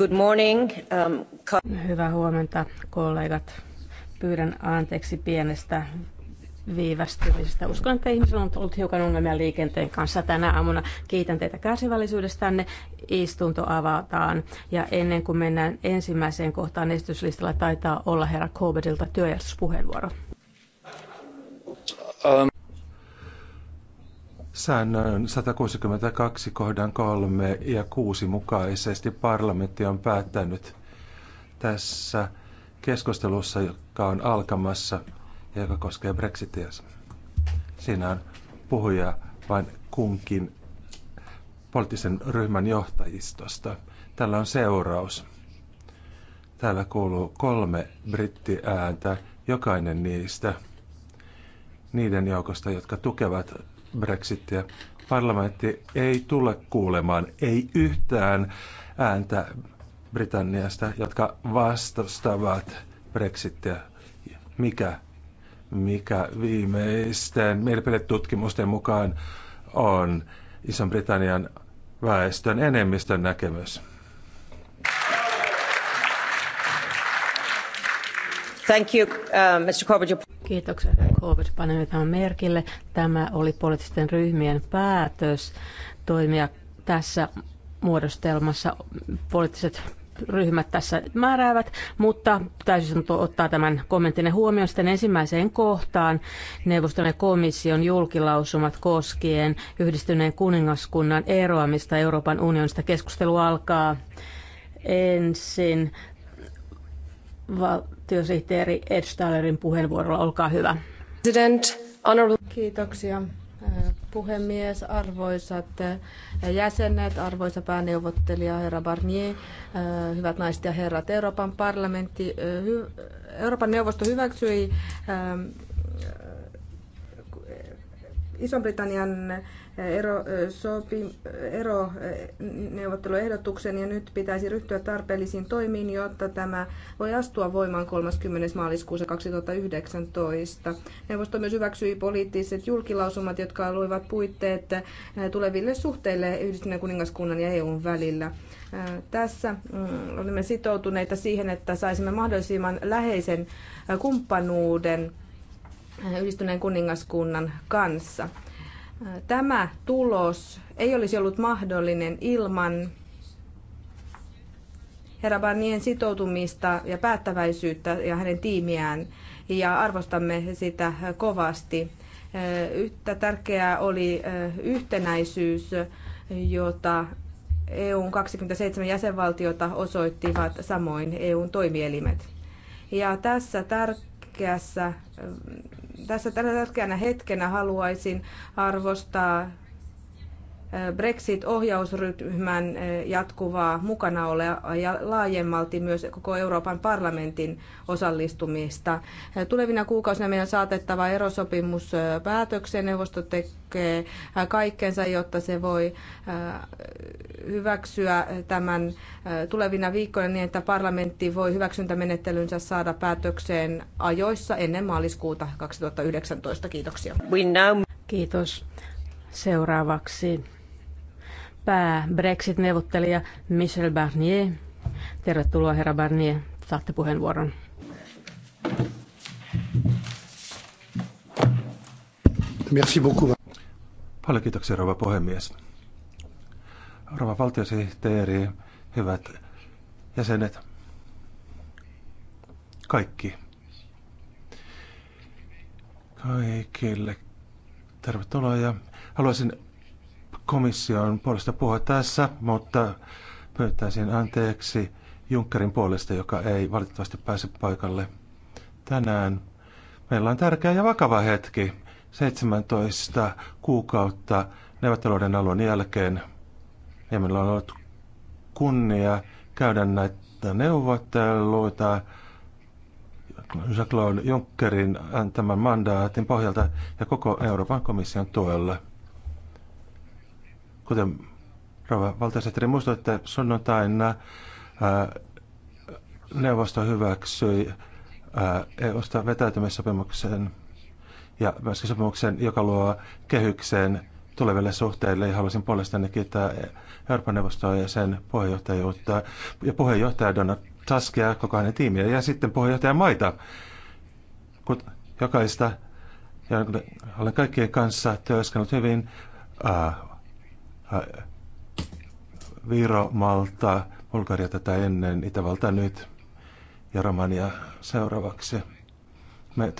Good morning. Um, Hyvää huomenta, kollegat. Pyydän anteeksi pienestä viivästymisestä. Uskon, että ihmisillä on ollut hiukan ongelmia liikenteen kanssa tänä aamuna. Kiitän teitä kärsivällisyydestänne. Istunto avataan. Ja ennen kuin mennään ensimmäiseen kohtaan esityslistalla, taitaa olla herra Kobedilta työjärjestyspuheenvuoro. Um. Säännön 162 kohdan 3 ja 6 mukaisesti parlamentti on päättänyt tässä keskustelussa, joka on alkamassa ja joka koskee Brexitia. Siinä on puhuja vain kunkin poliittisen ryhmän johtajistosta. Tällä on seuraus. Täällä kuuluu kolme brittiääntä, jokainen niistä niiden joukosta, jotka tukevat Brexitia. Parlamentti ei tule kuulemaan, ei yhtään ääntä Britanniasta, jotka vastustavat Brexitia. Mikä, mikä viimeisten mielipidetutkimusten mukaan on Ison-Britannian väestön enemmistön näkemys? Thank you, uh, Mr. Corbett. Kiitoksia, Kovic. Panemme tämän merkille. Tämä oli poliittisten ryhmien päätös toimia tässä muodostelmassa. Poliittiset ryhmät tässä määräävät, mutta sanottu ottaa tämän kommentin huomioon sitten ensimmäiseen kohtaan neuvoston ja komission julkilausumat koskien yhdistyneen kuningaskunnan eroamista Euroopan unionista. Keskustelu alkaa ensin valtiosihteeri Ed Stahlerin puheenvuorolla. Olkaa hyvä. Kiitoksia äh, puhemies, arvoisat äh, jäsenet, arvoisa pääneuvottelija herra Barnier, äh, hyvät naiset ja herrat, Euroopan parlamentti, Euroopan neuvosto hyväksyi ähm, Ison-Britannian ero, sopi, ero ja nyt pitäisi ryhtyä tarpeellisiin toimiin, jotta tämä voi astua voimaan 30. maaliskuussa 2019. Neuvosto myös hyväksyi poliittiset julkilausumat, jotka luivat puitteet tuleville suhteille Yhdistyneen kuningaskunnan ja EUn välillä. Tässä mm, olimme sitoutuneita siihen, että saisimme mahdollisimman läheisen kumppanuuden yhdistyneen kuningaskunnan kanssa. Tämä tulos ei olisi ollut mahdollinen ilman herra Barnien sitoutumista ja päättäväisyyttä ja hänen tiimiään ja arvostamme sitä kovasti. Yhtä tärkeää oli yhtenäisyys, jota EUn 27 jäsenvaltiota osoittivat samoin EUn toimielimet. Ja tässä tärkeässä tässä tällä hetkenä haluaisin arvostaa Brexit-ohjausryhmän eh, jatkuvaa mukanaoloa ja laajemmalti myös koko Euroopan parlamentin osallistumista. Eh, tulevina kuukausina meidän saatettava erosopimus eh, päätökseen. Neuvosto tekee kaikkensa, jotta se voi hyväksyä tämän tulevina viikkoina niin, että parlamentti voi hyväksyntämenettelynsä saada päätökseen ajoissa ennen maaliskuuta 2019. Kiitoksia. Kiitos. Seuraavaksi pää-Brexit-neuvottelija Michel Barnier. Tervetuloa, herra Barnier. Saatte puheenvuoron. Merci beaucoup. Paljon kiitoksia, rouva puhemies. Rouva valtiosihteeri, hyvät jäsenet, kaikki. Kaikille tervetuloa ja haluaisin komission puolesta puhua tässä, mutta pyytäisin anteeksi Junckerin puolesta, joka ei valitettavasti pääse paikalle tänään. Meillä on tärkeä ja vakava hetki. 17 kuukautta neuvotteluiden alun jälkeen. Ja meillä on ollut kunnia käydä näitä neuvotteluita Jean-Claude Junckerin antaman mandaatin pohjalta ja koko Euroopan komission tuella. Kuten Rova valtiosihteeri muistui, että sunnuntaina ää, neuvosto hyväksyi EU-sta vetäytymissopimuksen ja myöskin sopimuksen, joka luo kehykseen tuleville suhteille. Ja haluaisin puolestani kiittää Euroopan neuvostoa ja sen puheenjohtajuutta ja puheenjohtaja Donald Tuskia, koko hänen tiimiä ja sitten puheenjohtaja Maita. Kut, jokaista ja olen kaikkien kanssa työskennellyt hyvin äh, Äh, Viro, Malta, Bulgaria tätä ennen, Itävalta nyt ja Romania seuraavaksi. Me,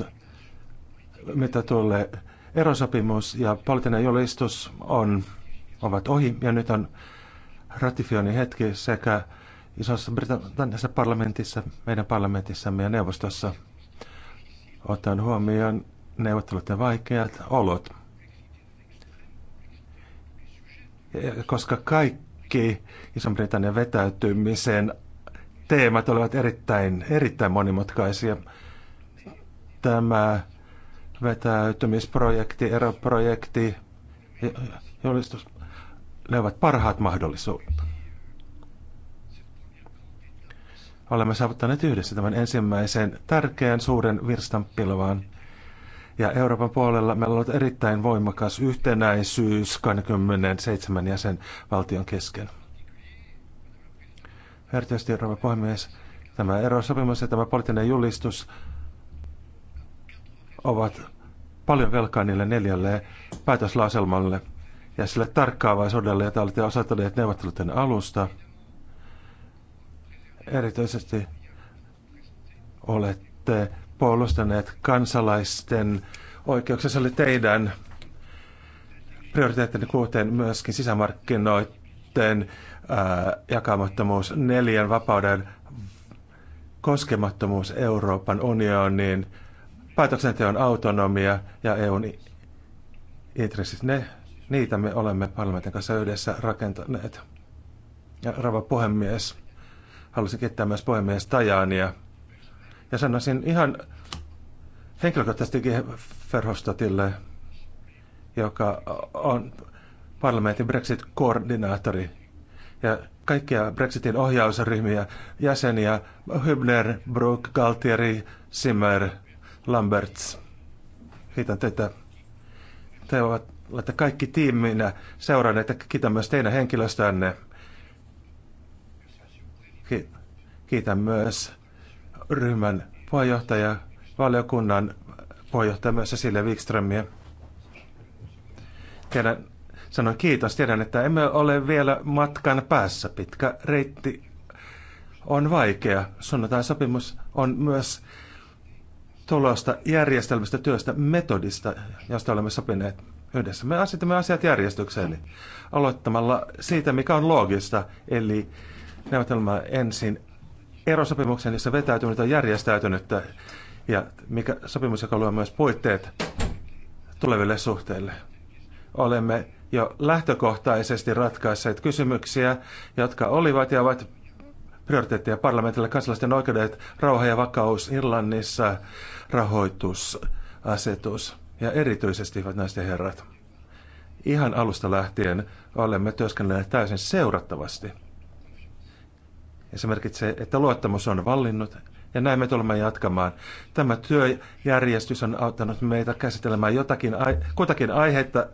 mitä tuolle erosopimus ja poliittinen julistus on, ovat ohi ja nyt on ratifioinnin hetki sekä isossa Britanniassa parlamentissa, meidän parlamentissamme ja neuvostossa. otan huomioon neuvottelut ja vaikeat olot. koska kaikki Iso-Britannian vetäytymisen teemat olivat erittäin, erittäin monimutkaisia. Tämä vetäytymisprojekti, eroprojekti, julistus, ne ovat parhaat mahdollisuudet. Olemme saavuttaneet yhdessä tämän ensimmäisen tärkeän suuren virstanpilvaan. Ja Euroopan puolella meillä on ollut erittäin voimakas yhtenäisyys 27 jäsenvaltion kesken. Erityisesti, rouva puhemies, tämä erosopimus ja tämä poliittinen julistus ovat paljon velkaa niille neljälle päätöslauselmalle ja sille tarkkaavaisuudelle, jota olette osoittaneet neuvotteluiden alusta. Erityisesti olette puolustaneet kansalaisten oikeuksia. Se oli teidän prioriteettinne kuuteen myöskin sisämarkkinoiden äh, jakamattomuus, neljän vapauden koskemattomuus Euroopan unioniin, päätöksenteon autonomia ja EUn intressit. Ne, niitä me olemme parlamentin kanssa yhdessä rakentaneet. Ja rouva puhemies, haluaisin kiittää myös puhemies Tajaania. Ja sanoisin ihan henkilökohtaisesti Verhofstadtille, joka on parlamentin Brexit-koordinaattori ja kaikkia Brexitin ohjausryhmiä, jäseniä, Hübner, Brook, Galtieri, Simmer, Lamberts. Kiitän teitä. Te olette kaikki tiiminä seuranneet ja kiitän myös teidän henkilöstönne. Kiitän myös ryhmän puheenjohtaja, valiokunnan puheenjohtaja myös Cecilia Wikströmiä. Tiedän, sanon kiitos. Tiedän, että emme ole vielä matkan päässä. Pitkä reitti on vaikea. Sunnuntain sopimus on myös tulosta järjestelmästä, työstä, metodista, josta olemme sopineet yhdessä. Me asetamme asiat järjestykseen eli aloittamalla siitä, mikä on loogista, eli neuvotelma ensin erosopimuksen, jossa vetäytynyt on järjestäytynyttä ja mikä sopimus, joka luo myös puitteet tuleville suhteille. Olemme jo lähtökohtaisesti ratkaisseet kysymyksiä, jotka olivat ja ovat prioriteetteja parlamentille kansalaisten oikeudet, rauha ja vakaus Irlannissa, rahoitusasetus ja erityisesti, hyvät naiset ja herrat, ihan alusta lähtien olemme työskennelleet täysin seurattavasti – ja se merkitsee, että luottamus on vallinnut ja näin me tulemme jatkamaan. Tämä työjärjestys on auttanut meitä käsittelemään jotakin, kutakin aihetta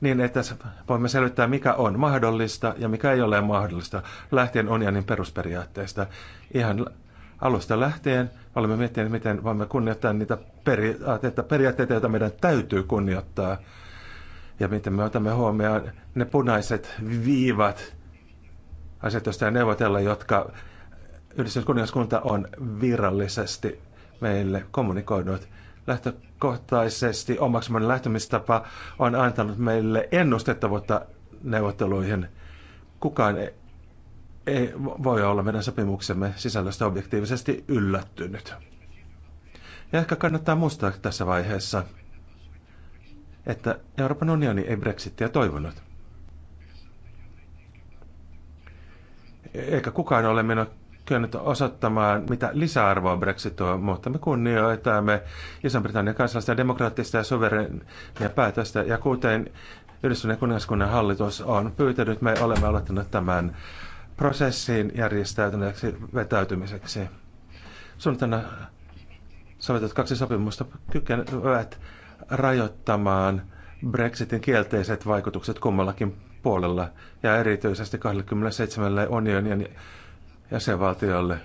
niin, että voimme selvittää, mikä on mahdollista ja mikä ei ole mahdollista lähtien unionin perusperiaatteista. Ihan alusta lähtien olemme miettineet, miten voimme kunnioittaa niitä periaatteita, periaatteita joita meidän täytyy kunnioittaa. Ja miten me otamme huomioon ne punaiset viivat, asiat, joista neuvotella, jotka yhdistynyt kuningaskunta on virallisesti meille kommunikoinut. Lähtökohtaisesti omaksumainen lähtemistapa on antanut meille ennustettavuutta neuvotteluihin. Kukaan ei, ei voi olla meidän sopimuksemme sisällöstä objektiivisesti yllättynyt. Ja ehkä kannattaa muistaa tässä vaiheessa, että Euroopan unioni ei Brexittiä toivonut. eikä kukaan ole mennyt kyennyt osoittamaan, mitä lisäarvoa Brexit on, mutta me kunnioitamme Iso-Britannian kansallista demokraattista ja suverenia päätöstä. Ja kuten Yhdistyneen kuningaskunnan hallitus on pyytänyt, me olemme aloittaneet tämän prosessin järjestäytyneeksi vetäytymiseksi. Suunnitelma sovitut kaksi sopimusta kykenevät rajoittamaan Brexitin kielteiset vaikutukset kummallakin puolella ja erityisesti 27 unionin jäsenvaltiolle.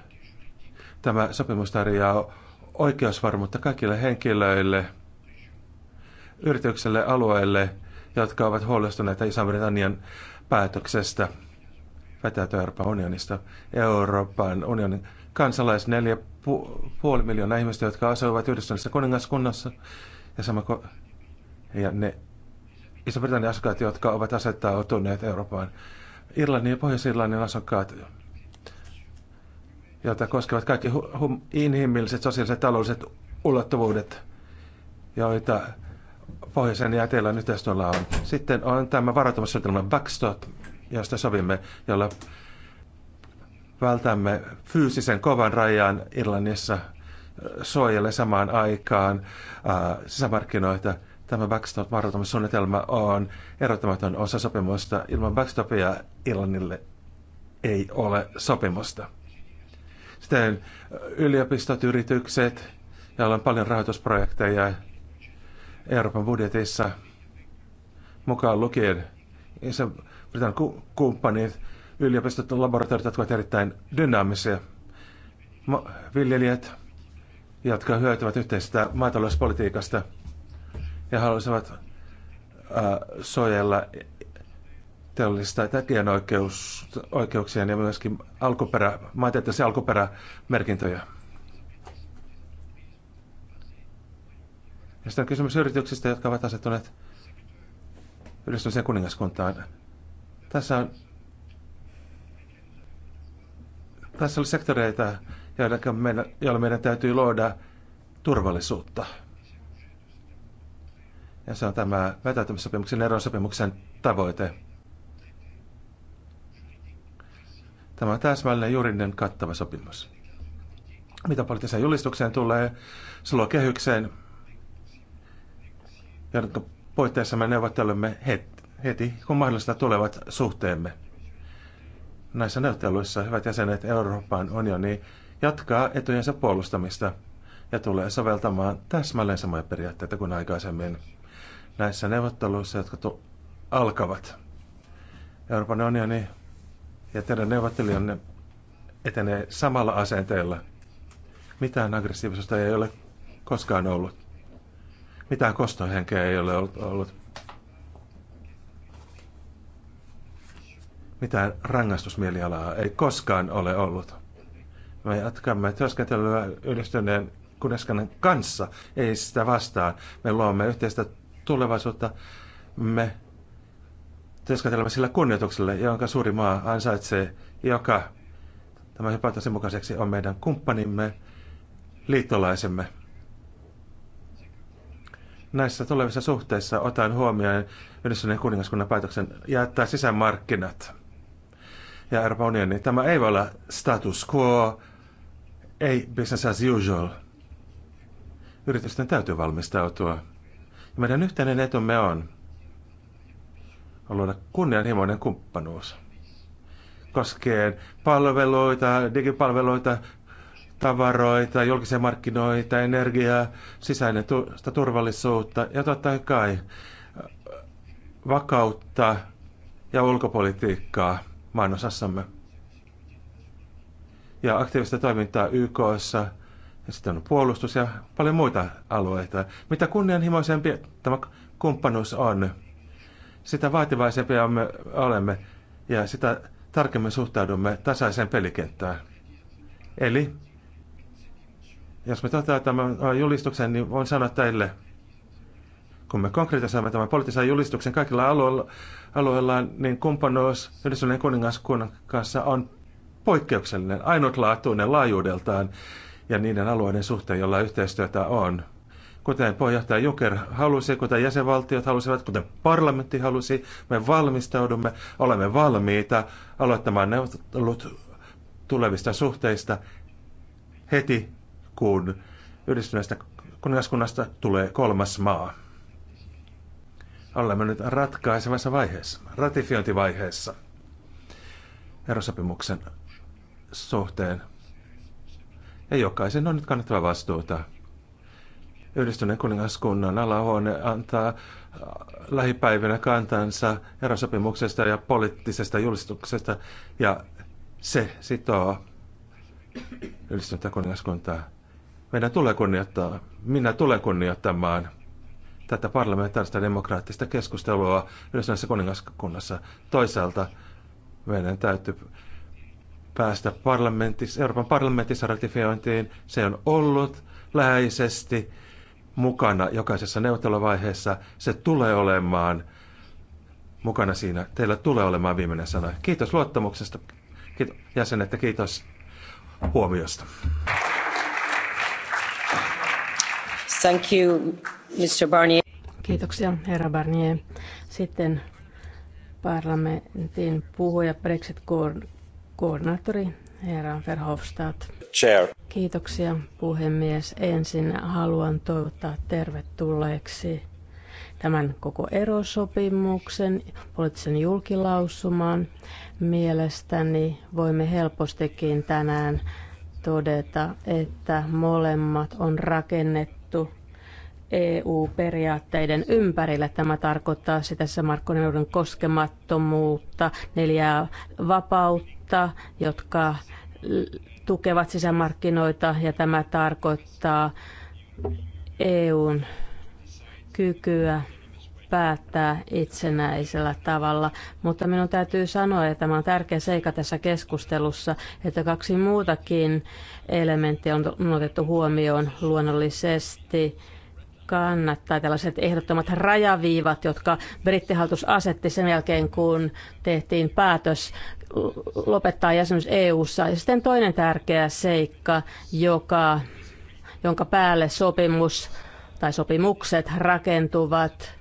Tämä sopimus tarjoaa oikeusvarmuutta kaikille henkilöille, yritykselle, alueille, jotka ovat huolestuneita Iso-Britannian päätöksestä vetäytyä Euroopan unionista. Euroopan unionin kansalais 4,5 miljoonaa ihmistä, jotka asuvat yhdistyneessä kuningaskunnassa ja, sama ko- ja ne Iso-Britannian asukkaat, jotka ovat asettautuneet Euroopan. Irlannin ja Pohjois-Irlannin asukkaat, joita koskevat kaikki hum- inhimilliset, sosiaaliset ja taloudelliset ulottuvuudet, joita pohjoisen ja etelän yhteistyöllä on. Sitten on tämä varautumassuunnitelma backstop, josta sovimme, jolla vältämme fyysisen kovan rajan Irlannissa suojelle samaan aikaan sisämarkkinoita – Tämä backstop-varautumissuunnitelma on erottamaton osa sopimusta. Ilman backstopia Irlannille ei ole sopimusta. Sitten yliopistot, yritykset, joilla on paljon rahoitusprojekteja Euroopan budjetissa, mukaan lukien ison Britannian ku- kumppanit, yliopistot ja laboratoriot, jotka ovat erittäin dynaamisia. Ma- viljelijät, jotka hyötyvät yhteisestä maatalouspolitiikasta – ja halusivat suojella teollista tekijänoikeuksia ja myöskin alkuperä, se alkuperämerkintöjä. Ja sitten on kysymys yrityksistä, jotka ovat asettuneet yhdistymiseen kuningaskuntaan. Tässä on tässä oli sektoreita, joilla meidän, joilla meidän täytyy luoda turvallisuutta. Ja se on tämä vetäytymissopimuksen erosopimuksen tavoite. Tämä on täsmällinen juridinen kattava sopimus. Mitä poliittiseen julistukseen tulee, se luo kehykseen, jonka puitteissa me neuvottelemme heti, heti, kun mahdollista tulevat suhteemme. Näissä neuvotteluissa hyvät jäsenet Euroopan unioni jatkaa etujensa puolustamista ja tulee soveltamaan täsmälleen samoja periaatteita kuin aikaisemmin näissä neuvotteluissa, jotka tu- alkavat. Euroopan unioni ja teidän neuvottelijanne etenee samalla asenteella. Mitään aggressiivisuutta ei ole koskaan ollut. Mitään kostohenkeä ei ole ollut. Mitään rangaistusmielialaa ei koskaan ole ollut. Me jatkamme työskentelyä yhdistyneen kuningaskunnan kanssa, ei sitä vastaan. Me luomme yhteistä tulevaisuutta. Me työskentelemme sillä kunnioituksella, jonka suuri maa ansaitsee, joka tämän hypätäisen mukaiseksi on meidän kumppanimme, liittolaisemme. Näissä tulevissa suhteissa otan huomioon Yhdistyneen kuningaskunnan päätöksen jättää sisämarkkinat ja Euroopan unioni. Tämä ei voi olla status quo, ei business as usual. Yritysten täytyy valmistautua. Meidän yhteinen etumme on luoda kunnianhimoinen kumppanuus koskien palveluita, digipalveluita, tavaroita, julkisia markkinoita, energiaa, sisäistä turvallisuutta ja totta kai äh, vakautta ja ulkopolitiikkaa maanosassamme. Ja aktiivista toimintaa YKssa – ja sitten on puolustus ja paljon muita alueita. Mitä kunnianhimoisempi tämä kumppanuus on, sitä vaativaisempia me olemme ja sitä tarkemmin suhtaudumme tasaiseen pelikenttään. Eli jos me toteutamme julistuksen, niin voin sanoa teille, kun me konkretisoimme tämän poliittisen julistuksen kaikilla alueilla, alueilla niin kumppanuus Yhdistyneen kuningaskunnan kanssa on poikkeuksellinen, ainutlaatuinen laajuudeltaan ja niiden alueiden suhteen, jolla yhteistyötä on. Kuten puheenjohtaja Juker halusi, kuten jäsenvaltiot halusivat, kuten parlamentti halusi, me valmistaudumme, olemme valmiita aloittamaan neuvottelut tulevista suhteista heti, kun yhdistyneestä kuningaskunnasta tulee kolmas maa. Olemme nyt ratkaisevassa vaiheessa, ratifiointivaiheessa erosopimuksen suhteen. Ja jokaisen on nyt kannettava vastuuta. Yhdistyneen kuningaskunnan alahuone antaa äh, lähipäivinä kantansa erosopimuksesta ja poliittisesta julistuksesta, ja se sitoo yhdistyntä kuningaskuntaa. Meidän tulee kunnioittaa, minä tulen kunnioittamaan tätä parlamentaarista demokraattista keskustelua yhdistyneessä kuningaskunnassa. Toisaalta meidän täytyy päästä parlamentissa, Euroopan parlamentissa ratifiointiin. Se on ollut läheisesti mukana jokaisessa neuvotteluvaiheessa. Se tulee olemaan mukana siinä. Teillä tulee olemaan viimeinen sana. Kiitos luottamuksesta kiitos, jäsenet ja kiitos huomiosta. Thank you, Mr. Barnier. Kiitoksia, herra Barnier. Sitten parlamentin puhuja Brexit Koordinaattori Herra Verhofstadt. Chair. Kiitoksia puhemies. Ensin haluan toivottaa tervetulleeksi tämän koko erosopimuksen poliittisen julkilausuman. Mielestäni voimme helpostikin tänään todeta, että molemmat on rakennettu EU-periaatteiden ympärillä. Tämä tarkoittaa sitä markkinoiden koskemattomuutta, neljää vapautta, kohta, jotka tukevat sisämarkkinoita ja tämä tarkoittaa EUn kykyä päättää itsenäisellä tavalla. Mutta minun täytyy sanoa, että tämä on tärkeä seika tässä keskustelussa, että kaksi muutakin elementtiä on otettu huomioon luonnollisesti tai tällaiset ehdottomat rajaviivat, jotka brittihallitus asetti sen jälkeen, kun tehtiin päätös lopettaa jäsenyys EU-ssa. Ja sitten toinen tärkeä seikka, joka, jonka päälle sopimus tai sopimukset rakentuvat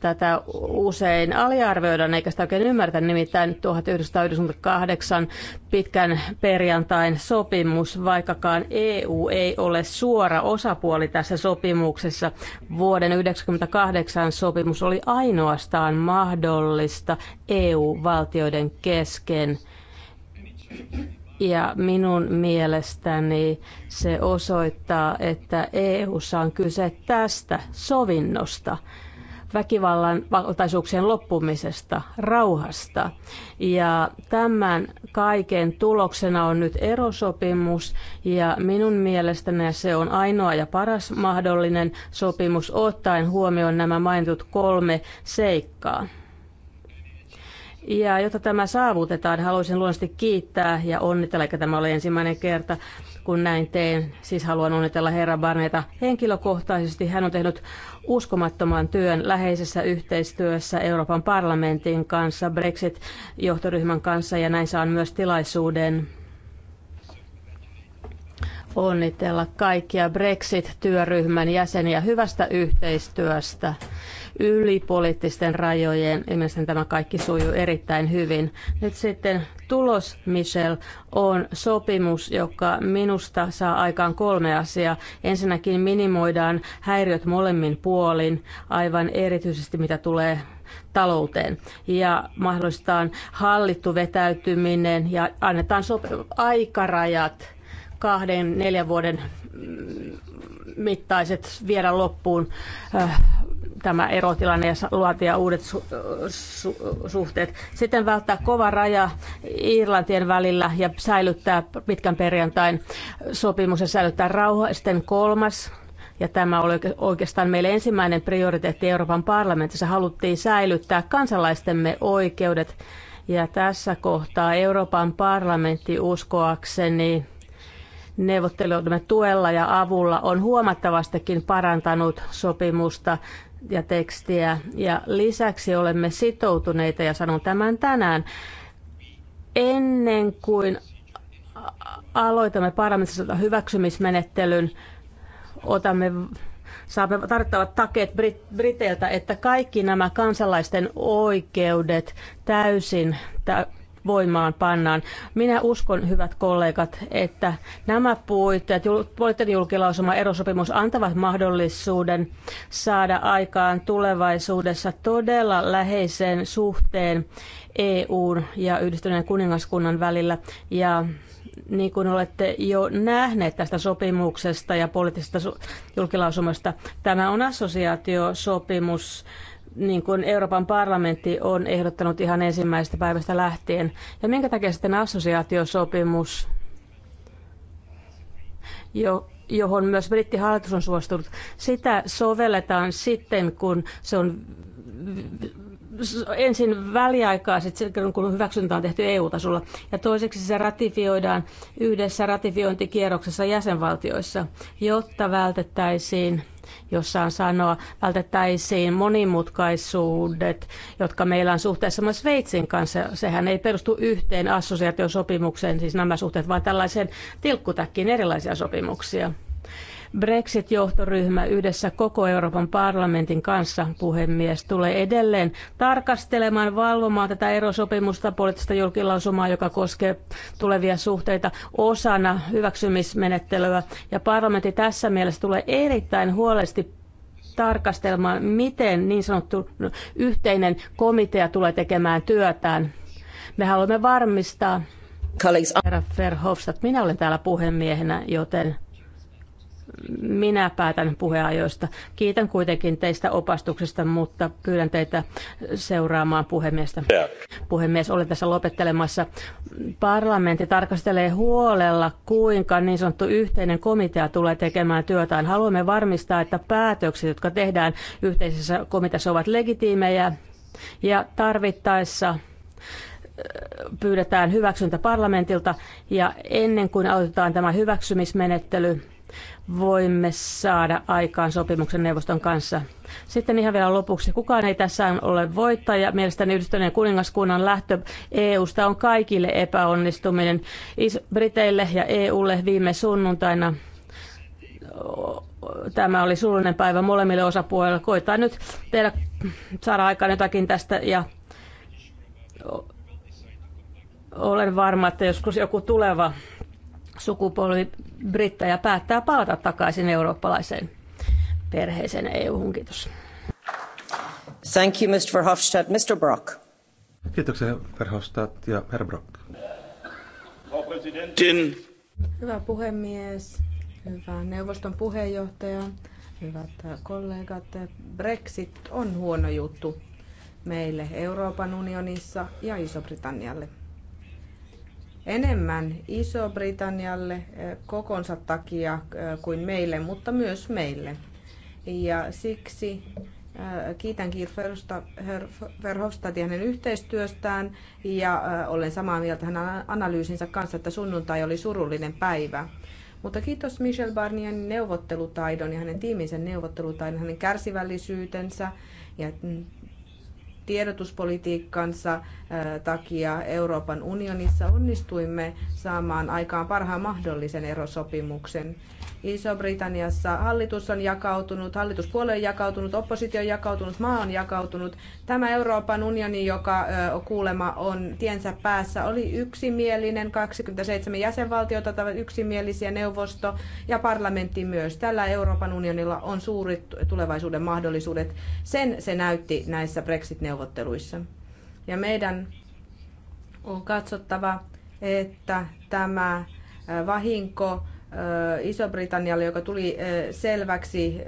Tätä usein aliarvioidaan, eikä sitä oikein ymmärtä, nimittäin 1998 pitkän perjantain sopimus, vaikkakaan EU ei ole suora osapuoli tässä sopimuksessa. Vuoden 1998 sopimus oli ainoastaan mahdollista EU-valtioiden kesken. Ja minun mielestäni se osoittaa, että EU:ssa on kyse tästä sovinnosta väkivallan valtaisuuksien loppumisesta, rauhasta. Ja tämän kaiken tuloksena on nyt erosopimus ja minun mielestäni se on ainoa ja paras mahdollinen sopimus ottaen huomioon nämä mainitut kolme seikkaa. Ja jotta tämä saavutetaan, haluaisin luonnollisesti kiittää ja onnitella, että tämä oli ensimmäinen kerta, kun näin teen. Siis haluan onnitella herra Barneta henkilökohtaisesti. Hän on tehnyt uskomattoman työn läheisessä yhteistyössä Euroopan parlamentin kanssa, Brexit-johtoryhmän kanssa ja näin saan myös tilaisuuden onnitella kaikkia Brexit-työryhmän jäseniä hyvästä yhteistyöstä yli poliittisten rajojen. Ilmeisesti tämä kaikki sujuu erittäin hyvin. Nyt sitten tulos, Michel, on sopimus, joka minusta saa aikaan kolme asiaa. Ensinnäkin minimoidaan häiriöt molemmin puolin, aivan erityisesti mitä tulee talouteen ja mahdollistetaan hallittu vetäytyminen ja annetaan sop- aikarajat kahden, neljän vuoden mittaiset viedä loppuun äh, tämä erotilanne ja luotia uudet su- su- suhteet. Sitten välttää kova raja Irlantien välillä ja säilyttää pitkän perjantain sopimus ja säilyttää rauha. Sitten kolmas ja tämä oli oikeastaan meille ensimmäinen prioriteetti Euroopan parlamentissa. Haluttiin säilyttää kansalaistemme oikeudet. Ja tässä kohtaa Euroopan parlamentti uskoakseni neuvottelijoidemme tuella ja avulla on huomattavastikin parantanut sopimusta ja tekstiä. Ja lisäksi olemme sitoutuneita, ja sanon tämän tänään, ennen kuin aloitamme parlamentissa hyväksymismenettelyn, otamme saamme tarvittavat takeet Brit- Briteiltä, että kaikki nämä kansalaisten oikeudet täysin tä- voimaan pannaan. Minä uskon, hyvät kollegat, että nämä puitteet, poliittinen julkilausuma erosopimus antavat mahdollisuuden saada aikaan tulevaisuudessa todella läheisen suhteen EUn ja yhdistyneen kuningaskunnan välillä. Ja niin kuin olette jo nähneet tästä sopimuksesta ja poliittisesta julkilausumasta, tämä on assosiaatiosopimus sopimus niin kuin Euroopan parlamentti on ehdottanut ihan ensimmäisestä päivästä lähtien. Ja minkä takia sitten assosiaatiosopimus, jo, johon myös brittihallitus on suostunut, sitä sovelletaan sitten, kun se on ensin väliaikaiset, kun hyväksyntä on tehty EU-tasolla, ja toiseksi se ratifioidaan yhdessä ratifiointikierroksessa jäsenvaltioissa, jotta vältettäisiin jossain sanoa, vältettäisiin monimutkaisuudet, jotka meillä on suhteessa myös Sveitsin kanssa. Sehän ei perustu yhteen assosiaatiosopimukseen, siis nämä suhteet, vaan tällaiseen tilkkutäkkiin erilaisia sopimuksia. Brexit-johtoryhmä yhdessä koko Euroopan parlamentin kanssa, puhemies, tulee edelleen tarkastelemaan, valvomaan tätä erosopimusta, poliittista julkilausumaa, joka koskee tulevia suhteita osana hyväksymismenettelyä. Ja parlamentti tässä mielessä tulee erittäin huolellisesti tarkastelemaan, miten niin sanottu yhteinen komitea tulee tekemään työtään. Me haluamme varmistaa, Herra Verhofstadt, minä olen täällä puhemiehenä, joten minä päätän puheajoista. Kiitän kuitenkin teistä opastuksesta, mutta pyydän teitä seuraamaan puhemiestä. Puhemies, olen tässä lopettelemassa. Parlamentti tarkastelee huolella, kuinka niin sanottu yhteinen komitea tulee tekemään työtään. Haluamme varmistaa, että päätökset, jotka tehdään yhteisessä komiteassa, ovat legitiimejä ja tarvittaessa pyydetään hyväksyntä parlamentilta ja ennen kuin aloitetaan tämä hyväksymismenettely, voimme saada aikaan sopimuksen neuvoston kanssa. Sitten ihan vielä lopuksi. Kukaan ei tässä ole voittaja. Mielestäni yhdistyneen kuningaskunnan lähtö EUsta on kaikille epäonnistuminen. Briteille ja EUlle viime sunnuntaina tämä oli surullinen päivä molemmille osapuolille. Koitaan nyt tehdä, saada aikaan jotakin tästä ja olen varma, että joskus joku tuleva sukupolvi brittejä päättää palata takaisin eurooppalaiseen perheeseen EU-hun. Kiitos. Thank you, Mr. Verhofstadt. Mr. Brock. Kiitoksia, Verhofstadt ja Herr Brock. Hyvä puhemies, hyvä neuvoston puheenjohtaja, hyvät kollegat. Brexit on huono juttu meille Euroopan unionissa ja Iso-Britannialle enemmän Iso-Britannialle eh, kokonsa takia eh, kuin meille, mutta myös meille. Ja siksi eh, Kiitän Verhofstadt ja hänen yhteistyöstään ja olen samaa mieltä hänen analyysinsä kanssa, että sunnuntai oli surullinen päivä. Mutta kiitos Michel Barnierin neuvottelutaidon ja hänen tiiminsä neuvottelutaidon, hänen kärsivällisyytensä ja mm, tiedotuspolitiikkansa takia Euroopan unionissa onnistuimme saamaan aikaan parhaan mahdollisen erosopimuksen. Iso-Britanniassa hallitus on jakautunut, hallituspuolue on jakautunut, oppositio on jakautunut, maa on jakautunut. Tämä Euroopan unioni, joka kuulema on tiensä päässä, oli yksimielinen. 27 jäsenvaltiota ovat yksimielisiä, neuvosto ja parlamentti myös. Tällä Euroopan unionilla on suurit tulevaisuuden mahdollisuudet. Sen se näytti näissä Brexit-neuvotteluissa. Ja meidän on katsottava, että tämä vahinko Iso-Britannialle, joka tuli selväksi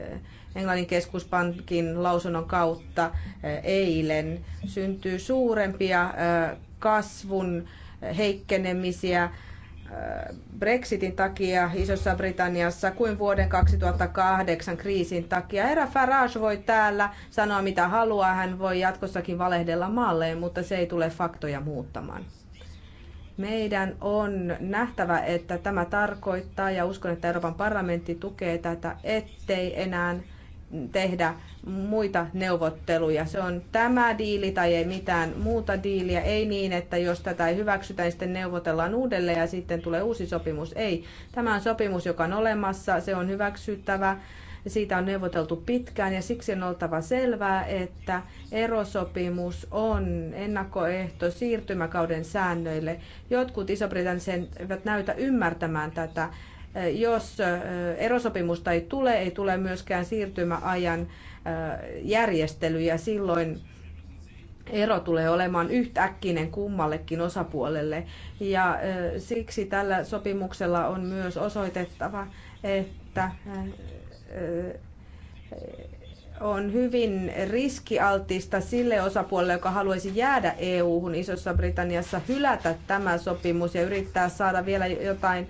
Englannin keskuspankin lausunnon kautta eilen, syntyy suurempia kasvun heikkenemisiä Brexitin takia Isossa Britanniassa kuin vuoden 2008 kriisin takia. Herra Farage voi täällä sanoa mitä haluaa, hän voi jatkossakin valehdella malleen, mutta se ei tule faktoja muuttamaan. Meidän on nähtävä, että tämä tarkoittaa, ja uskon, että Euroopan parlamentti tukee tätä, ettei enää tehdä muita neuvotteluja. Se on tämä diili tai ei mitään muuta diiliä. Ei niin, että jos tätä ei hyväksytä, niin sitten neuvotellaan uudelleen ja sitten tulee uusi sopimus. Ei. Tämä on sopimus, joka on olemassa. Se on hyväksyttävä siitä on neuvoteltu pitkään ja siksi on oltava selvää, että erosopimus on ennakkoehto siirtymäkauden säännöille. Jotkut isobritanniset eivät näytä ymmärtämään tätä. Jos erosopimusta ei tule, ei tule myöskään siirtymäajan järjestelyjä silloin ero tulee olemaan yhtäkkinen kummallekin osapuolelle. Ja siksi tällä sopimuksella on myös osoitettava, että on hyvin riskialtista sille osapuolelle, joka haluaisi jäädä EU-hun Isossa Britanniassa, hylätä tämä sopimus ja yrittää saada vielä jotain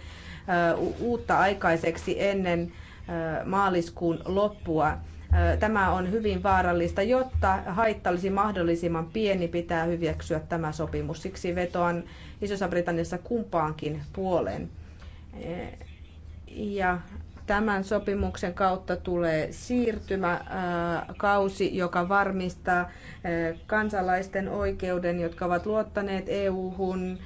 uutta aikaiseksi ennen maaliskuun loppua. Tämä on hyvin vaarallista. Jotta haitta olisi mahdollisimman pieni, pitää hyväksyä tämä sopimus. Siksi vetoan Isossa Britanniassa kumpaankin puoleen. Ja Tämän sopimuksen kautta tulee siirtymäkausi, joka varmistaa kansalaisten oikeuden, jotka ovat luottaneet EU-hun,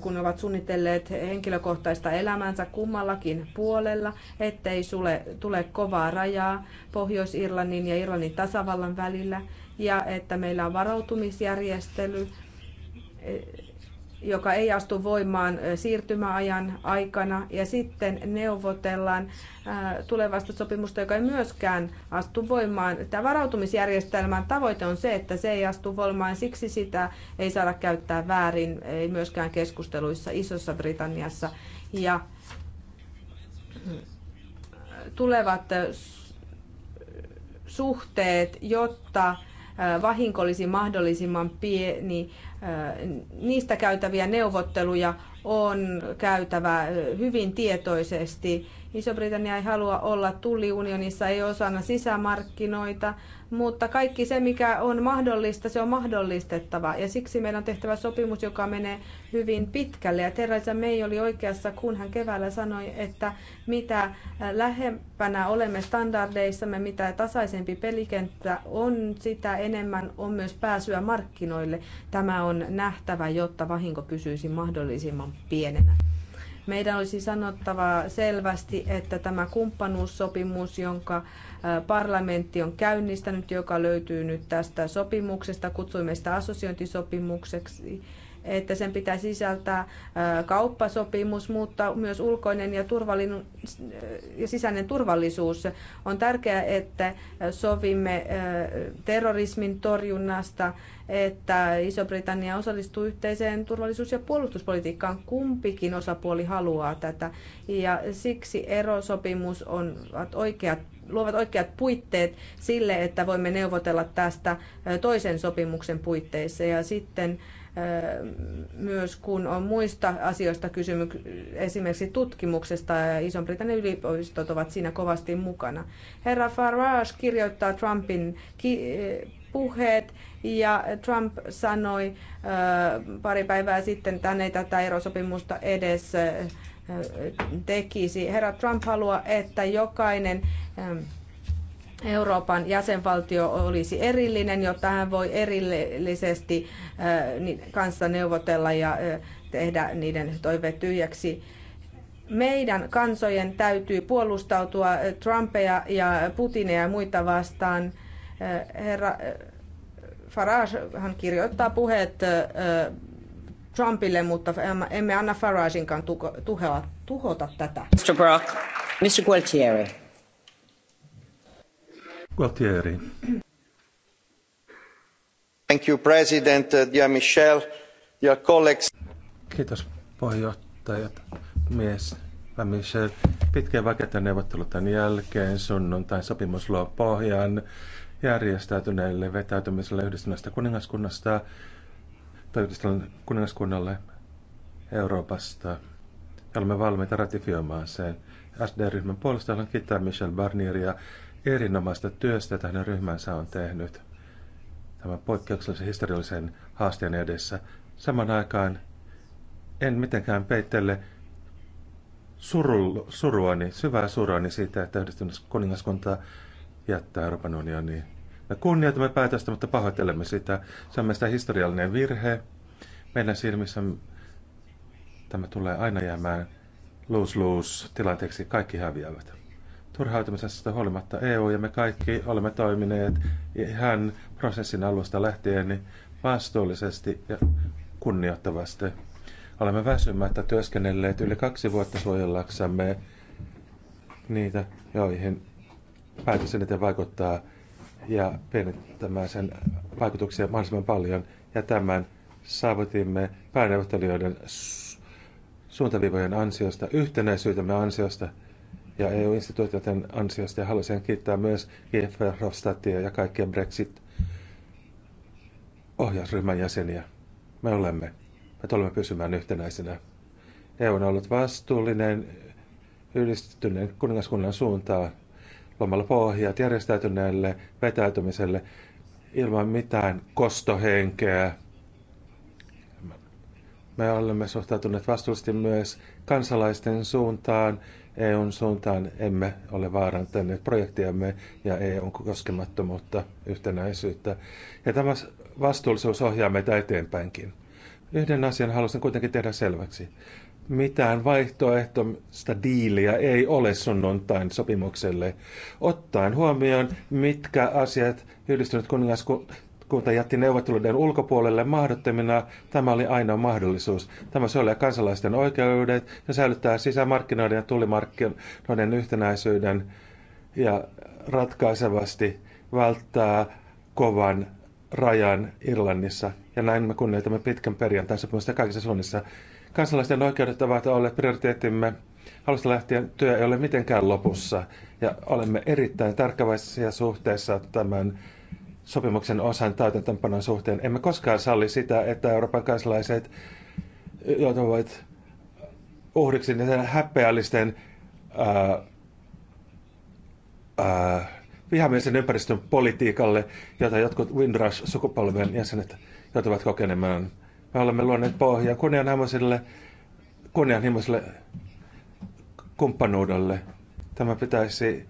kun ovat suunnitelleet henkilökohtaista elämänsä kummallakin puolella, ettei sule, tule kovaa rajaa Pohjois-Irlannin ja Irlannin tasavallan välillä, ja että meillä on varautumisjärjestely joka ei astu voimaan siirtymäajan aikana, ja sitten neuvotellaan tulevasta sopimusta, joka ei myöskään astu voimaan. Tämä varautumisjärjestelmän tavoite on se, että se ei astu voimaan, siksi sitä ei saada käyttää väärin, ei myöskään keskusteluissa Isossa Britanniassa. Ja tulevat suhteet, jotta vahinko olisi mahdollisimman pieni, niistä käytäviä neuvotteluja on käytävä hyvin tietoisesti Iso-Britannia ei halua olla tulliunionissa, ei osana sisämarkkinoita, mutta kaikki se, mikä on mahdollista, se on mahdollistettava. Ja siksi meidän on tehtävä sopimus, joka menee hyvin pitkälle. Ja Theresa May oli oikeassa, kun hän keväällä sanoi, että mitä äh, lähempänä olemme standardeissamme, mitä tasaisempi pelikenttä on, sitä enemmän on myös pääsyä markkinoille. Tämä on nähtävä, jotta vahinko pysyisi mahdollisimman pienenä. Meidän olisi sanottava selvästi, että tämä kumppanuussopimus, jonka parlamentti on käynnistänyt, joka löytyy nyt tästä sopimuksesta, kutsuimme sitä assosiointisopimukseksi, että sen pitää sisältää kauppasopimus, mutta myös ulkoinen ja, ja sisäinen turvallisuus. On tärkeää, että sovimme terrorismin torjunnasta, että Iso-Britannia osallistuu yhteiseen turvallisuus- ja puolustuspolitiikkaan. Kumpikin osapuoli haluaa tätä ja siksi erosopimus on oikeat luovat oikeat puitteet sille, että voimme neuvotella tästä toisen sopimuksen puitteissa. Ja sitten myös kun on muista asioista kysymys, esimerkiksi tutkimuksesta, ja Iso-Britannian yliopistot ovat siinä kovasti mukana. Herra Farage kirjoittaa Trumpin ki- puheet, ja Trump sanoi pari päivää sitten, että hän ei tätä erosopimusta edes tekisi. Herra Trump haluaa, että jokainen Euroopan jäsenvaltio olisi erillinen, jotta hän voi erillisesti äh, niin kanssa neuvotella ja äh, tehdä niiden toiveet tyhjäksi. Meidän kansojen täytyy puolustautua äh, Trumpeja ja Putineja ja muita vastaan. Herra hän kirjoittaa puheet Trumpille, mutta emme anna Faraginkaan tuhota tätä. Mr. Brock, Mr. Gualtieri. Gualtieri. Thank you, President, uh, dear Michel, dear colleagues. Kiitos puheenjohtajat, mies ja Michel. Pitkään vaikeita tämän jälkeen sunnuntain sopimus luo pohjan järjestäytyneelle vetäytymiselle yhdistyneestä kuningaskunnasta tai yhdistyneelle kuningaskunnalle Euroopasta. Ja olemme valmiita ratifioimaan sen. SD-ryhmän puolesta haluan kiittää Michel Barnieria erinomaista työstä, jota hänen ryhmänsä on tehnyt tämän poikkeuksellisen historiallisen haasteen edessä. Saman aikaan en mitenkään peittele suruani, syvää suruani siitä, että yhdistynyt kuningaskunta jättää Euroopan unioniin. Me kunnioitamme päätöstä, mutta pahoittelemme sitä. Se on meistä historiallinen virhe. Meidän silmissä tämä tulee aina jäämään lose-lose tilanteeksi. Kaikki häviävät turhautumisesta huolimatta EU ja me kaikki olemme toimineet ihan prosessin alusta lähtien vastuullisesti ja kunnioittavasti. Olemme väsymättä työskennelleet yli kaksi vuotta suojellaksemme niitä, joihin päätös eniten vaikuttaa ja pienentämään sen vaikutuksia mahdollisimman paljon. Ja tämän saavutimme pääneuvottelijoiden suuntaviivojen ansiosta, yhtenäisyytemme ansiosta – ja EU-instituutioiden ansiosta. Ja haluaisin kiittää myös IF Rostatia ja kaikkien Brexit-ohjausryhmän jäseniä. Me olemme. Me tulemme pysymään yhtenäisenä. EU on ollut vastuullinen yhdistyneen kuningaskunnan suuntaan lomalla pohjat järjestäytyneelle vetäytymiselle ilman mitään kostohenkeä. Me olemme suhtautuneet vastuullisesti myös kansalaisten suuntaan EUn suuntaan emme ole vaarantaneet projektiamme ja EUn koskemattomuutta, yhtenäisyyttä. Ja tämä vastuullisuus ohjaa meitä eteenpäinkin. Yhden asian halusin kuitenkin tehdä selväksi. Mitään vaihtoehtoista diiliä ei ole sunnuntain sopimukselle, ottaen huomioon, mitkä asiat yhdistynyt kuningaskunta kunta jätti neuvotteluiden ulkopuolelle mahdottomina, tämä oli ainoa mahdollisuus. Tämä suojelee kansalaisten oikeudet ja säilyttää sisämarkkinoiden ja tulimarkkinoiden yhtenäisyyden ja ratkaisevasti välttää kovan rajan Irlannissa. Ja näin me kunnioitamme pitkän perjantain sopimusta kaikissa suunnissa. Kansalaisten oikeudet ovat olleet prioriteettimme. Alusta lähtien työ ei ole mitenkään lopussa ja olemme erittäin tarkkavaisia suhteessa tämän sopimuksen osan täytäntöönpanon suhteen. Emme koskaan salli sitä, että Euroopan kansalaiset joutuvat uhriksi niiden häpeällisten ää, äh, ää, äh, vihamielisen ympäristön politiikalle, jota jotkut Windrush-sukupolven jäsenet joutuvat kokenemaan. Me olemme luoneet pohjaa kunnianhimoiselle, kunnianhimoiselle kumppanuudelle. Tämä pitäisi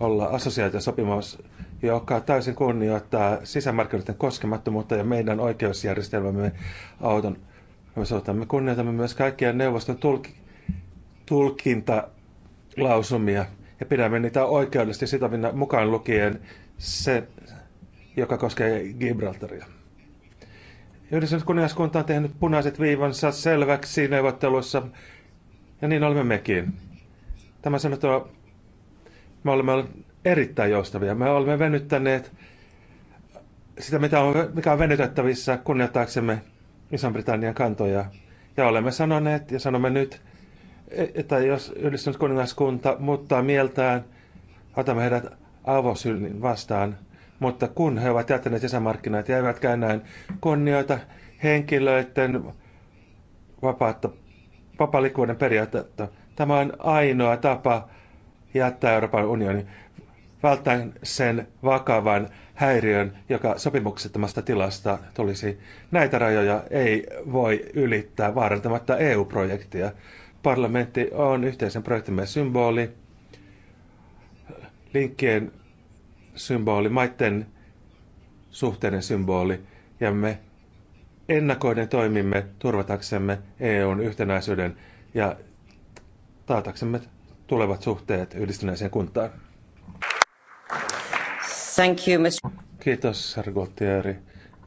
olla assosiaatiosopimus joka täysin kunnioittaa sisämarkkinoiden koskemattomuutta ja meidän oikeusjärjestelmämme auton. Me kunnioitamme myös kaikkia neuvoston tulk- tulkintalausumia ja pidämme niitä oikeudellisesti sitovina mukaan lukien se, joka koskee Gibraltaria. Yhdistynyt kuningaskunta on tehnyt punaiset viivansa selväksi neuvotteluissa, ja niin olemme mekin. Tämä sanottua me olemme erittäin joustavia. Me olemme venyttäneet sitä, mitä on, mikä on venytettävissä kunnioittaaksemme Iso-Britannian kantoja. Ja olemme sanoneet ja sanomme nyt, että jos yhdistynyt kuningaskunta muuttaa mieltään, otamme heidät avosylin vastaan. Mutta kun he ovat jättäneet sisämarkkinat ja eivätkä enää kunnioita henkilöiden vapaatta, vapaa periaatetta, tämä on ainoa tapa jättää Euroopan unioni välttäen sen vakavan häiriön, joka sopimuksettomasta tilasta tulisi. Näitä rajoja ei voi ylittää vaarantamatta EU-projektia. Parlamentti on yhteisen projektimme symboli, linkkien symboli, maiden suhteiden symboli, ja me ennakoiden toimimme turvataksemme EUn yhtenäisyyden ja taataksemme tulevat suhteet yhdistyneeseen kuntaan. Thank you, Mr. Kiitos, herra Gualtieri.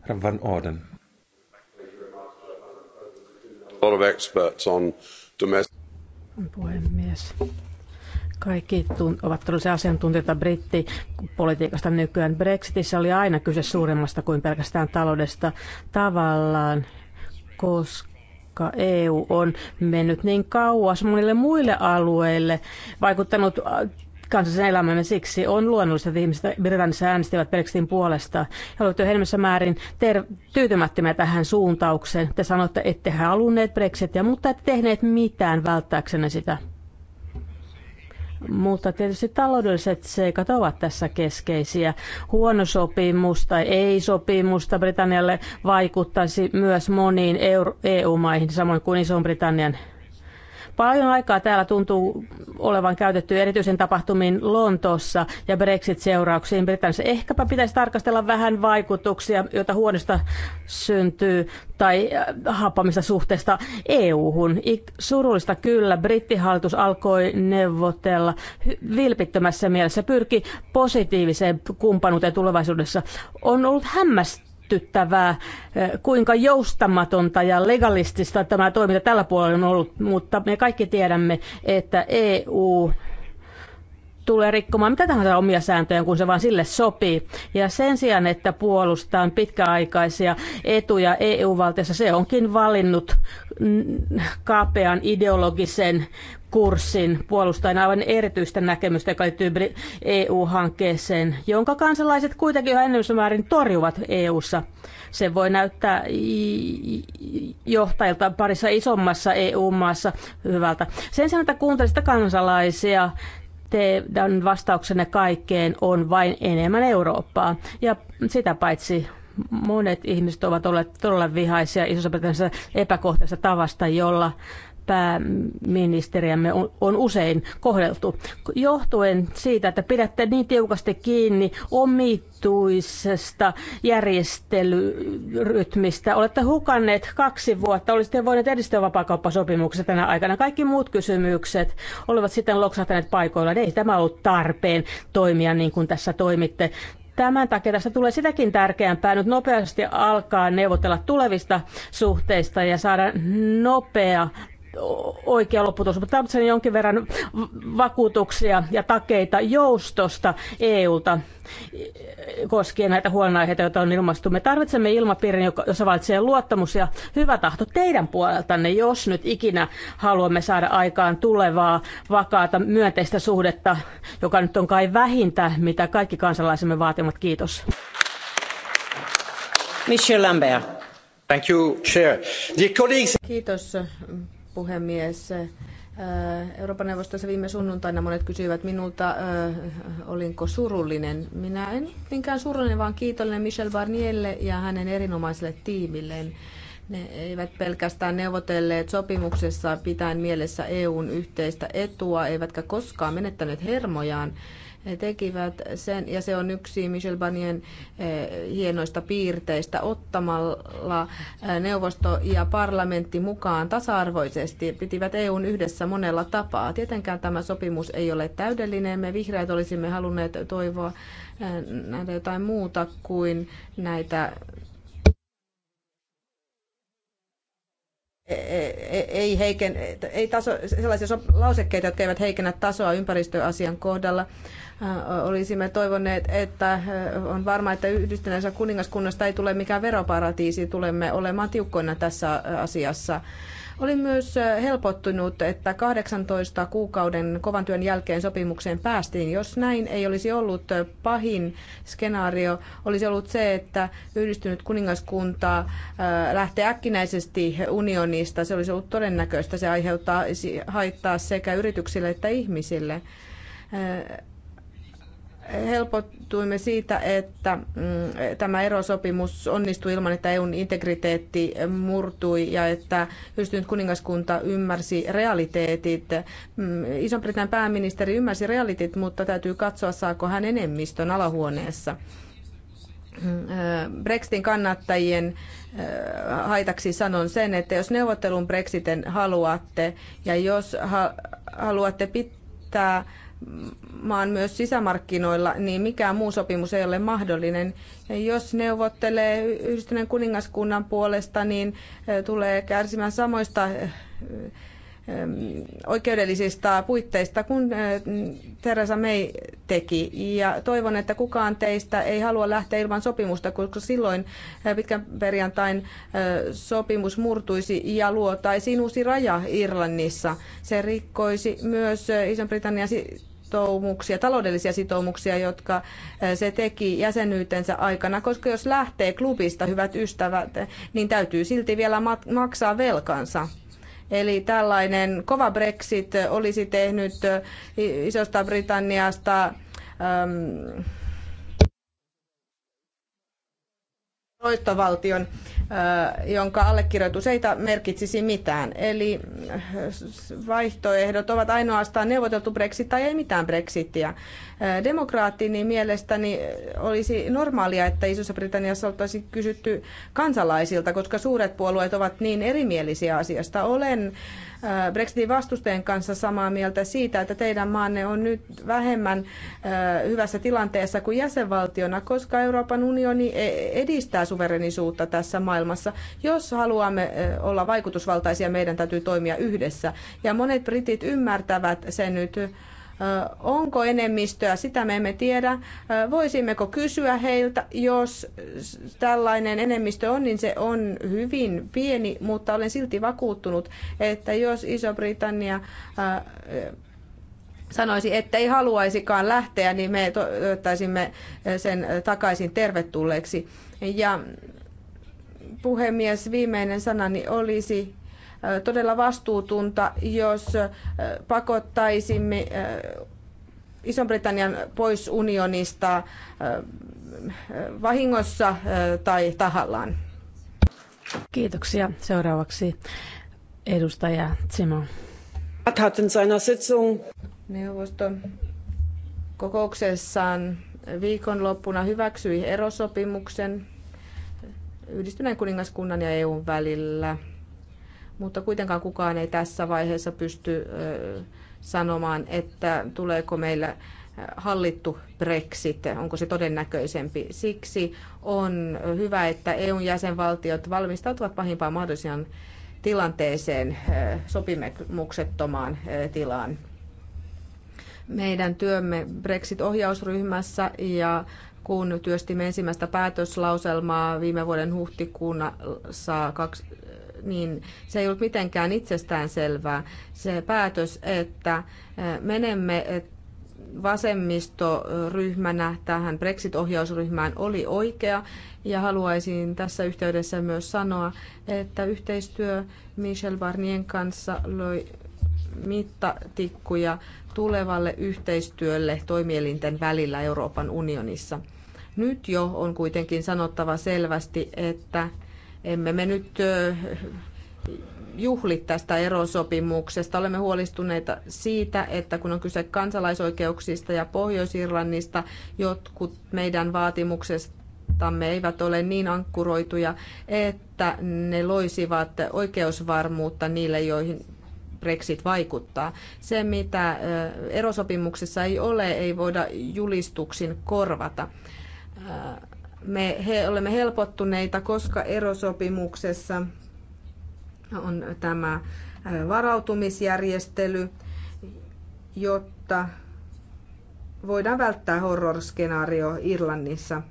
Herra Van Orden. A lot of experts on domestic... Puhemies kaikki ovat todellisia asiantuntijoita brittipolitiikasta nykyään. Brexitissä oli aina kyse suuremmasta kuin pelkästään taloudesta tavallaan, koska EU on mennyt niin kauas monille muille alueille, vaikuttanut kansallisen elämämme. Siksi on luonnollista, että ihmiset Britannissa äänestivät Brexitin puolesta. He olivat yhdessä määrin ter- tyytymättömiä tähän suuntaukseen. Te sanotte, ette he halunneet Brexitia, mutta ette tehneet mitään välttääksenne sitä. Mutta tietysti taloudelliset seikat ovat tässä keskeisiä. Huono sopimus tai ei-sopimusta Britannialle vaikuttaisi myös moniin EU-maihin, e samoin kuin iso britannian Paljon aikaa täällä tuntuu olevan käytetty erityisen tapahtumiin Lontoossa ja Brexit-seurauksiin Britannissa. Ehkäpä pitäisi tarkastella vähän vaikutuksia, joita huonosta syntyy tai äh, happamista suhteesta EU-hun. Surullista kyllä, brittihallitus alkoi neuvotella vilpittömässä mielessä, pyrki positiiviseen kumppanuuteen tulevaisuudessa. On ollut hämmästyttävää hämmästyttävää, eh, kuinka joustamatonta ja legalistista tämä toiminta tällä puolella on ollut, mutta me kaikki tiedämme, että EU tulee rikkomaan mitä tahansa omia sääntöjä, kun se vaan sille sopii. Ja sen sijaan, että puolustaan pitkäaikaisia etuja EU-valtiossa, se onkin valinnut kapean ideologisen kurssin puolustajan aivan erityistä näkemystä, joka liittyy EU-hankkeeseen, jonka kansalaiset kuitenkin yhä enemmän määrin torjuvat EU-ssa. Se voi näyttää johtajilta parissa isommassa EU-maassa hyvältä. Sen sijaan, että kuuntelisitte kansalaisia, teidän vastauksenne kaikkeen on vain enemmän Eurooppaa. Ja sitä paitsi monet ihmiset ovat olleet todella vihaisia isossa epäkohtaisesta tavasta, jolla pääministeriämme on, on usein kohdeltu. Johtuen siitä, että pidätte niin tiukasti kiinni omituisesta järjestelyrytmistä, olette hukanneet kaksi vuotta, olisitte voineet edistää vapaakauppasopimuksia tänä aikana. Kaikki muut kysymykset olivat sitten loksahtaneet paikoilla. Ei tämä ollut tarpeen toimia niin kuin tässä toimitte tämän takia tästä tulee sitäkin tärkeämpää nyt nopeasti alkaa neuvotella tulevista suhteista ja saada nopea oikea lopputulos, mutta tarvitsen jonkin verran vakuutuksia ja takeita joustosta EUlta koskien näitä huolenaiheita, joita on ilmastu. Me tarvitsemme ilmapiirin, jossa valitsee luottamus ja hyvä tahto teidän puoleltanne, jos nyt ikinä haluamme saada aikaan tulevaa, vakaata, myönteistä suhdetta, joka nyt on kai vähintä, mitä kaikki kansalaisemme vaatimat. Kiitos. Michel Lambert. Thank you, Chair. Colleagues... Kiitos puhemies. Äh, Euroopan neuvostossa viime sunnuntaina monet kysyivät minulta, äh, olinko surullinen. Minä en niinkään surullinen, vaan kiitollinen Michel Barnierlle ja hänen erinomaiselle tiimilleen. Ne eivät pelkästään neuvotelleet sopimuksessa pitäen mielessä EUn yhteistä etua, eivätkä koskaan menettäneet hermojaan tekivät sen, ja se on yksi Michel Banien eh, hienoista piirteistä ottamalla eh, neuvosto ja parlamentti mukaan tasa-arvoisesti pitivät EUn yhdessä monella tapaa. Tietenkään tämä sopimus ei ole täydellinen. Me vihreät olisimme halunneet toivoa eh, näitä jotain muuta kuin näitä ei, heiken, ei taso, sellaisia lausekkeita, jotka eivät heikennä tasoa ympäristöasian kohdalla. Olisimme toivoneet, että on varma, että yhdistyneensä kuningaskunnasta ei tule mikään veroparatiisi. Tulemme olemaan tiukkoina tässä asiassa. Olin myös helpottunut, että 18 kuukauden kovan työn jälkeen sopimukseen päästiin. Jos näin ei olisi ollut, pahin skenaario olisi ollut se, että yhdistynyt kuningaskunta lähtee äkkinäisesti unionista. Se olisi ollut todennäköistä. Se aiheuttaa haittaa sekä yrityksille että ihmisille helpottuimme siitä, että mm, tämä erosopimus onnistui ilman, että EUn integriteetti murtui ja että pystynyt kuningaskunta ymmärsi realiteetit. Mm, Iso-Britannian pääministeri ymmärsi realiteetit, mutta täytyy katsoa, saako hän enemmistön alahuoneessa. Mm, Brexitin kannattajien äh, haitaksi sanon sen, että jos neuvottelun Brexitin haluatte ja jos haluatte pitää maan myös sisämarkkinoilla, niin mikään muu sopimus ei ole mahdollinen. Ja jos neuvottelee yhdistyneen kuningaskunnan puolesta, niin tulee kärsimään samoista oikeudellisista puitteista kun Teresa May teki. Ja toivon, että kukaan teistä ei halua lähteä ilman sopimusta, koska silloin pitkän perjantain sopimus murtuisi ja luotaisiin uusi raja Irlannissa. Se rikkoisi myös Iso-Britannian sitoumuksia, taloudellisia sitoumuksia, jotka eh, se teki jäsenyytensä aikana, koska jos lähtee klubista, hyvät ystävät, niin täytyy silti vielä maksaa velkansa. Eli tällainen kova Brexit olisi tehnyt eh, Isosta Britanniasta ähm, loistovaltion, jonka allekirjoitus ei merkitsisi mitään. Eli vaihtoehdot ovat ainoastaan neuvoteltu Brexit tai ei mitään Brexitiä demokraatti, niin mielestäni olisi normaalia, että Isossa Britanniassa oltaisiin kysytty kansalaisilta, koska suuret puolueet ovat niin erimielisiä asiasta. Olen Brexitin vastustajien kanssa samaa mieltä siitä, että teidän maanne on nyt vähemmän hyvässä tilanteessa kuin jäsenvaltiona, koska Euroopan unioni e-, edistää suverenisuutta tässä maailmassa. Jos haluamme olla vaikutusvaltaisia, meidän täytyy toimia yhdessä. Ja monet britit ymmärtävät sen nyt Onko enemmistöä, sitä me emme tiedä. Voisimmeko kysyä heiltä, jos tällainen enemmistö on, niin se on hyvin pieni, mutta olen silti vakuuttunut, että jos Iso-Britannia sanoisi, että ei haluaisikaan lähteä, niin me toivottaisimme sen takaisin tervetulleeksi. Ja puhemies, viimeinen sanani olisi todella vastuutunta, jos pakottaisimme Ison-Britannian pois unionista vahingossa tai tahallaan. Kiitoksia. Seuraavaksi edustaja Simo. Neuvosto kokouksessaan viikonloppuna hyväksyi erosopimuksen yhdistyneen kuningaskunnan ja EUn välillä – mutta kuitenkaan kukaan ei tässä vaiheessa pysty sanomaan, että tuleeko meillä hallittu Brexit, onko se todennäköisempi. Siksi on hyvä, että EUn jäsenvaltiot valmistautuvat pahimpaan mahdolliseen tilanteeseen, sopimuksettomaan tilaan. Meidän työmme Brexit-ohjausryhmässä ja kun työstimme ensimmäistä päätöslauselmaa viime vuoden huhtikuussa niin se ei ollut mitenkään itsestään selvää. Se päätös, että eh, menemme eh, vasemmistoryhmänä tähän Brexit-ohjausryhmään oli oikea. Ja haluaisin tässä yhteydessä myös sanoa, että yhteistyö Michel Barnien kanssa löi mittatikkuja tulevalle yhteistyölle toimielinten välillä Euroopan unionissa. Nyt jo on kuitenkin sanottava selvästi, että emme me nyt juhli tästä erosopimuksesta. Olemme huolestuneita siitä, että kun on kyse kansalaisoikeuksista ja Pohjois-Irlannista, jotkut meidän vaatimuksesta me eivät ole niin ankkuroituja, että ne loisivat oikeusvarmuutta niille, joihin Brexit vaikuttaa. Se, mitä erosopimuksessa ei ole, ei voida julistuksin korvata me he, olemme helpottuneita, koska erosopimuksessa on tämä varautumisjärjestely, jotta voidaan välttää horrorskenaario Irlannissa.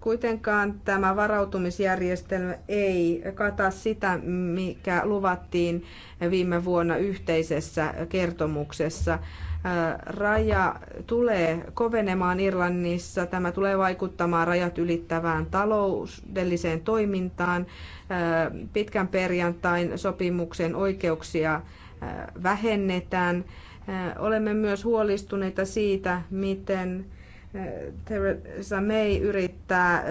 Kuitenkaan tämä varautumisjärjestelmä ei kata sitä, mikä luvattiin viime vuonna yhteisessä kertomuksessa raja tulee kovenemaan Irlannissa. Tämä tulee vaikuttamaan rajat ylittävään taloudelliseen toimintaan. Pitkän perjantain sopimuksen oikeuksia vähennetään. Olemme myös huolistuneita siitä, miten Theresa May yrittää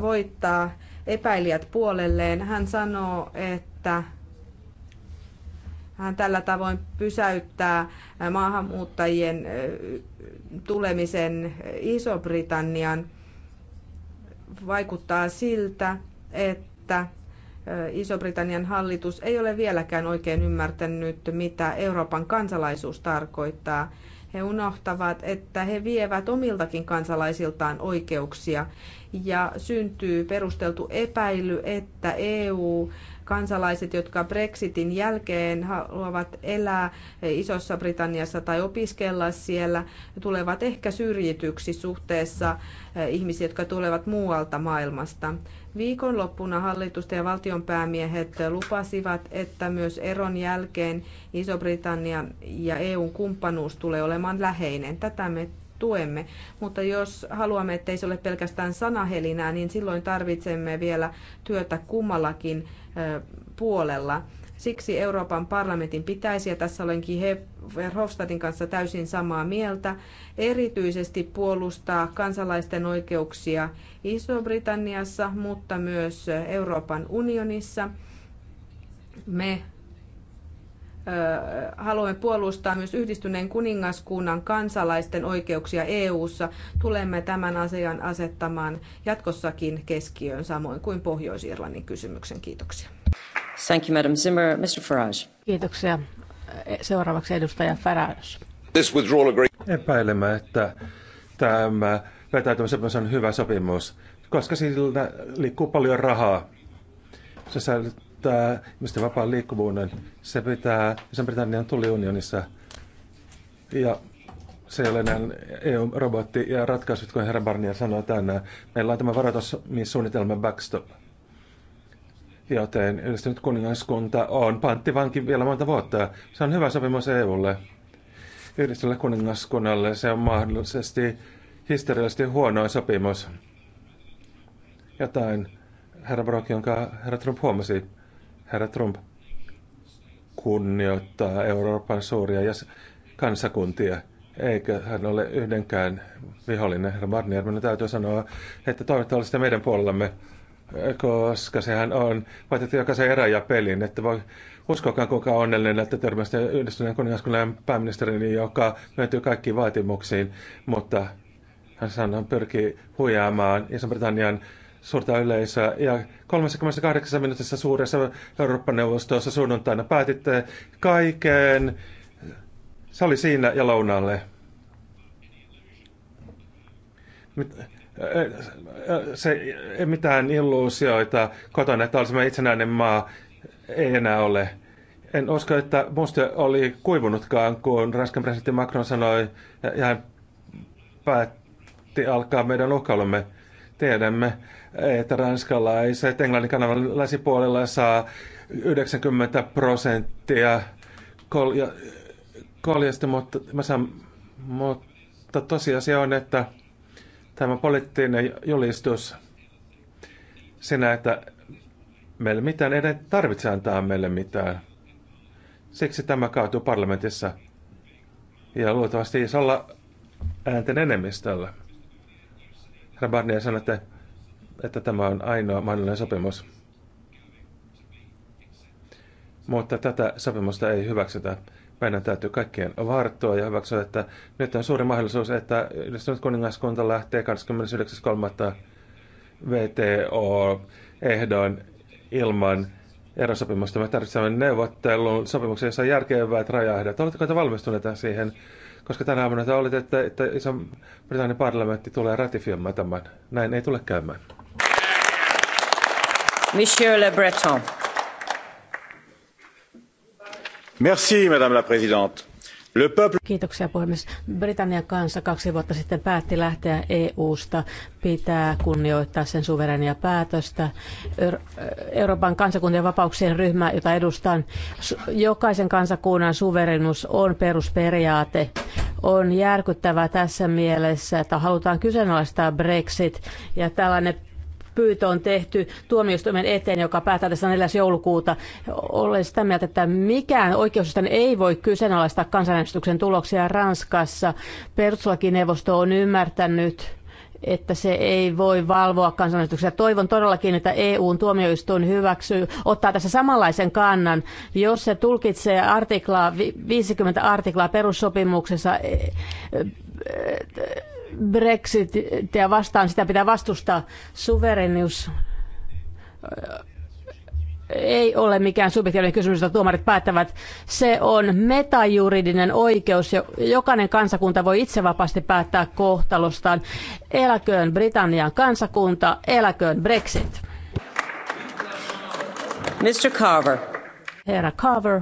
voittaa epäilijät puolelleen. Hän sanoo, että hän tällä tavoin pysäyttää maahanmuuttajien tulemisen Iso-Britannian. Vaikuttaa siltä, että Iso-Britannian hallitus ei ole vieläkään oikein ymmärtänyt, mitä Euroopan kansalaisuus tarkoittaa. He unohtavat, että he vievät omiltakin kansalaisiltaan oikeuksia ja syntyy perusteltu epäily, että EU kansalaiset, jotka Brexitin jälkeen haluavat elää Isossa Britanniassa tai opiskella siellä, tulevat ehkä syrjityksi suhteessa eh, ihmisiä, jotka tulevat muualta maailmasta. Viikonloppuna hallitusten ja valtionpäämiehet lupasivat, että myös eron jälkeen Iso-Britannia ja EUn kumppanuus tulee olemaan läheinen. Tätä me tuemme. Mutta jos haluamme, ettei se ole pelkästään sanahelinää, niin silloin tarvitsemme vielä työtä kummallakin puolella. Siksi Euroopan parlamentin pitäisi, ja tässä olenkin Verhofstadtin kanssa täysin samaa mieltä, erityisesti puolustaa kansalaisten oikeuksia Iso-Britanniassa, mutta myös Euroopan unionissa. Me haluamme puolustaa myös yhdistyneen kuningaskunnan kansalaisten oikeuksia EU:ssa. Tulemme tämän asian asettamaan jatkossakin keskiöön, samoin kuin Pohjois-Irlannin kysymyksen. Kiitoksia. Thank you, Madam Zimmer. Mr. Farage. Kiitoksia. E, seuraavaksi edustaja Farage. This withdrawal agreement. että tämä vetäytymisopimus on hyvä sopimus, koska sillä liikkuu paljon rahaa. Se säilyttää säilyttää ihmisten vapaan liikkuvuuden. Se pitää sen britannian unionissa. ja se ei ole enää EU-robotti ja ratkaisut, kun herra Barnier sanoi tänään. Meillä on tämä varoitussuunnitelma backstop. Joten yhdistynyt kuningaskunta on panttivankin vielä monta vuotta. Se on hyvä sopimus EUlle. Yhdistölle kuningaskunnalle se on mahdollisesti historiallisesti huono sopimus. Jotain herra Brock, jonka herra Trump huomasi. Herra Trump kunnioittaa Euroopan suuria jäs- kansakuntia, eikä hän ole yhdenkään vihollinen. Herra Barnier, minun täytyy sanoa, että toimittaja meidän puolellamme, koska sehän on, vaikka jokaisen erä ja pelin, että voi uskokaan kuinka onnellinen, että törmästä yhdistyneen kuningaskunnan pääministerin, joka myöntyy kaikkiin vaatimuksiin, mutta hän sanoo, pyrkii huijaamaan Iso-Britannian suurta yleisöä. Ja 38 minuutissa suuressa Eurooppa-neuvostossa sunnuntaina päätitte kaiken. Se oli siinä ja lounaalle. Äh, se ei mitään illuusioita kotona, että olisimme itsenäinen maa, ei enää ole. En usko, että musta oli kuivunutkaan, kun Ranskan presidentti Macron sanoi, ja hän päätti alkaa meidän uhkailumme Tiedämme, että ranskalaiset Englannin kanavan länsipuolella saa 90 prosenttia kolja, koljasta, mutta, mä saan, mutta tosiasia on, että tämä poliittinen julistus sinä, että meille mitään ei tarvitse antaa meille mitään. Siksi tämä kaatuu parlamentissa ja luultavasti isolla äänten enemmistöllä. Herra Barnier, sanotte, että tämä on ainoa mahdollinen sopimus. Mutta tätä sopimusta ei hyväksytä. Meidän täytyy kaikkien varttua ja hyväksyä, että nyt on suuri mahdollisuus, että yhdistynyt kuningaskunta lähtee 29.3. VTO-ehdoin ilman erosopimusta. Me tarvitsemme neuvottelun sopimuksen, jossa on järkevät rajaehdot. Oletteko te valmistuneita siihen? koska tänä aamuna tämä oli, että, että Iso-Britannian parlamentti tulee ratifioimaan tämän. Näin ei tule käymään. Monsieur Le Breton. Merci, Madame la Présidente Kiitoksia puhemies. Britannian kanssa kaksi vuotta sitten päätti lähteä EU-sta. Pitää kunnioittaa sen suverenia päätöstä. Euroopan kansakuntien vapauksien ryhmä, jota edustan, jokaisen kansakunnan suverenus on perusperiaate. On järkyttävää tässä mielessä, että halutaan kyseenalaistaa Brexit ja tällainen pyytö on tehty tuomioistuimen eteen, joka päättää tässä 4. joulukuuta. Olen sitä mieltä, että mikään oikeusjärjestelmä ei voi kyseenalaistaa kansanäänestyksen tuloksia Ranskassa. Perustuslakineuvosto on ymmärtänyt että se ei voi valvoa kansanäänestyksiä. Toivon todellakin, että EUn tuomioistuin hyväksyy, ottaa tässä samanlaisen kannan. Jos se tulkitsee artiklaa, 50 artiklaa perussopimuksessa, e- e- Brexitia vastaan, sitä pitää vastustaa. Suverenius ei ole mikään subjektiivinen kysymys, jota tuomarit päättävät. Se on metajuridinen oikeus. Jokainen kansakunta voi itse vapaasti päättää kohtalostaan. Eläköön Britannian kansakunta, eläköön Brexit. Mr. Carver. Herra Carver.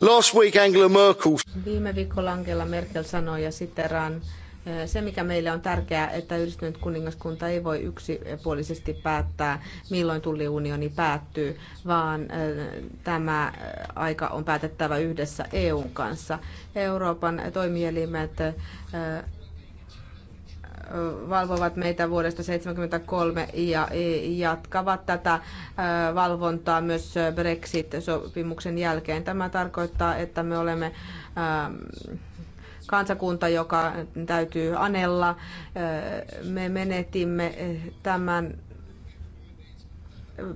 Last week Angela Merkel. Viime viikolla Angela Merkel sanoi ja siteraan, eh, se, mikä meille on tärkeää, että yhdistynyt kuningaskunta ei voi yksipuolisesti päättää, milloin tulliunioni päättyy, vaan eh, tämä eh, aika on päätettävä yhdessä EUn kanssa. Euroopan toimielimet valvovat meitä vuodesta 1973 ja e, jatkavat tätä valvontaa myös Brexit-sopimuksen jälkeen. Tämä tarkoittaa, että me olemme kansakunta, joka täytyy anella. Me menetimme tämän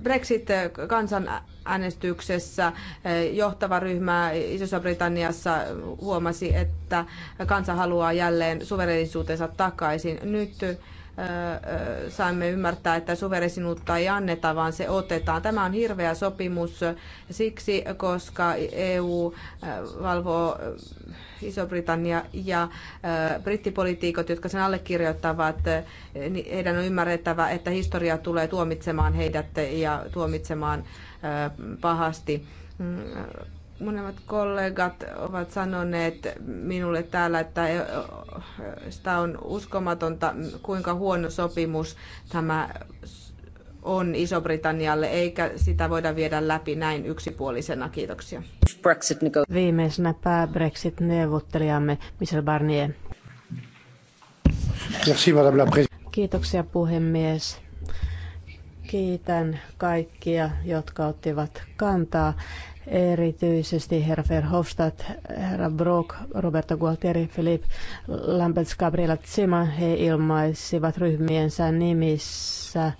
Brexit-kansanäänestyksessä äh, äh, johtava ryhmä Isossa Britanniassa huomasi, että kansa haluaa jälleen suvereenisuutensa takaisin. Nyt saimme ymmärtää, että suveresinuutta ei anneta, vaan se otetaan. Tämä on hirveä sopimus siksi, koska EU valvoo Iso-Britannia ja brittipolitiikot, jotka sen allekirjoittavat, heidän on ymmärrettävä, että historia tulee tuomitsemaan heidät ja tuomitsemaan pahasti mm, monet kollegat ovat sanoneet minulle täällä, että e, sitä on uskomatonta, kuinka huono sopimus tämä on Iso-Britannialle, eikä sitä voida viedä läpi näin yksipuolisena. Kiitoksia. Viimeisenä pää-Brexit-neuvottelijamme Michel Barnier. Merci, madame la Kiitoksia puhemies. Kiitän kaikkia, jotka ottivat kantaa erityisesti herra Verhofstadt, herra Brock, Roberto Gualtieri, Philip Lambertz, Gabriela Zima, he ilmaisivat ryhmiensä nimissä äh,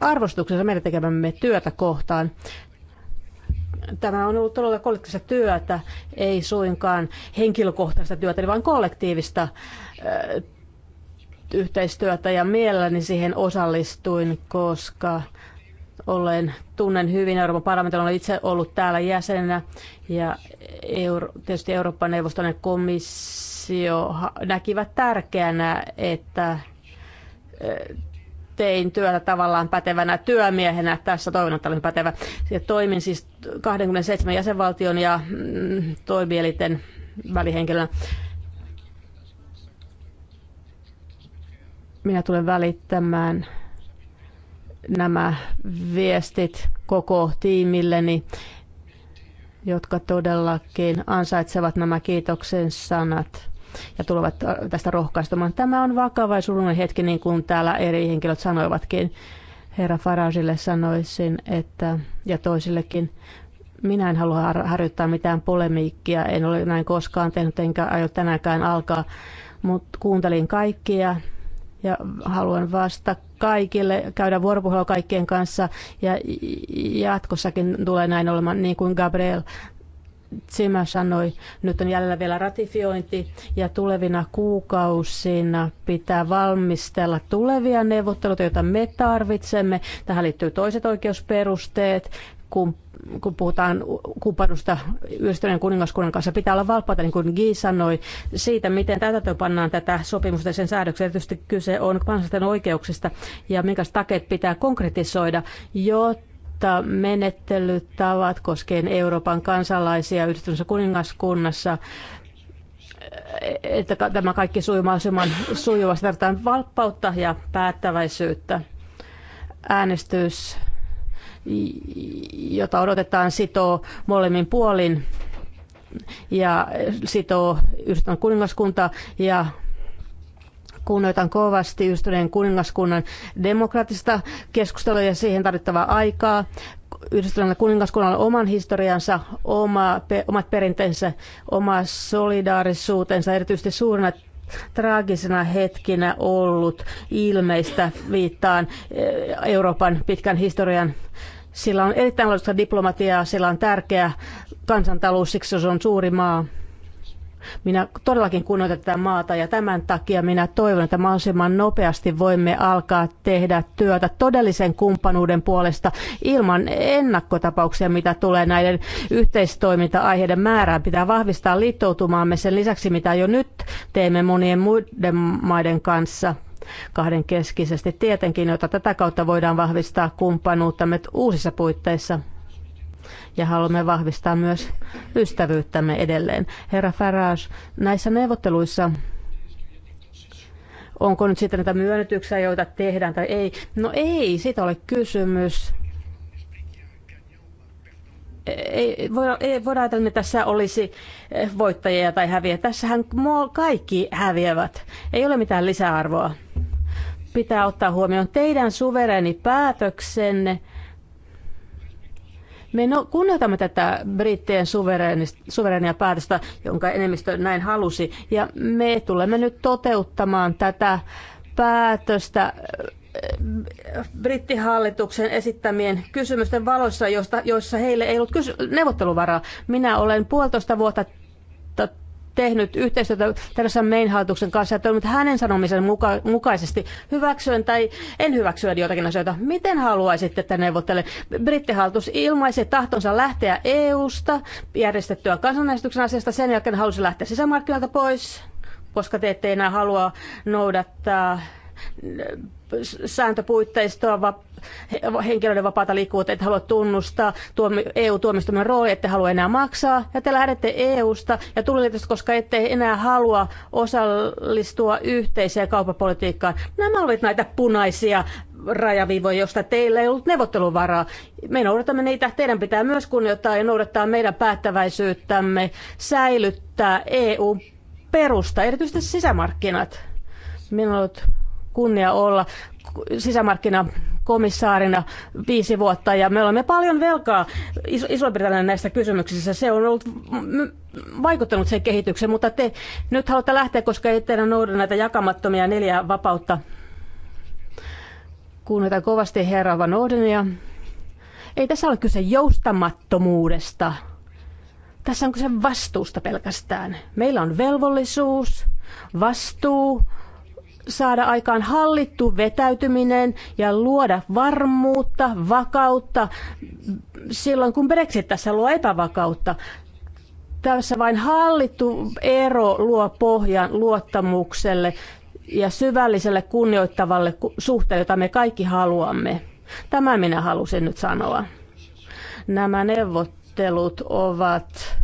arvostuksensa meidän tekemämme työtä kohtaan. Tämä on ollut todella kollektiivista työtä, ei suinkaan henkilökohtaista työtä, vaan kollektiivista äh, yhteistyötä ja mielelläni siihen osallistuin, koska olleen tunnen hyvin. Euroopan Parlamentti on itse ollut täällä jäsenenä ja Euro, tietysti Euroopan neuvoston ja komissio näkivät tärkeänä, että tein työtä tavallaan pätevänä työmiehenä. Tässä toivon, että olen pätevä. Ja toimin siis 27 jäsenvaltion ja mm, toimielinten välihenkilönä. Minä tulen välittämään nämä viestit koko tiimilleni, jotka todellakin ansaitsevat nämä kiitoksen sanat ja tulevat tästä rohkaistumaan. Tämä on vakava ja surullinen hetki, niin kuin täällä eri henkilöt sanoivatkin. Herra Farajille sanoisin, että, ja toisillekin, minä en halua harjoittaa mitään polemiikkia, en ole näin koskaan tehnyt, enkä aio tänäänkään alkaa, mutta kuuntelin kaikkia ja haluan vasta kaikille, käydä vuoropuhelua kaikkien kanssa ja jatkossakin tulee näin olemaan, niin kuin Gabriel Zimmer sanoi, nyt on jäljellä vielä ratifiointi ja tulevina kuukausina pitää valmistella tulevia neuvotteluita, joita me tarvitsemme. Tähän liittyy toiset oikeusperusteet, kun, kun puhutaan kumppanusta yhdistyneen kuningaskunnan kanssa, pitää olla valppaita, niin kuin Guy sanoi, siitä, miten tätä pannaan tätä sopimusta ja sen säädöksiä. Tietysti kyse on kansallisten oikeuksista ja minkä takeet pitää konkretisoida, jotta menettelytavat koskien Euroopan kansalaisia yhdistyneessä kuningaskunnassa, että tämä kaikki sujuu mahdollisimman sujuvasti. Tarvitaan valppautta ja päättäväisyyttä. Äänestys jota odotetaan sitoo molemmin puolin ja sitoo yhdistön kuningaskunta ja kunnioitan kovasti yhdistyneen kuningaskunnan demokraattista keskustelua ja siihen tarvittavaa aikaa. Yhdistyneellä kuningaskunnalla on oman historiansa, oma, omat perinteensä, oma solidaarisuutensa, erityisesti suurena traagisena hetkinä ollut ilmeistä viittaan eh, Euroopan pitkän historian sillä on erittäin laadukasta diplomatiaa, sillä on tärkeä kansantalous, siksi se on suuri maa. Minä todellakin kunnioitan tätä maata ja tämän takia minä toivon, että mahdollisimman nopeasti voimme alkaa tehdä työtä todellisen kumppanuuden puolesta ilman ennakkotapauksia, mitä tulee näiden yhteistoiminta-aiheiden määrään. Pitää vahvistaa liittoutumaamme sen lisäksi, mitä jo nyt teemme monien muiden maiden kanssa kahdenkeskisesti tietenkin, jota tätä kautta voidaan vahvistaa kumppanuuttamme uusissa puitteissa ja haluamme vahvistaa myös ystävyyttämme edelleen. Herra Farage, näissä neuvotteluissa onko nyt sitten näitä myönnytyksiä, joita tehdään tai ei? No ei, siitä ole kysymys ei voida, ei voida ajatella, että tässä olisi voittajia tai häviä. Tässähän kaikki häviävät. Ei ole mitään lisäarvoa. Pitää ottaa huomioon teidän suvereni päätöksenne me no, kunnioitamme tätä brittien suverenia päätöstä, jonka enemmistö näin halusi, ja me tulemme nyt toteuttamaan tätä päätöstä äh, brittihallituksen esittämien kysymysten valossa, joissa heille ei ollut kysy- neuvotteluvaraa. Minä olen puolitoista vuotta tehnyt yhteistyötä Theresa Mayn hallituksen kanssa ja toiminut hänen sanomisen muka- mukaisesti hyväksyen tai en hyväksyä jotakin asioita. Miten haluaisitte, että neuvottele? Brittihallitus ilmaisi tahtonsa lähteä EU-sta järjestettyä kansanäänestyksen asiasta. Sen jälkeen halusi lähteä sisämarkkinoilta pois, koska te ette enää halua noudattaa sääntöpuitteistoa henkilöiden vapaata liikkuvuutta, että halua tunnustaa EU-tuomistuminen rooli, ette halua enää maksaa, ja te lähdette EU-sta ja tulitte koska ette enää halua osallistua yhteiseen kauppapolitiikkaan. Nämä olivat näitä punaisia rajaviivoja, josta teillä ei ollut neuvotteluvaraa. Me noudatamme niitä. Teidän pitää myös kunnioittaa ja noudattaa meidän päättäväisyyttämme säilyttää EU perusta, erityisesti sisämarkkinat. Minulla on kunnia olla sisämarkkinakomissaarina viisi vuotta ja me olemme paljon velkaa Iso-Britannian näissä kysymyksissä. Se on ollut vaikuttanut sen kehitykseen, mutta te nyt haluatte lähteä, koska ei teidän nouda näitä jakamattomia neljää vapautta. Kuunnetaan kovasti herra Van Ordenia. Ei tässä ole kyse joustamattomuudesta. Tässä on kyse vastuusta pelkästään. Meillä on velvollisuus, vastuu, saada aikaan hallittu vetäytyminen ja luoda varmuutta, vakautta silloin, kun Brexit tässä luo epävakautta. Tässä vain hallittu ero luo pohjan luottamukselle ja syvälliselle kunnioittavalle suhteelle, jota me kaikki haluamme. Tämä minä halusin nyt sanoa. Nämä neuvottelut ovat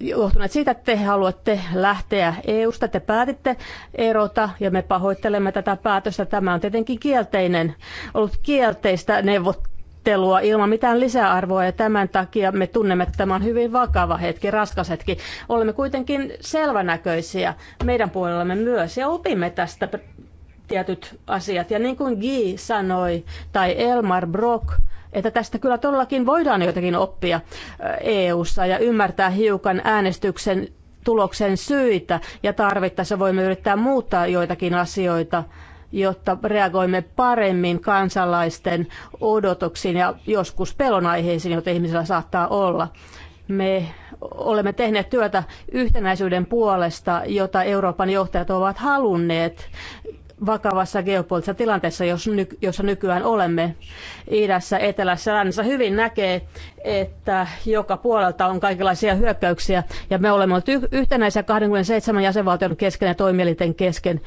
johtuneet siitä, että te haluatte lähteä EU-sta, te päätitte erota ja me pahoittelemme tätä päätöstä. Tämä on tietenkin kielteinen, ollut kielteistä neuvottelua ilman mitään lisäarvoa ja tämän takia me tunnemme, että tämä on hyvin vakava hetki, raskas hetki. Olemme kuitenkin selvänäköisiä meidän puolellamme myös ja opimme tästä tietyt asiat. Ja niin kuin Guy sanoi tai Elmar Brock, että tästä kyllä todellakin voidaan jotakin oppia eh, EU-ssa ja ymmärtää hiukan äänestyksen tuloksen syitä ja tarvittaessa voimme yrittää muuttaa joitakin asioita jotta reagoimme paremmin kansalaisten odotuksiin ja joskus pelonaiheisiin, joita ihmisillä saattaa olla. Me olemme tehneet työtä yhtenäisyyden puolesta, jota Euroopan johtajat ovat halunneet vakavassa geopoliittisessa tilanteessa, jossa nykyään olemme idässä, etelässä, lännessä, hyvin näkee, että joka puolelta on kaikenlaisia hyökkäyksiä, ja me olemme olleet yhtenäisiä 27 jäsenvaltion kesken ja toimielinten kesken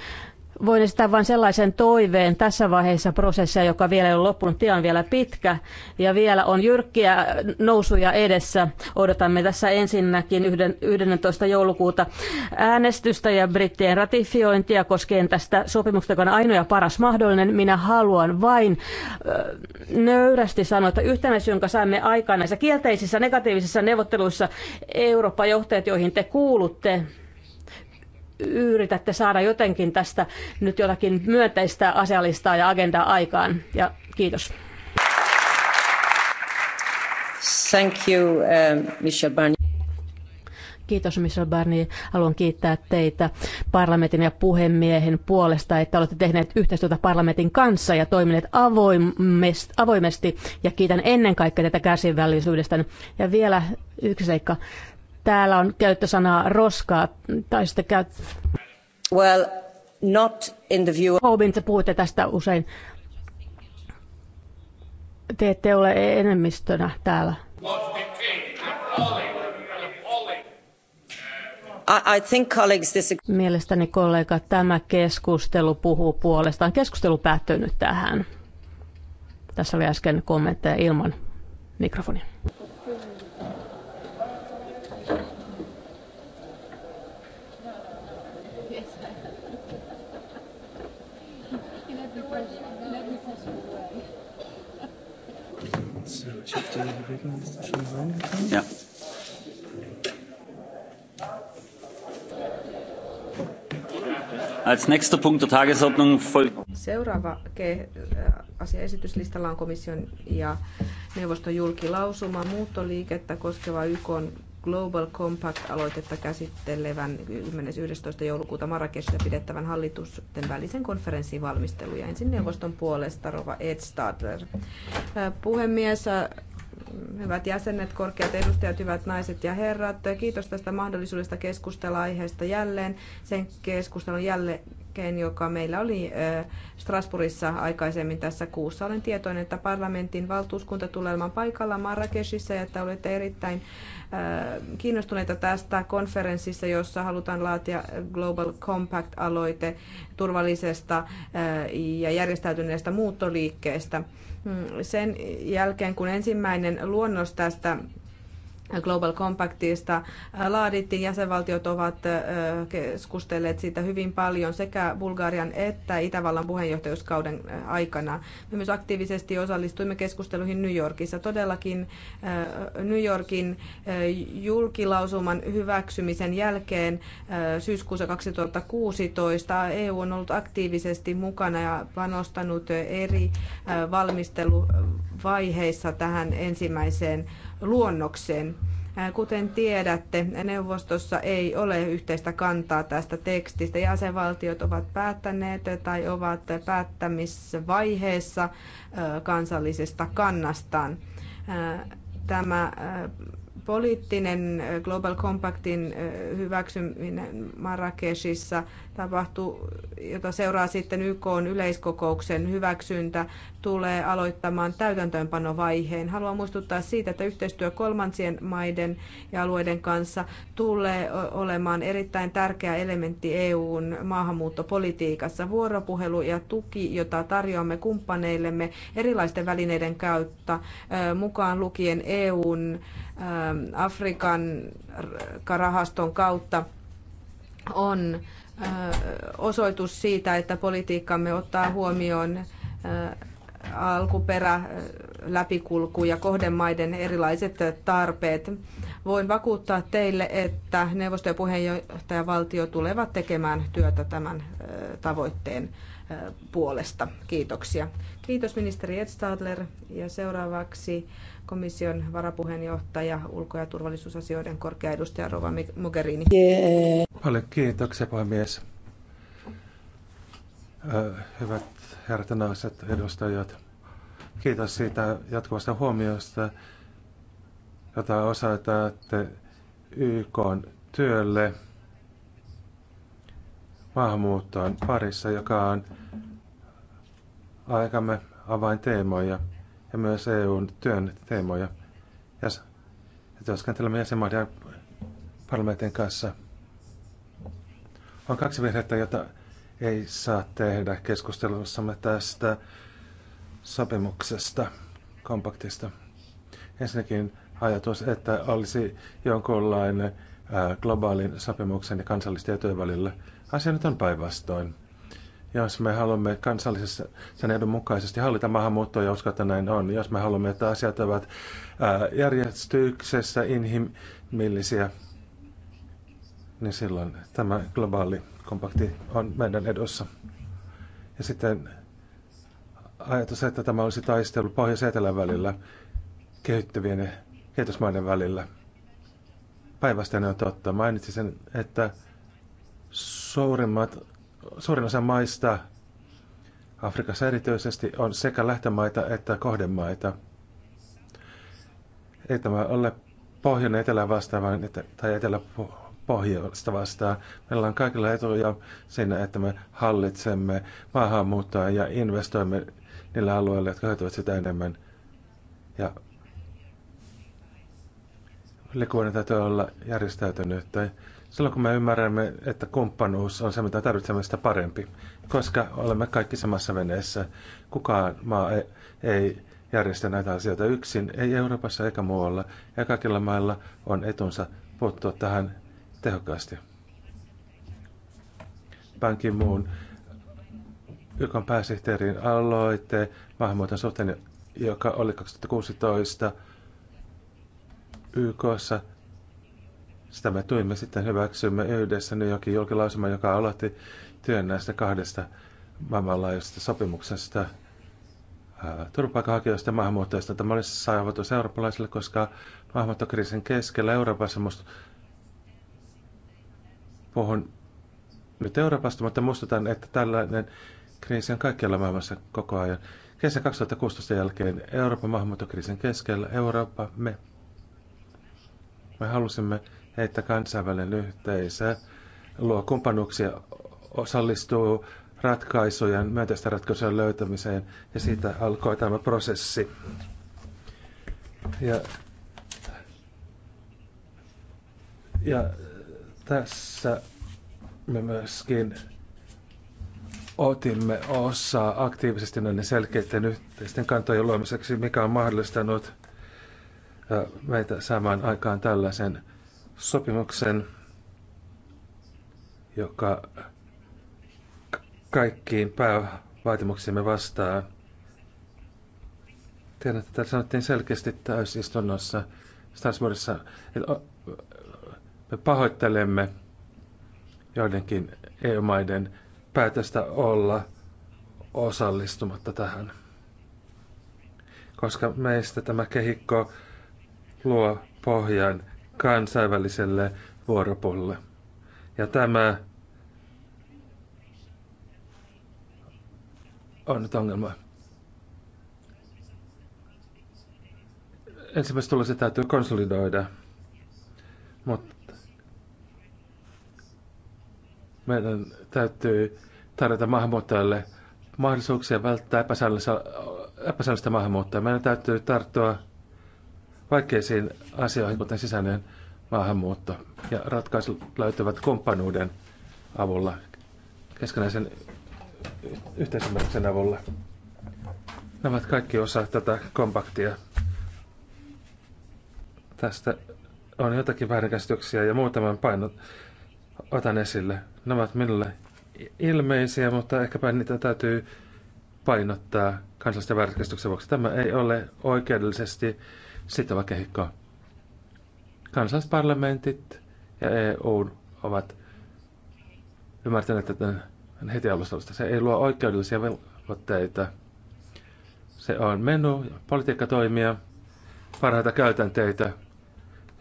voin esittää vain sellaisen toiveen tässä vaiheessa prosessia, joka vielä ei ole loppunut, tie on vielä pitkä ja vielä on jyrkkiä nousuja edessä. Odotamme tässä ensinnäkin 11. joulukuuta äänestystä ja brittien ratifiointia koskien tästä sopimuksesta, joka on ainoa ja paras mahdollinen. Minä haluan vain nöyrästi sanoa, että yhtenäisyys, jonka saimme aikaan näissä kielteisissä negatiivisissa neuvotteluissa Eurooppa-johtajat, joihin te kuulutte, yritätte saada jotenkin tästä nyt jotakin myönteistä asialistaa ja agendaa aikaan. Ja kiitos. Thank you, uh, Michel Barnier. Kiitos Michel Barnier. Haluan kiittää teitä parlamentin ja puhemiehen puolesta, että olette tehneet yhteistyötä parlamentin kanssa ja toimineet avoimesti. Ja kiitän ennen kaikkea tätä kärsivällisyydestä. Ja vielä yksi seikka. Täällä on käyttösanaa roskaa, tai sitä käyt... Well, not in the view... Hobin, te puhutte tästä usein. Te ette ole enemmistönä täällä. I think colleagues this... Mielestäni kollega, tämä keskustelu puhuu puolestaan. Keskustelu päättyy nyt tähän. Tässä oli äsken kommentteja ilman mikrofonia. Ich habe die Regeln schon reingetan. Ja. Als nächster Punkt der Tagesordnung folgt. Seuraava äh, asia esityslistalla on komission ja neuvoston julkilausuma muuttoliikettä koskeva YK Global Compact-aloitetta käsittelevän 10.11. joulukuuta Marrakeshissa pidettävän hallitusten välisen konferenssin valmisteluja. Ensin neuvoston puolesta Rova Stadler. Puhemies, hyvät jäsenet, korkeat edustajat, hyvät naiset ja herrat, kiitos tästä mahdollisuudesta keskustella aiheesta jälleen. Sen keskustelun jälleen hankkeen, joka meillä oli Strasbourgissa aikaisemmin tässä kuussa. Olen tietoinen, että parlamentin valtuuskunta tulee olemaan paikalla Marrakeshissa ja että olette erittäin kiinnostuneita tästä konferenssissa, jossa halutaan laatia Global Compact-aloite turvallisesta ja järjestäytyneestä muuttoliikkeestä. Mm, sen jälkeen, kun ensimmäinen luonnos tästä Global Compactista laadittiin. Jäsenvaltiot ovat keskustelleet siitä hyvin paljon sekä Bulgarian että Itävallan puheenjohtajuuskauden aikana. Me myös aktiivisesti osallistuimme keskusteluihin New Yorkissa. Todellakin New Yorkin julkilausuman hyväksymisen jälkeen syyskuussa 2016 EU on ollut aktiivisesti mukana ja panostanut eri valmisteluvaiheissa tähän ensimmäiseen luonnokseen. Kuten tiedätte, neuvostossa ei ole yhteistä kantaa tästä tekstistä. Jäsenvaltiot ovat päättäneet tai ovat päättämisvaiheessa kansallisesta kannastaan. Tämä poliittinen Global Compactin hyväksyminen Marrakeshissa tapahtuu, jota seuraa sitten YK yleiskokouksen hyväksyntä, tulee aloittamaan täytäntöönpanovaiheen. Haluan muistuttaa siitä, että yhteistyö kolmansien maiden ja alueiden kanssa tulee olemaan erittäin tärkeä elementti EUn maahanmuuttopolitiikassa. Vuoropuhelu ja tuki, jota tarjoamme kumppaneillemme erilaisten välineiden käyttä, mukaan lukien EUn Afrikan rahaston kautta, on Äh, osoitus siitä, että politiikkamme ottaa huomioon äh, alkuperä, äh, läpikulku ja kohdemaiden erilaiset tarpeet. Voin vakuuttaa teille, että neuvosto- ja puheenjohtajavaltio tulevat tekemään työtä tämän tavoitteen puolesta. Kiitoksia. Kiitos ministeri Edstadler ja seuraavaksi komission varapuheenjohtaja, ulko- ja turvallisuusasioiden korkea edustaja Rova Mogherini. Paljon kiitoksia, puhemies. Hyvät herrat ja naiset edustajat, kiitos siitä jatkuvasta huomiosta, jota osoitatte YK työlle maahanmuuttoon parissa, joka on aikamme avainteemoja ja myös EUn työn teemoja. Ja työskentelemme jäsenmaiden parlamentin kanssa. On kaksi virhettä, jota ei saa tehdä keskustelussamme tästä sopimuksesta, kompaktista. Ensinnäkin ajatus, että olisi jonkunlainen globaalin sopimuksen ja kansallisten etujen välillä. Asia nyt on päinvastoin. Jos me haluamme kansallisessa sen edun mukaisesti hallita maahanmuuttoa, ja uskoa, että näin on. Jos me haluamme, että asiat ovat äh, järjestyksessä inhimillisiä, niin silloin tämä globaali kompakti on meidän edossa. Ja sitten ajatus, että tämä olisi taistelu pohjois etelän välillä, kehittyvien ja kehitysmaiden välillä. Päivästä ne on totta. Mainitsin sen, että suurimmat suurin osa maista, Afrikassa erityisesti, on sekä lähtömaita että kohdemaita. Ei tämä ole pohjoinen ja etelä vastaan, tai etelä pohjoista vastaan. Meillä on kaikilla etuja siinä, että me hallitsemme maahanmuuttoa ja investoimme niillä alueilla, jotka hyötyvät sitä enemmän. Ja liikkuvuuden täytyy olla järjestäytynyt. Silloin kun me ymmärrämme, että kumppanuus on se, mitä tarvitsemme, sitä parempi, koska olemme kaikki samassa veneessä. Kukaan maa ei, ei järjestä näitä asioita yksin, ei Euroopassa eikä muualla, ja kaikilla mailla on etunsa puuttua tähän tehokkaasti. Pankin muun YK pääsihteerin aloite maahanmuuton suhteen, joka oli 2016 YKssa sitä me tuimme sitten hyväksymme yhdessä New Yorkin julkilausuma, joka aloitti työn näistä kahdesta maailmanlaajuisesta sopimuksesta turvapaikanhakijoista ja maahanmuuttajista. Tämä olisi saavutus eurooppalaisille, koska maahanmuuttokriisin keskellä Euroopassa musta puhun nyt Euroopasta, mutta muistutan, että tällainen kriisi on kaikkialla maailmassa koko ajan. Kesän 2016 jälkeen Euroopan maahanmuuttokriisin keskellä Eurooppa, me, me halusimme että kansainvälinen yhteisö luo kumppanuuksia, osallistuu ratkaisujen, myönteistä ratkaisujen löytämiseen ja siitä alkoi tämä prosessi. Ja, ja tässä me myöskin otimme osaa aktiivisesti näiden selkeiden yhteisten kantojen luomiseksi, mikä on mahdollistanut äh, meitä saamaan aikaan tällaisen sopimuksen, joka kaikkiin päävaatimuksiimme vastaa. Tiedän, että täällä sanottiin selkeästi täysistunnossa Strasbourgissa, että me pahoittelemme joidenkin EU-maiden päätöstä olla osallistumatta tähän. Koska meistä tämä kehikko luo pohjan kansainväliselle vuoropuolelle. Ja tämä on nyt ongelma. Ensimmäiset tulokset täytyy konsolidoida, mutta meidän täytyy tarjota maahanmuuttajalle mahdollisuuksia välttää epäsäännöllistä maahanmuuttoa. Meidän täytyy tarttua vaikeisiin asioihin, kuten sisäinen maahanmuutto. Ja ratkaisut löytyvät kumppanuuden avulla, keskenäisen yhteisymmärryksen avulla. Nämä ovat kaikki osa tätä kompaktia. Tästä on jotakin väärinkäsityksiä ja muutaman painot otan esille. Nämä ovat minulle ilmeisiä, mutta ehkäpä niitä täytyy painottaa kansallisten väärinkäsityksen vuoksi. Tämä ei ole oikeudellisesti sitova kehikko. Kansallisparlamentit ja EU ovat ymmärtäneet, että heti alusta se ei luo oikeudellisia velvoitteita. Se on menu, politiikkatoimia, parhaita käytänteitä,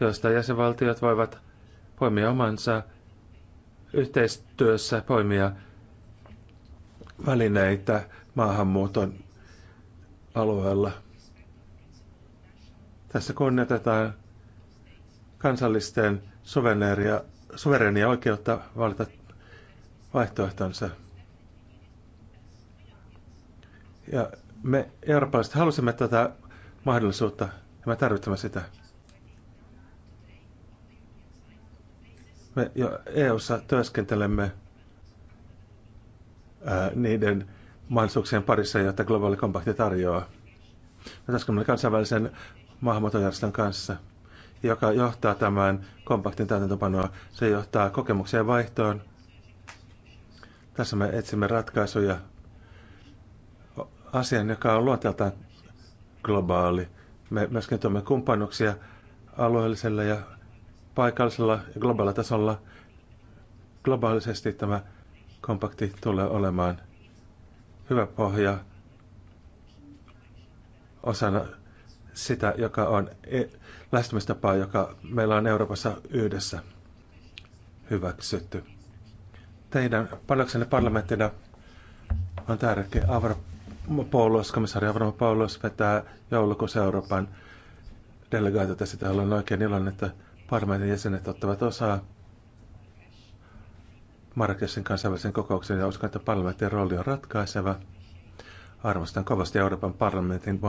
joista jäsenvaltiot voivat poimia omansa yhteistyössä poimia välineitä maahanmuuton alueella – tässä kunnioitetaan kansallisten suverenia oikeutta valita vaihtoehtonsa. Ja me eurooppalaiset halusimme tätä mahdollisuutta ja me tarvitsemme sitä. Me jo EU-ssa työskentelemme ää, niiden mahdollisuuksien parissa, joita globaali kompakti tarjoaa. Me työskentelemme kansainvälisen maahanmuuttojärjestön kanssa, joka johtaa tämän kompaktin täytäntöpanoa. Se johtaa kokemuksien vaihtoon. Tässä me etsimme ratkaisuja asian, joka on luonteeltaan globaali. Me myöskin tuomme kumppanuksia alueellisella ja paikallisella ja globaalilla tasolla. Globaalisesti tämä kompakti tulee olemaan hyvä pohja osana sitä, joka on e- lähestymistapaa, joka meillä on Euroopassa yhdessä hyväksytty. Teidän panoksenne parlamenttina on tärkeä. Paulus, komissaari Paulus vetää joulukuussa Euroopan delegaatiota. Sitä olen oikein iloinen, että parlamentin jäsenet ottavat osaa Marrakesin kansainvälisen kokouksen ja uskon, että parlamentin rooli on ratkaiseva – Arvostan kovasti Euroopan parlamentin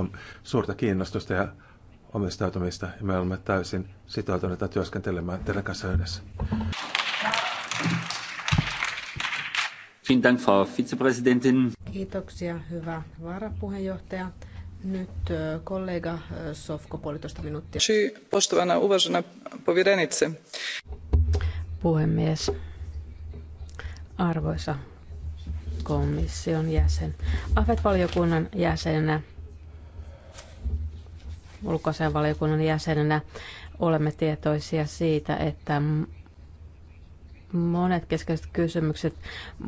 suurta kiinnostusta ja omistautumista, ja me olemme täysin sitoutuneita työskentelemään teidän kanssa yhdessä. Kiitoksia, hyvä varapuheenjohtaja. Nyt kollega Sofko, puolitoista minuuttia. Poštovana uvažena povjerenice. Puhemies, arvoisa komission jäsen. AFET-valiokunnan jäsenenä, valiokunnan jäsenenä olemme tietoisia siitä, että monet keskeiset kysymykset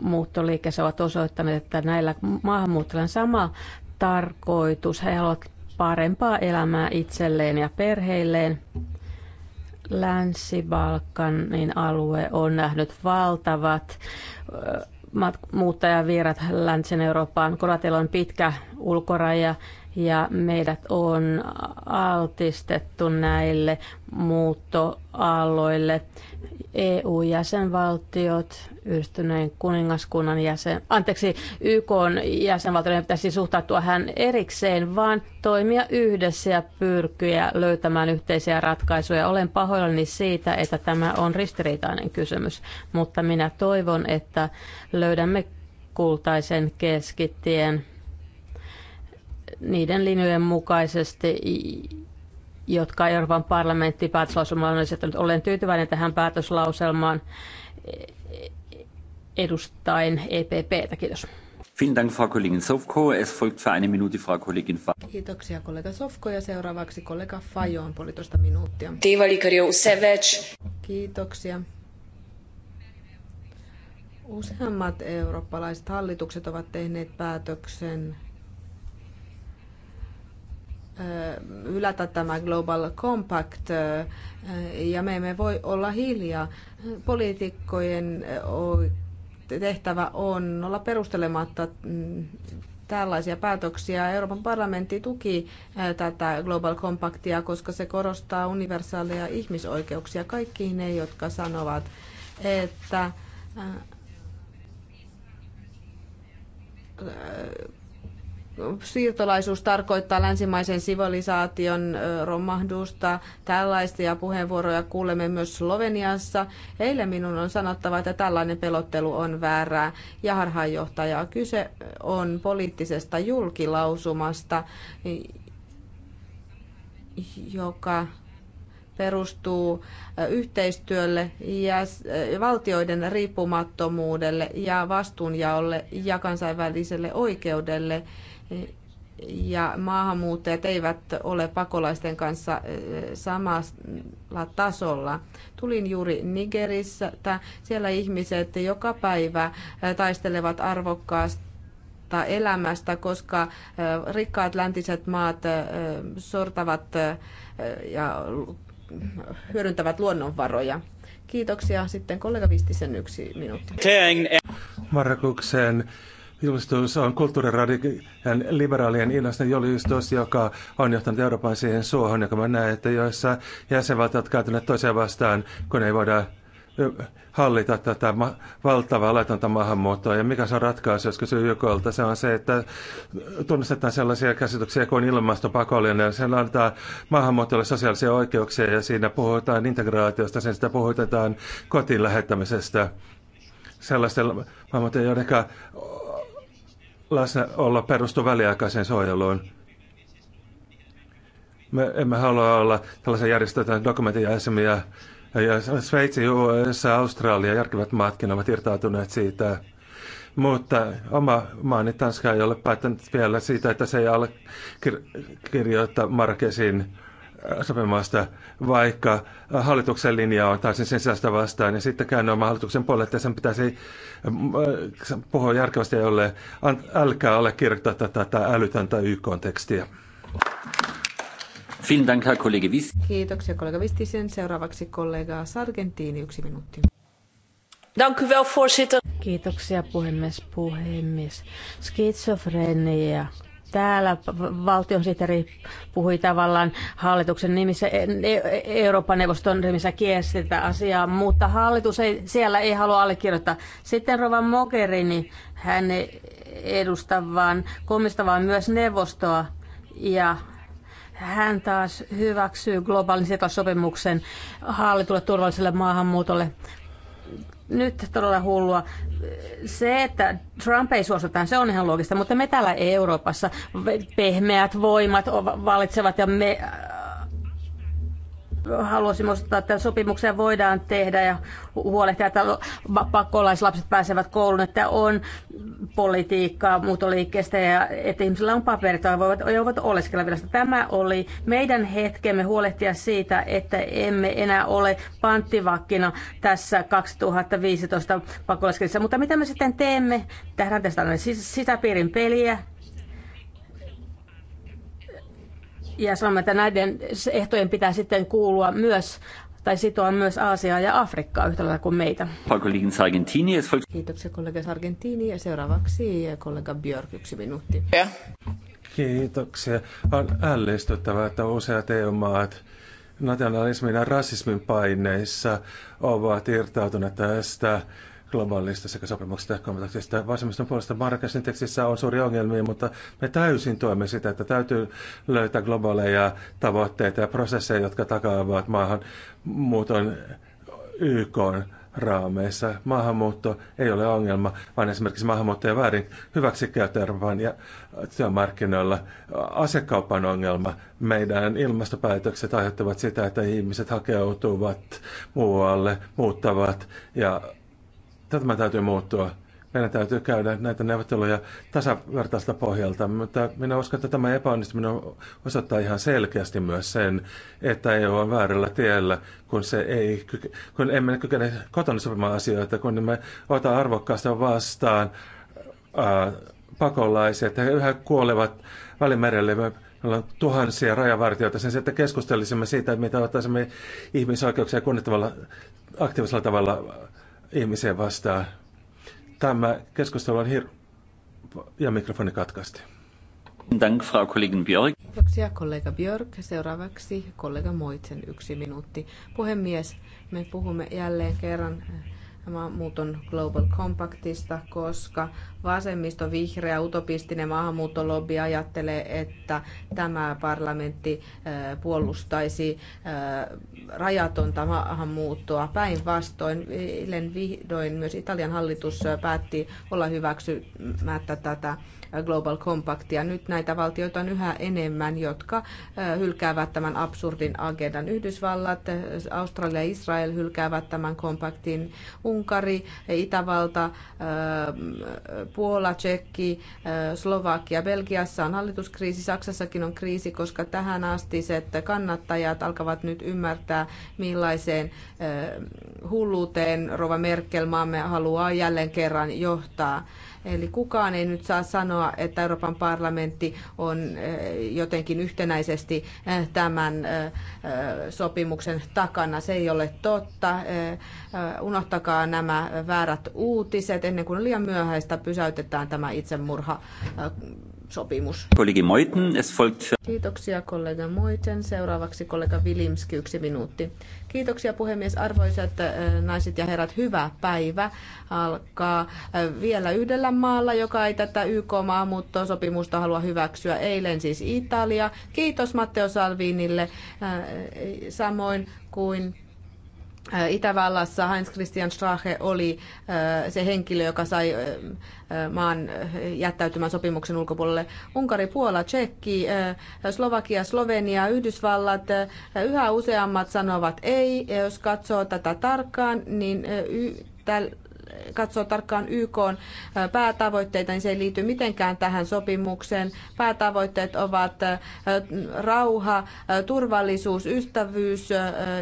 muuttoliikkeessä ovat osoittaneet, että näillä maahanmuuttajilla on sama tarkoitus. He haluavat parempaa elämää itselleen ja perheilleen. Länsi-Balkanin alue on nähnyt valtavat muuttajavirrat läntisen Eurooppaan. Kroatialla on pitkä ulkoraja ja meidät on altistettu näille muuttoaalloille. EU-jäsenvaltiot, yhdistyneen kuningaskunnan jäsen, anteeksi, YK jäsenvaltioiden pitäisi suhtautua hän erikseen, vaan toimia yhdessä ja pyrkiä löytämään yhteisiä ratkaisuja. Olen pahoillani siitä, että tämä on ristiriitainen kysymys, mutta minä toivon, että löydämme kultaisen keskitien niiden mukaisesti, jotka Euroopan parlamentti päätöslauselmalla on esittänyt. Olen tyytyväinen tähän päätöslauselmaan edustain EPPtä. Kiitos. Vielen Dank, Frau Kollegin Es folgt für eine Minute Frau Kollegin Fa. Kiitoksia kollega Sofko ja seuraavaksi kollega Fajon puolitoista minuuttia. Kiitoksia. Useammat eurooppalaiset hallitukset ovat tehneet päätöksen hylätä tämä Global Compact ja me emme voi olla hiljaa. Poliitikkojen tehtävä on olla perustelematta mm, tällaisia päätöksiä. Euroopan parlamentti tuki tätä Global Compactia, koska se korostaa universaaleja ihmisoikeuksia. kaikkiin ne, jotka sanovat, että siirtolaisuus tarkoittaa länsimaisen sivilisaation romahdusta. Tällaisia puheenvuoroja kuulemme myös Sloveniassa. Heille minun on sanottava, että tällainen pelottelu on väärää ja harhaanjohtajaa. Kyse on poliittisesta julkilausumasta, joka perustuu yhteistyölle ja valtioiden riippumattomuudelle ja vastuunjaolle ja kansainväliselle oikeudelle ja maahanmuuttajat eivät ole pakolaisten kanssa samalla tasolla. Tulin juuri Nigerissä. Siellä ihmiset joka päivä taistelevat arvokkaasti elämästä, koska rikkaat läntiset maat sortavat ja hyödyntävät luonnonvaroja. Kiitoksia. Sitten kollega Vistisen yksi minuutti. Varakukseen julistus on kulttuuriradikin liberaalien ilmaisten julistus, joka on johtanut Euroopan siihen suohon, joka mä näen, että joissa jäsenvaltiot käytäneet toisiaan vastaan, kun ei voida hallita tätä ma- valtavaa laitonta maahanmuuttoa. Ja mikä se on ratkaisu, jos kysyy YKlta? Se on se, että tunnustetaan sellaisia käsityksiä kuin ilmastopakollinen. Se antaa maahanmuuttajille sosiaalisia oikeuksia ja siinä puhutaan integraatiosta, sen sitä puhutetaan kotiin lähettämisestä sellaisten maahanmuuttajien, joiden läsnäolo perustuu väliaikaiseen suojeluun. Me emme halua olla tällaisen järjestötön dokumentin jäseniä. Ja Sveitsi, USA, Australia, järkevät maatkin ovat irtautuneet siitä. Mutta oma maani Tanska ei ole päättänyt vielä siitä, että se ei allekirjoita Markesin sopimasta, vaikka hallituksen linja on täysin sen sisäistä vastaan, ja sitten käännö oman hallituksen puolelle, että sen pitäisi mm, äh, puhua järkevästi, jolle älkää ole kirjoittaa tätä, tätä älytöntä YK-tekstiä. Kiitoksia kollega Vistisen. Seuraavaksi kollega Sargentini, yksi minuutti. Kiitoksia puhemies. puhemies. Skitsofrenia Täällä valtionsihteeri puhui tavallaan hallituksen nimissä, e, e, Euroopan neuvoston nimissä kiesi sitä asiaa, mutta hallitus ei, siellä ei halua allekirjoittaa. Sitten Rova Mogherini, hän edustavaan, vaan, vaan myös neuvostoa ja hän taas hyväksyy globaalin sopimuksen hallitulle turvalliselle maahanmuutolle nyt todella hullua. Se, että Trump ei suostutaan, se on ihan loogista, mutta me täällä Euroopassa pehmeät voimat valitsevat ja me haluaisin muistuttaa, että sopimuksia voidaan tehdä ja huolehtia, että pakolaislapset pääsevät kouluun, että on politiikkaa muuttoliikkeestä ja että ihmisillä on paperit ja voivat, voivat oleskella virasta. Tämä oli meidän hetkemme huolehtia siitä, että emme enää ole panttivakkina tässä 2015 pakolaiskriisissä. Mutta mitä me sitten teemme? Tähän tästä sisäpiirin peliä, Ja sanomme, että näiden ehtojen pitää sitten kuulua myös tai sitoa myös Aasiaa ja Afrikkaa yhtä lailla kuin meitä. Kiitoksia kollega Argentiini ja seuraavaksi eh, kollega Björk yksi minuutti. Kiitoksia. On ällistyttävää, että useat EU-maat nationalismin ja rasismin paineissa ovat irtautuneet tästä globaalista sekä sopimuksista ja kontaktista. Vasemmiston puolesta Marrakesin tekstissä on suuria ongelmia, mutta me täysin tuemme sitä, että täytyy löytää globaaleja tavoitteita ja prosesseja, jotka takaavat maahan muuton YK raameissa. Maahanmuutto ei ole ongelma, vaan esimerkiksi maahanmuuttajien väärin hyväksikäyttö ja työmarkkinoilla. asekaupan ongelma. Meidän ilmastopäätökset aiheuttavat sitä, että ihmiset hakeutuvat muualle, muuttavat ja Tämä täytyy muuttua. Meidän täytyy käydä näitä neuvotteluja tasavertaista pohjalta, mutta minä uskon, että tämä epäonnistuminen osoittaa ihan selkeästi myös sen, että EU on väärällä tiellä, kun, se ei, kun emme kykene kotona sopimaan asioita, kun me otamme arvokkaasta vastaan ää, pakolaiset ja yhä kuolevat välimerelle. Meillä on tuhansia rajavartijoita sen, että keskustelisimme siitä, mitä ottaisimme ihmisoikeuksia kunnittavalla aktiivisella tavalla ihmisiä vastaan. Tämä keskustelu on hir... ja mikrofoni katkaisti. Dank, Frau Kollegin Björk. Kiitoksia kollega Björk. Seuraavaksi kollega Moitsen yksi minuutti. Puhemies, me puhumme jälleen kerran äh, maahanmuuton Global Compactista, koska vasemmisto, vihreä, utopistinen maahanmuuttolobby ajattelee, että tämä parlamentti äh, puolustaisi äh, rajatonta maahanmuuttoa. Päinvastoin eilen vihdoin myös Italian hallitus äh, päätti olla hyväksymättä tätä Global Compactia. Nyt näitä valtioita on yhä enemmän, jotka hylkäävät tämän absurdin agendan. Yhdysvallat, Australia ja Israel hylkäävät tämän kompaktin. Unkari, Itävalta, Puola, Tsekki, Slovakia, Belgiassa on hallituskriisi, Saksassakin on kriisi, koska tähän asti se, että kannattajat alkavat nyt ymmärtää, millaiseen hulluuteen Rova Merkel maamme haluaa jälleen kerran johtaa. Eli kukaan ei nyt saa sanoa, että Euroopan parlamentti on eh, jotenkin yhtenäisesti eh, tämän eh, sopimuksen takana. Se ei ole totta. Unohtakaa nämä väärät uutiset. Ennen kuin liian myöhäistä pysäytetään tämä itsemurha sopimus. Kollegi Moiten, es folgt... Kiitoksia kollega Moiten. Seuraavaksi kollega Vilimski, yksi minuutti. Kiitoksia puhemies. Arvoisat äh, naiset ja herrat, hyvä päivä alkaa äh, vielä yhdellä maalla, joka ei tätä yk sopimusta halua hyväksyä. Eilen siis Italia. Kiitos Matteo Salvinille äh, samoin kuin Äh, Itävallassa Heinz Christian Strache oli äh, se henkilö, joka sai äh, maan jättäytymään sopimuksen ulkopuolelle. Unkari, Puola, Tsekki, Slovakia, Slovenia, Yhdysvallat, yhä useammat sanovat ei. Ja jos katsoo tätä tarkkaan, niin katsoo tarkkaan YK päätavoitteita, niin se ei liity mitenkään tähän sopimukseen. Päätavoitteet ovat rauha, turvallisuus, ystävyys,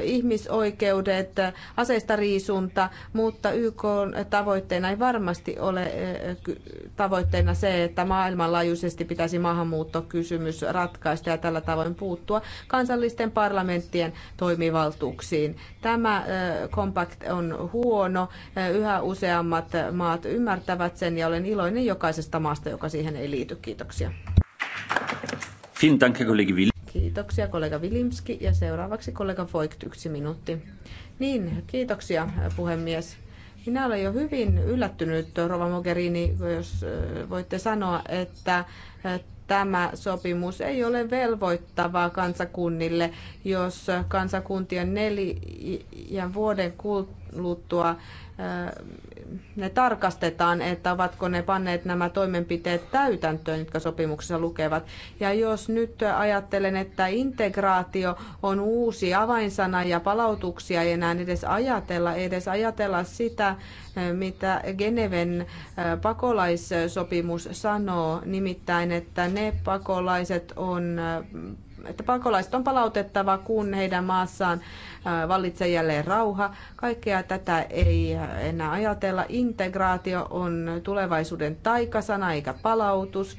ihmisoikeudet, aseista riisunta, mutta YK tavoitteena ei varmasti ole tavoitteena se, että maailmanlaajuisesti pitäisi maahanmuuttokysymys ratkaista ja tällä tavoin puuttua kansallisten parlamenttien toimivaltuuksiin. Tämä kompakt on huono, yhä useammat maat ymmärtävät sen ja olen iloinen jokaisesta maasta, joka siihen ei liity. Kiitoksia. Kiitoksia kollega Vilimski ja seuraavaksi kollega Voigt yksi minuutti. Niin, kiitoksia puhemies. Minä olen jo hyvin yllättynyt, Rova Mogherini, jos voitte sanoa, että tämä sopimus ei ole velvoittavaa kansakunnille, jos kansakuntien neljän vuoden kuluttua Öö, ne tarkastetaan, että ovatko ne panneet nämä toimenpiteet täytäntöön, jotka sopimuksessa lukevat. Ja jos nyt ajattelen, että integraatio on uusi avainsana ja palautuksia ei enää edes ajatella, ei edes ajatella sitä, öö, mitä Geneven öö, pakolaissopimus sanoo, nimittäin, että ne pakolaiset on että pakolaiset on palautettava, kun heidän maassaan vallitsee jälleen rauha. Kaikkea tätä ei enää ajatella. Integraatio on tulevaisuuden taikasana eikä palautus.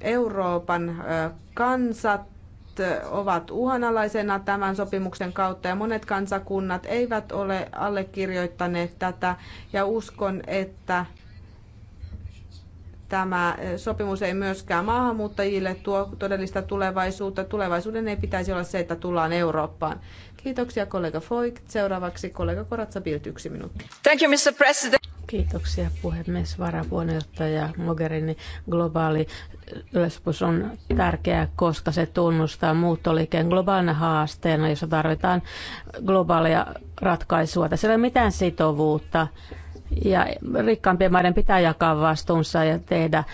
Euroopan kansat ovat uhanalaisena tämän sopimuksen kautta ja monet kansakunnat eivät ole allekirjoittaneet tätä ja uskon, että Tämä eh, sopimus ei myöskään maahanmuuttajille tuo todellista tulevaisuutta. Tulevaisuuden ei pitäisi olla se, että tullaan Eurooppaan. Kiitoksia kollega Foik. Seuraavaksi kollega Koratsa Bilt, yksi minuutti. Thank you, Mr. President. Kiitoksia puhemies, varapuheenjohtaja Mogherini. Globaali Lesbos on tärkeä, koska se tunnustaa muuttoliikkeen globaalina haasteena, jossa tarvitaan globaalia ratkaisua. Tässä ei ole mitään sitovuutta ja rikkaampien maiden pitää jakaa vastuunsa ja tehdä,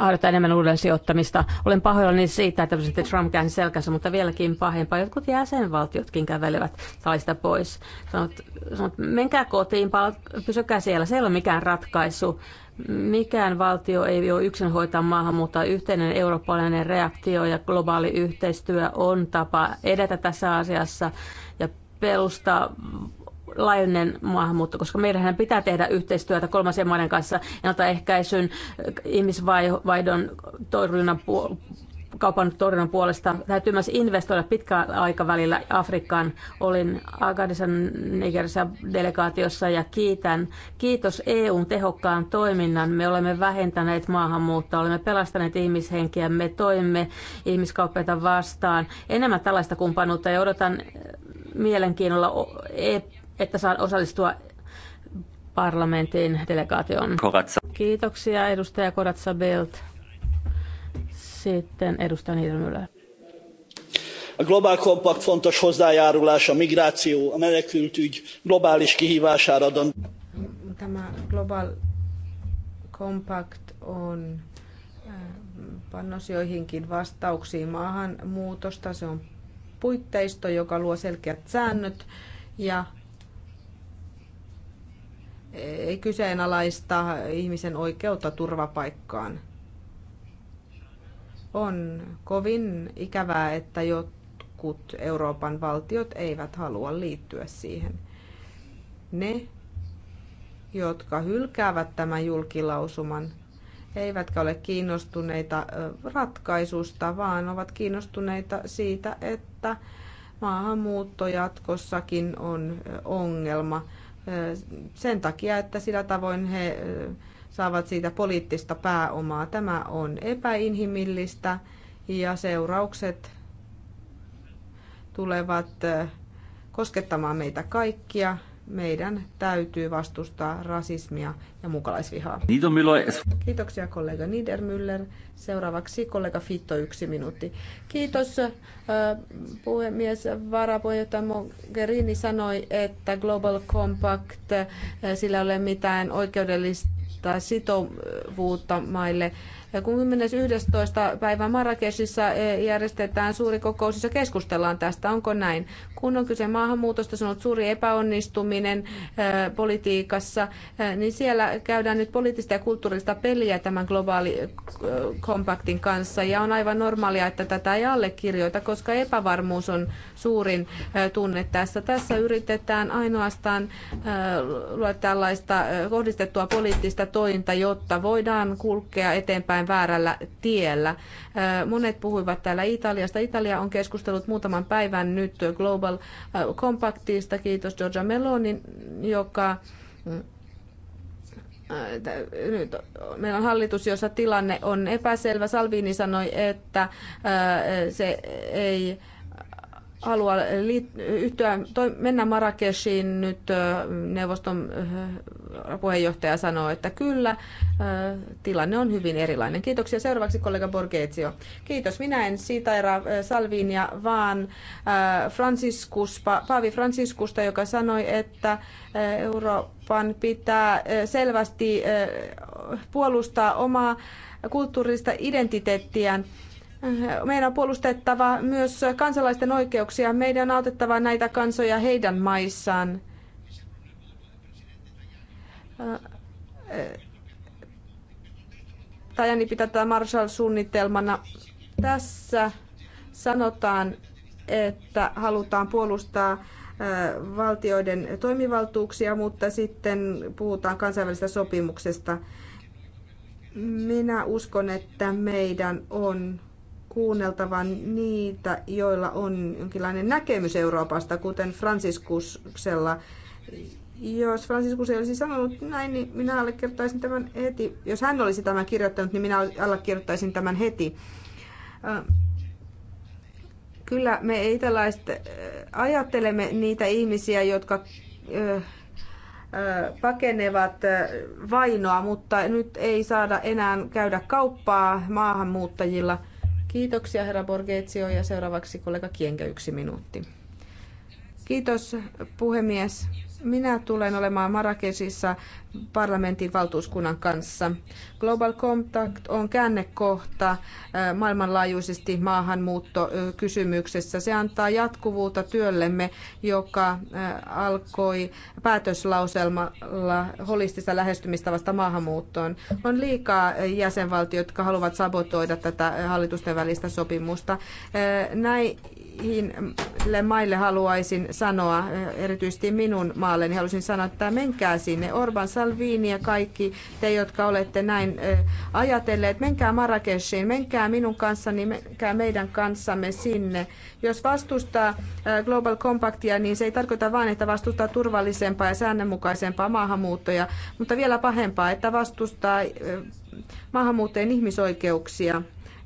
harjoittaa enemmän uudelleen sijoittamista. Olen pahoillani siitä, että Trump käänsi selkänsä, mutta vieläkin pahempaa. Jotkut jäsenvaltiotkin kävelevät salista pois. Sanot, sanot menkää kotiin, pysykää siellä. Se ei ole mikään ratkaisu. Mikään valtio ei ole yksin hoitaa maahan, mutta yhteinen eurooppalainen reaktio ja globaali yhteistyö on tapa edetä tässä asiassa ja perustaa laajuinen maahanmuutto, koska meidän pitää tehdä yhteistyötä kolmansien maiden kanssa ennaltaehkäisyn, eh, ihmisvaihdon torjunnan kaupan torjunnan puolesta. Täytyy myös investoida pitkällä aikavälillä Afrikkaan. Olin Agadisan Nigerissä delegaatiossa ja kiitän. Kiitos EUn tehokkaan toiminnan. Me olemme vähentäneet maahanmuuttoa, olemme pelastaneet ihmishenkiä, me toimme ihmiskauppeita vastaan. Enemmän tällaista kumppanuutta ja odotan mielenkiinnolla e että saan osallistua parlamentin delegaation. Koratsa. Kiitoksia edustaja Koratsa Belt. Sitten edustaja Niedermüller. A Global Compact fontos hozzájárulás a migráció, a menekültügy globális kihívására Tämä Global Compact on eh, panos joihinkin vastauksiin maahanmuutosta. Se on puitteisto, joka luo selkeät säännöt ja ei kyseenalaista ihmisen oikeutta turvapaikkaan. On kovin ikävää, että jotkut Euroopan valtiot eivät halua liittyä siihen. Ne, jotka hylkäävät tämän julkilausuman, eivätkä ole kiinnostuneita ratkaisusta, vaan ovat kiinnostuneita siitä, että maahanmuutto jatkossakin on ongelma – sen takia, että sillä tavoin he saavat siitä poliittista pääomaa. Tämä on epäinhimillistä ja seuraukset tulevat koskettamaan meitä kaikkia meidän täytyy vastustaa rasismia ja mukalaisvihaa. Kiitoksia kollega Niedermüller. Seuraavaksi kollega Fitto yksi minuutti. Kiitos puhemies. Varapuheenjohtaja Mogherini sanoi, että Global Compact, sillä ei ole mitään oikeudellista tai sitovuutta maille. 11. päivä Marrakesissa eh, järjestetään suuri kokous, ja keskustellaan tästä, onko näin. Kun on kyse maahanmuutosta, se on ollut suuri epäonnistuminen eh, politiikassa, eh, niin siellä käydään nyt poliittista ja kulttuurista peliä tämän globaali kompaktin kanssa. Ja on aivan normaalia, että tätä ei allekirjoita, koska epävarmuus on suurin tunne tässä. Tässä yritetään ainoastaan luoda tällaista kohdistettua poliittista tointa, jotta voidaan kulkea eteenpäin väärällä tiellä. Äh, monet puhuivat täällä Italiasta. Italia on keskustellut muutaman päivän nyt Global äh, Compactista. Kiitos Giorgia Melonin, joka äh, nyt meillä on hallitus, jossa tilanne on epäselvä. Salvini sanoi, että se ei halua yhtyä, toi, mennä Marrakeshiin nyt neuvoston puheenjohtaja sanoo, että kyllä, tilanne on hyvin erilainen. Kiitoksia. Seuraavaksi kollega Borgetio. Kiitos. Minä en Sitaira Salvinia, vaan Franciscus, Paavi Franciskusta, joka sanoi, että Euroopan pitää selvästi puolustaa omaa kulttuurista identiteettiään meidän on puolustettava myös kansalaisten oikeuksia. Meidän on autettava näitä kansoja heidän maissaan tajani pitää tämä Marshall-suunnitelmana. Tässä sanotaan, että halutaan puolustaa valtioiden toimivaltuuksia, mutta sitten puhutaan kansainvälisestä sopimuksesta. Minä uskon, että meidän on kuunneltavan niitä, joilla on jonkinlainen näkemys Euroopasta, kuten Franciskusella, Jos Franciscus ei olisi sanonut näin, niin minä allekirjoittaisin tämän heti. Jos hän olisi tämän kirjoittanut, niin minä allekirjoittaisin tämän heti. Äh, kyllä me italaiset äh, ajattelemme niitä ihmisiä, jotka äh, pakenevat vainoa, mutta nyt ei saada enää käydä kauppaa maahanmuuttajilla. Kiitoksia herra Borgetsio ja seuraavaksi kollega Kienkä, yksi minuutti. Kiitos puhemies. Minä tulen olemaan Marrakesissa parlamentin valtuuskunnan kanssa. Global Compact on käännekohta äh, maailmanlaajuisesti maahanmuuttokysymyksessä. Se antaa jatkuvuutta työllemme, joka äh, alkoi päätöslauselmalla holistista lähestymistavasta maahanmuuttoon. On liikaa jäsenvaltioita, jotka haluavat sabotoida tätä äh, hallitusten välistä sopimusta. Näille maille haluaisin sanoa, erityisesti minun maalleni haluaisin sanoa, että menkää sinne. Orban Salvini ja kaikki te, jotka olette näin näin ajatelleet, menkää Marrakeshiin, menkää minun kanssani, menkää meidän kanssamme sinne. Jos vastustaa Global Compactia, niin se ei tarkoita vain, että vastustaa turvallisempaa ja säännönmukaisempaa maahanmuuttoja, mutta vielä pahempaa, että vastustaa maahanmuuttajien ihmisoikeuksia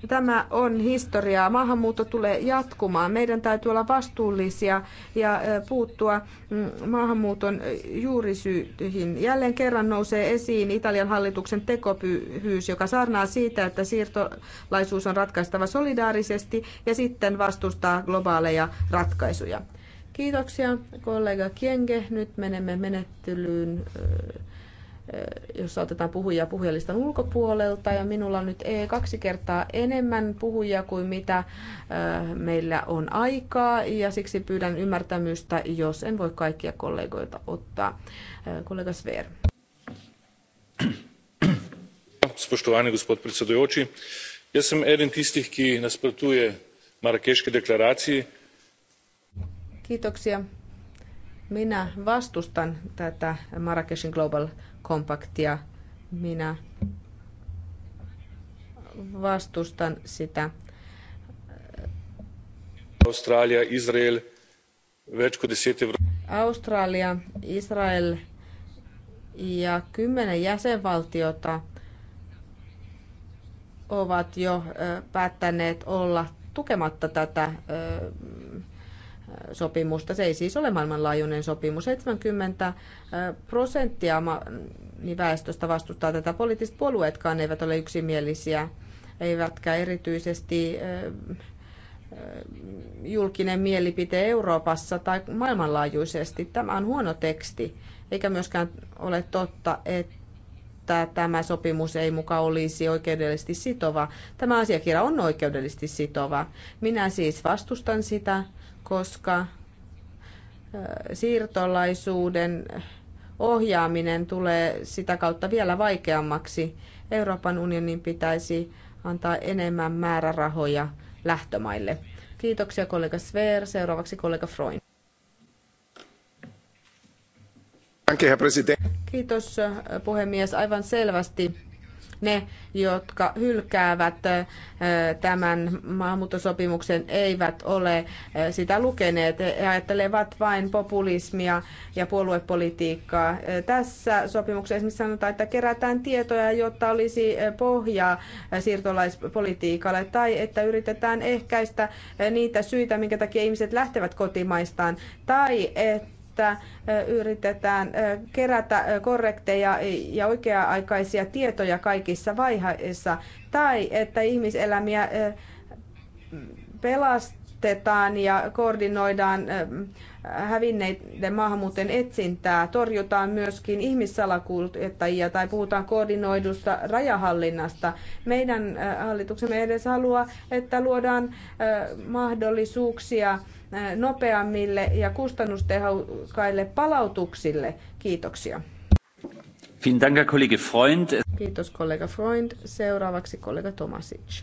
Tämä on historiaa. Maahanmuutto tulee jatkumaan. Meidän täytyy olla vastuullisia ja puuttua mm, maahanmuuton juurisyihin. Jälleen kerran nousee esiin Italian hallituksen tekopyhyys, joka sarnaa siitä, että siirtolaisuus on ratkaistava solidaarisesti ja sitten vastustaa globaaleja ratkaisuja. Kiitoksia kollega Kienge. Nyt menemme menettelyyn jossa otetaan puhujia puhujalistan ulkopuolelta ja minulla on nyt e kaksi kertaa enemmän puhujia kuin mitä meillä on aikaa ja siksi pyydän ymmärtämystä, jos en voi kaikkia kollegoita ottaa. Kollega Sver. Spoštovani gospod predsedujoči, jaz sem eden tistih, ki nasprotuje Marakeški deklaraciji. Kiitoksia. Minä vastustan tätä Marrakeshin Global kompaktia. Minä vastustan sitä. Australia, Israel, Australia, Israel ja kymmenen jäsenvaltiota ovat jo päättäneet olla tukematta tätä sopimusta. Se ei siis ole maailmanlaajuinen sopimus. 70 äh, prosenttia väestöstä vastustaa tätä. Poliittiset puolueetkaan eivät ole yksimielisiä, eivätkä erityisesti äh, äh, julkinen mielipite Euroopassa tai maailmanlaajuisesti. Tämä on huono teksti, eikä myöskään ole totta, että tämä sopimus ei muka olisi oikeudellisesti sitova. Tämä asiakirja on oikeudellisesti sitova. Minä siis vastustan sitä koska siirtolaisuuden ohjaaminen tulee sitä kautta vielä vaikeammaksi. Euroopan unionin pitäisi antaa enemmän määrärahoja lähtömaille. Kiitoksia kollega Sver. Seuraavaksi kollega Freund. Kiitos puhemies. Aivan selvästi ne, jotka hylkäävät tämän maahanmuuttosopimuksen, eivät ole sitä lukeneet. He ajattelevat vain populismia ja puoluepolitiikkaa. Tässä sopimuksessa esimerkiksi sanotaan, että kerätään tietoja, jotta olisi pohjaa siirtolaispolitiikalle, tai että yritetään ehkäistä niitä syitä, minkä takia ihmiset lähtevät kotimaistaan, tai että että yritetään kerätä korrekteja ja oikea-aikaisia tietoja kaikissa vaiheissa, tai että ihmiselämiä pelastaa tavoitetaan ja koordinoidaan hävinneiden maahanmuuttajien etsintää. Torjutaan myöskin ihmissalakuljettajia tai puhutaan koordinoidusta rajahallinnasta. Meidän hallituksemme edes haluaa, että luodaan mahdollisuuksia nopeammille ja kustannustehokkaille palautuksille. Kiitoksia. Vielen Dank, Herr Kollege Freund. Kiitos kollega Freund. Seuraavaksi kollega Tomasic.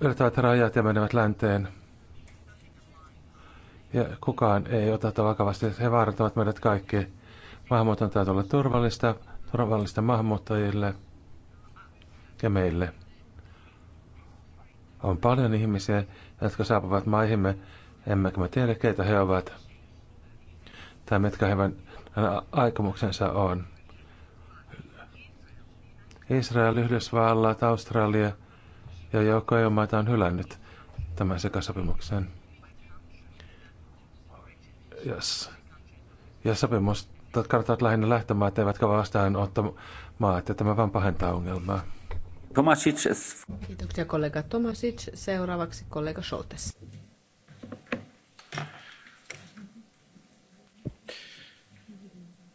ylittävät rajat ja menevät länteen. Ja kukaan ei ota tätä vakavasti. He vaarantavat meidät kaikki. Maahanmuuton täytyy olla turvallista, turvallista maahanmuuttajille ja meille. On paljon ihmisiä, jotka saapuvat maihimme, emmekä me tiedä keitä he ovat tai mitkä heidän aikomuksensa on. Israel, Yhdysvallat, Australia – ja joukko EU-maita on hylännyt tämän sekasopimuksen. Yes. Ja sopimusta kannattaa lähinnä lähtömaat, eivätkä vastaan ottamaan, että tämä vain pahentaa ongelmaa. Tomasic. Kiitoksia kollega Tomasic. Seuraavaksi kollega Scholtes.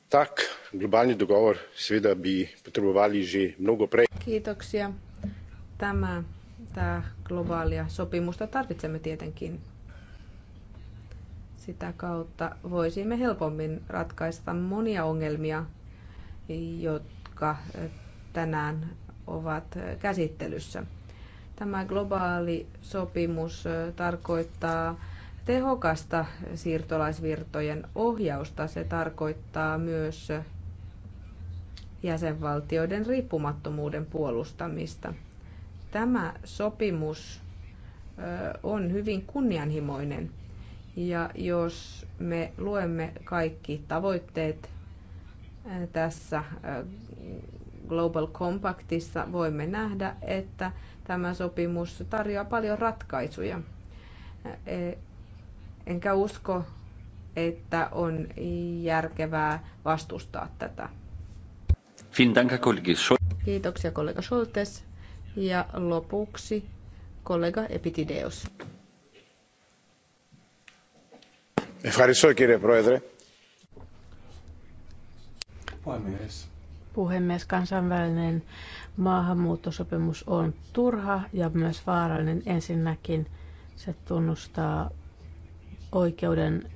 Tak, globalni dogovor svida bi potrebovali že mnogo prej. Kiitoksia. Tämä tätä globaalia sopimusta tarvitsemme tietenkin. Sitä kautta voisimme helpommin ratkaista monia ongelmia, jotka tänään ovat käsittelyssä. Tämä globaali sopimus tarkoittaa tehokasta siirtolaisvirtojen ohjausta. Se tarkoittaa myös jäsenvaltioiden riippumattomuuden puolustamista. Tämä sopimus on hyvin kunnianhimoinen. Ja jos me luemme kaikki tavoitteet tässä Global Compactissa, voimme nähdä, että tämä sopimus tarjoaa paljon ratkaisuja. E, enkä usko, että on järkevää vastustaa tätä. Kiitoksia kollega Scholtes. Ja lopuksi kollega Epitideos. Puhemies, kansainvälinen maahanmuuttosopimus on turha ja myös vaarallinen. Ensinnäkin se tunnustaa oikeuden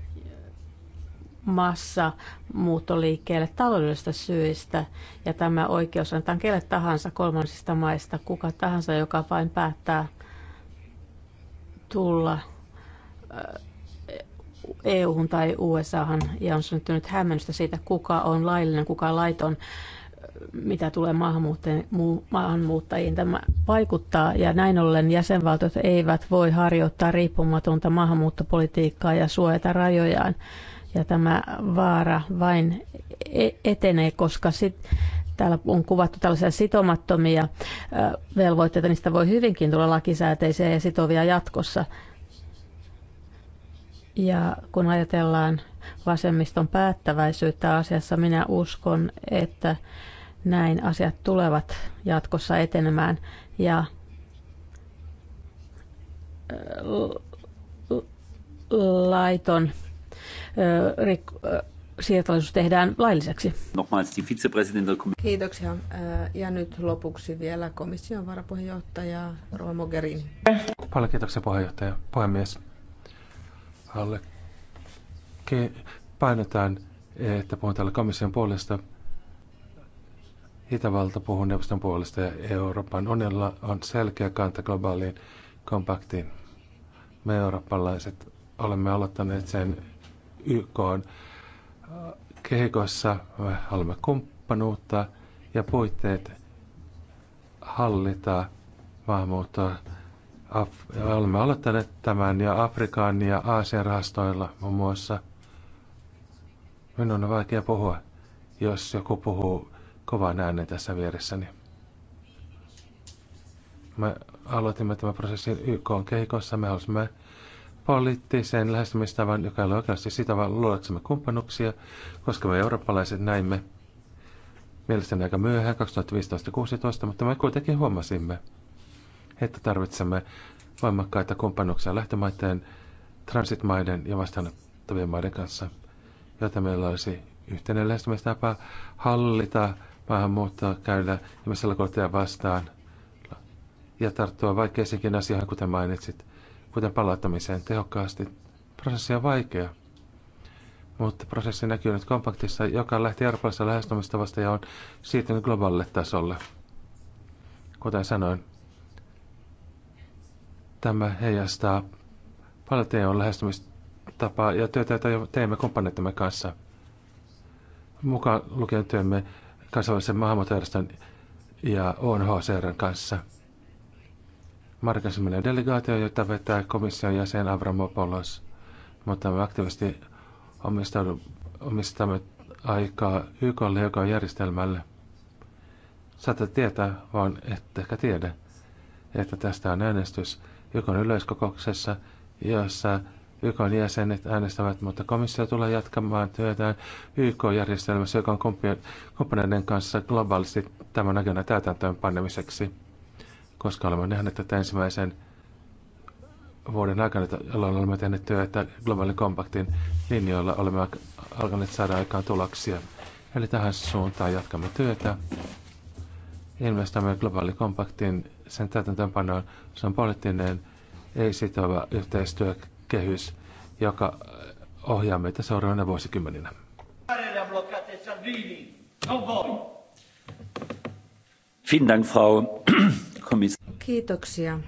massa muuttoliikkeelle taloudellisista syistä, ja tämä oikeus annetaan kelle tahansa kolmansista maista, kuka tahansa, joka vain päättää tulla äh, eu tai USAhan, ja on syntynyt hämmennystä siitä, kuka on laillinen, kuka on laiton, mitä tulee maahanmuuttajiin. Tämä vaikuttaa, ja näin ollen jäsenvaltiot eivät voi harjoittaa riippumatonta maahanmuuttopolitiikkaa ja suojata rajojaan ja tämä vaara vain e- etenee, koska sit, täällä on kuvattu tällaisia sitomattomia velvoitteita, niistä voi hyvinkin tulla lakisääteisiä ja sitovia jatkossa. Ja kun ajatellaan vasemmiston päättäväisyyttä asiassa, minä uskon, että näin asiat tulevat jatkossa etenemään ja laiton siirtolaisuus tehdään lailliseksi. Kiitoksia. Ja nyt lopuksi vielä komission varapuheenjohtaja Rova Mogherini. Paljon kiitoksia puheenjohtaja, puhemies. Alle painetaan, että puhun täällä komission puolesta. Itävalta puhuu neuvoston puolesta ja Euroopan unionilla on selkeä kanta globaaliin kompaktiin. Me eurooppalaiset olemme aloittaneet sen YK on äh, kehikossa. haluamme kumppanuutta ja puitteet hallita maahanmuuttoa. Af- olemme aloittaneet tämän ja Afrikan ja Aasian rahastoilla muun muassa. Minun on vaikea puhua, jos joku puhuu kovaan äänen tässä vieressäni. Me aloitimme tämän prosessin YK on kehikossa. Me halusimme poliittiseen lähestymistavan, joka oli oikeasti sitova luodaksemme kumppanuksia, koska me eurooppalaiset näimme mielestäni aika myöhään 2015-2016, mutta me kuitenkin huomasimme, että tarvitsemme voimakkaita kumppanuksia lähtömaiden, transitmaiden ja vastaanottavien maiden kanssa, jotta meillä olisi yhteinen lähestymistapa hallita maahanmuuttoa, käydä ihmisellä vastaan ja tarttua vaikeisiinkin asioihin, kuten mainitsit – kuten palauttamiseen tehokkaasti. Prosessi on vaikea, mutta prosessi näkyy nyt kompaktissa, joka lähti eurooppalaisesta lähestymistavasta ja on siirtynyt globaalille tasolle. Kuten sanoin, tämä heijastaa paljon teon lähestymistapaa ja työtä, jota teemme kumppaneittamme kanssa. Mukaan lukien työmme kansainvälisen maahanmuuttojärjestön ja UNHCRn kanssa – Markasminen delegaatio, jota vetää komission jäsen Avramopoulos, mutta me aktiivisesti omistamme aikaa YKlle, joka on järjestelmälle. Saatte tietää, vaan ehkä tiedä, että tästä on äänestys YKn yleiskokouksessa, jossa YKn jäsenet äänestävät, mutta komissio tulee jatkamaan työtään YK-järjestelmässä, joka on kumppaneiden kanssa globaalisti tämän agenda täytäntöön panemiseksi koska olemme nähneet tätä ensimmäisen vuoden aikana, jolloin olemme tehneet työtä globaalin kompaktin linjoilla, olemme alkaneet saada aikaan tuloksia. Eli tähän suuntaan jatkamme työtä. Investoimme globaali kompaktin sen täytäntöönpanoon. Se on poliittinen, ei-sitova yhteistyökehys, joka ohjaa meitä seuraavana vuosikymmeninä. Vielen Dank, Frau Kiitoksia,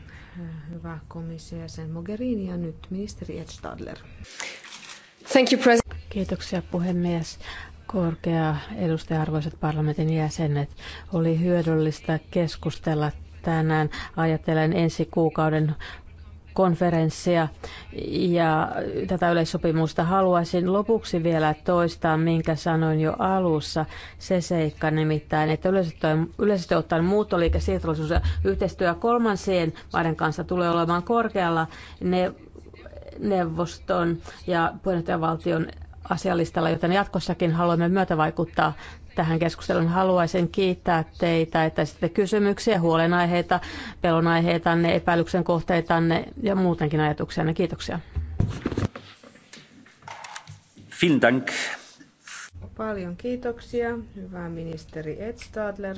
hyvä komissio sen Mogherini ja nyt ministeri Ed Stadler. Thank you, president. Kiitoksia puhemies. Korkea edustaja, arvoisat parlamentin jäsenet, oli hyödyllistä keskustella tänään. Ajattelen ensi kuukauden konferenssia ja tätä yleissopimusta. Haluaisin lopuksi vielä toistaa, minkä sanoin jo alussa, se seikka nimittäin, että yleisesti, ottaen muuttoliike, siirtolaisuus ja yhteistyö kolmansien maiden kanssa tulee olemaan korkealla ne, neuvoston ja puheenjohtajavaltion asialistalla, joten jatkossakin haluamme myötävaikuttaa tähän keskusteluun. Haluaisin kiittää teitä, että sitten kysymyksiä, huolenaiheita, pelonaiheitanne, epäilyksen kohteitanne ja muutenkin ajatuksianne. Kiitoksia. Dank. Paljon kiitoksia, hyvä ministeri Edstadler.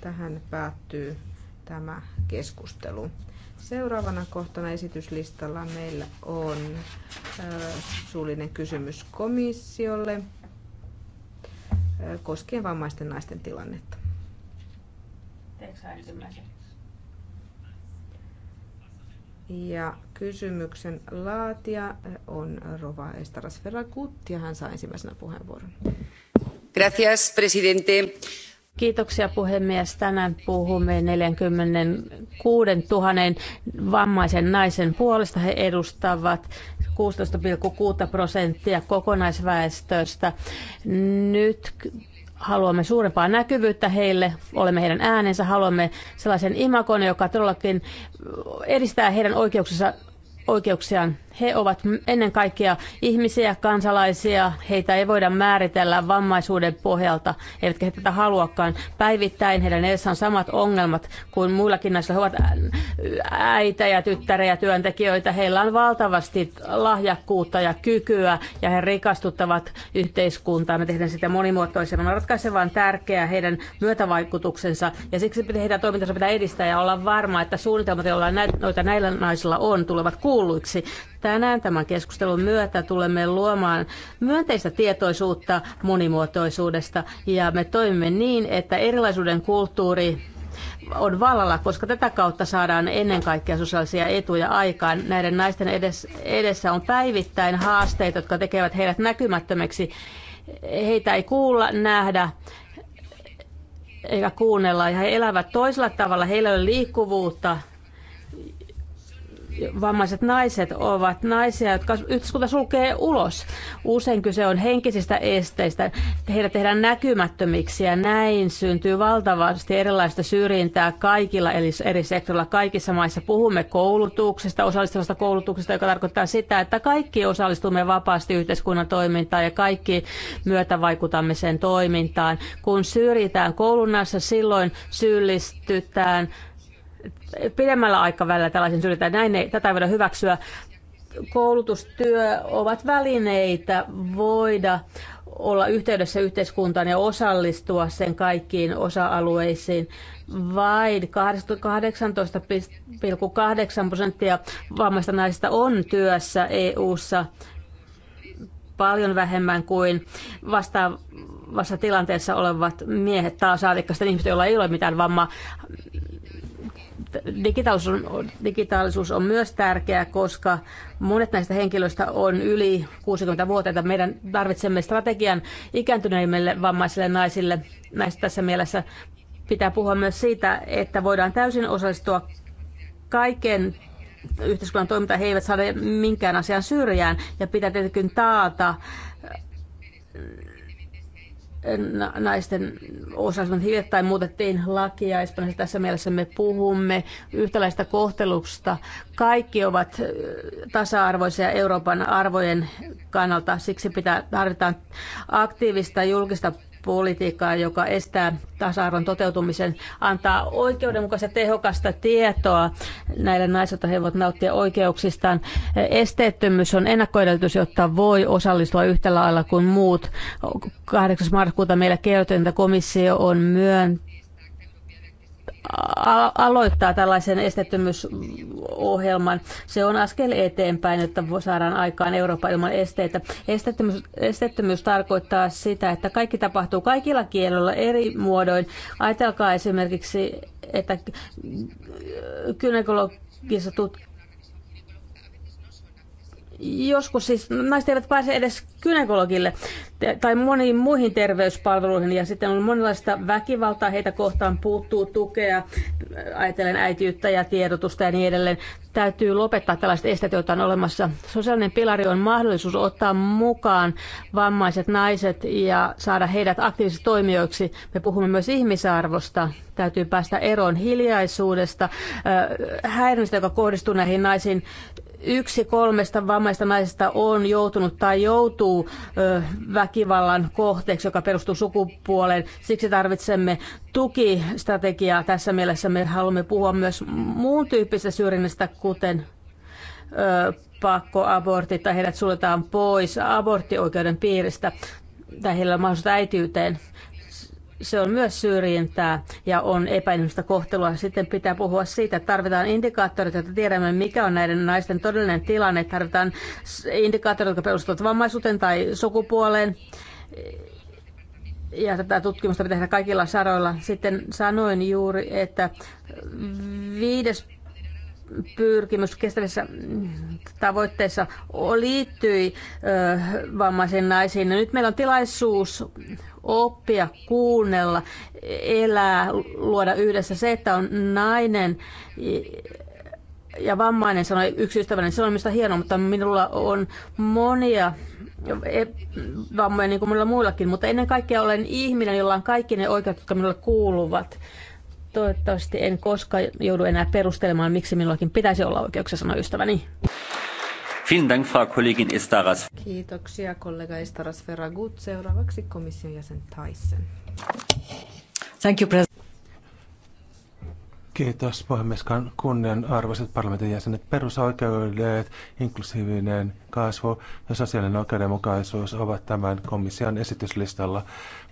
Tähän päättyy tämä keskustelu. Seuraavana kohtana esityslistalla meillä on äh, suullinen kysymys komissiolle koskien vammaisten naisten tilannetta. Ja kysymyksen laatia on Rova Estaras Ferragut ja hän saa ensimmäisenä puheenvuoron. Gracias, presidente. Kiitoksia puhemies. Tänään puhumme 46 000 vammaisen naisen puolesta. He edustavat 16,6 prosenttia kokonaisväestöstä. Nyt haluamme suurempaa näkyvyyttä heille, olemme heidän äänensä, haluamme sellaisen imakon, joka todellakin edistää heidän oikeuksensa, oikeuksiaan he ovat ennen kaikkea ihmisiä, kansalaisia, heitä ei voida määritellä vammaisuuden pohjalta, eivätkä he tätä haluakaan. Päivittäin heidän edessä on samat ongelmat kuin muillakin naisilla. He ovat ja tyttärejä, työntekijöitä. Heillä on valtavasti lahjakkuutta ja kykyä ja he rikastuttavat yhteiskuntaa. Me tehdään sitä monimuotoisemman ratkaisevan tärkeää heidän myötävaikutuksensa ja siksi heidän toimintansa pitää edistää ja olla varma, että suunnitelmat, joilla noita näillä naisilla on, tulevat kuulluiksi. Tänään tämän keskustelun myötä tulemme luomaan myönteistä tietoisuutta monimuotoisuudesta ja me toimimme niin, että erilaisuuden kulttuuri on vallalla, koska tätä kautta saadaan ennen kaikkea sosiaalisia etuja aikaan. Näiden naisten edessä on päivittäin haasteita, jotka tekevät heidät näkymättömiksi. Heitä ei kuulla, nähdä eikä kuunnella. Ja he elävät toisella tavalla, heillä ei ole liikkuvuutta, vammaiset naiset ovat naisia, jotka yhteiskunta sulkee ulos. Usein kyse on henkisistä esteistä. Heidät tehdään näkymättömiksi ja näin syntyy valtavasti erilaista syrjintää kaikilla eli eri sektorilla. Kaikissa maissa puhumme koulutuksesta, osallistuvasta koulutuksesta, joka tarkoittaa sitä, että kaikki osallistumme vapaasti yhteiskunnan toimintaan ja kaikki vaikutamme sen toimintaan. Kun syrjitään koulunnassa, silloin syyllistytään pidemmällä aikavälillä tällaisen syrjintään. Näin ei, tätä ei voida hyväksyä. Koulutustyö ovat välineitä voida olla yhteydessä yhteiskuntaan ja osallistua sen kaikkiin osa-alueisiin. Vain 18,8 prosenttia vammaista naisista on työssä EU:ssa paljon vähemmän kuin vastaavassa tilanteessa olevat miehet taas saatikka sitten ihmiset, joilla ei ole mitään vammaa. Digitaalisuus on, digitaalisuus on myös tärkeää, koska monet näistä henkilöistä on yli 60 vuotta. Meidän tarvitsemme strategian ikääntyneimmille vammaisille naisille. Näistä tässä mielessä pitää puhua myös siitä, että voidaan täysin osallistua kaiken yhteiskunnan toimintaan. He eivät saada minkään asian syrjään ja pitää tietenkin taata naisten osallisuuden hiljattain muutettiin lakia Espanjassa. Tässä mielessä me puhumme yhtäläistä kohtelusta. Kaikki ovat tasa-arvoisia Euroopan arvojen kannalta. Siksi pitää, tarvitaan aktiivista julkista politiikkaa, joka estää tasa-arvon toteutumisen, antaa oikeudenmukaista tehokasta tietoa näille naisille, jotta he voivat nauttia oikeuksistaan. Esteettömyys on ennakkoedellytys, jotta voi osallistua yhtä lailla kuin muut. 8. marraskuuta meillä kerrottiin, että komissio on myöntänyt aloittaa tällaisen esteettömyysohjelman. Se on askel eteenpäin, että saadaan aikaan Eurooppa ilman esteitä. Esteettömyys, esteettömyys tarkoittaa sitä, että kaikki tapahtuu kaikilla kielillä eri muodoin. Ajatelkaa esimerkiksi, että gynekologissa tut... joskus siis naiset eivät pääse edes gynekologille tai moniin muihin terveyspalveluihin ja sitten on monenlaista väkivaltaa heitä kohtaan, puuttuu tukea, ajatellen äitiyttä ja tiedotusta ja niin edelleen. Täytyy lopettaa tällaiset estet, joita on olemassa. Sosiaalinen pilari on mahdollisuus ottaa mukaan vammaiset naiset ja saada heidät aktiivisiksi toimijoiksi. Me puhumme myös ihmisarvosta. Täytyy päästä eroon hiljaisuudesta, äh, häirinnästä, joka kohdistuu näihin naisiin. Yksi kolmesta vammaista naisesta on joutunut tai joutuu joutuu väkivallan kohteeksi, joka perustuu sukupuoleen. Siksi tarvitsemme tukistrategiaa. Tässä mielessä me haluamme puhua myös muun tyyppisestä syrjinnästä, kuten pakkoabortit tai heidät suljetaan pois aborttioikeuden piiristä tai heillä on mahdollisuus äitiyteen se on myös syrjintää ja on epäinhimillistä kohtelua. Sitten pitää puhua siitä, että tarvitaan indikaattoreita, että tiedämme, mikä on näiden naisten todellinen tilanne. Tarvitaan indikaattoreita, jotka perustuvat vammaisuuteen tai sukupuoleen. Ja tätä tutkimusta pitää tehdä kaikilla saroilla. Sitten sanoin juuri, että viides pyrkimys kestävissä tavoitteissa liittyi vammaisiin naisiin. Ja nyt meillä on tilaisuus oppia, kuunnella, elää, luoda yhdessä. Se, että on nainen ja vammainen, sanoi yksi ystäväni, se on minusta hienoa, mutta minulla on monia e, vammoja niin kuin muillakin, mutta ennen kaikkea olen ihminen, jolla on kaikki ne oikeudet, jotka minulle kuuluvat. Toivottavasti en koskaan joudu enää perustelemaan, miksi minullakin pitäisi olla oikeuksia, sanoa ystäväni. Kiitoksia kollega Estaras Ferragut. Seuraavaksi komission jäsen Tyson. Thank you, Kiitos puhemies. arvoiset parlamentin jäsenet, perusoikeudet, inklusiivinen kasvu ja sosiaalinen oikeudenmukaisuus ovat tämän komission esityslistalla.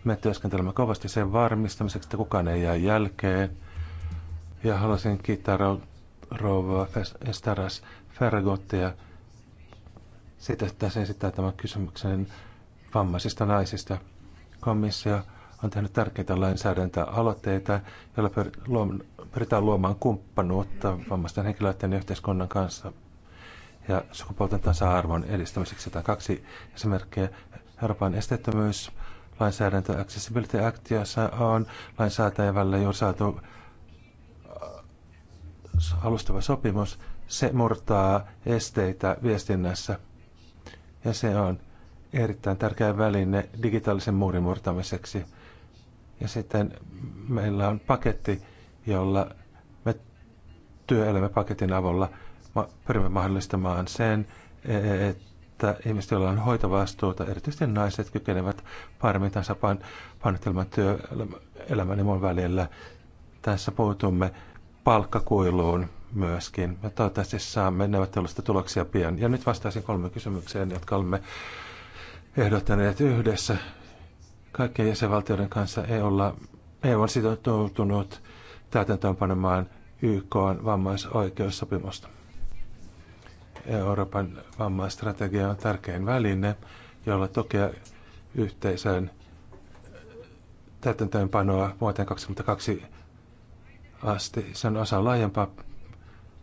Me työskentelemme kovasti sen varmistamiseksi, että kukaan ei jää jälkeen. Ja haluaisin kiittää rouva Estaras Ferragottia siitä, että se esittää tämän kysymyksen vammaisista naisista. Komissio on tehnyt tärkeitä lainsäädäntöaloitteita, joilla pyritään luomaan kumppanuutta vammaisten henkilöiden yhteiskunnan kanssa ja sukupuolten tasa-arvon edistämiseksi. Tämä kaksi esimerkkiä. Euroopan esteettömyys lainsäädäntö Accessibility Act, jossa on lainsäätäjävälle jo saatu äh, alustava sopimus. Se murtaa esteitä viestinnässä ja se on erittäin tärkeä väline digitaalisen muurin murtamiseksi. Ja sitten meillä on paketti, jolla me työelämäpaketin avulla pyrimme mahdollistamaan sen, että e-, että ihmiset, joilla on hoitovastuuta, erityisesti naiset, kykenevät paremmin tässä painottelemaan työelämän ja välillä. Tässä puutumme palkkakuiluun myöskin. Me toivottavasti saamme neuvottelusta tuloksia pian. Ja nyt vastaisin kolme kysymykseen, jotka olemme ehdottaneet yhdessä kaikkien jäsenvaltioiden kanssa. EUlla, EU on sitoutunut täytäntöönpanemaan YK on vammaisoikeussopimusta. Euroopan vammaistrategia on tärkein väline, jolla tukea yhteisön täytäntöönpanoa vuoteen 2022 asti. Se on osa laajempaa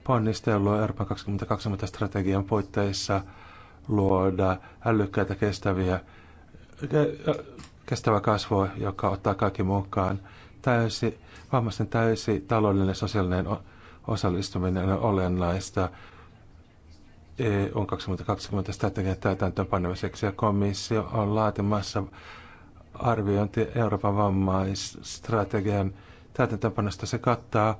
ponnistelua Euroopan 2020 strategian puitteissa luoda älykkäitä kestäviä, kestävää kasvua, joka ottaa kaikki mukaan. Täysi, vammaisten täysi taloudellinen ja sosiaalinen osallistuminen on olennaista E on 2020 strategian täytäntöönpanemiseksi ja komissio on laatimassa arviointi Euroopan vammaisstrategian täytäntöönpanosta. Se kattaa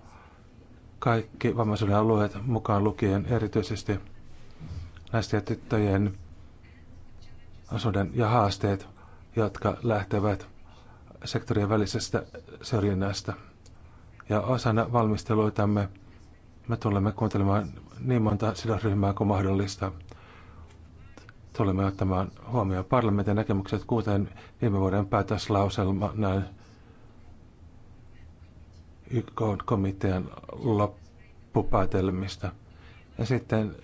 kaikki vammaisuuden alueet mukaan lukien erityisesti naisten ja tyttöjen asuuden ja haasteet, jotka lähtevät sektorien välisestä syrjinnästä. Ja osana valmisteluitamme me tulemme kuuntelemaan niin monta sidosryhmää kuin mahdollista. Tulemme ottamaan huomioon parlamentin näkemykset kuuteen viime vuoden näin YK-komitean loppupäätelmistä. Ja sitten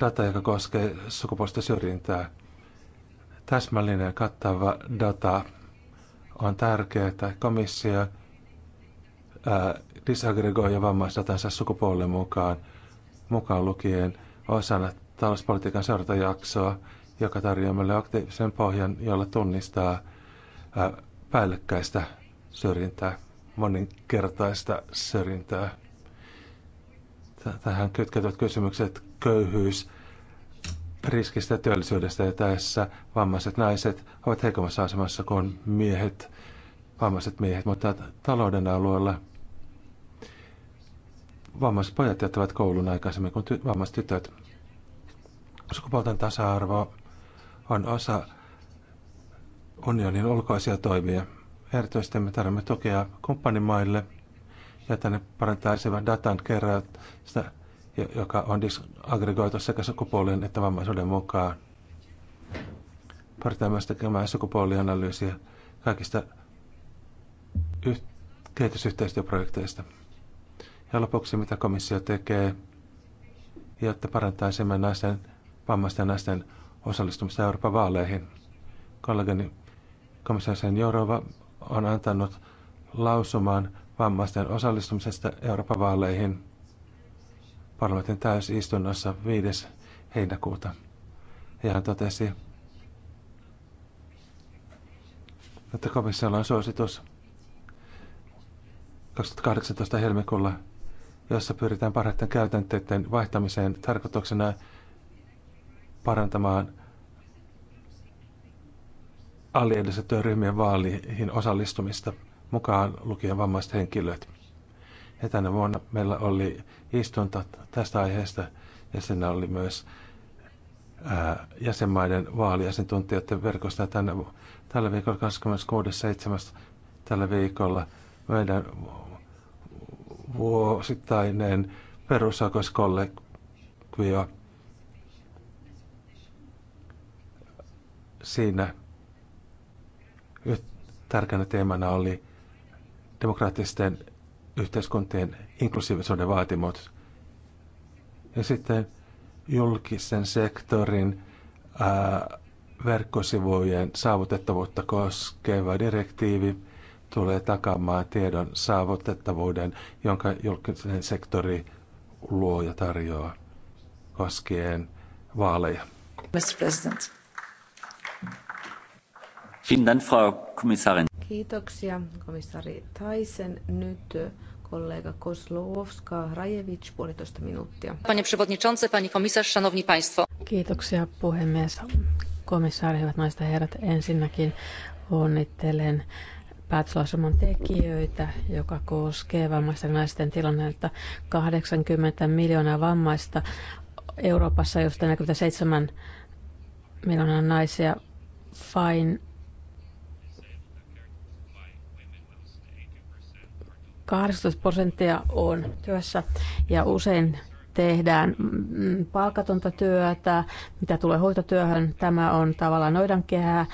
data, joka koskee sukupuolista syrjintää. Täsmällinen ja kattava data on tärkeää. Komissio ää, disaggregoija vammaisdatansa sukupuolen mukaan, mukaan lukien osana talouspolitiikan seurantajaksoa, joka tarjoaa meille aktiivisen pohjan, jolla tunnistaa päällekkäistä syrjintää, moninkertaista syrjintää. Tähän kytketyt kysymykset köyhyys, riskistä työllisyydestä ja tässä vammaiset naiset ovat heikommassa asemassa kuin miehet, vammaiset miehet, mutta talouden alueella Vammaiset pojat jättävät koulun aikaisemmin kuin ty- tytöt. Sukupuolten tasa-arvo on osa unionin ulkoisia toimia. Erityisesti me tarvitsemme tukea kumppanimaille, jotta ne parantaisivat datan keräystä, joka on disaggregoitu sekä sukupuolien että vammaisuuden mukaan. Pyritään myös tekemään sukupuolianalyysiä kaikista yh- kehitysyhteistyöprojekteista. Ja lopuksi, mitä komissio tekee, jotta parantaisimme naisten, vammaisten naisten osallistumista Euroopan vaaleihin. Kollegani komissaari Jourova on antanut lausumaan vammaisten osallistumisesta Euroopan vaaleihin parlamentin täysistunnossa 5. heinäkuuta. Ja hän totesi, että komissiolla on suositus 2018 helmikuulla – jossa pyritään parhaiten käytänteiden vaihtamiseen tarkoituksena parantamaan alliedellisen työryhmien vaaliin osallistumista, mukaan lukien vammaiset henkilöt. Ja tänä vuonna meillä oli istunto tästä aiheesta ja siinä oli myös ää, jäsenmaiden vaaliasiantuntijoiden verkosta tänä, tällä viikolla 26.7. tällä viikolla meidän vuosittainen perusoikeuskollegio. Siinä tärkeänä teemana oli demokraattisten yhteiskuntien inklusiivisuuden vaatimot Ja sitten julkisen sektorin ää, verkkosivujen saavutettavuutta koskeva direktiivi – tulee takaamaan tiedon saavutettavuuden, jonka julkinen sektori luo ja tarjoaa koskien vaaleja. Mr. President. Kiitoksia komissaari Taisen. Nyt äh, kollega Kozlowska, Rajevic, puolitoista minuuttia. Panie przewodniczący, pani komisarz, szanowni państwo. Kiitoksia puhemies. Komissaari, hyvät naiset ja herrat, ensinnäkin onnittelen päätöslauselman tekijöitä, joka koskee vammaisten naisten tilannetta. 80 miljoonaa vammaista Euroopassa, josta 47 miljoonaa naisia. Fine 18 prosenttia on työssä ja usein tehdään palkatonta työtä, mitä tulee hoitotyöhön, tämä on tavallaan noidankehää.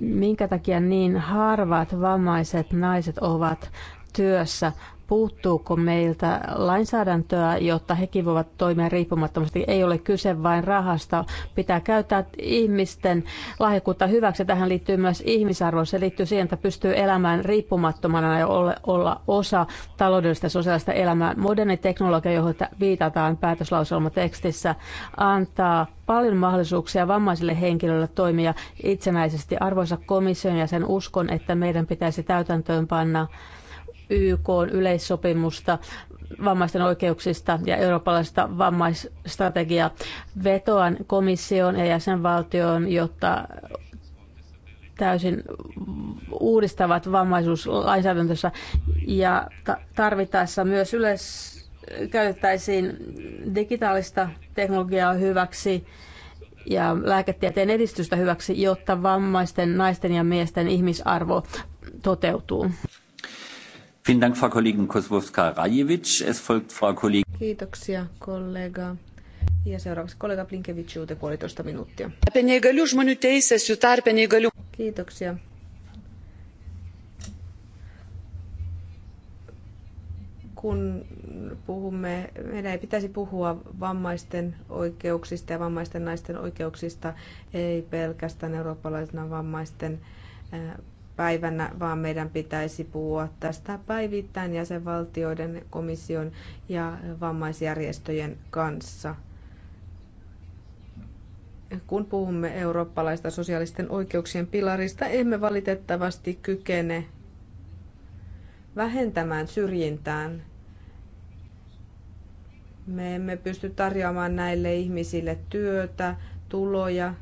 Minkä takia niin harvat vammaiset naiset ovat työssä puuttuuko meiltä lainsäädäntöä, jotta hekin voivat toimia riippumattomasti. Ei ole kyse vain rahasta. Pitää käyttää ihmisten lahjakkuutta hyväksi. Tähän liittyy myös ihmisarvo. Se liittyy siihen, että pystyy elämään riippumattomana ja olla osa taloudellista ja sosiaalista elämää. Moderni teknologia, johon viitataan päätöslauselmatekstissä, antaa paljon mahdollisuuksia vammaisille henkilöille toimia itsenäisesti. Arvoisa komission ja sen uskon, että meidän pitäisi täytäntöönpanna panna YK yleissopimusta vammaisten oikeuksista ja eurooppalaista vammaisstrategiaa. Vetoan komission ja jäsenvaltioon, jotta täysin uudistavat vammaisuuslainsäädäntössä ja tarvittaessa myös yleis käytettäisiin digitaalista teknologiaa hyväksi ja lääketieteen edistystä hyväksi, jotta vammaisten naisten ja miesten ihmisarvo toteutuu. Kiitoksia kollega. Ja seuraavaksi kollega Blinkevich, juute puolitoista minuuttia. Kiitoksia. kun puhumme, meidän ei pitäisi puhua vammaisten oikeuksista ja vammaisten naisten oikeuksista, ei pelkästään eurooppalaisena vammaisten päivänä, vaan meidän pitäisi puhua tästä päivittäin jäsenvaltioiden, komission ja vammaisjärjestöjen kanssa. Kun puhumme eurooppalaista sosiaalisten oikeuksien pilarista, emme valitettavasti kykene vähentämään syrjintään. Me emme pysty tarjoamaan näille ihmisille työtä, tuloja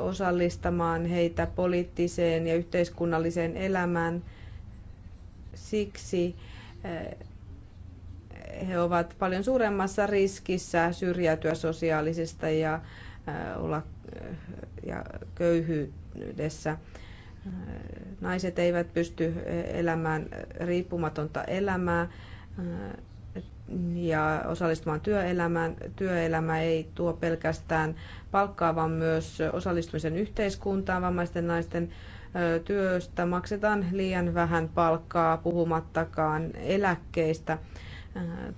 osallistamaan heitä poliittiseen ja yhteiskunnalliseen elämään. Siksi eh, he ovat paljon suuremmassa riskissä syrjäytyä sosiaalisesta ja eh, olla eh, ja köyhyydessä. Naiset eivät pysty elämään riippumatonta elämää ja osallistumaan työelämään. Työelämä ei tuo pelkästään palkkaa, vaan myös osallistumisen yhteiskuntaan. Vammaisten naisten työstä maksetaan liian vähän palkkaa, puhumattakaan eläkkeistä.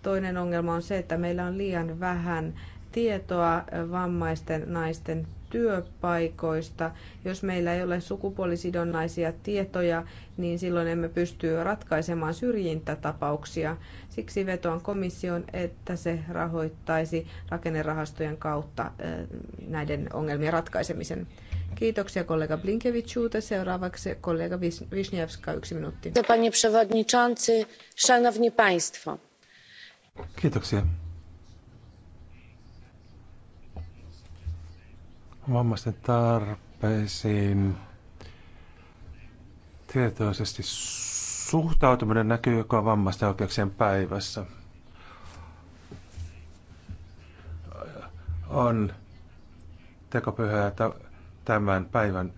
Toinen ongelma on se, että meillä on liian vähän tietoa vammaisten naisten työpaikoista. Jos meillä ei ole sukupuolisidonnaisia tietoja, niin silloin emme pysty ratkaisemaan syrjintätapauksia. Siksi vetoan komission, että se rahoittaisi rakennerahastojen kautta näiden ongelmien ratkaisemisen. Kiitoksia kollega Blinkevichuute. Seuraavaksi kollega Wisniewska, yksi minuutti. Panie przewodniczący, szanowni państwo. Kiitoksia vammaisten tarpeisiin tietoisesti suhtautuminen näkyy joka vammaisten oikeuksien päivässä. On tekopyhää tämän päivän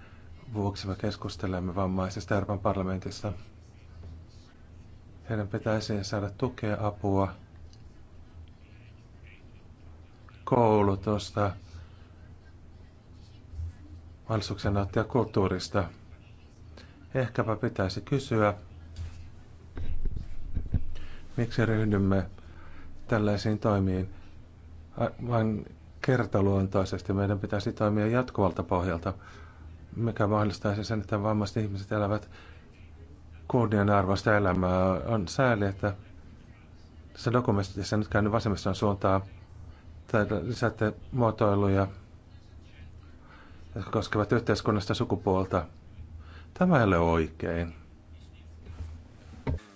vuoksi me keskustelemme vammaisista Euroopan parlamentissa. Heidän pitäisi saada tukea, apua, koulutusta, mahdollisuuksia nauttia kulttuurista. Ehkäpä pitäisi kysyä, miksi ryhdymme tällaisiin toimiin vain kertaluontoisesti. Meidän pitäisi toimia jatkuvalta pohjalta, mikä mahdollistaisi sen, että vammaiset ihmiset elävät kunnianarvoista elämää. On sääli, että tässä dokumentissa nyt käynyt vasemmiston suuntaan tai lisätte muotoiluja – jotka koskevat yhteiskunnasta sukupuolta. Tämä ei ole oikein.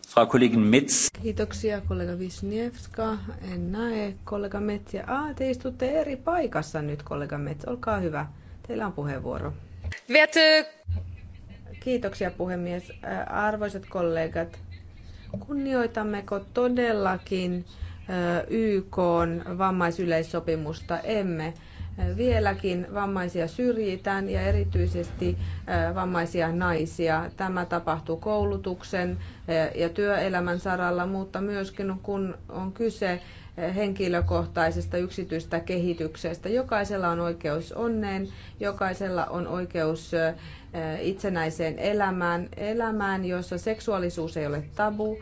Frau Kollegin Metz. Kiitoksia kollega Wisniewska. En näe kollega Metz. Ja ah, te istutte eri paikassa nyt kollega Metz. Olkaa hyvä. Teillä on puheenvuoro. Viety. Kiitoksia puhemies. Arvoisat kollegat, kunnioitammeko todellakin YK vammaisyleissopimusta? Emme Vieläkin vammaisia syrjitään ja erityisesti äh, vammaisia naisia. Tämä tapahtuu koulutuksen äh, ja työelämän saralla, mutta myöskin kun on kyse äh, henkilökohtaisesta yksityistä kehityksestä. Jokaisella on oikeus onneen, jokaisella on oikeus itsenäiseen elämään, elämään, jossa seksuaalisuus ei ole tabu,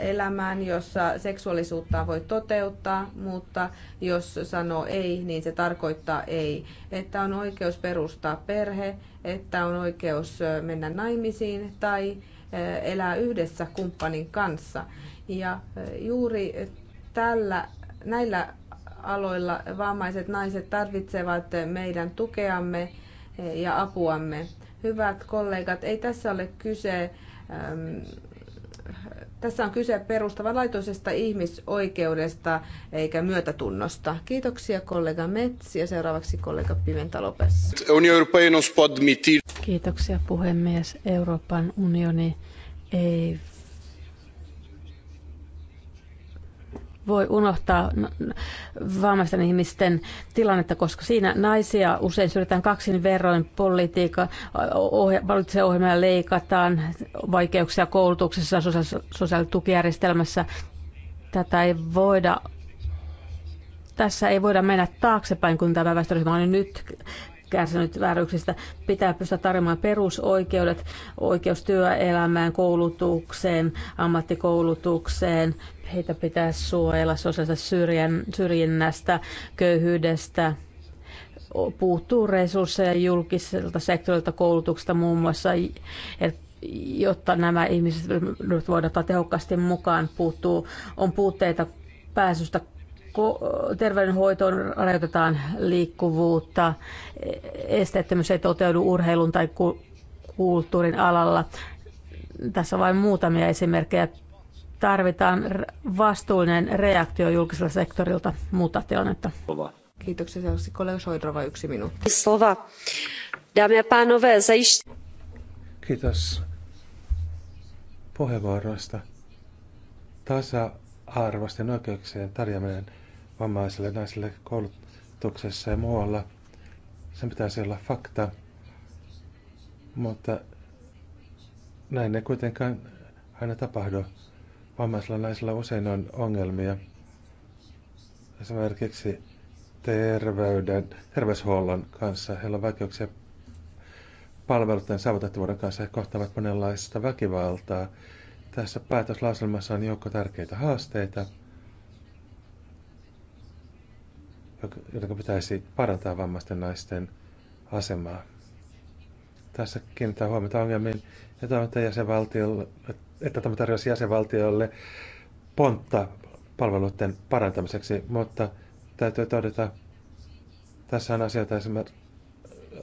elämään, jossa seksuaalisuutta voi toteuttaa, mutta jos sanoo ei, niin se tarkoittaa ei. Että on oikeus perustaa perhe, että on oikeus mennä naimisiin tai elää yhdessä kumppanin kanssa. Ja juuri tällä, näillä aloilla vammaiset naiset tarvitsevat meidän tukeamme ja apuamme. Hyvät kollegat, ei tässä ole kyse tässä on kyse perustavanlaitoisesta ihmisoikeudesta eikä myötätunnosta. Kiitoksia kollega Metsi ja seuraavaksi kollega Pimenta Lopes. Kiitoksia puhemies. Euroopan unioni ei voi unohtaa vammaisten ihmisten tilannetta, koska siinä naisia usein syrjitään kaksin verroin politiikka, poliittisia ohjelmia leikataan, vaikeuksia koulutuksessa, sosiaalitukijärjestelmässä. Tätä ei voida tässä ei voida mennä taaksepäin, kun tämä väestöryhmä on nyt kärsinyt vääryksistä, Pitää pystyä tarjoamaan perusoikeudet, oikeus työelämään, koulutukseen, ammattikoulutukseen. Heitä pitää suojella sosiaalista syrjän, syrjinnästä, köyhyydestä, puuttuu resursseja julkiselta sektorilta koulutuksesta muun muassa, jotta nämä ihmiset voidaan ottaa tehokkaasti mukaan. Puuttuu, on puutteita pääsystä terveydenhoitoon rajoitetaan liikkuvuutta, esteettömyys ei toteudu urheilun tai kulttuurin alalla. Tässä on vain muutamia esimerkkejä. Tarvitaan vastuullinen reaktio julkisella sektorilta muuta tilannetta. Kiitoksia. Seuraavaksi kollega Soidrova, yksi minuutti. Slova. Dámy ja pánové, zajišť... Kiitos puheenvuoroista. Tasa-arvoisten oikeuksien tarjoaminen vammaisille naisille koulutuksessa ja muualla. Sen pitäisi olla fakta, mutta näin ei kuitenkaan aina tapahdu. Vammaisilla naisilla usein on ongelmia. Esimerkiksi terveyden, terveyshuollon kanssa. Heillä on vaikeuksia palveluiden saavutettavuuden kanssa. He kohtaavat monenlaista väkivaltaa. Tässä päätöslauselmassa on joukko tärkeitä haasteita – joka pitäisi parantaa vammaisten naisten asemaa. Tässä kiinnittää huomiota ongelmiin että, että tämä tarjosi jäsenvaltiolle pontta palveluiden parantamiseksi, mutta täytyy todeta, tässä on asioita,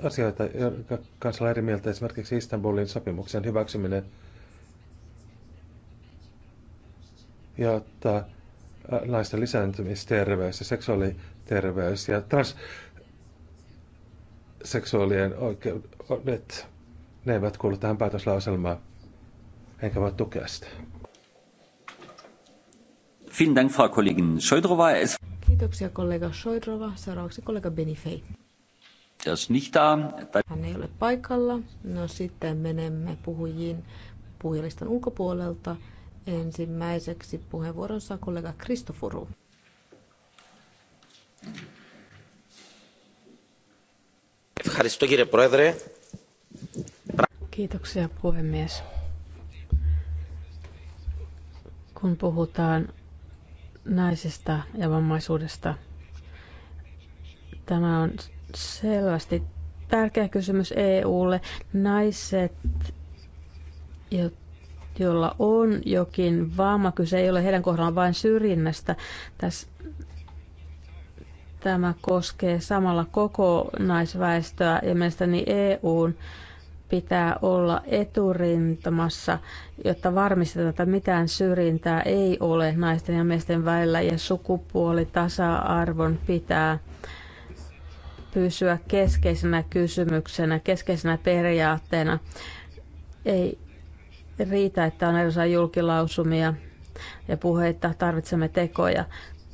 asioita jotka kanssa eri mieltä, esimerkiksi Istanbulin sopimuksen hyväksyminen, jotta naisten lisääntymisterveys ja seksuaali- terveys ja transseksuaalien oikeudet, ne eivät kuulu tähän päätöslauselmaan, enkä voi tukea sitä. Kiitoksia kollega Schoidrova. Seuraavaksi kollega Benifei. Hän ei ole paikalla. No sitten menemme puhujiin puhujalistan ulkopuolelta. Ensimmäiseksi puheenvuoronsa kollega Kristoforu. Kiitoksia puhemies. Kun puhutaan naisista ja vammaisuudesta, tämä on selvästi tärkeä kysymys EUlle. Naiset, joilla on jokin vamma, kyse ei ole heidän kohdallaan vain syrjinnästä. Tässä Tämä koskee samalla kokonaisväestöä ja mielestäni EUn pitää olla eturintamassa, jotta varmistetaan, että mitään syrjintää ei ole naisten ja miesten välillä ja sukupuolitasa-arvon pitää pysyä keskeisenä kysymyksenä, keskeisenä periaatteena. Ei riitä, että on erilaisia julkilausumia ja puheita, tarvitsemme tekoja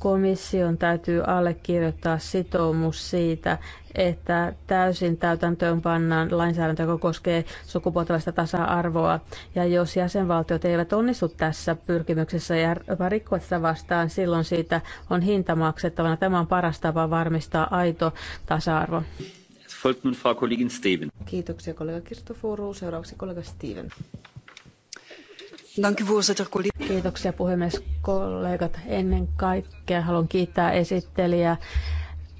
komission täytyy allekirjoittaa sitoumus siitä, että täysin täytäntöön pannaan lainsäädäntö, joka koskee sukupuolten tasa-arvoa. Ja jos jäsenvaltiot eivät onnistu tässä pyrkimyksessä ja rikkovat sitä vastaan, silloin siitä on hinta maksettavana. Tämä on paras tapa varmistaa aito tasa-arvo. Kiitoksia kollega Kirstoforu. Seuraavaksi kollega Steven. Kiitoksia puhemies kollegat. Ennen kaikkea haluan kiittää esittelijää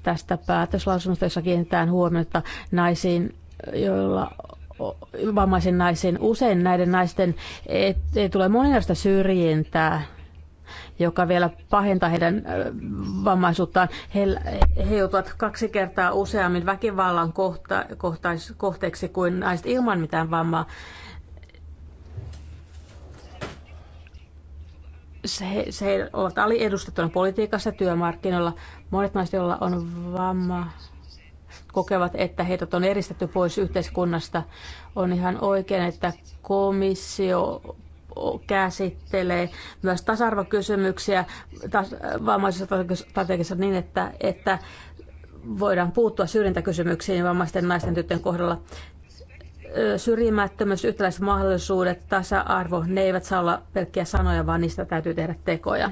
tästä päätöslausunnosta, jossa kiinnitetään huomiota naisiin, joilla vammaisiin naisiin. Usein näiden naisten ei, tule moninaista syrjintää, joka vielä pahentaa heidän vammaisuuttaan. He, he joutuvat kaksi kertaa useammin väkivallan kohta, kohtais, kohteeksi kuin naiset ilman mitään vammaa. se, se ovat aliedustettuna politiikassa työmarkkinoilla. Monet naiset, joilla on vamma, kokevat, että heidät on eristetty pois yhteiskunnasta. On ihan oikein, että komissio käsittelee myös tasa-arvokysymyksiä vammaisessa strategiassa niin, että, että voidaan puuttua syrjintäkysymyksiin vammaisten naisten tyttöjen kohdalla syrjimättömyys, yhtäläiset mahdollisuudet, tasa-arvo, ne eivät saa olla pelkkiä sanoja, vaan niistä täytyy tehdä tekoja.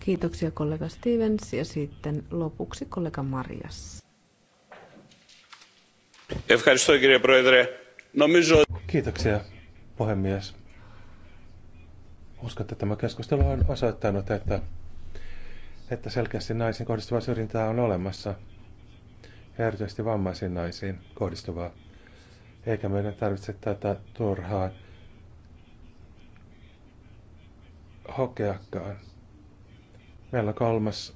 Kiitoksia kollega Stevens ja sitten lopuksi kollega Marias. No, Kiitoksia puhemies. Uskon, että tämä keskustelu on osoittanut, että, että selkeästi naisiin kohdistuvaa syrjintää on olemassa – ja erityisesti vammaisiin naisiin kohdistuvaa. Eikä meidän tarvitse tätä turhaan hokeakaan. Meillä kolmas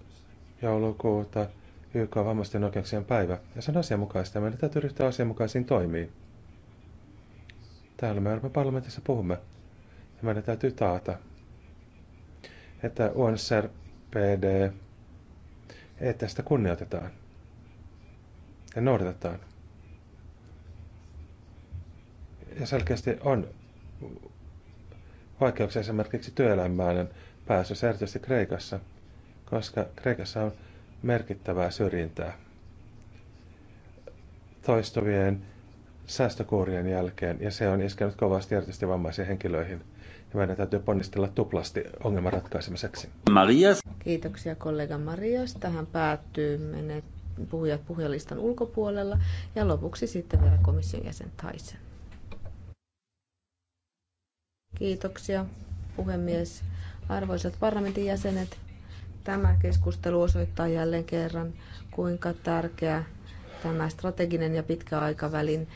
joulukuuta YK vammaisten oikeuksien päivä, ja se on asianmukaista, ja meidän täytyy ryhtyä asianmukaisiin toimiin. Täällä me Euroopan parlamentissa puhumme, ja meidän täytyy taata, että PD, että sitä kunnioitetaan sitä noudatetaan. Ja selkeästi on vaikeuksia esimerkiksi työelämään päässä erityisesti Kreikassa, koska Kreikassa on merkittävää syrjintää toistuvien säästökuurien jälkeen, ja se on iskenyt kovasti erityisesti vammaisiin henkilöihin. Ja meidän täytyy ponnistella tuplasti ongelman ratkaisemiseksi. Marias. Kiitoksia kollega Marias. Tähän päättyy menet puhujat puhujalistan ulkopuolella. Ja lopuksi sitten vielä komission jäsen Tyson. Kiitoksia, puhemies. Arvoisat parlamentin jäsenet, tämä keskustelu osoittaa jälleen kerran, kuinka tärkeä tämä strateginen ja pitkäaikavälin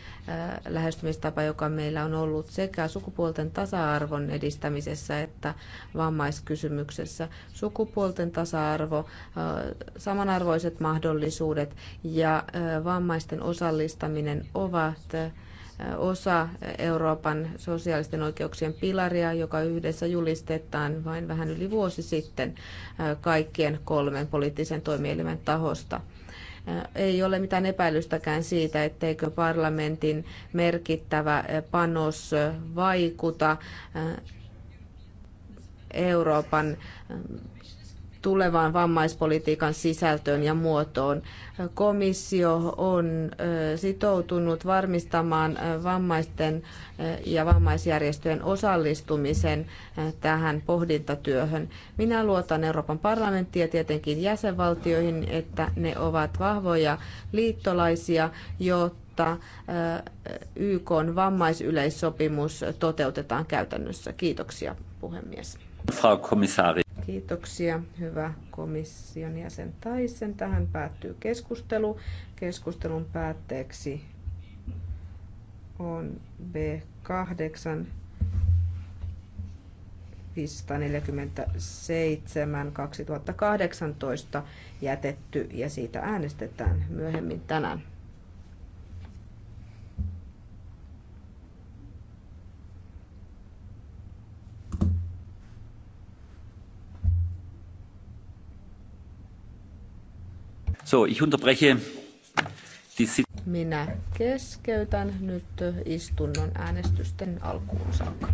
lähestymistapa, joka meillä on ollut sekä sukupuolten tasa-arvon edistämisessä että vammaiskysymyksessä. Sukupuolten tasa-arvo, samanarvoiset mahdollisuudet ja vammaisten osallistaminen ovat osa Euroopan sosiaalisten oikeuksien pilaria, joka yhdessä julistetaan vain vähän yli vuosi sitten kaikkien kolmen poliittisen toimielimen tahosta. Ei ole mitään epäilystäkään siitä, etteikö parlamentin merkittävä panos vaikuta Euroopan tulevaan vammaispolitiikan sisältöön ja muotoon. Komissio on sitoutunut varmistamaan vammaisten ja vammaisjärjestöjen osallistumisen tähän pohdintatyöhön. Minä luotan Euroopan parlamenttiin ja tietenkin jäsenvaltioihin, että ne ovat vahvoja liittolaisia, jotta YK vammaisyleissopimus toteutetaan käytännössä. Kiitoksia puhemies. Frau Kiitoksia, hyvä komission jäsen Taisen. Tähän päättyy keskustelu. Keskustelun päätteeksi on B8 547 2018 jätetty ja siitä äänestetään myöhemmin tänään. So, ich unterbreche die Minä keskeytän nyt istunnon äänestysten alkuun saakka.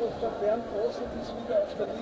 Dr. Bernd Groß und ist wieder auf der Liste.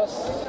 us.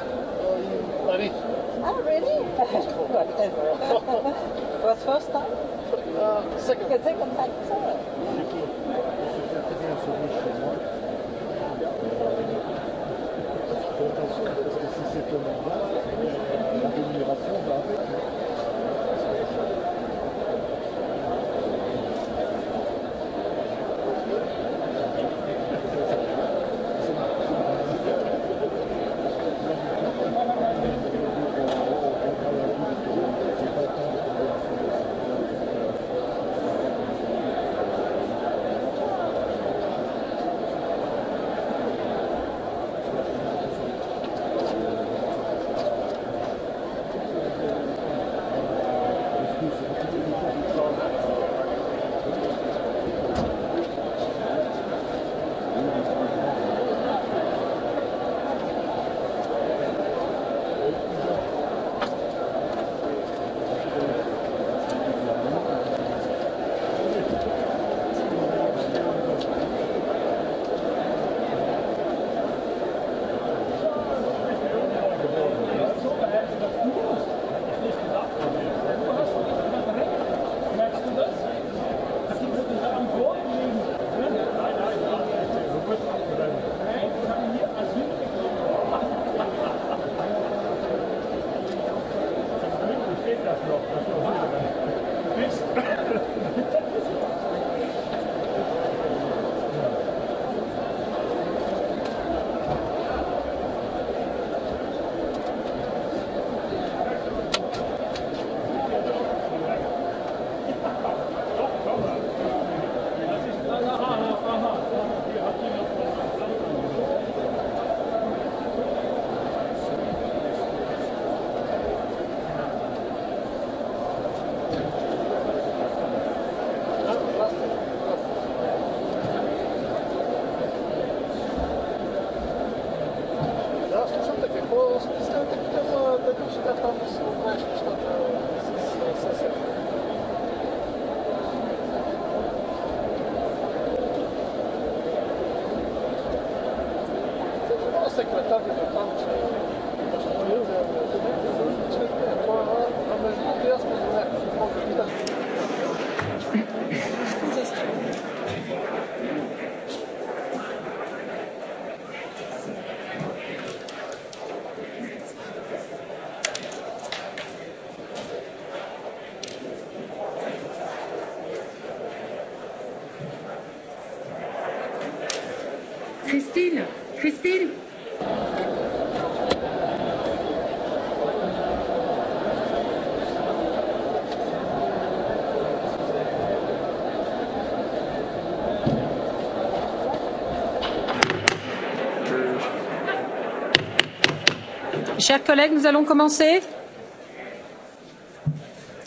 Chers collègues, nous allons commencer.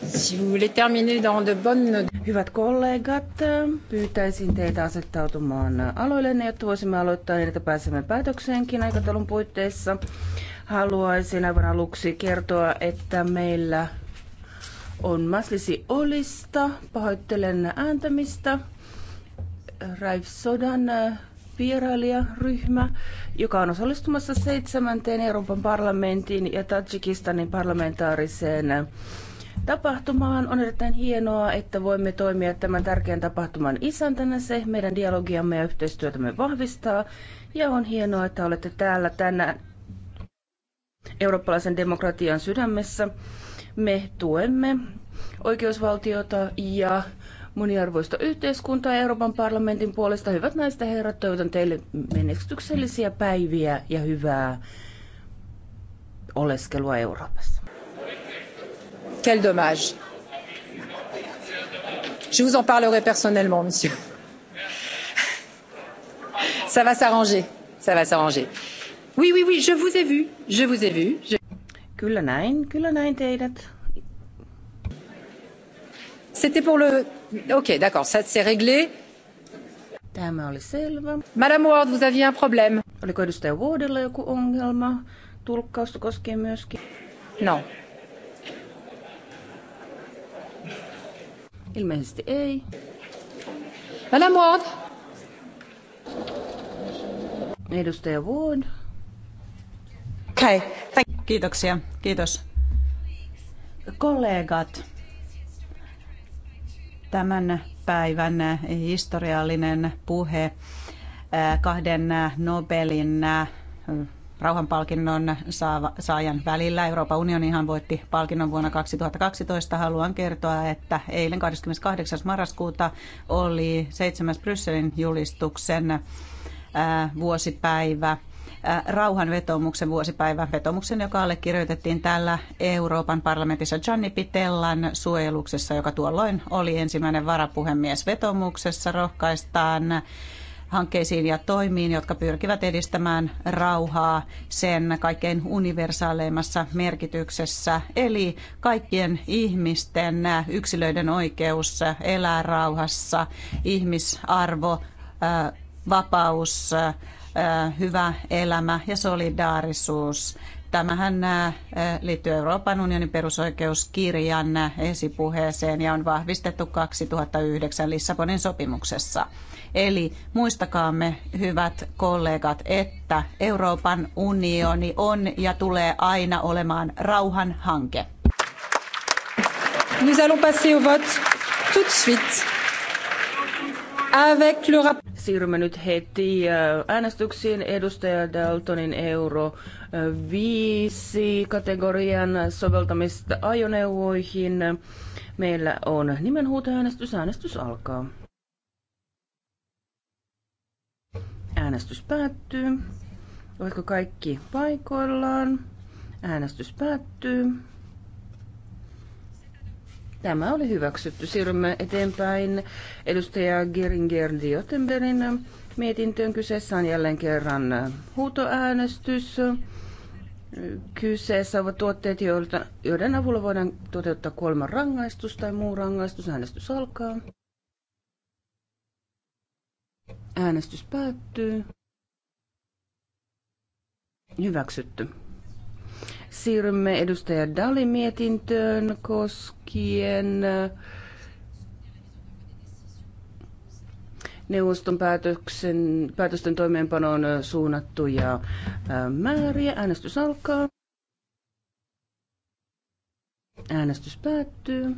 Si vous voulez terminer dans de bonnes... Hyvät kollegat, pyytäisin teitä asettautumaan aloillenne, niin, jotta voisimme aloittaa niin, että pääsemme päätökseenkin aikataulun puitteissa. Haluaisin aivan aluksi kertoa, että meillä on Maslisi Olista, pahoittelen ääntämistä, Raif Sodan vierailijaryhmä joka on osallistumassa seitsemänteen Euroopan parlamentin ja Tajikistanin parlamentaariseen tapahtumaan. On erittäin hienoa, että voimme toimia tämän tärkeän tapahtuman isäntänä. Se meidän dialogiamme ja yhteistyötämme vahvistaa. Ja on hienoa, että olette täällä tänään eurooppalaisen demokratian sydämessä. Me tuemme oikeusvaltiota ja moniarvoista yhteiskuntaa Euroopan parlamentin puolesta. Hyvät naiset ja herrat, toivotan teille menestyksellisiä päiviä ja hyvää oleskelua Euroopassa. Quel dommage. Je vous en parlerai personnellement, monsieur. Ça va s'arranger. Ça va s'arranger. Oui, oui, oui, je vous ai vu. Je vous ai vu. Je... Kyllä näin, kyllä näin teidät. C'était pour le... Ok, d'accord, ça c'est réglé. Tämä oli selvä. Madame Ward, vous aviez un problème. Oliko edustaja Wardilla joku ongelma? Tulkkausta koskee myöskin. No. Ilmeisesti ei. Madame Ward. Edustaja Ward. Okay. Kiitoksia. Kiitos. Kollegat tämän päivän historiallinen puhe kahden Nobelin rauhanpalkinnon saajan välillä. Euroopan unionihan voitti palkinnon vuonna 2012. Haluan kertoa, että eilen 28. marraskuuta oli 7. Brysselin julistuksen vuosipäivä rauhanvetomuksen vuosipäivän vetomuksen, joka allekirjoitettiin täällä Euroopan parlamentissa Gianni Pitellan suojeluksessa, joka tuolloin oli ensimmäinen varapuhemies vetomuksessa, rohkaistaan hankkeisiin ja toimiin, jotka pyrkivät edistämään rauhaa sen kaikkein universaaleimmassa merkityksessä, eli kaikkien ihmisten yksilöiden oikeus elää rauhassa, ihmisarvo, vapaus, hyvä elämä ja solidaarisuus. Tämähän liittyy Euroopan unionin perusoikeuskirjan esipuheeseen ja on vahvistettu 2009 Lissabonin sopimuksessa. Eli muistakaamme, hyvät kollegat, että Euroopan unioni on ja tulee aina olemaan rauhan hanke. Nous allons passer au vote tout de suite avec le rap- Siirrymme nyt heti äh, äänestyksiin. Edustaja Daltonin euro 5 äh, kategorian soveltamista ajoneuvoihin. Meillä on nimenhuutoäänestys. Äänestys alkaa. Äänestys päättyy. Oletko kaikki paikoillaan? Äänestys päättyy. Tämä oli hyväksytty. Siirrymme eteenpäin edustaja Geringer Diotenbergin mietintöön. Kyseessä on jälleen kerran huutoäänestys. Kyseessä ovat tuotteet, joiden avulla voidaan toteuttaa kolman rangaistus tai muu rangaistus. Äänestys alkaa. Äänestys päättyy. Hyväksytty. Siirrymme edustaja Dalin mietintöön koskien äh, neuvoston päätöksen, päätösten toimeenpanoon äh, suunnattuja äh, määriä. Äänestys alkaa. Äänestys päättyy.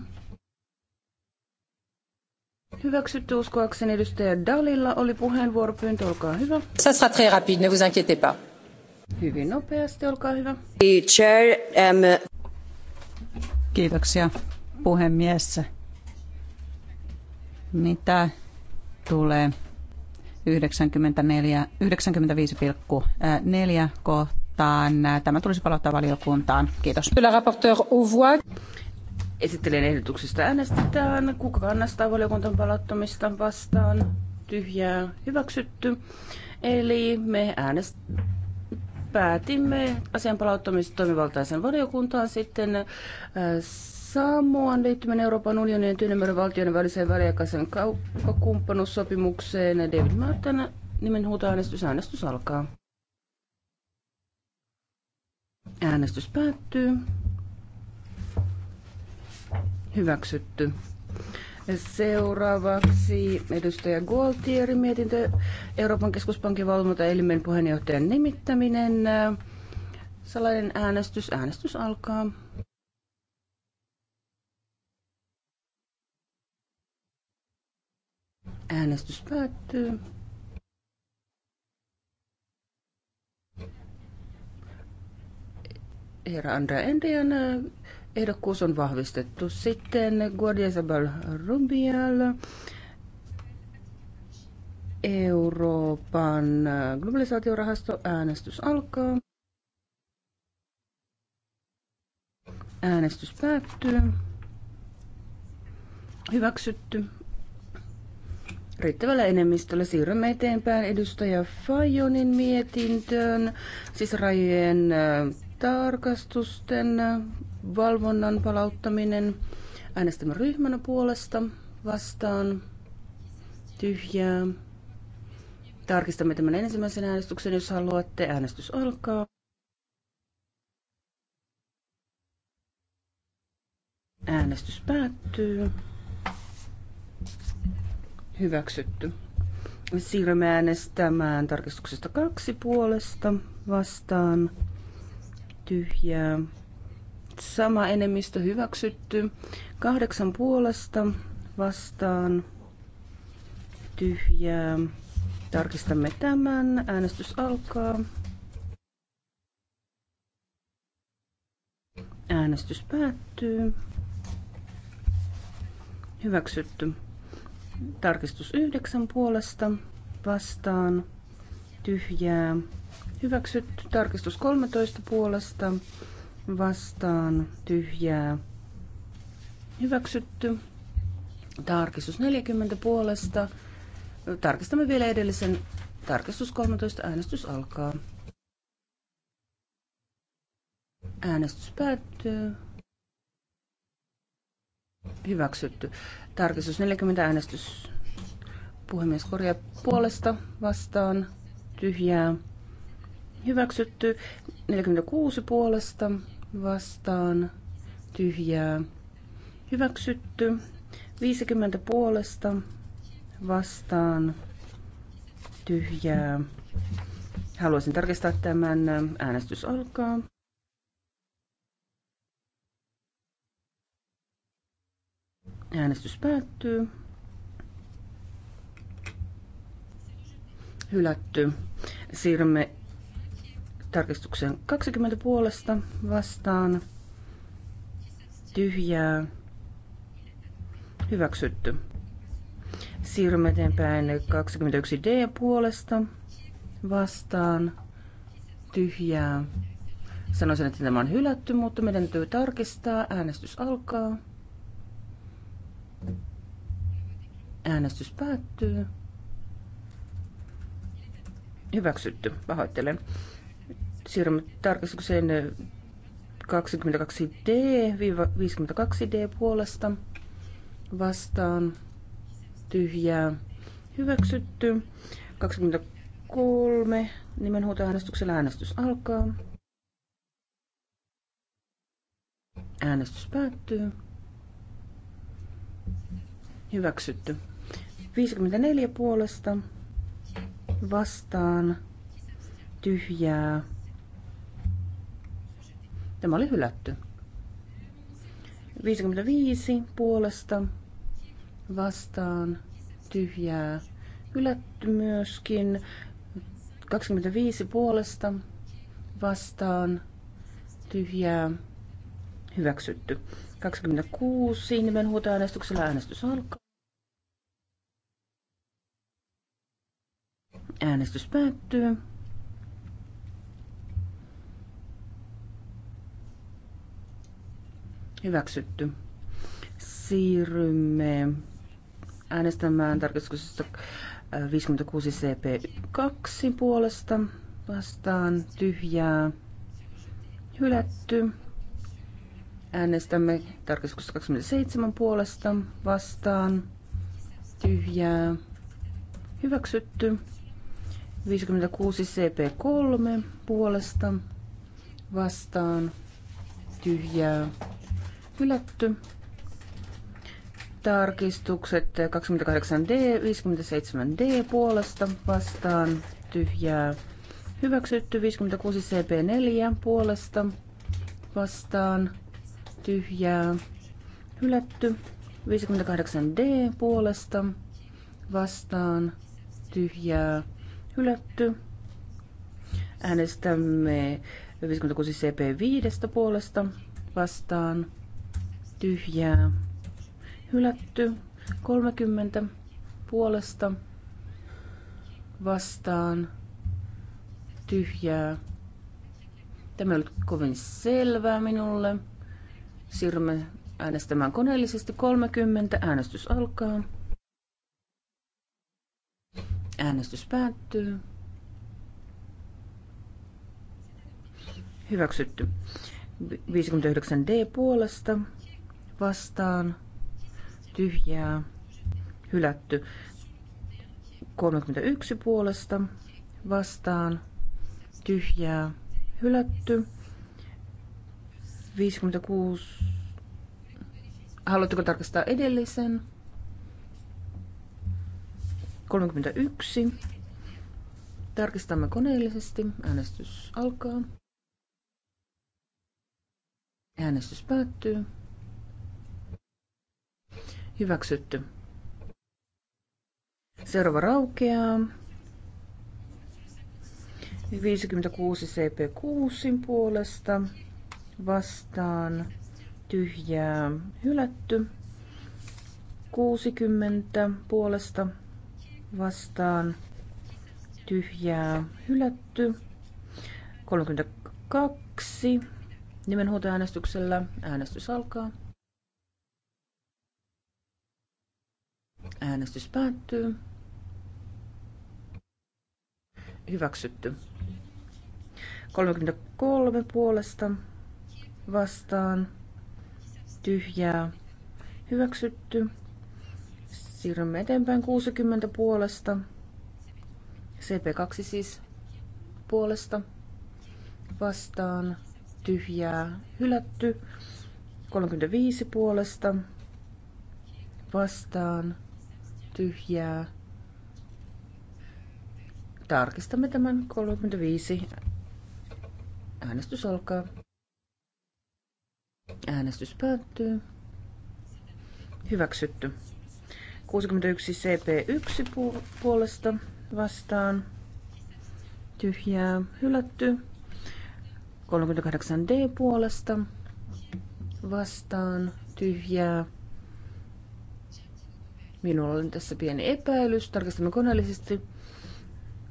Hyväksytty uskoakseni edustaja Dalilla oli puheenvuoropyyntö, olkaa hyvä. Ça sera très rapide, ne vous inquiétez pas. Hyvin nopeasti, olkaa hyvä. Chair, um, Kiitoksia puhemies. Mitä tulee 94, 95,4 kohtaan? Tämä tulisi palauttaa valiokuntaan. Kiitos. Esittelen ehdotuksesta äänestetään. Kuka kannattaa valiokuntan palauttamista vastaan? Tyhjää hyväksytty. Eli me äänestämme päätimme asian palauttamisesta toimivaltaisen valiokuntaan sitten äh, Samoan liittyminen Euroopan unionin ja Tyynemeren valtioiden väliseen väliaikaisen kauppakumppanuussopimukseen. David Martin, nimen huutoäänestys, äänestys alkaa. Äänestys päättyy. Hyväksytty. Seuraavaksi edustaja Gualtieri, mietintö Euroopan keskuspankin valvontaelimen puheenjohtajan nimittäminen. Salainen äänestys. Äänestys alkaa. Äänestys päättyy. Herra Andrea Endian ehdokkuus on vahvistettu. Sitten Guardia Isabel Rubial, Euroopan globalisaatiorahasto, äänestys alkaa. Äänestys päättyy. Hyväksytty. Riittävällä enemmistöllä siirrymme eteenpäin edustaja Fajonin mietintöön, siis rajojen tarkastusten valvonnan palauttaminen. Äänestämme ryhmänä puolesta vastaan tyhjää. Tarkistamme tämän ensimmäisen äänestyksen, jos haluatte. Äänestys alkaa. Äänestys päättyy. Hyväksytty. Siirrymme äänestämään tarkistuksesta kaksi puolesta vastaan tyhjää sama enemmistö hyväksytty. Kahdeksan puolesta vastaan tyhjää. Tarkistamme tämän. Äänestys alkaa. Äänestys päättyy. Hyväksytty. Tarkistus yhdeksän puolesta vastaan tyhjää. Hyväksytty. Tarkistus 13 puolesta vastaan tyhjää hyväksytty. Tarkistus 40 puolesta. Tarkistamme vielä edellisen. Tarkistus 13. Äänestys alkaa. Äänestys päättyy. Hyväksytty. Tarkistus 40. Äänestys. Puhemies korjaa puolesta vastaan. Tyhjää. Hyväksytty. 46 puolesta vastaan tyhjää hyväksytty. 50 puolesta vastaan tyhjää. Haluaisin tarkistaa tämän. Äänestys alkaa. Äänestys päättyy. Hylätty. Siirrymme Tarkistuksen 20 puolesta vastaan tyhjää hyväksytty. Siirrymme eteenpäin 21D puolesta vastaan tyhjää. Sanoisin, että tämä on hylätty, mutta meidän täytyy tarkistaa. Äänestys alkaa. Äänestys päättyy. Hyväksytty. Pahoittelen. Siirrymme tarkistukseen 22D-52D puolesta vastaan tyhjää hyväksytty. 23 nimenhuutoäänestyksellä äänestys alkaa. Äänestys päättyy. Hyväksytty. 54 puolesta vastaan tyhjää Tämä oli hylätty. 55 puolesta vastaan tyhjää. Hylätty myöskin 25 puolesta vastaan tyhjää. Hyväksytty. 26 nimen huutoäänestyksellä äänestys alkaa. Äänestys päättyy. Hyväksytty. Siirrymme äänestämään tarkistuksesta 56 äh, CP2 puolesta vastaan tyhjää hylätty. Äänestämme tarkistuksesta 27 puolesta vastaan tyhjää hyväksytty. 56 CP3 puolesta vastaan tyhjää Hylätty. Tarkistukset 28D, 57D puolesta vastaan tyhjää. Hyväksytty 56 CP4 puolesta vastaan tyhjää. Hylätty 58D puolesta vastaan tyhjää. Hylätty. Äänestämme 56 CP5 puolesta vastaan tyhjää hylätty 30 puolesta vastaan tyhjää. Tämä oli kovin selvää minulle. Siirrymme äänestämään koneellisesti 30. Äänestys alkaa. Äänestys päättyy. Hyväksytty. 59D puolesta vastaan tyhjää hylätty. 31 puolesta vastaan tyhjää hylätty. 56. Haluatteko tarkastaa edellisen? 31. Tarkistamme koneellisesti. Äänestys alkaa. Äänestys päättyy. Hyväksytty. Seuraava raukeaa. 56 CP6 puolesta vastaan tyhjää hylätty. 60 puolesta vastaan tyhjää hylätty. 32 nimenhuutoäänestyksellä äänestys alkaa. Äänestys päättyy. Hyväksytty. 33 puolesta vastaan tyhjää. Hyväksytty. Siirrymme eteenpäin 60 puolesta. CP2 siis puolesta vastaan tyhjää hylätty. 35 puolesta vastaan tyhjää. Tarkistamme tämän 35. Äänestys alkaa. Äänestys päättyy. Hyväksytty. 61 CP1 puolesta vastaan. Tyhjää hylätty. 38 D puolesta vastaan. Tyhjää Minulla on tässä pieni epäilys. Tarkistamme koneellisesti.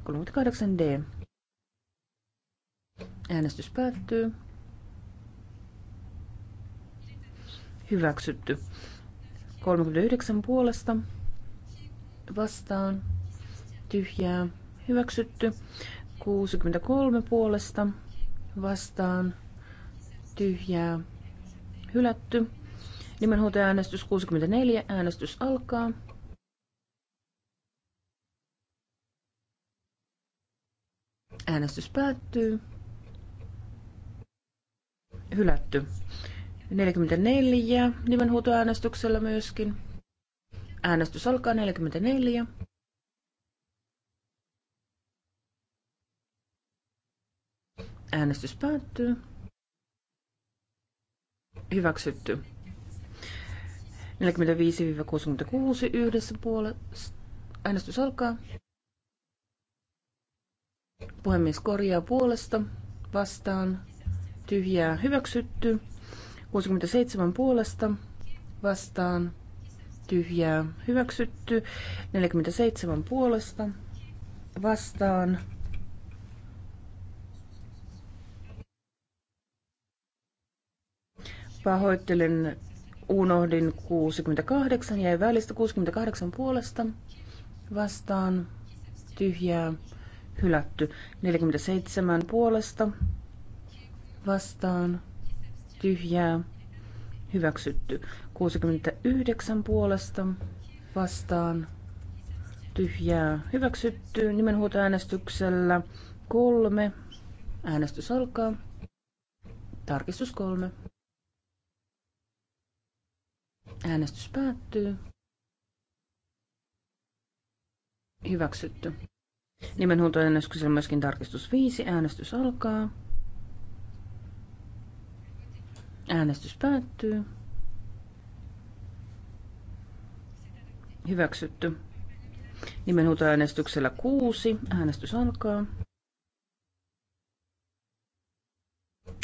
38D. Äänestys päättyy. Hyväksytty. 39 puolesta vastaan. Tyhjää. Hyväksytty. 63 puolesta vastaan. Tyhjää. Hylätty. Nimenhuutoäänestys 64. Äänestys alkaa. Äänestys päättyy. Hylätty. 44 nimenhuutoäänestyksellä myöskin. Äänestys alkaa 44. Äänestys päättyy. Hyväksytty. 45-66 yhdessä puolesta. Äänestys alkaa. Puhemies korjaa puolesta vastaan. Tyhjää hyväksytty. 67 puolesta vastaan. Tyhjää hyväksytty. 47 puolesta vastaan. Pahoittelen, unohdin 68, jäi välistä 68 puolesta vastaan, tyhjää, hylätty. 47 puolesta vastaan tyhjää hyväksytty. 69 puolesta vastaan tyhjää hyväksytty. Nimenhuutoäänestyksellä kolme. Äänestys alkaa. Tarkistus kolme. Äänestys päättyy. Hyväksytty. Nimenhuoltoäänestyksellä myöskin tarkistus 5. Äänestys alkaa. Äänestys päättyy. Hyväksytty. Nimenhuutoäänestyksellä 6. Äänestys alkaa.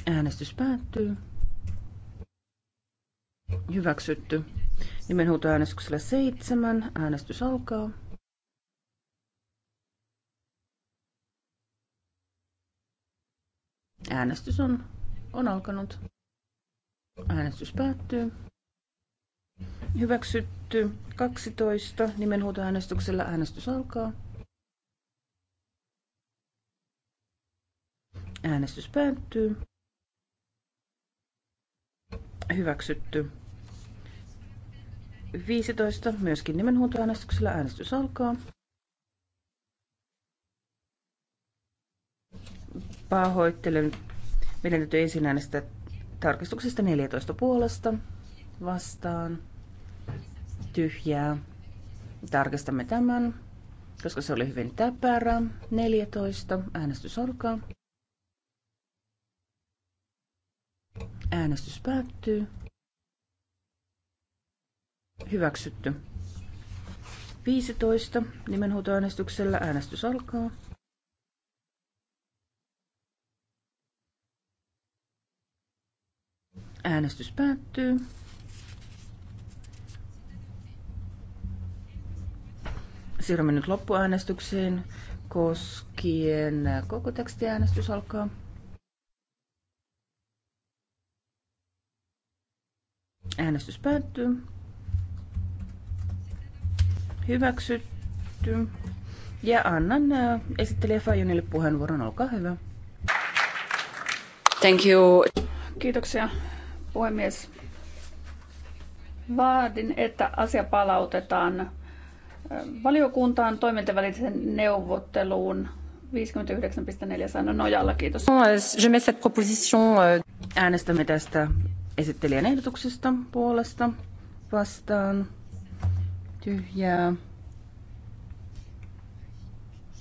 Äänestys päättyy. Hyväksytty. Nimenhuutoäänestyksellä 7. Äänestys alkaa. Äänestys on, on alkanut. Äänestys päättyy. Hyväksytty 12. Nimenhuutoäänestyksellä äänestys alkaa. Äänestys päättyy. Hyväksytty 15. Myöskin nimenhuutoäänestyksellä äänestys alkaa. Pahoittelen. Meidän täytyy ensin äänestää tarkistuksesta 14 puolesta vastaan. Tyhjää. Tarkistamme tämän, koska se oli hyvin täpärä. 14. Äänestys alkaa. Äänestys päättyy. Hyväksytty. 15. Nimenhuutoäänestyksellä äänestys alkaa. Äänestys päättyy. Siirrymme nyt loppuäänestykseen koskien koko tekstiäänestys alkaa. Äänestys päättyy. Hyväksytty. Ja annan äh, esittelijä Fajonille puheenvuoron. Olkaa hyvä. Thank you. Kiitoksia Puhemies, vaadin, että asia palautetaan valiokuntaan toimintavälisen neuvotteluun 59.4 sanon nojalla. Kiitos. Je mets cette proposition. Äänestämme tästä esittelijän ehdotuksesta puolesta vastaan. Tyhjää.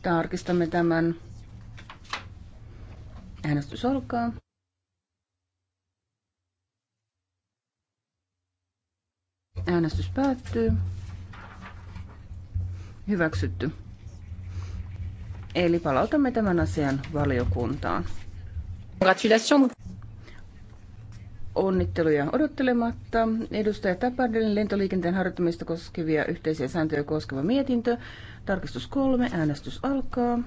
Tarkistamme tämän. Äänestys olkaa. Äänestys päättyy. Hyväksytty. Eli palautamme tämän asian valiokuntaan. Onnitteluja odottelematta. Edustaja Tapadellin lentoliikenteen harjoittamista koskevia yhteisiä sääntöjä koskeva mietintö. Tarkistus kolme. Äänestys alkaa.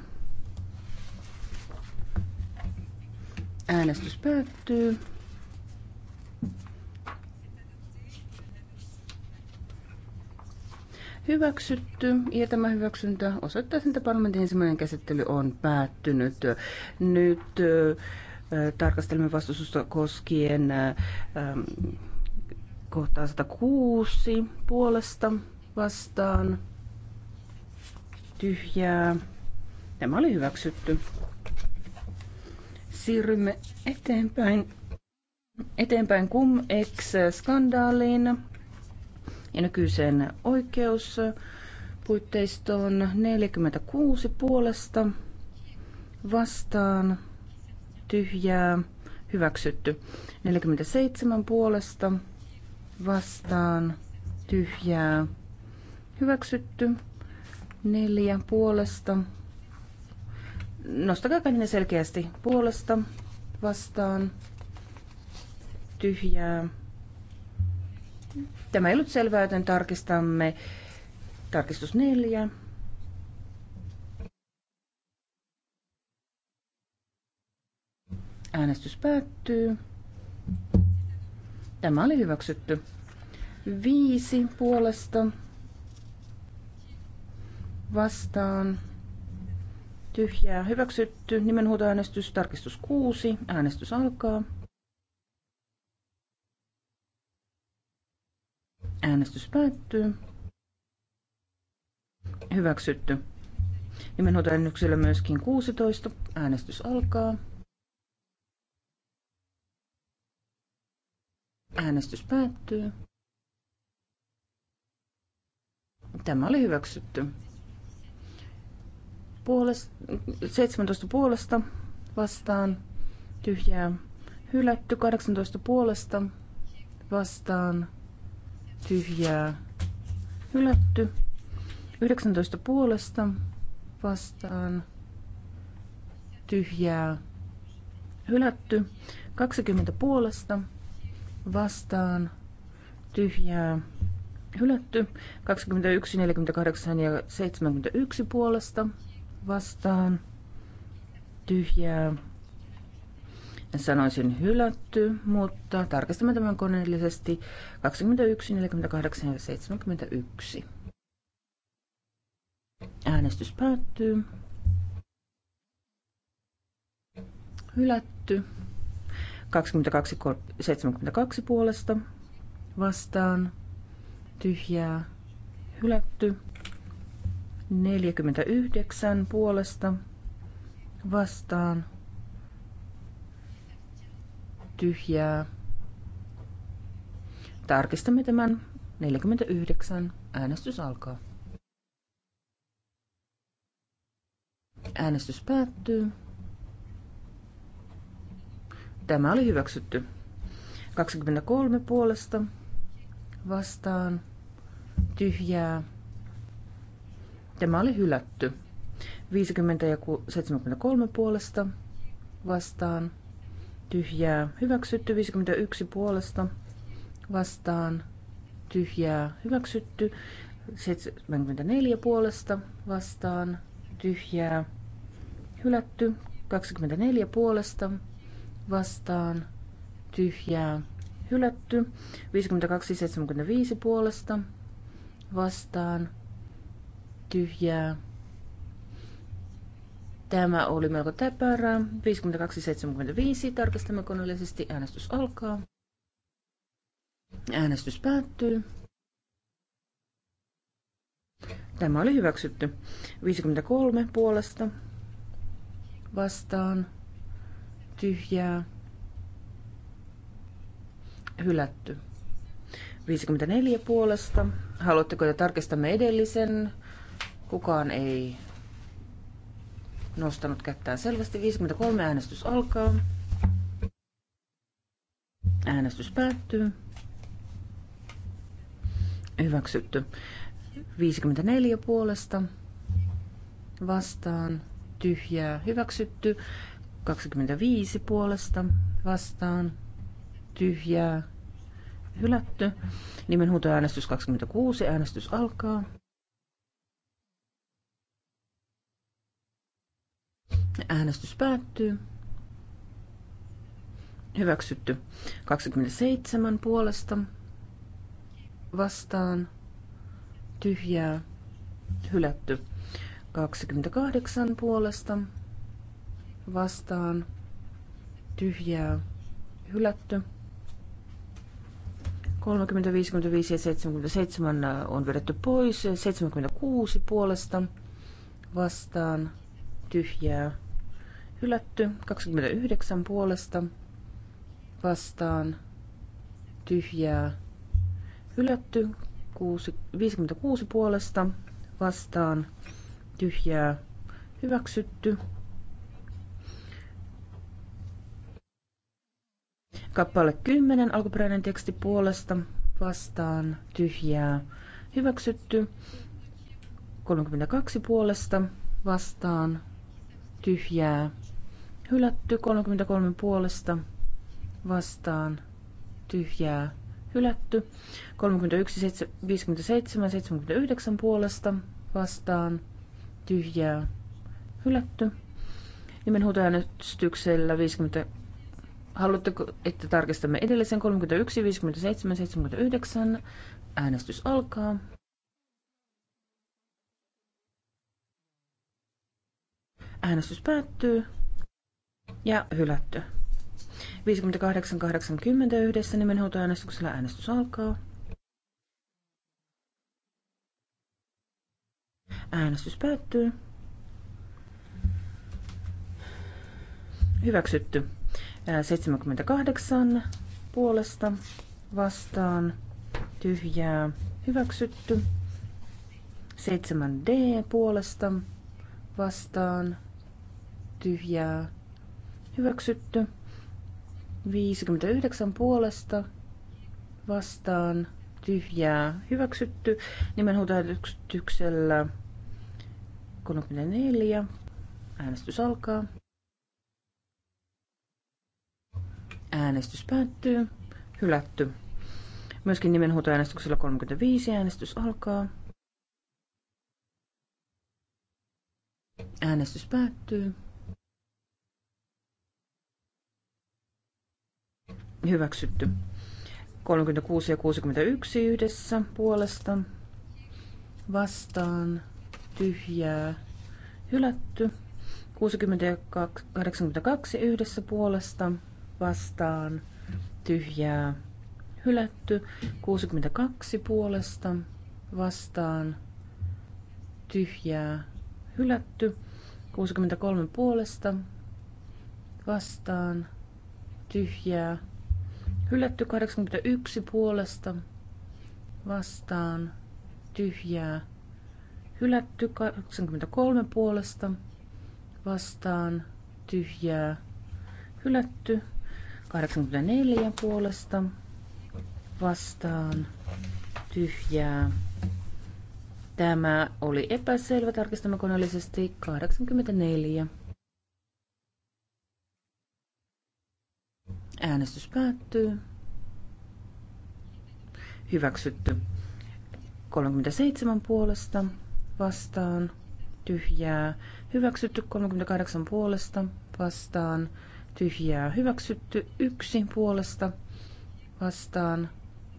Äänestys päättyy. hyväksytty ja tämä hyväksyntä osoittaa, että parlamentin ensimmäinen käsittely on päättynyt. Nyt tarkastelemme vastustusta koskien kohtaa 106 puolesta vastaan tyhjää. Tämä oli hyväksytty. Siirrymme eteenpäin. Eteenpäin cum ex-skandaaliin ja nykyiseen oikeuspuitteistoon 46 puolesta vastaan tyhjää hyväksytty. 47 puolesta vastaan tyhjää hyväksytty. Neljä puolesta. Nostakaa käsinne selkeästi puolesta vastaan tyhjää Tämä ei ollut selvää, joten tarkistamme. Tarkistus neljä. Äänestys päättyy. Tämä oli hyväksytty. Viisi puolesta vastaan. Tyhjää hyväksytty. Nimenhuutoäänestys. Tarkistus kuusi. Äänestys alkaa. Äänestys päättyy. Hyväksytty. Nimenhoitoäänestyksellä myöskin 16. Äänestys alkaa. Äänestys päättyy. Tämä oli hyväksytty. Puolest, 17 puolesta vastaan tyhjää. Hylätty 18 puolesta vastaan tyhjää hylätty. 19 puolesta vastaan tyhjää hylätty. 20 puolesta vastaan tyhjää hylätty. 21, 48 ja 71 puolesta vastaan tyhjää sanoisin hylätty, mutta tarkistamme tämän koneellisesti 21, 48 ja 71. Äänestys päättyy. Hylätty. 22, 72 puolesta vastaan. Tyhjää. Hylätty. 49 puolesta vastaan tyhjää. Tarkistamme tämän. 49. Äänestys alkaa. Äänestys päättyy. Tämä oli hyväksytty. 23 puolesta vastaan tyhjää. Tämä oli hylätty. 50 ja 73 puolesta vastaan tyhjää hyväksytty, 51 puolesta vastaan tyhjää hyväksytty, 74 puolesta vastaan tyhjää hylätty, 24 puolesta vastaan tyhjää hylätty, 52-75 puolesta vastaan tyhjää Tämä oli melko täpärää. 52.75. Tarkistamme koneellisesti. Äänestys alkaa. Äänestys päättyy. Tämä oli hyväksytty. 53 puolesta vastaan tyhjää hylätty. 54 puolesta. Haluatteko, että tarkistamme edellisen? Kukaan ei nostanut kättään selvästi. 53 äänestys alkaa. Äänestys päättyy. Hyväksytty. 54 puolesta vastaan tyhjää hyväksytty. 25 puolesta vastaan tyhjää hylätty. Nimenhuutoäänestys 26. Äänestys alkaa. Äänestys päättyy. Hyväksytty. 27 puolesta vastaan tyhjää hylätty. 28 puolesta vastaan tyhjää hylätty. 30, 55 ja 77 äh, on vedetty pois. 76 puolesta vastaan tyhjää Hylätty 29 puolesta vastaan tyhjää. Hylätty 6, 56 puolesta vastaan tyhjää. Hyväksytty. Kappale 10, alkuperäinen teksti puolesta vastaan tyhjää. Hyväksytty. 32 puolesta vastaan tyhjää Hylätty 33 puolesta vastaan tyhjää hylätty. 31, 57, 79 puolesta vastaan tyhjää hylätty. Nimenhuutoäänestyksellä 50. Haluatteko, että tarkistamme edellisen 31, 57, 79? Äänestys alkaa. Äänestys päättyy ja hylätty. 58.80 yhdessä nimenhuutoäänestyksellä äänestys alkaa. Äänestys päättyy. Hyväksytty. 78 puolesta vastaan tyhjää hyväksytty. 7D puolesta vastaan tyhjää Hyväksytty. 59 puolesta vastaan tyhjää hyväksytty. Nimenhuutoäänestyksellä 34. Äänestys alkaa. Äänestys päättyy. Hylätty. Myöskin nimenhuutoäänestyksellä 35 äänestys alkaa. Äänestys päättyy. hyväksytty. 36 ja 61 yhdessä puolesta vastaan tyhjää hylätty. 60 ja 82 yhdessä puolesta vastaan tyhjää hylätty. 62 puolesta vastaan tyhjää hylätty. 63 puolesta vastaan tyhjää Hylätty 81 puolesta vastaan tyhjää. Hylätty 83 puolesta vastaan tyhjää. Hylätty 84 puolesta vastaan tyhjää. Tämä oli epäselvä. Tarkistamme koneellisesti 84. Äänestys päättyy. Hyväksytty. 37 puolesta vastaan tyhjää. Hyväksytty 38 puolesta vastaan tyhjää. Hyväksytty 1 puolesta vastaan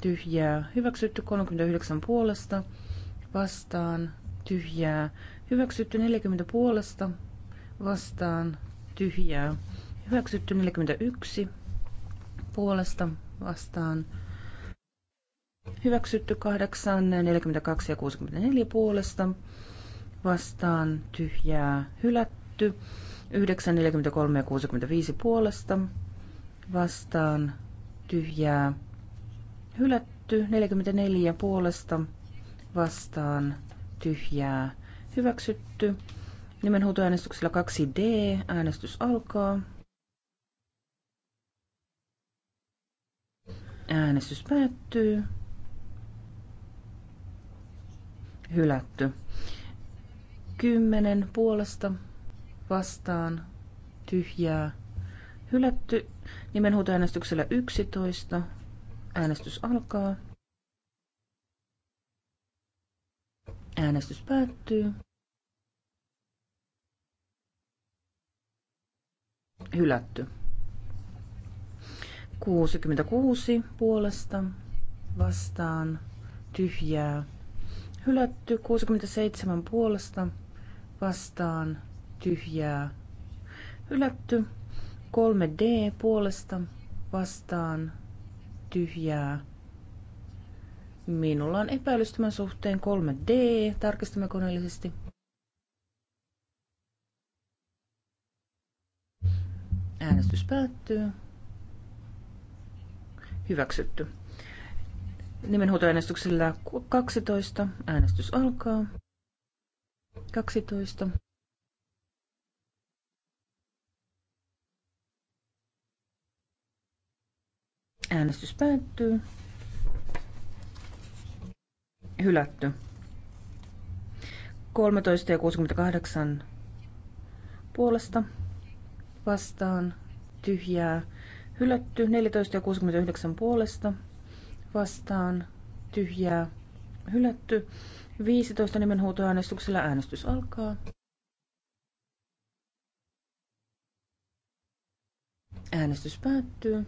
tyhjää. Hyväksytty 39 puolesta vastaan tyhjää. Hyväksytty 40 puolesta vastaan tyhjää. Hyväksytty 41 puolesta vastaan hyväksytty 8, 42 ja 64 puolesta vastaan tyhjää hylätty 9, 43 ja 65 puolesta vastaan tyhjää hylätty 44 puolesta vastaan tyhjää hyväksytty Nimenhuutoäänestyksellä 2D. Äänestys alkaa. Äänestys päättyy. Hylätty. Kymmenen puolesta vastaan tyhjää. Hylätty nimenhuutoäänestyksellä 11. Äänestys alkaa. Äänestys päättyy. Hylätty. 66 puolesta vastaan tyhjää. Hylätty 67 puolesta vastaan tyhjää. Hylätty 3D puolesta vastaan tyhjää. Minulla on epäilys tämän suhteen 3D. Tarkistamme koneellisesti. Äänestys päättyy. Hyväksytty. Nimenhuutoäänestyksellä 12. Äänestys alkaa. 12. Äänestys päättyy. Hylätty. 13 ja 68 puolesta vastaan tyhjää Hylätty 1469 ja puolesta vastaan tyhjää. Hylätty 15 nimenhuutoäänestyksellä äänestys alkaa. Äänestys päättyy.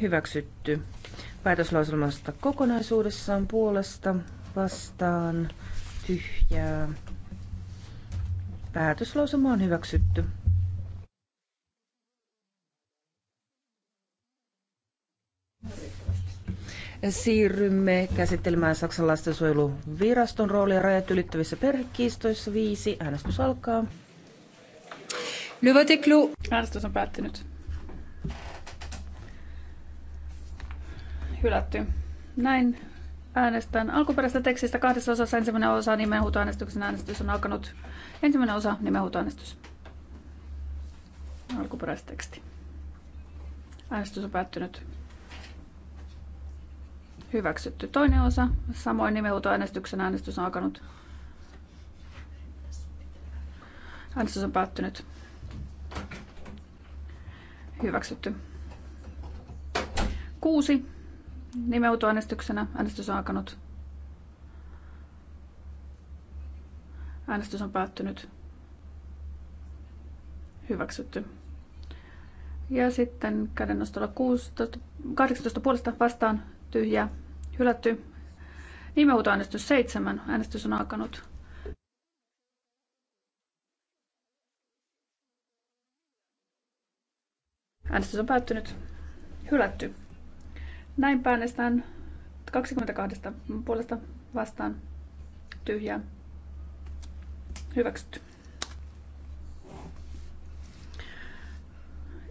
Hyväksytty. Päätöslauselmasta kokonaisuudessaan puolesta vastaan tyhjää Päätöslausuma on hyväksytty. Siirrymme käsittelemään Saksan lastensuojeluviraston roolia rajat ylittävissä perhekiistoissa. Viisi. Äänestys alkaa. Lyvätiklu. Äänestys on päättynyt. Hylätty. Näin äänestän alkuperäisestä tekstistä kahdessa osassa ensimmäinen osa nimenhuutoäänestyksen äänestys on alkanut. Ensimmäinen osa, nimenhuutoäänestys. Alkuperäisteksti. Äänestys on päättynyt. Hyväksytty toinen osa. Samoin äänestyksen äänestys on alkanut. Äänestys on päättynyt. Hyväksytty. Kuusi. Nimenhuutoäänestyksenä äänestys on alkanut. Äänestys on päättynyt. Hyväksytty. Ja sitten kädennostolla 16, 18 puolesta vastaan tyhjä, hylätty. Nimenhuutoäänestys 7. Äänestys on alkanut. Äänestys on päättynyt. Hylätty. Näin äänestään 22 puolesta vastaan tyhjää Hyväksytty.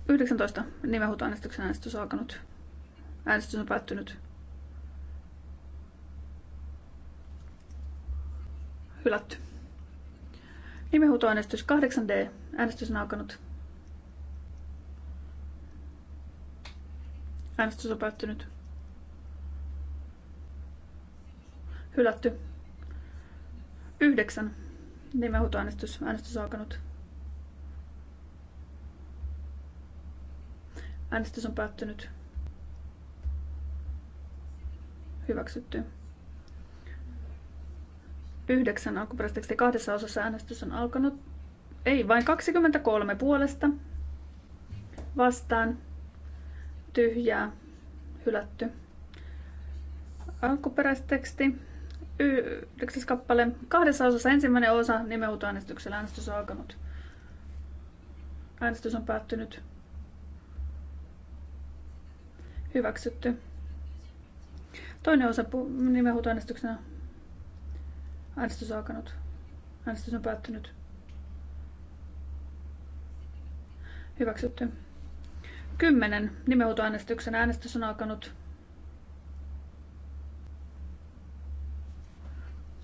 19. Nimenhuutoäänestyksen äänestys on alkanut. Äänestys on päättynyt. Hylätty. Nimenhuutoäänestys 8D. Äänestys on alkanut. Äänestys on päättynyt. Hylätty. 9. Nimenhuutoäänestys. Niin, äänestys äänestys alkanut. Äänestys on päättynyt. Hyväksytty. Yhdeksän alkuperäisteksti kahdessa osassa äänestys on alkanut. Ei, vain 23 puolesta. Vastaan. Tyhjää. Hylätty. Alkuperäisteksti yhdeksäs kappale. Kahdessa osassa ensimmäinen osa äänestyksellä. äänestys on alkanut. Äänestys on päättynyt. Hyväksytty. Toinen osa nimenhuutoäänestyksenä. Äänestys on alkanut. Äänestys on päättynyt. Hyväksytty. Kymmenen Nimenhuutoäänestyksen äänestys on alkanut.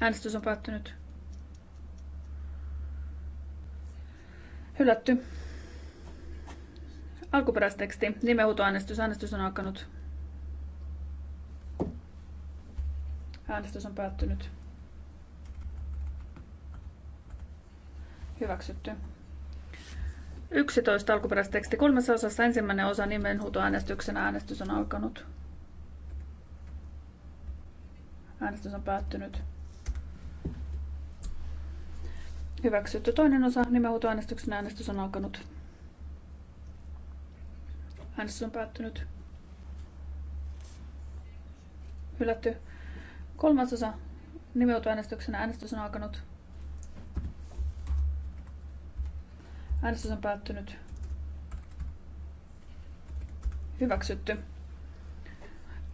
Äänestys on päättynyt. Hylätty. Alkuperäisteksti. Nimenhuutoäänestys. Äänestys on alkanut. Äänestys on päättynyt. Hyväksytty. 11 alkuperäisteksti kolmessa osassa ensimmäinen osa nimenhuutoäänestyksen äänestys on alkanut. Äänestys on päättynyt. Hyväksytty toinen osa äänestyksen äänestys on alkanut. Äänestys on päättynyt. Hylätty. Kolmas osa äänestyksen äänestys on alkanut. Äänestys on päättynyt. Hyväksytty.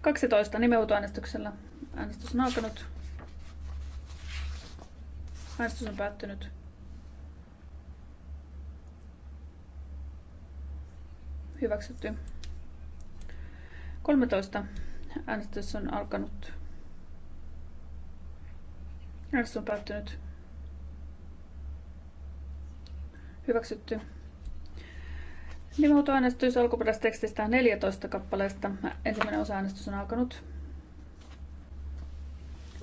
12 äänestyksellä. Äänestys on alkanut. Äänestys on päättynyt. Hyväksytty. 13. Äänestys on alkanut. Äänestys on päättynyt. Hyväksytty. alkuperäisestä alkuperäistekstistä 14 kappaleesta. Ensimmäinen osa äänestys on alkanut.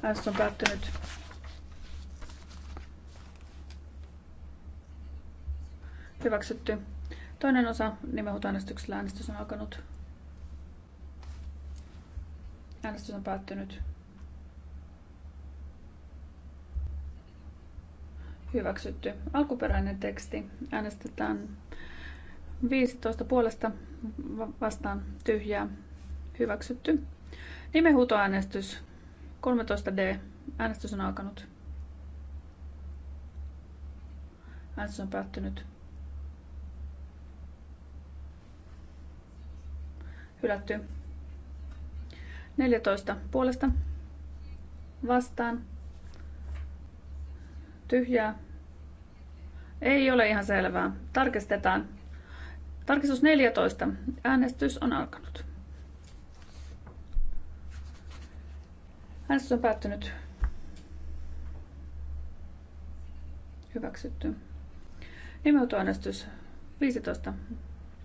Äänestys on päättynyt. Hyväksytty. Toinen osa nimenhuutoäänestyksellä äänestys on alkanut. Äänestys on päättynyt. Hyväksytty. Alkuperäinen teksti. Äänestetään 15 puolesta vastaan tyhjää. Hyväksytty. Nimenhuutoäänestys 13D. Äänestys on alkanut. Äänestys on päättynyt. Hylätty. 14 puolesta. Vastaan. Tyhjää. Ei ole ihan selvää. Tarkistetaan. Tarkistus 14. Äänestys on alkanut. Äänestys on päättynyt. Hyväksytty. Nimenhuutoäänestys 15.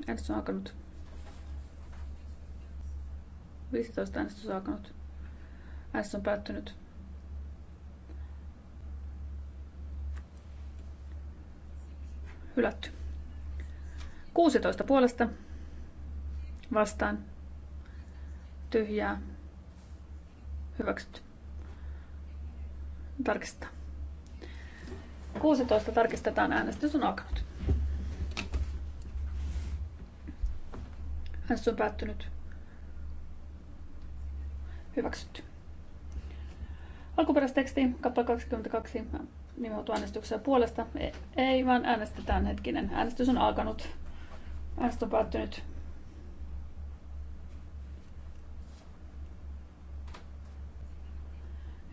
Äänestys on alkanut. 15 äänestys alkanut. S on päättynyt. Hylätty. 16 puolesta vastaan tyhjää hyväksytty. Tarkistetaan. 16 tarkistetaan. Äänestys on alkanut. Äänestys on päättynyt. Hyväksytty. Alkuperäisteksti, kappale 22, nimenhuutu äänestyksen puolesta. E, ei, vaan äänestetään hetkinen. Äänestys on alkanut. Äänestys on päättynyt.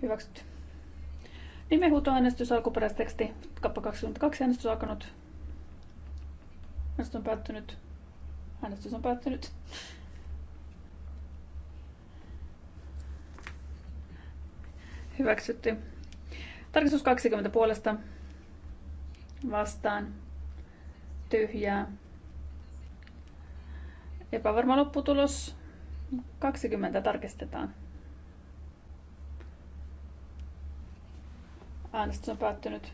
Hyväksytty. Nimenhuutoäänestys, alkuperäisteksti, kappa 22, äänestys on alkanut. Äänestys on päättynyt. Äänestys on päättynyt. Hyväksytty. Tarkistus 20 puolesta. Vastaan. Tyhjää. Epävarma lopputulos. 20 tarkistetaan. Äänestys on päättynyt.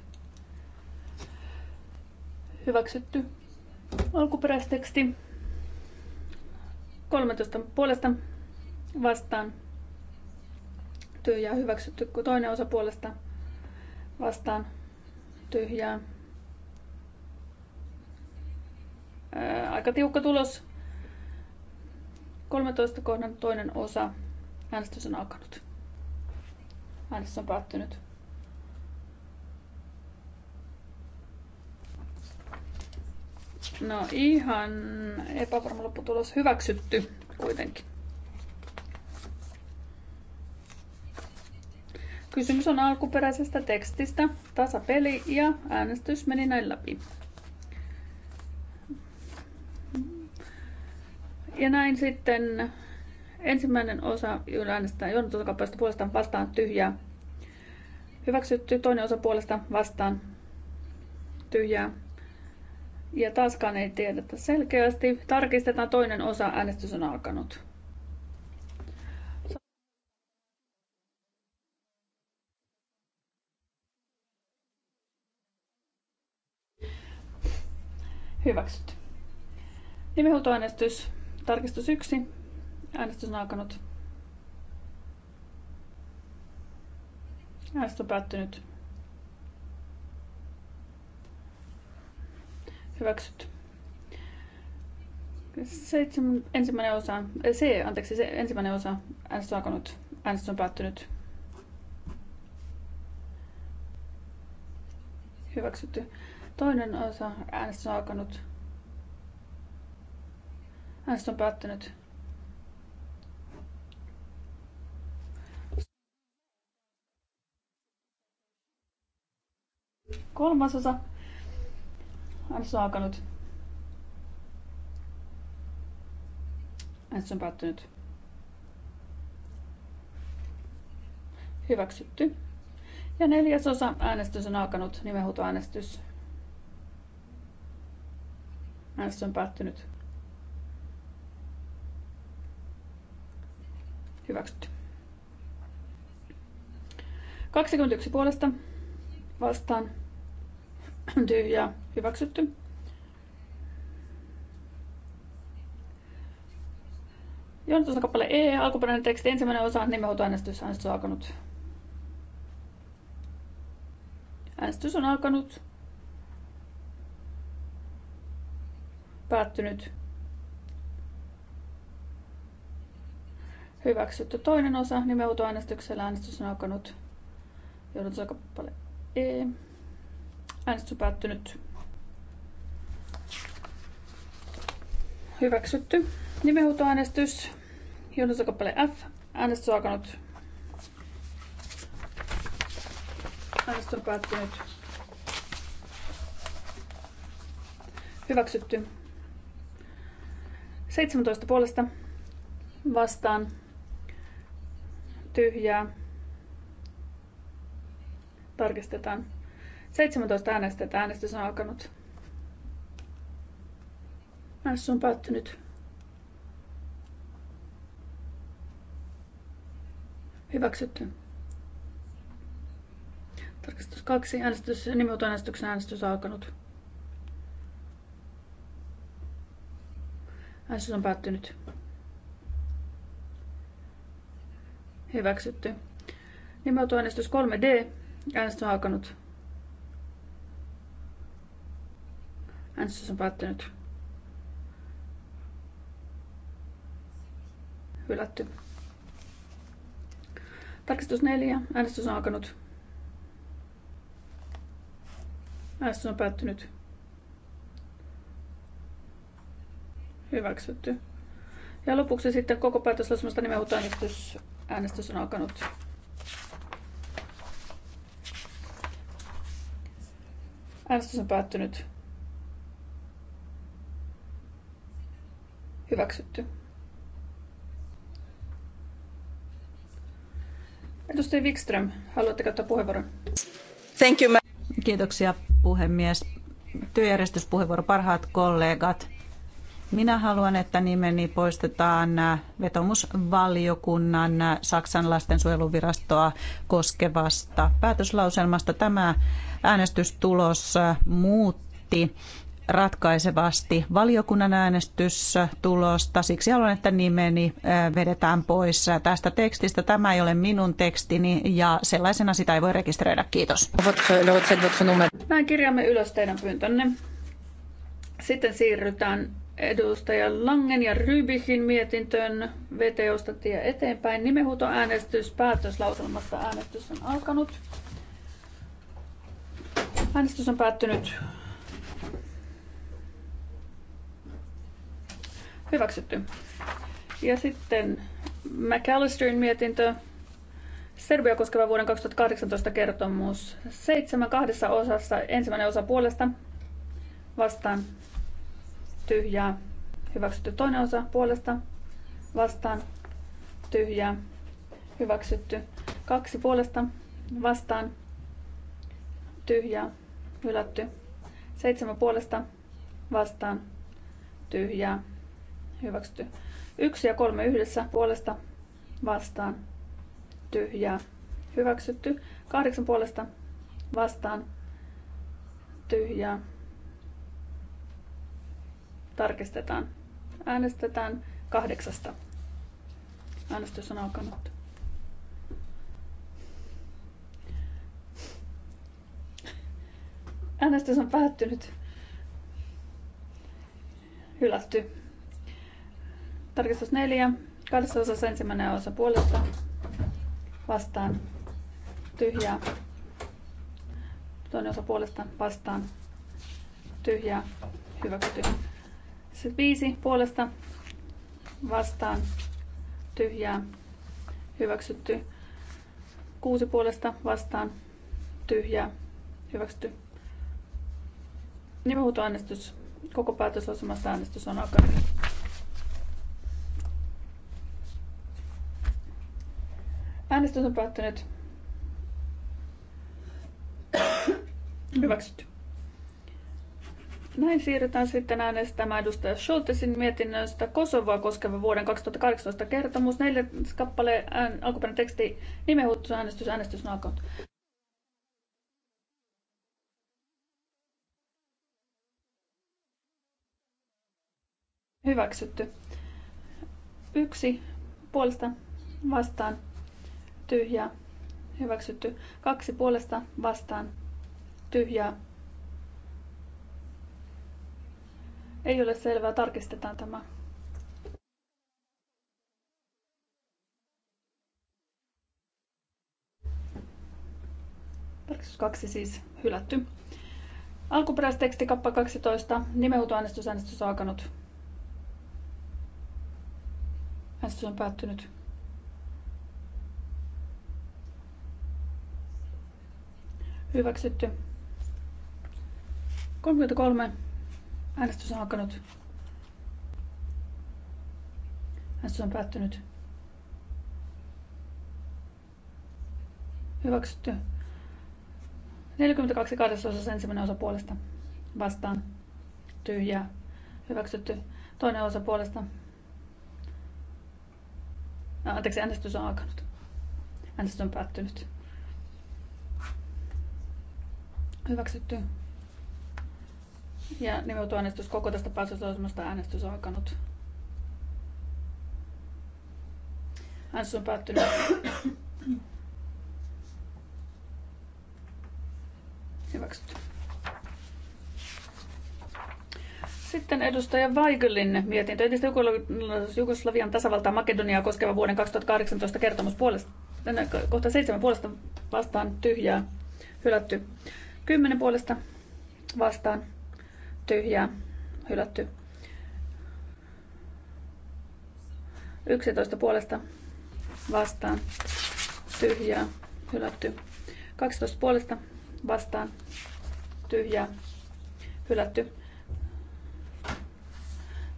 Hyväksytty. Alkuperäisteksti. 13 puolesta vastaan ja hyväksytty, kun toinen osa puolesta vastaan tyhjää. aika tiukka tulos. 13 kohdan toinen osa. Äänestys on alkanut. Äänestys on päättynyt. No ihan epävarma lopputulos hyväksytty kuitenkin. Kysymys on alkuperäisestä tekstistä, tasapeli ja äänestys meni näin läpi. Ja näin sitten ensimmäinen osa äänestää johdatuskappaleesta puolestaan vastaan tyhjää. Hyväksytty toinen osa puolesta vastaan tyhjää. Ja taaskaan ei tiedetä selkeästi. Tarkistetaan toinen osa, äänestys on alkanut. Hyväksytty. Nimihuutoäänestys. Tarkistus 1. Äänestys on alkanut. Äänestys on päättynyt. Hyväksytty. Seitsemän, ensimmäinen osa, C, anteeksi, se ensimmäinen osa, äänestys on alkanut, äänestys on päättynyt. Hyväksytty. Toinen osa. Äänestys on alkanut. Äänestys on päättynyt. Kolmas osa. Äänestys on alkanut. Äänestys on päättynyt. Hyväksytty. Ja neljäs osa äänestys on alkanut, nimenhuutoäänestys. Äänestys on päättynyt. Hyväksytty. 21 puolesta vastaan tyhjää hyväksytty. Johdatus kappale E, alkuperäinen teksti, ensimmäinen osa, äänestys. äänestys on alkanut. Äänestys on alkanut. Päättynyt. Hyväksytty toinen osa. äänestyksellä äänestys on alkanut. Johdatusokappale E. Äänestys on päättynyt. Hyväksytty. Nimenhuutoäänestys. Johdatusokappale F. Äänestys on alkanut. Äänestys on päättynyt. Hyväksytty. 17 puolesta vastaan tyhjää. Tarkistetaan. 17 äänestetään. Äänestys on alkanut. Äänestys on päättynyt. Hyväksytty. Tarkistus 2. Äänestys, äänestyksen äänestys on alkanut. se on päättynyt. Hyväksytty. Nimenhuutoäänestys 3D. Äänestys on alkanut. Äänestys on päättynyt. Hylätty. Tarkistus 4. Äänestys on alkanut. Äänestys on päättynyt. Hyväksytty. Ja lopuksi sitten koko päätöslausumasta nimenhuutoäänestys. Äänestys on alkanut. Äänestys on päättynyt. Hyväksytty. Edustaja Wikström, haluatte käyttää puheenvuoron? Thank you. Kiitoksia puhemies. Työjärjestyspuheenvuoro, parhaat kollegat. Minä haluan, että nimeni poistetaan vetomusvaliokunnan Saksan lastensuojeluvirastoa koskevasta päätöslauselmasta. Tämä äänestystulos muutti ratkaisevasti valiokunnan äänestystulosta. Siksi haluan, että nimeni vedetään pois tästä tekstistä. Tämä ei ole minun tekstini ja sellaisena sitä ei voi rekisteröidä. Kiitos. Näin kirjaamme ylös teidän pyyntönne. Sitten siirrytään edustajan Langen ja Rybihin mietintöön VTOsta tie eteenpäin. äänestys päätöslauselmasta äänestys on alkanut. Äänestys on päättynyt. Hyväksytty. Ja sitten McAllisterin mietintö. Serbia koskeva vuoden 2018 kertomus. Seitsemän kahdessa osassa. Ensimmäinen osa puolesta. Vastaan tyhjää, hyväksytty toinen osa puolesta, vastaan, tyhjää, hyväksytty kaksi puolesta, vastaan, tyhjää, hylätty seitsemän puolesta, vastaan, tyhjää, hyväksytty yksi ja kolme yhdessä puolesta, vastaan, tyhjää, hyväksytty kahdeksan puolesta, vastaan, tyhjää, Tarkistetaan. Äänestetään kahdeksasta. Äänestys on alkanut. Äänestys on päättynyt. Hylätty. Tarkistus neljä. Kahdessa osassa ensimmäinen osa puolesta. Vastaan. Tyhjää. Toinen osa puolesta. Vastaan. Tyhjää. Hyväksytty 5 puolesta vastaan tyhjää hyväksytty. 6 puolesta vastaan tyhjää hyväksytty. Nimenhuutoäänestys. Koko päätöslausumasta äänestys on alkanut. Äänestys on päättynyt. Hyväksytty. Näin siirrytään sitten äänestämään edustaja Schultesin mietinnöstä Kosovoa koskeva vuoden 2018 kertomus. Neljäs kappale ään, alkuperäinen teksti nimenhuutus äänestys, äänestys on Hyväksytty. Yksi puolesta vastaan tyhjä. Hyväksytty. Kaksi puolesta vastaan tyhjä. Ei ole selvää, tarkistetaan tämä. Tarkistus 2 siis hylätty. Alkuperäisteksti kappa 12. Nimeutuäänestys äänestys on alkanut. Äänestys on päättynyt. Hyväksytty. 33 Äänestys on alkanut. Äänestys on päättynyt. Hyväksytty. 42 kahdesosassa ensimmäinen osa puolesta. Vastaan. Tyhjää. Hyväksytty. Toinen osa puolesta. No, anteeksi, äänestys on alkanut. Äänestys on päättynyt. Hyväksytty. Ja nimetty äänestys koko tästä päätöslauselmasta äänestys on alkanut. Äänestys on päättynyt. Hyväksytty. Sitten edustaja Weigelin mietintö entistä Jugoslavian tasavaltaa Makedoniaa koskeva vuoden 2018 kertomus puolesta, äh, kohta seitsemän puolesta vastaan tyhjää, hylätty. Kymmenen puolesta vastaan tyhjää, hylätty. 11 puolesta vastaan, tyhjää, hylätty. 12 puolesta vastaan, tyhjää, hylätty.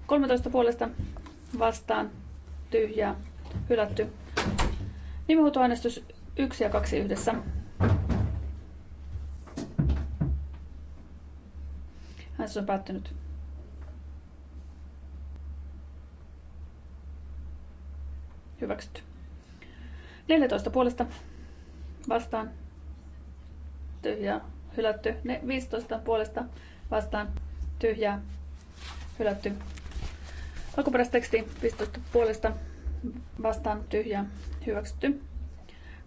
13 puolesta vastaan, tyhjää, hylätty. Nimenhuutoäänestys 1 ja 2 yhdessä Äänestys on päättynyt. Hyväksytty. 14 puolesta vastaan. Tyhjää. Hylätty. Ne 15 puolesta vastaan. Tyhjää. Hylätty. Alkuperäisteksti 15 puolesta vastaan. Tyhjää. Hyväksytty.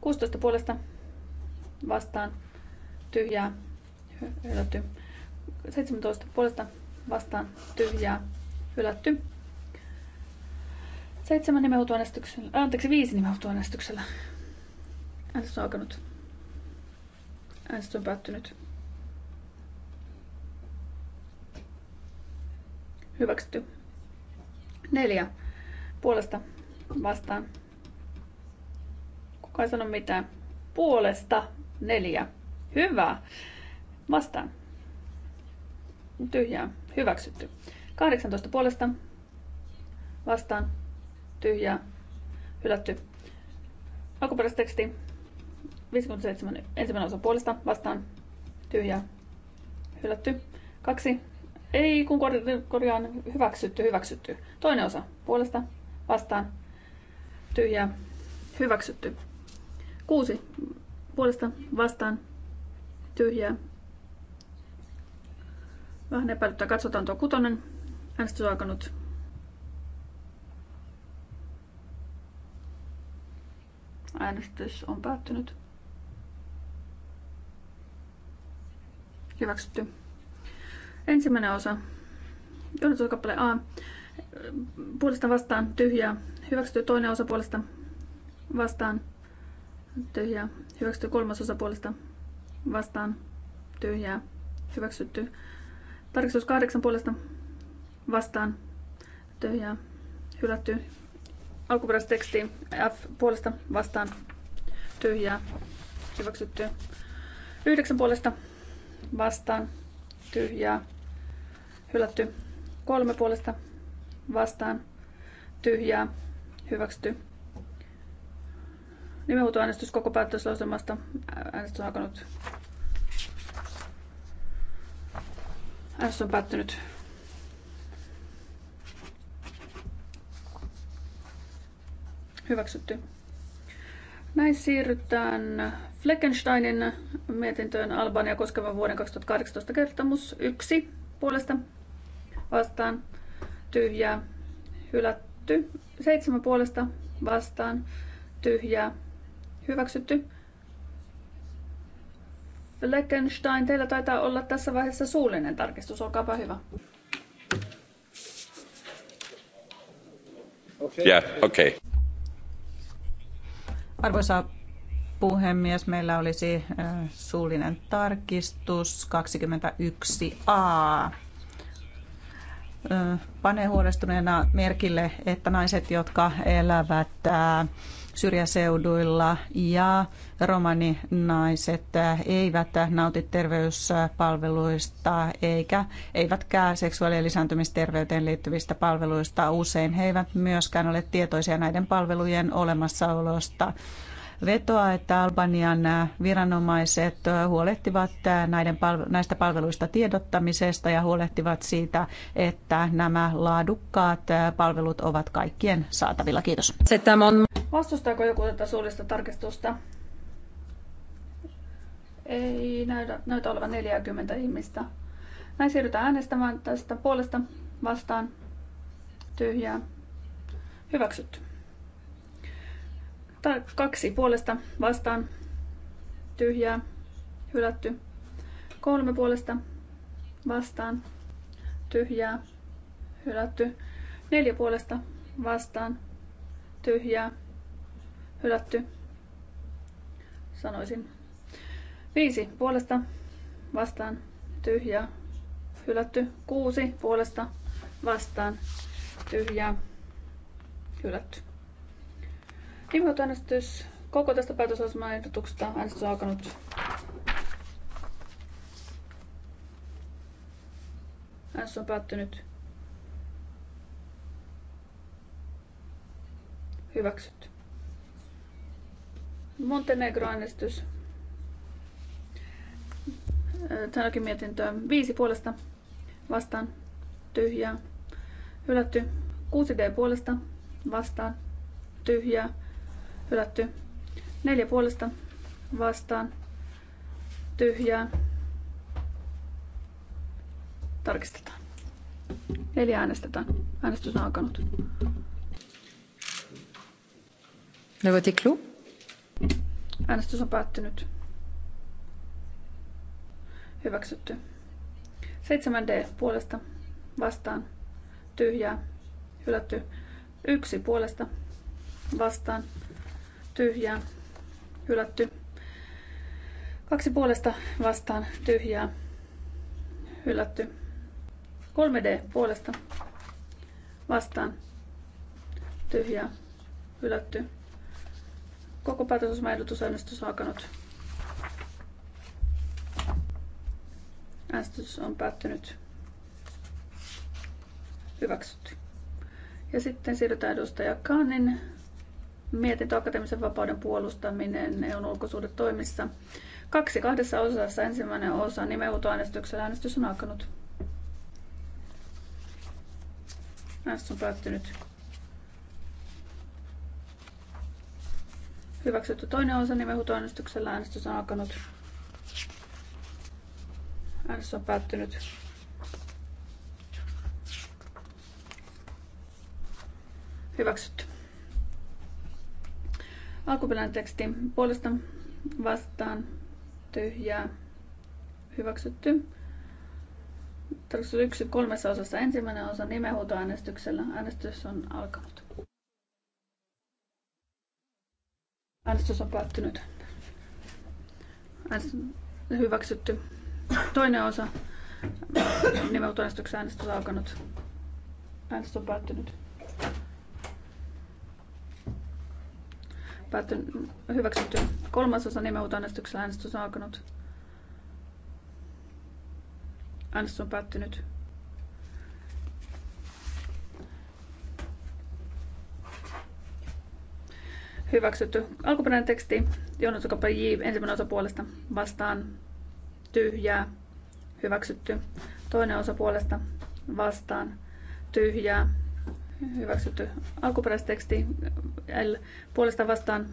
16 puolesta vastaan. Tyhjää. Hylätty. 17 puolesta vastaan tyhjää hylätty. Seitsemän nimenhuutoäänestyksellä, anteeksi viisi nimenhuutoäänestyksellä. Äänestys on alkanut. Äänestys on päättynyt. Hyväksytty. Neljä. Puolesta vastaan. Kuka ei sano mitään. Puolesta neljä. Hyvä. Vastaan tyhjää, hyväksytty. 18 puolesta vastaan, tyhjää, hylätty. Alkuperäisteksti 57, ensimmäinen osa puolesta vastaan, tyhjää, hylätty. Kaksi, ei kun korjaan, hyväksytty, hyväksytty. Toinen osa puolesta vastaan, tyhjää, hyväksytty. Kuusi, puolesta vastaan, tyhjää, Vähän epäilyttää. Katsotaan tuo kutonen. Äänestys on alkanut. Äänestys on päättynyt. Hyväksytty. Ensimmäinen osa. Johdatuskappale A. Puolesta vastaan tyhjää. Hyväksytty toinen osa puolesta vastaan tyhjää. Hyväksytty kolmas osa puolesta vastaan tyhjää. Hyväksytty Tarkistus kahdeksan puolesta vastaan tyhjää hylätty. Alkuperäisteksti F puolesta vastaan tyhjää hyväksytty. Yhdeksän puolesta vastaan tyhjää hylätty. Kolme puolesta vastaan tyhjää hyväksytty. Nimenhuutoäänestys koko päätöslauselmasta. Äänestys on alkanut Äänestys on päättynyt. Hyväksytty. Näin siirrytään Fleckensteinin mietintöön Albania koskevan vuoden 2018 kertomus. Yksi puolesta vastaan tyhjää hylätty. Seitsemän puolesta vastaan tyhjää hyväksytty. Leckenstein, teillä taitaa olla tässä vaiheessa suullinen tarkistus. Olkaapa hyvä. Yeah, okay. Arvoisa puhemies, meillä olisi suullinen tarkistus 21a. Pane huolestuneena merkille, että naiset, jotka elävät syrjäseuduilla ja romaninaiset eivät nauti terveyspalveluista eikä, eivätkä seksuaali- ja lisääntymisterveyteen liittyvistä palveluista. Usein he eivät myöskään ole tietoisia näiden palvelujen olemassaolosta vetoa, että Albanian äh, viranomaiset äh, huolehtivat äh, näiden näistä palveluista tiedottamisesta ja huolehtivat siitä, että nämä laadukkaat palvelut ovat kaikkien saatavilla. Kiitos. On... Vastustaako joku tätä suullista tarkistusta? Ei näytä, näytä olevan 40 ihmistä. Näin siirrytään äänestämään tästä puolesta vastaan. Tyhjää. Hyväksytty kaksi puolesta vastaan tyhjää, hylätty. Kolme puolesta vastaan tyhjää, hylätty. Neljä puolesta vastaan tyhjää, hylätty. Sanoisin. Viisi puolesta vastaan tyhjää, hylätty. Kuusi puolesta vastaan tyhjää, hylätty. Nimenhuutoäänestys koko tästä päätösasemaehdotuksesta. Äänestys on alkanut. Äänestys on päättynyt. Hyväksytty. Montenegro-äänestys. Äh, tänäkin mietintö. Viisi puolesta vastaan. Tyhjää. Hylätty. 6D puolesta vastaan. Tyhjää hylätty. Neljä puolesta vastaan tyhjää. Tarkistetaan. Neljä äänestetään. Äänestys on alkanut. Le vote clos. Äänestys on päättynyt. Hyväksytty. 7D puolesta vastaan tyhjää. Hylätty. Yksi puolesta vastaan tyhjää, hylätty. Kaksi puolesta vastaan tyhjää, hylätty. 3D puolesta vastaan tyhjää, hylätty. Koko päätösosmaehdotusäänestys alkanut. Äänestys on päättynyt. Hyväksytty. Ja sitten siirrytään edustaja Kaanin mietintö akateemisen vapauden puolustaminen EUn ulkosuhdetoimissa. Kaksi kahdessa osassa. Ensimmäinen osa nimenhuutoäänestyksellä. Äänestys on alkanut. Äänestys on päättynyt. Hyväksytty toinen osa nimenhuutoäänestyksellä. Äänestys on alkanut. Äänestys on päättynyt. Hyväksytty. Alkuperäinen teksti puolesta vastaan tyhjää hyväksytty. Tarkoitus yksi kolmessa osassa ensimmäinen osa nimenhuutoäänestyksellä. Äänestys on alkanut. Äänestys on päättynyt. Äänestys on hyväksytty. Toinen osa nimenhuutoäänestyksen äänestys on alkanut. Äänestys on päättynyt. Päättynyt, hyväksytty. Kolmasosa nimenhuutoäänestyksellä äänestys on alkanut. Äänestys on päättynyt. Hyväksytty. Alkuperäinen teksti. Jonotukapa J. Ensimmäinen osa puolesta. Vastaan. Tyhjää. Hyväksytty. Toinen osa puolesta. Vastaan. Tyhjää hyväksytty alkuperäisteksti L puolesta vastaan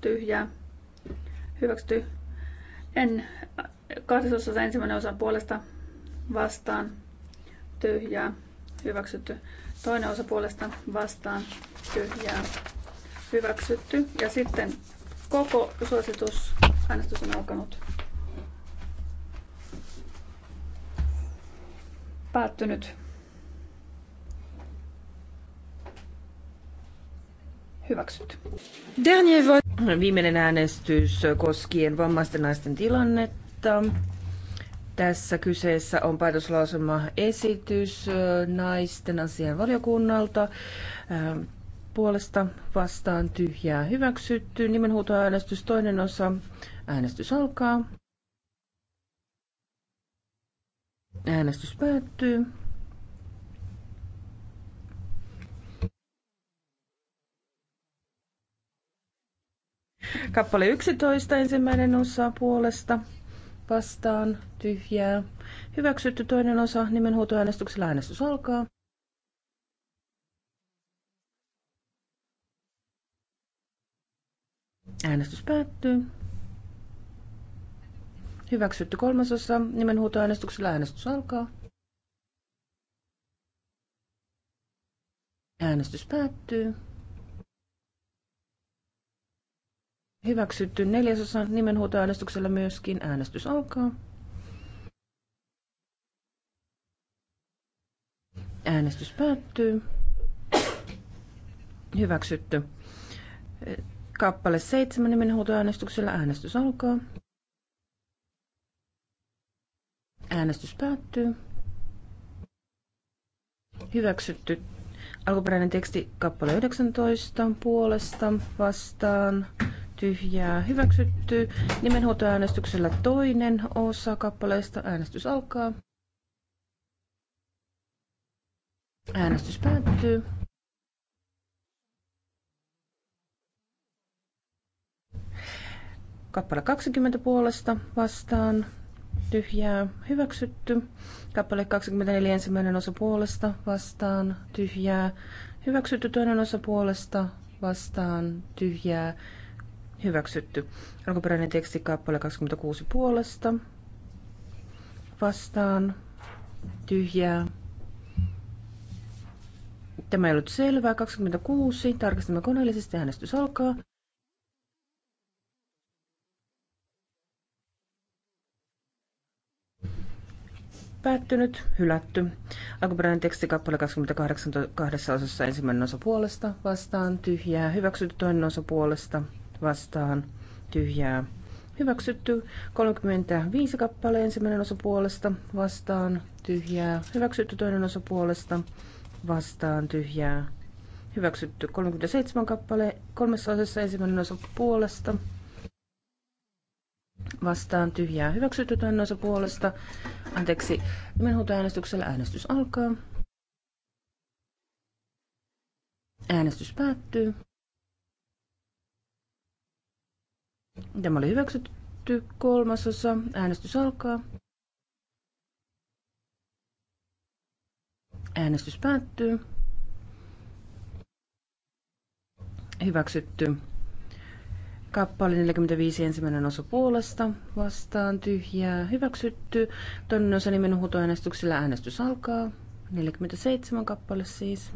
tyhjää hyväksytty N kahdesosa ensimmäinen osa puolesta vastaan tyhjää hyväksytty toinen osa puolesta vastaan tyhjää hyväksytty ja sitten koko suositus äänestys on alkanut päättynyt Viimeinen äänestys koskien vammaisten naisten tilannetta. Tässä kyseessä on päätöslausuma esitys äh, naisten asian valiokunnalta. Ähm, puolesta vastaan tyhjää hyväksytty. Nimenhuutoäänestys toinen osa. Äänestys alkaa. Äänestys päättyy. Kappale 11, ensimmäinen osa puolesta vastaan, tyhjää. Hyväksytty toinen osa, nimenhuutoäänestyksellä äänestys alkaa. Äänestys päättyy. Hyväksytty kolmasosa, nimenhuutoäänestyksellä äänestys alkaa. Äänestys päättyy. Hyväksytty neljäsosa nimenhuutoäänestyksellä myöskin. Äänestys alkaa. Äänestys päättyy. Hyväksytty. Kappale seitsemän nimenhuutoäänestyksellä. Äänestys alkaa. Äänestys päättyy. Hyväksytty. Alkuperäinen teksti kappale 19 puolesta vastaan tyhjää hyväksytty. Nimenhuoltoäänestyksellä toinen osa kappaleesta. Äänestys alkaa. Äänestys päättyy. Kappale 20 puolesta vastaan tyhjää hyväksytty. Kappale 24 ensimmäinen osa puolesta vastaan tyhjää hyväksytty toinen osa puolesta vastaan tyhjää hyväksytty. Alkuperäinen teksti kappale 26 puolesta. Vastaan. Tyhjää. Tämä ei ollut selvää. 26. Tarkistamme koneellisesti. Äänestys alkaa. Päättynyt, hylätty. Alkuperäinen kappale 28 kahdessa osassa ensimmäinen osa puolesta, vastaan, tyhjää, hyväksytty toinen osa puolesta, vastaan tyhjää. Hyväksytty 35 kappale ensimmäinen osa puolesta vastaan tyhjää. Hyväksytty toinen osa puolesta vastaan tyhjää. Hyväksytty 37 kappale kolmessa osassa ensimmäinen osa puolesta vastaan tyhjää. Hyväksytty toinen osa puolesta. Anteeksi, äänestyksellä äänestys alkaa. Äänestys päättyy. Tämä oli hyväksytty kolmasosa. Äänestys alkaa. Äänestys päättyy. Hyväksytty. Kappale 45 ensimmäinen osa puolesta vastaan tyhjää. Hyväksytty. Toinen osa nimen huutoäänestyksellä äänestys alkaa. 47 kappale siis.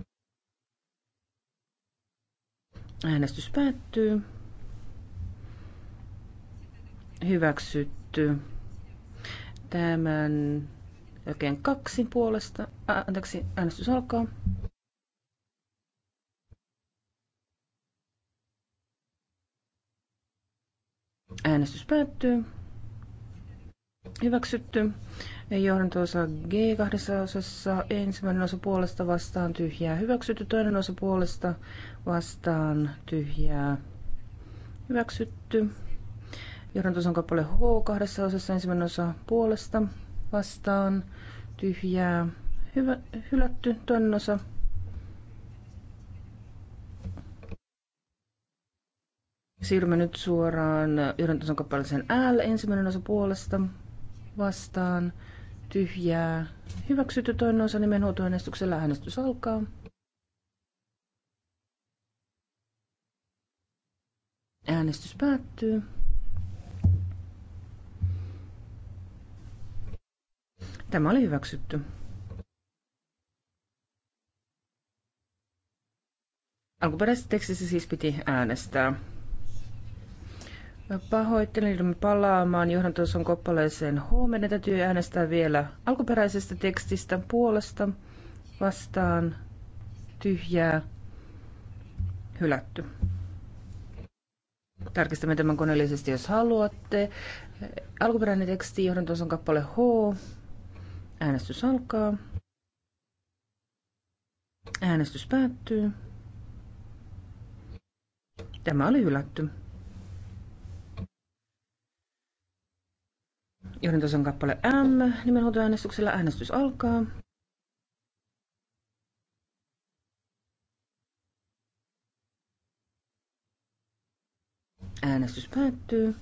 Äänestys päättyy hyväksytty. Tämän jälkeen kaksi puolesta. Ä, anteeksi, äänestys alkaa. Äänestys päättyy. Hyväksytty. Johdon tuossa G kahdessa osassa. Ensimmäinen osa puolesta vastaan tyhjää. Hyväksytty. Toinen osa puolesta vastaan tyhjää. Hyväksytty. Johdantos on kappale H kahdessa osassa. Ensimmäinen osa puolesta vastaan tyhjää hyvä, hylätty. Toinen osa Siirrymme nyt suoraan johdantason kappaleeseen L. Ensimmäinen osa puolesta vastaan tyhjää. Hyväksytty toinen osa nimenhuutoäänestyksellä. Äänestys alkaa. Äänestys päättyy. Tämä oli hyväksytty. Alkuperäisessä tekstissä siis piti äänestää. Pahoittelen, joudumme palaamaan johdantoson koppaleeseen H. Meidän täytyy äänestää vielä alkuperäisestä tekstistä puolesta vastaan tyhjää hylätty. Tarkistamme tämän koneellisesti, jos haluatte. Alkuperäinen teksti johdantoson kappale H Äänestys alkaa. Äänestys päättyy. Tämä oli hylätty. tason kappale M. Nimenhuoltoäänestyksellä äänestys alkaa. Äänestys päättyy.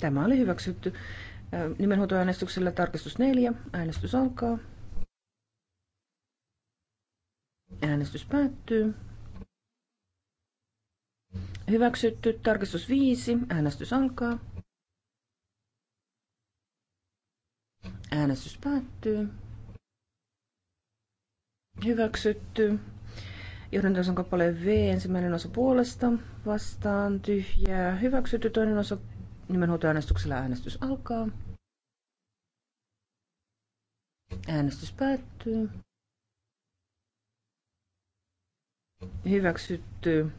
Tämä oli hyväksytty. Nimenhuutoäänestyksellä tarkistus 4. Äänestys alkaa. Äänestys päättyy. Hyväksytty. Tarkistus 5. Äänestys alkaa. Äänestys päättyy. Hyväksytty. Johdantosan kappale V, ensimmäinen osa puolesta, vastaan, tyhjää, hyväksytty, toinen osa Nimenhuutoäänestyksellä äänestys alkaa. Äänestys päättyy. Hyväksytty.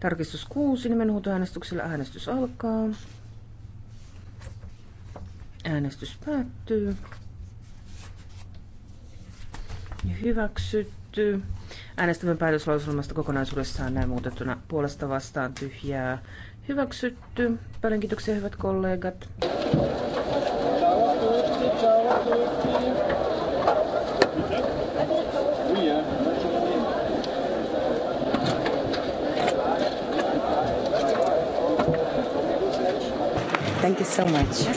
Tarkistus 6. Nimenhuutoäänestyksellä äänestys alkaa. Äänestys päättyy. Hyväksytty. Äänestämme päätöslauselmasta kokonaisuudessaan näin muutettuna puolesta vastaan tyhjää Hyväksytty. Paljon kiitoksia hyvät kollegat. Thank you so much.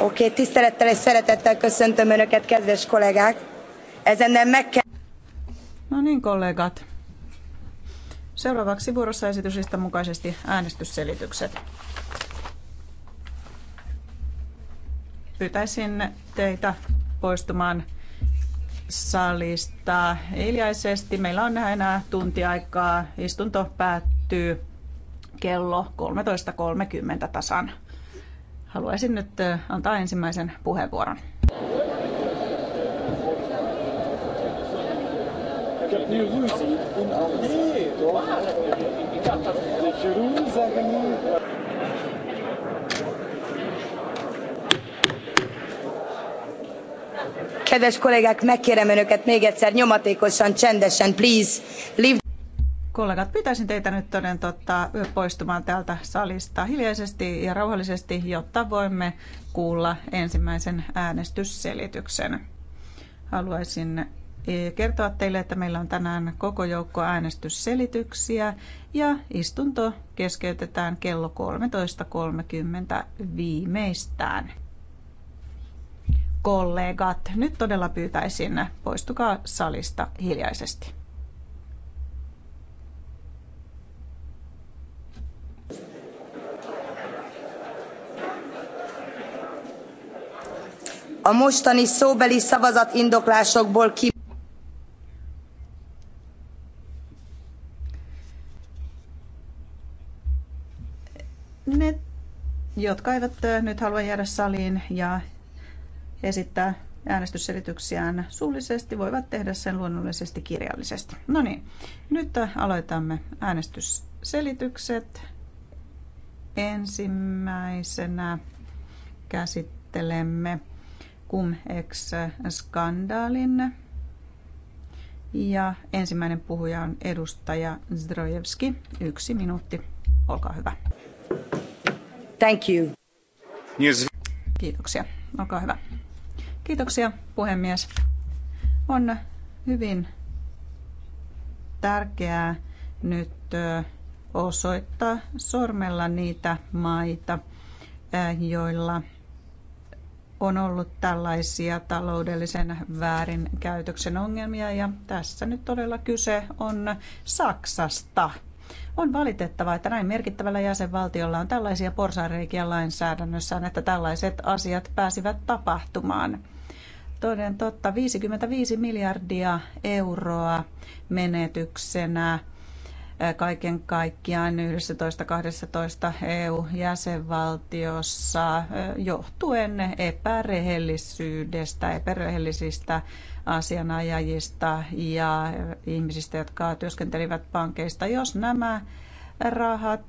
Oké, okay, tisztelettel és szeretettel köszöntöm Önöket, kedves kollégák. Ezennel meg kell... No niin, kollégat. Seuraavaksi vuorossa esityslistan mukaisesti äänestysselitykset. Pyytäisin teitä poistumaan salista hiljaisesti. Meillä on enää tunti aikaa. Istunto päättyy kello 13.30 tasan. Haluaisin nyt äh, antaa ensimmäisen puheenvuoron. Capnir Rusi und auch nee, Jerusalem. Kedves kollégák, megkérem önöket még egyszer nyomatékosan, csendesen, please, leave kollegat, pyytäisin teitä nyt toden totta poistumaan täältä salista hiljaisesti ja rauhallisesti, jotta voimme kuulla ensimmäisen äänestysselityksen. Haluaisin kertoa teille, että meillä on tänään koko joukko äänestysselityksiä ja istunto keskeytetään kello 13.30 viimeistään. Kollegat, nyt todella pyytäisin, poistukaa salista hiljaisesti. A mostani szóbeli szavazat indoklásokból ki jotka eivät nyt halua jäädä saliin ja esittää äänestysselityksiään suullisesti, voivat tehdä sen luonnollisesti kirjallisesti. No niin, nyt aloitamme äänestysselitykset. Ensimmäisenä käsittelemme cum ex skandaalin ja ensimmäinen puhuja on edustaja Zdrojevski. Yksi minuutti, olkaa hyvä. Thank you. Kiitoksia. Olkaa hyvä. Kiitoksia puhemies. On hyvin tärkeää nyt osoittaa sormella niitä maita, joilla on ollut tällaisia taloudellisen väärinkäytöksen ongelmia ja tässä nyt todella kyse on Saksasta. On valitettavaa, että näin merkittävällä jäsenvaltiolla on tällaisia porsareikiä lainsäädännössään, että tällaiset asiat pääsivät tapahtumaan. Toden totta, 55 miljardia euroa menetyksenä eh, kaiken kaikkiaan 11-12 EU-jäsenvaltiossa eh, johtuen epärehellisyydestä, epärehellisistä asianajajista ja ihmisistä, jotka työskentelivät pankeista. Jos nämä rahat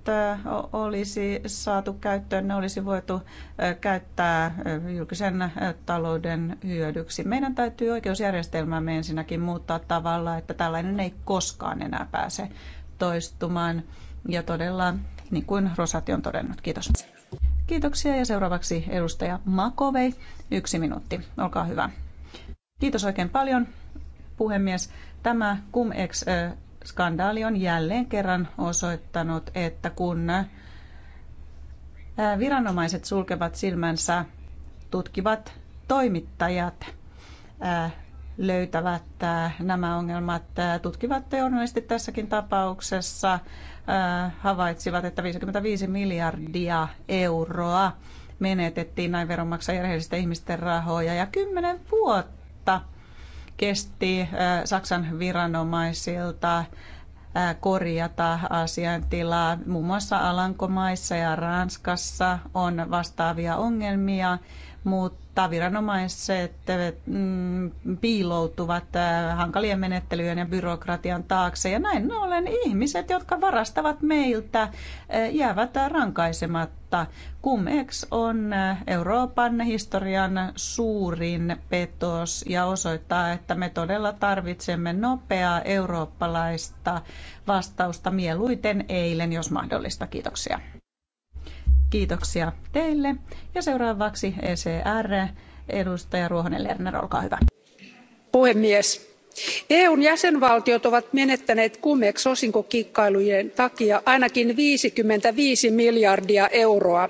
olisi saatu käyttöön, ne olisi voitu käyttää julkisen talouden hyödyksi. Meidän täytyy oikeusjärjestelmämme ensinnäkin muuttaa tavalla, että tällainen ei koskaan enää pääse toistumaan. Ja todella, niin kuin Rosati on todennut, kiitos. Kiitoksia ja seuraavaksi edustaja Makovei. Yksi minuutti, olkaa hyvä. Kiitos oikein paljon, puhemies. Tämä ex skandaali on jälleen kerran osoittanut, että kun viranomaiset sulkevat silmänsä, tutkivat toimittajat löytävät nämä ongelmat, tutkivat journalistit tässäkin tapauksessa, havaitsivat, että 55 miljardia euroa menetettiin näin veronmaksajien ihmisten rahoja ja 10 vuotta vuotta kesti äh, Saksan viranomaisilta äh, korjata asiantilaa. Muun muassa Alankomaissa ja Ranskassa on vastaavia ongelmia, mutta viranomaiset mm, piiloutuvat äh, hankalien menettelyjen ja byrokratian taakse. Ja näin ollen ihmiset, jotka varastavat meiltä, äh, jäävät rankaisematta. Cum-ex on äh, Euroopan historian suurin petos ja osoittaa, että me todella tarvitsemme nopeaa eurooppalaista vastausta mieluiten eilen, jos mahdollista. Kiitoksia. Kiitoksia teille. Ja seuraavaksi ECR, edustaja Ruohonen Lerner, olkaa hyvä. Puhemies, EUn jäsenvaltiot ovat menettäneet Cumex osinkokikkailujen takia ainakin 55 miljardia euroa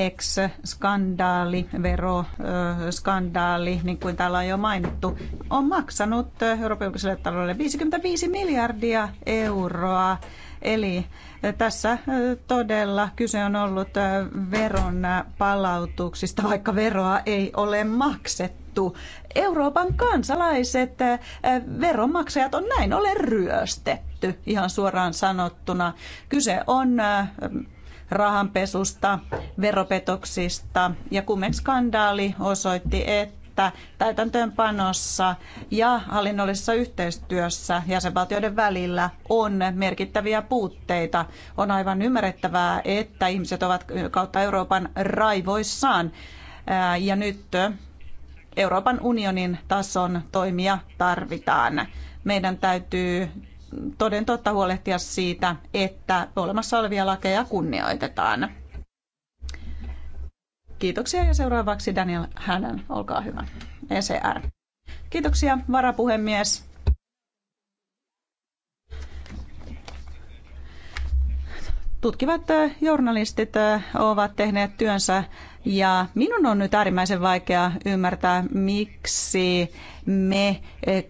Ex-skandaali, veroskandaali, niin kuin täällä on jo mainittu, on maksanut Euroopan julkiselle taloudelle 55 miljardia euroa. Eli tässä todella kyse on ollut veron palautuksista, vaikka veroa ei ole maksettu. Euroopan kansalaiset, veronmaksajat on näin ollen ryöstetty, ihan suoraan sanottuna. Kyse on rahanpesusta, veropetoksista ja Cumex-skandaali osoitti, että täytäntöönpanossa ja hallinnollisessa yhteistyössä jäsenvaltioiden välillä on merkittäviä puutteita. On aivan ymmärrettävää, että ihmiset ovat kautta Euroopan raivoissaan ja nyt Euroopan unionin tason toimia tarvitaan. Meidän täytyy toden totta huolehtia siitä, että olemassa olevia lakeja kunnioitetaan. Kiitoksia ja seuraavaksi Daniel Hänen, olkaa hyvä, ECR. Kiitoksia varapuhemies. Tutkivat journalistit ovat tehneet työnsä ja minun on nyt äärimmäisen vaikea ymmärtää, miksi me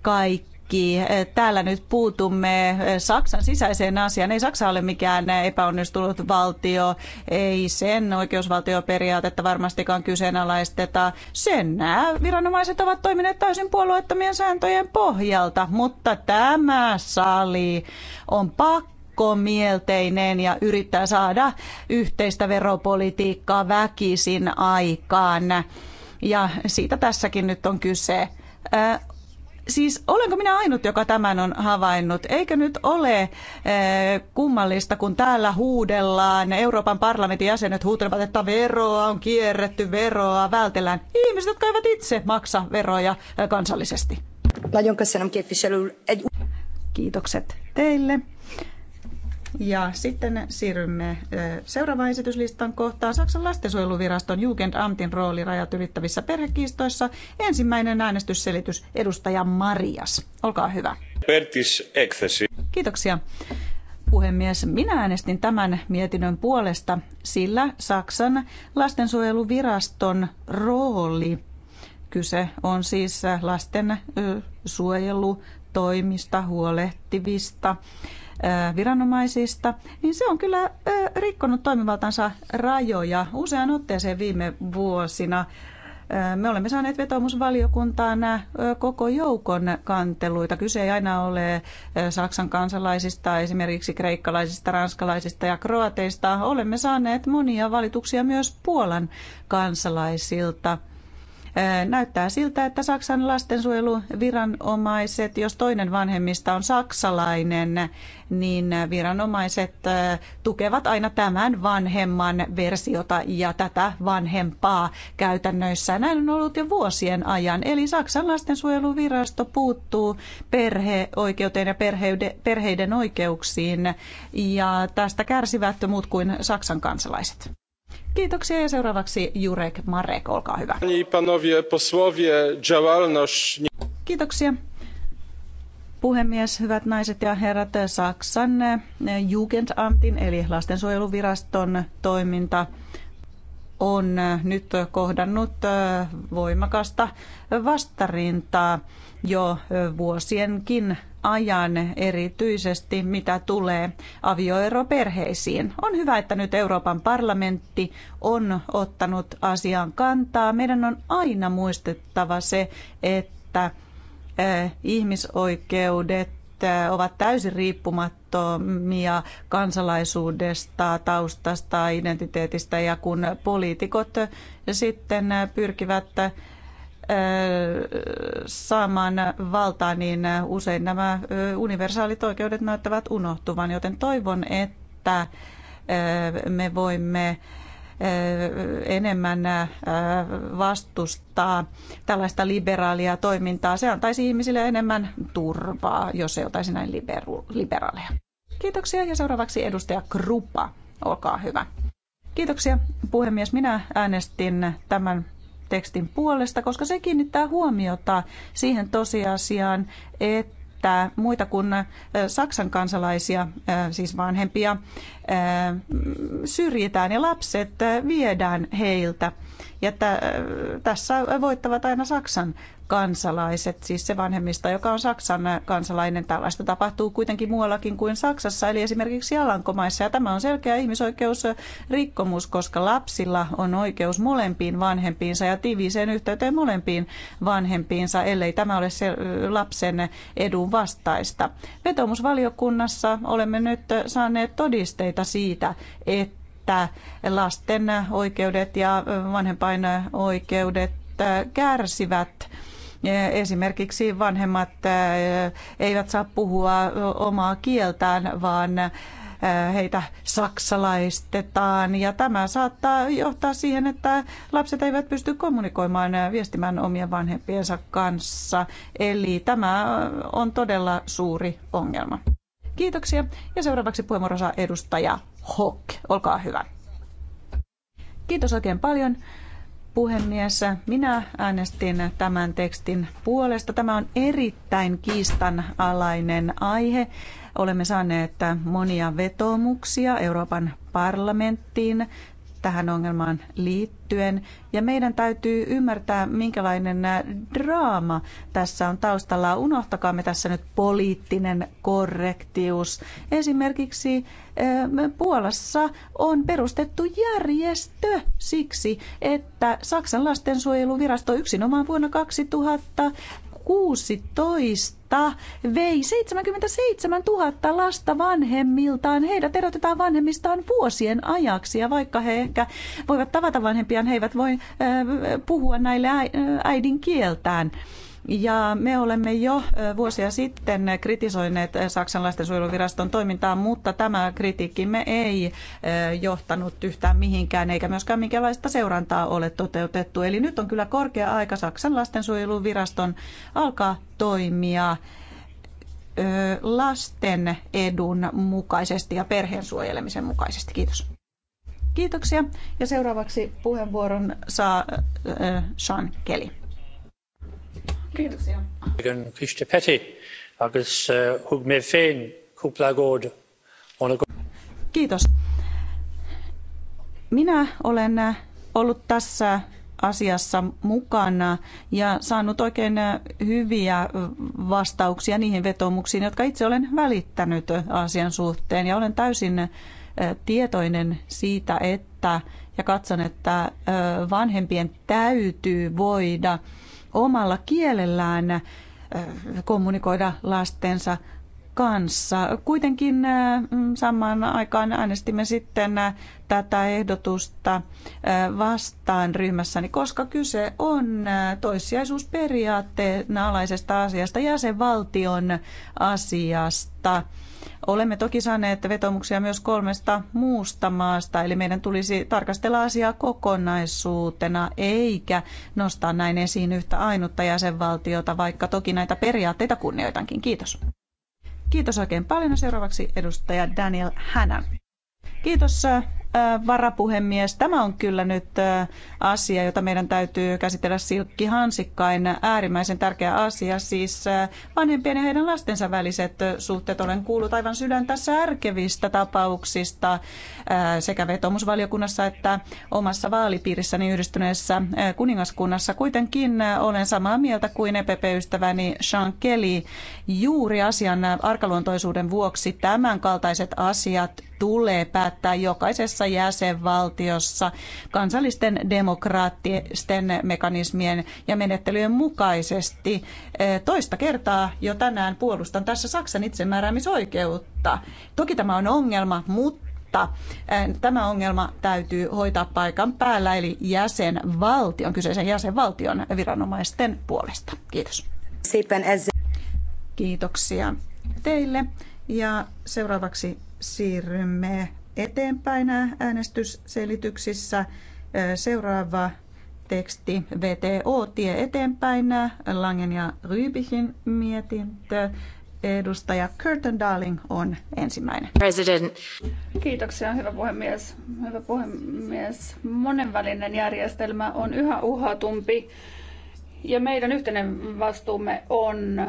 kaikki kaikki täällä nyt puutumme Saksan sisäiseen asiaan. Ei Saksa ole mikään epäonnistunut valtio, ei sen oikeusvaltioperiaatetta varmastikaan kyseenalaisteta. Sen nämä viranomaiset ovat toimineet täysin puolueettomien sääntöjen pohjalta, mutta tämä sali on pakko mielteinen ja yrittää saada yhteistä veropolitiikkaa väkisin aikaan. Ja siitä tässäkin nyt on kyse. Siis olenko minä ainut, joka tämän on havainnut? Eikö nyt ole e, kummallista, kun täällä huudellaan, Euroopan parlamentin jäsenet huutelevat, että veroa on kierretty, veroa vältellään. Ihmiset, jotka eivät itse maksa veroja eh, kansallisesti. Kiitokset teille. Ja sitten siirrymme seuraavaan esityslistan kohtaan. Saksan lastensuojeluviraston Amtin rooli rajat ylittävissä perhekiistoissa. Ensimmäinen äänestysselitys edustaja Marias. Olkaa hyvä. Pertis ekthesi. Kiitoksia. Puhemies, minä äänestin tämän mietinnön puolesta, sillä Saksan lastensuojeluviraston rooli Kyse on siis lastensuojelutoimista huolehtivista viranomaisista, niin se on kyllä rikkonut toimivaltansa rajoja usean otteeseen viime vuosina. Me olemme saaneet vetomusvaliokuntaan koko joukon kanteluita. Kyse ei aina ole Saksan kansalaisista, esimerkiksi kreikkalaisista, ranskalaisista ja kroateista. Olemme saaneet monia valituksia myös Puolan kansalaisilta. Näyttää siltä, että Saksan lastensuojeluviranomaiset, jos toinen vanhemmista on saksalainen, niin viranomaiset tukevat aina tämän vanhemman versiota ja tätä vanhempaa käytännöissä. Näin on ollut jo vuosien ajan. Eli Saksan lastensuojeluvirasto puuttuu perheoikeuteen ja perheiden oikeuksiin ja tästä kärsivät muut kuin Saksan kansalaiset. Kiitoksia ja seuraavaksi Jurek Marek, olkaa hyvä. Panowie posłowie, Kiitoksia. Puhemies, hyvät naiset ja herrat, Saksan eh, Jugendamtin eli lastensuojeluviraston toiminta on eh, nyt kohdannut eh, voimakasta vastarintaa jo vuosienkin ajan erityisesti, mitä tulee avioeroperheisiin. On hyvä, että nyt Euroopan parlamentti on ottanut asian kantaa. Meidän on aina muistettava se, että ihmisoikeudet ovat täysin riippumattomia kansalaisuudesta, taustasta, identiteetistä ja kun poliitikot sitten pyrkivät saamaan valtaa, niin usein nämä universaalit oikeudet näyttävät unohtuvan, joten toivon, että me voimme enemmän vastustaa tällaista liberaalia toimintaa. Se antaisi ihmisille enemmän turvaa, jos ei oltaisi näin liberaaleja. Kiitoksia ja seuraavaksi edustaja Krupa. Olkaa hyvä. Kiitoksia puhemies. Minä äänestin tämän tekstin puolesta, koska se kiinnittää huomiota siihen tosiasiaan, että että muita kuin Saksan kansalaisia, siis vanhempia, syrjitään ja lapset viedään heiltä. Ja tässä voittavat aina Saksan kansalaiset, siis se vanhemmista, joka on Saksan kansalainen. Tällaista tapahtuu kuitenkin muuallakin kuin Saksassa, eli esimerkiksi Alankomaissa. Ja tämä on selkeä ihmisoikeusrikkomus, koska lapsilla on oikeus molempiin vanhempiinsa ja tiiviiseen yhteyteen molempiin vanhempiinsa, ellei tämä ole se lapsen edun vastaista. Vetomusvaliokunnassa olemme nyt saaneet todisteita siitä, että että lasten oikeudet ja vanhempain oikeudet kärsivät. Esimerkiksi vanhemmat eivät saa puhua omaa kieltään, vaan heitä saksalaistetaan ja tämä saattaa johtaa siihen, että lapset eivät pysty kommunikoimaan ja viestimään omien vanhempiensa kanssa. Eli tämä on todella suuri ongelma. Kiitoksia. Ja seuraavaksi puheenvuoro saa edustaja Hock. Olkaa hyvä. Kiitos oikein paljon puhemies. Minä äänestin tämän tekstin puolesta. Tämä on erittäin kiistanalainen aihe. Olemme saaneet monia vetoomuksia Euroopan parlamenttiin tähän ongelmaan liittyen. Ja meidän täytyy ymmärtää, minkälainen draama tässä on taustalla. unohtakaa, me tässä nyt poliittinen korrektius. Esimerkiksi eh, Puolassa on perustettu järjestö siksi, että Saksan lastensuojeluvirasto yksinomaan vuonna 2000 2016 vei 77 000 lasta vanhemmiltaan. Heidät erotetaan vanhemmistaan vuosien ajaksi ja vaikka he ehkä voivat tavata vanhempiaan, he eivät voi äh, puhua näille äidinkieltään. kieltään ja me olemme jo vuosia sitten kritisoineet Saksan lastensuojeluviraston toimintaa, mutta tämä kritiikkimme ei johtanut yhtään mihinkään, eikä myöskään minkälaista seurantaa ole toteutettu. Eli nyt on kyllä korkea aika Saksan lastensuojeluviraston alkaa toimia lasten edun mukaisesti ja perheen suojelemisen mukaisesti. Kiitos. Kiitoksia. Ja seuraavaksi puheenvuoron saa Sean Kelly. Kiitoksia. Krista Peti, agus eh, hugme fein kuplagod. Kiitos. Minä olen eh, ollut tässä asiassa mukana ja saanut oikein eh, hyviä vastauksia niihin vetomuksiin, jotka itse olen välittänyt asian suhteen. Ja olen täysin tietoinen siitä, että ja katson, että vanhempien täytyy voida omalla kielellään äh, kommunikoida lastensa kanssa. Kuitenkin äh, mm, samaan aikaan äänestimme sitten äh, tätä ehdotusta vastaan ryhmässäni, koska kyse on toissijaisuusperiaatteen alaisesta asiasta, jäsenvaltion asiasta. Olemme toki saaneet vetomuksia myös kolmesta muusta maasta, eli meidän tulisi tarkastella asiaa kokonaisuutena, eikä nostaa näin esiin yhtä ainutta jäsenvaltiota, vaikka toki näitä periaatteita kunnioitankin. Kiitos. Kiitos oikein paljon. Seuraavaksi edustaja Daniel Hänä. Kiitos äh, varapuhemies, tämä on kyllä nyt asia, jota meidän täytyy käsitellä silkkihansikkain. Äärimmäisen tärkeä asia siis vanhempien ja heidän lastensa väliset suhteet. Olen kuullut aivan sydäntä särkevistä tapauksista sekä vetomusvaliokunnassa että omassa vaalipiirissäni yhdistyneessä kuningaskunnassa. Kuitenkin olen samaa mieltä kuin EPP-ystäväni Sean Kelly. Juuri asian arkaluontoisuuden vuoksi tämän kaltaiset asiat tulee päättää jokaisessa jäsenvaltiossa kansallisten demokraattisten mekanismien ja menettelyjen mukaisesti. Eh, toista kertaa jo tänään puolustan tässä Saksan itsemääräämisoikeutta. Toki tämä on ongelma, mutta eh, tämä ongelma täytyy hoitaa paikan päällä, eli jäsenvaltion, kyseisen jäsenvaltion viranomaisten puolesta. Kiitos. Kiitoksia teille. Ja seuraavaksi siirrymme eteenpäin äänestysselityksissä. Seuraava teksti VTO tie eteenpäin, Langen ja Rybihin mietintö. Edustaja Curtin Darling on ensimmäinen. President. Kiitoksia, hyvä puhemies. Hyvä puhemies. Monenvälinen järjestelmä on yhä uhatumpi ja meidän yhteinen vastuumme on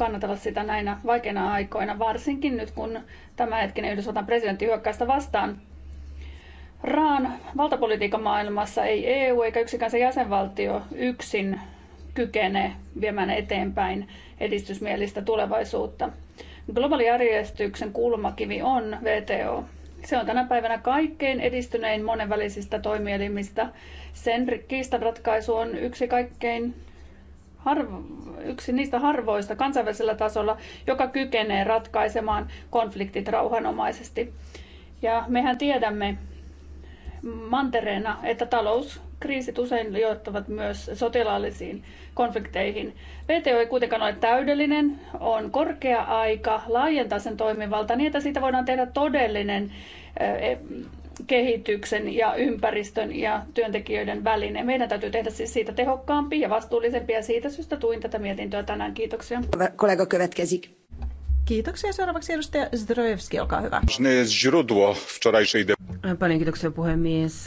kannatella sitä näinä vaikeina aikoina, varsinkin nyt kun tämä hetkinen Yhdysvaltain presidentti sitä vastaan. Raan valtapolitiikan maailmassa ei EU eikä yksikään se jäsenvaltio yksin kykene viemään eteenpäin edistysmielistä tulevaisuutta. Globaalijärjestyksen kulmakivi on VTO. Se on tänä päivänä kaikkein edistynein monenvälisistä toimielimistä. Sen kiistanratkaisu on yksi kaikkein harvo, yksi niistä harvoista kansainvälisellä tasolla, joka kykenee ratkaisemaan konfliktit rauhanomaisesti. Ja mehän tiedämme mantereena, että talouskriisit usein johtavat myös sotilaallisiin konflikteihin. VTO ei kuitenkaan ole täydellinen, on korkea aika laajentaa sen toimivalta niin, että siitä voidaan tehdä todellinen eh, kehityksen ja ympäristön ja työntekijöiden väline. Meidän täytyy tehdä siis siitä tehokkaampi ja vastuullisempi ja siitä syystä tuin tätä mietintöä tänään. Kiitoksia. Kollega Következik. Kiitoksia. Seuraavaksi edustaja Zdrojevski, olkaa hyvä. Paljon kiitoksia puhemies.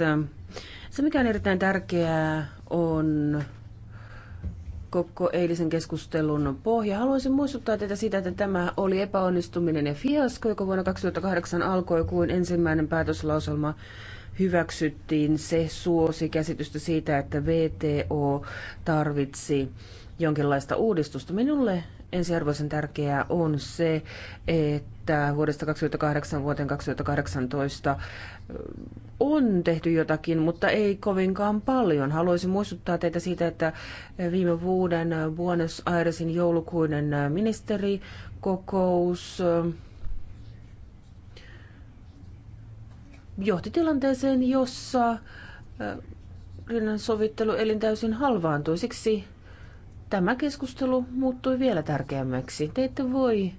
Se, mikä on erittäin tärkeää, on koko eilisen keskustelun pohja. Haluaisin muistuttaa teitä siitä, että tämä oli epäonnistuminen ja fiasko, joka vuonna 2008 alkoi, kun ensimmäinen päätöslauselma hyväksyttiin. Se suosi käsitystä siitä, että VTO tarvitsi jonkinlaista uudistusta. Minulle ensiarvoisen tärkeää on se, että vuodesta 2008 vuoteen 2018 on tehty jotakin, mutta ei kovinkaan paljon. Haluaisin muistuttaa teitä siitä, että viime vuoden Buenos Airesin joulukuinen ministerikokous eh, johti tilanteeseen, jossa eh, rinnan elin täysin halvaantui. Siksi tämä keskustelu muuttui vielä tärkeämmäksi. Te ette voi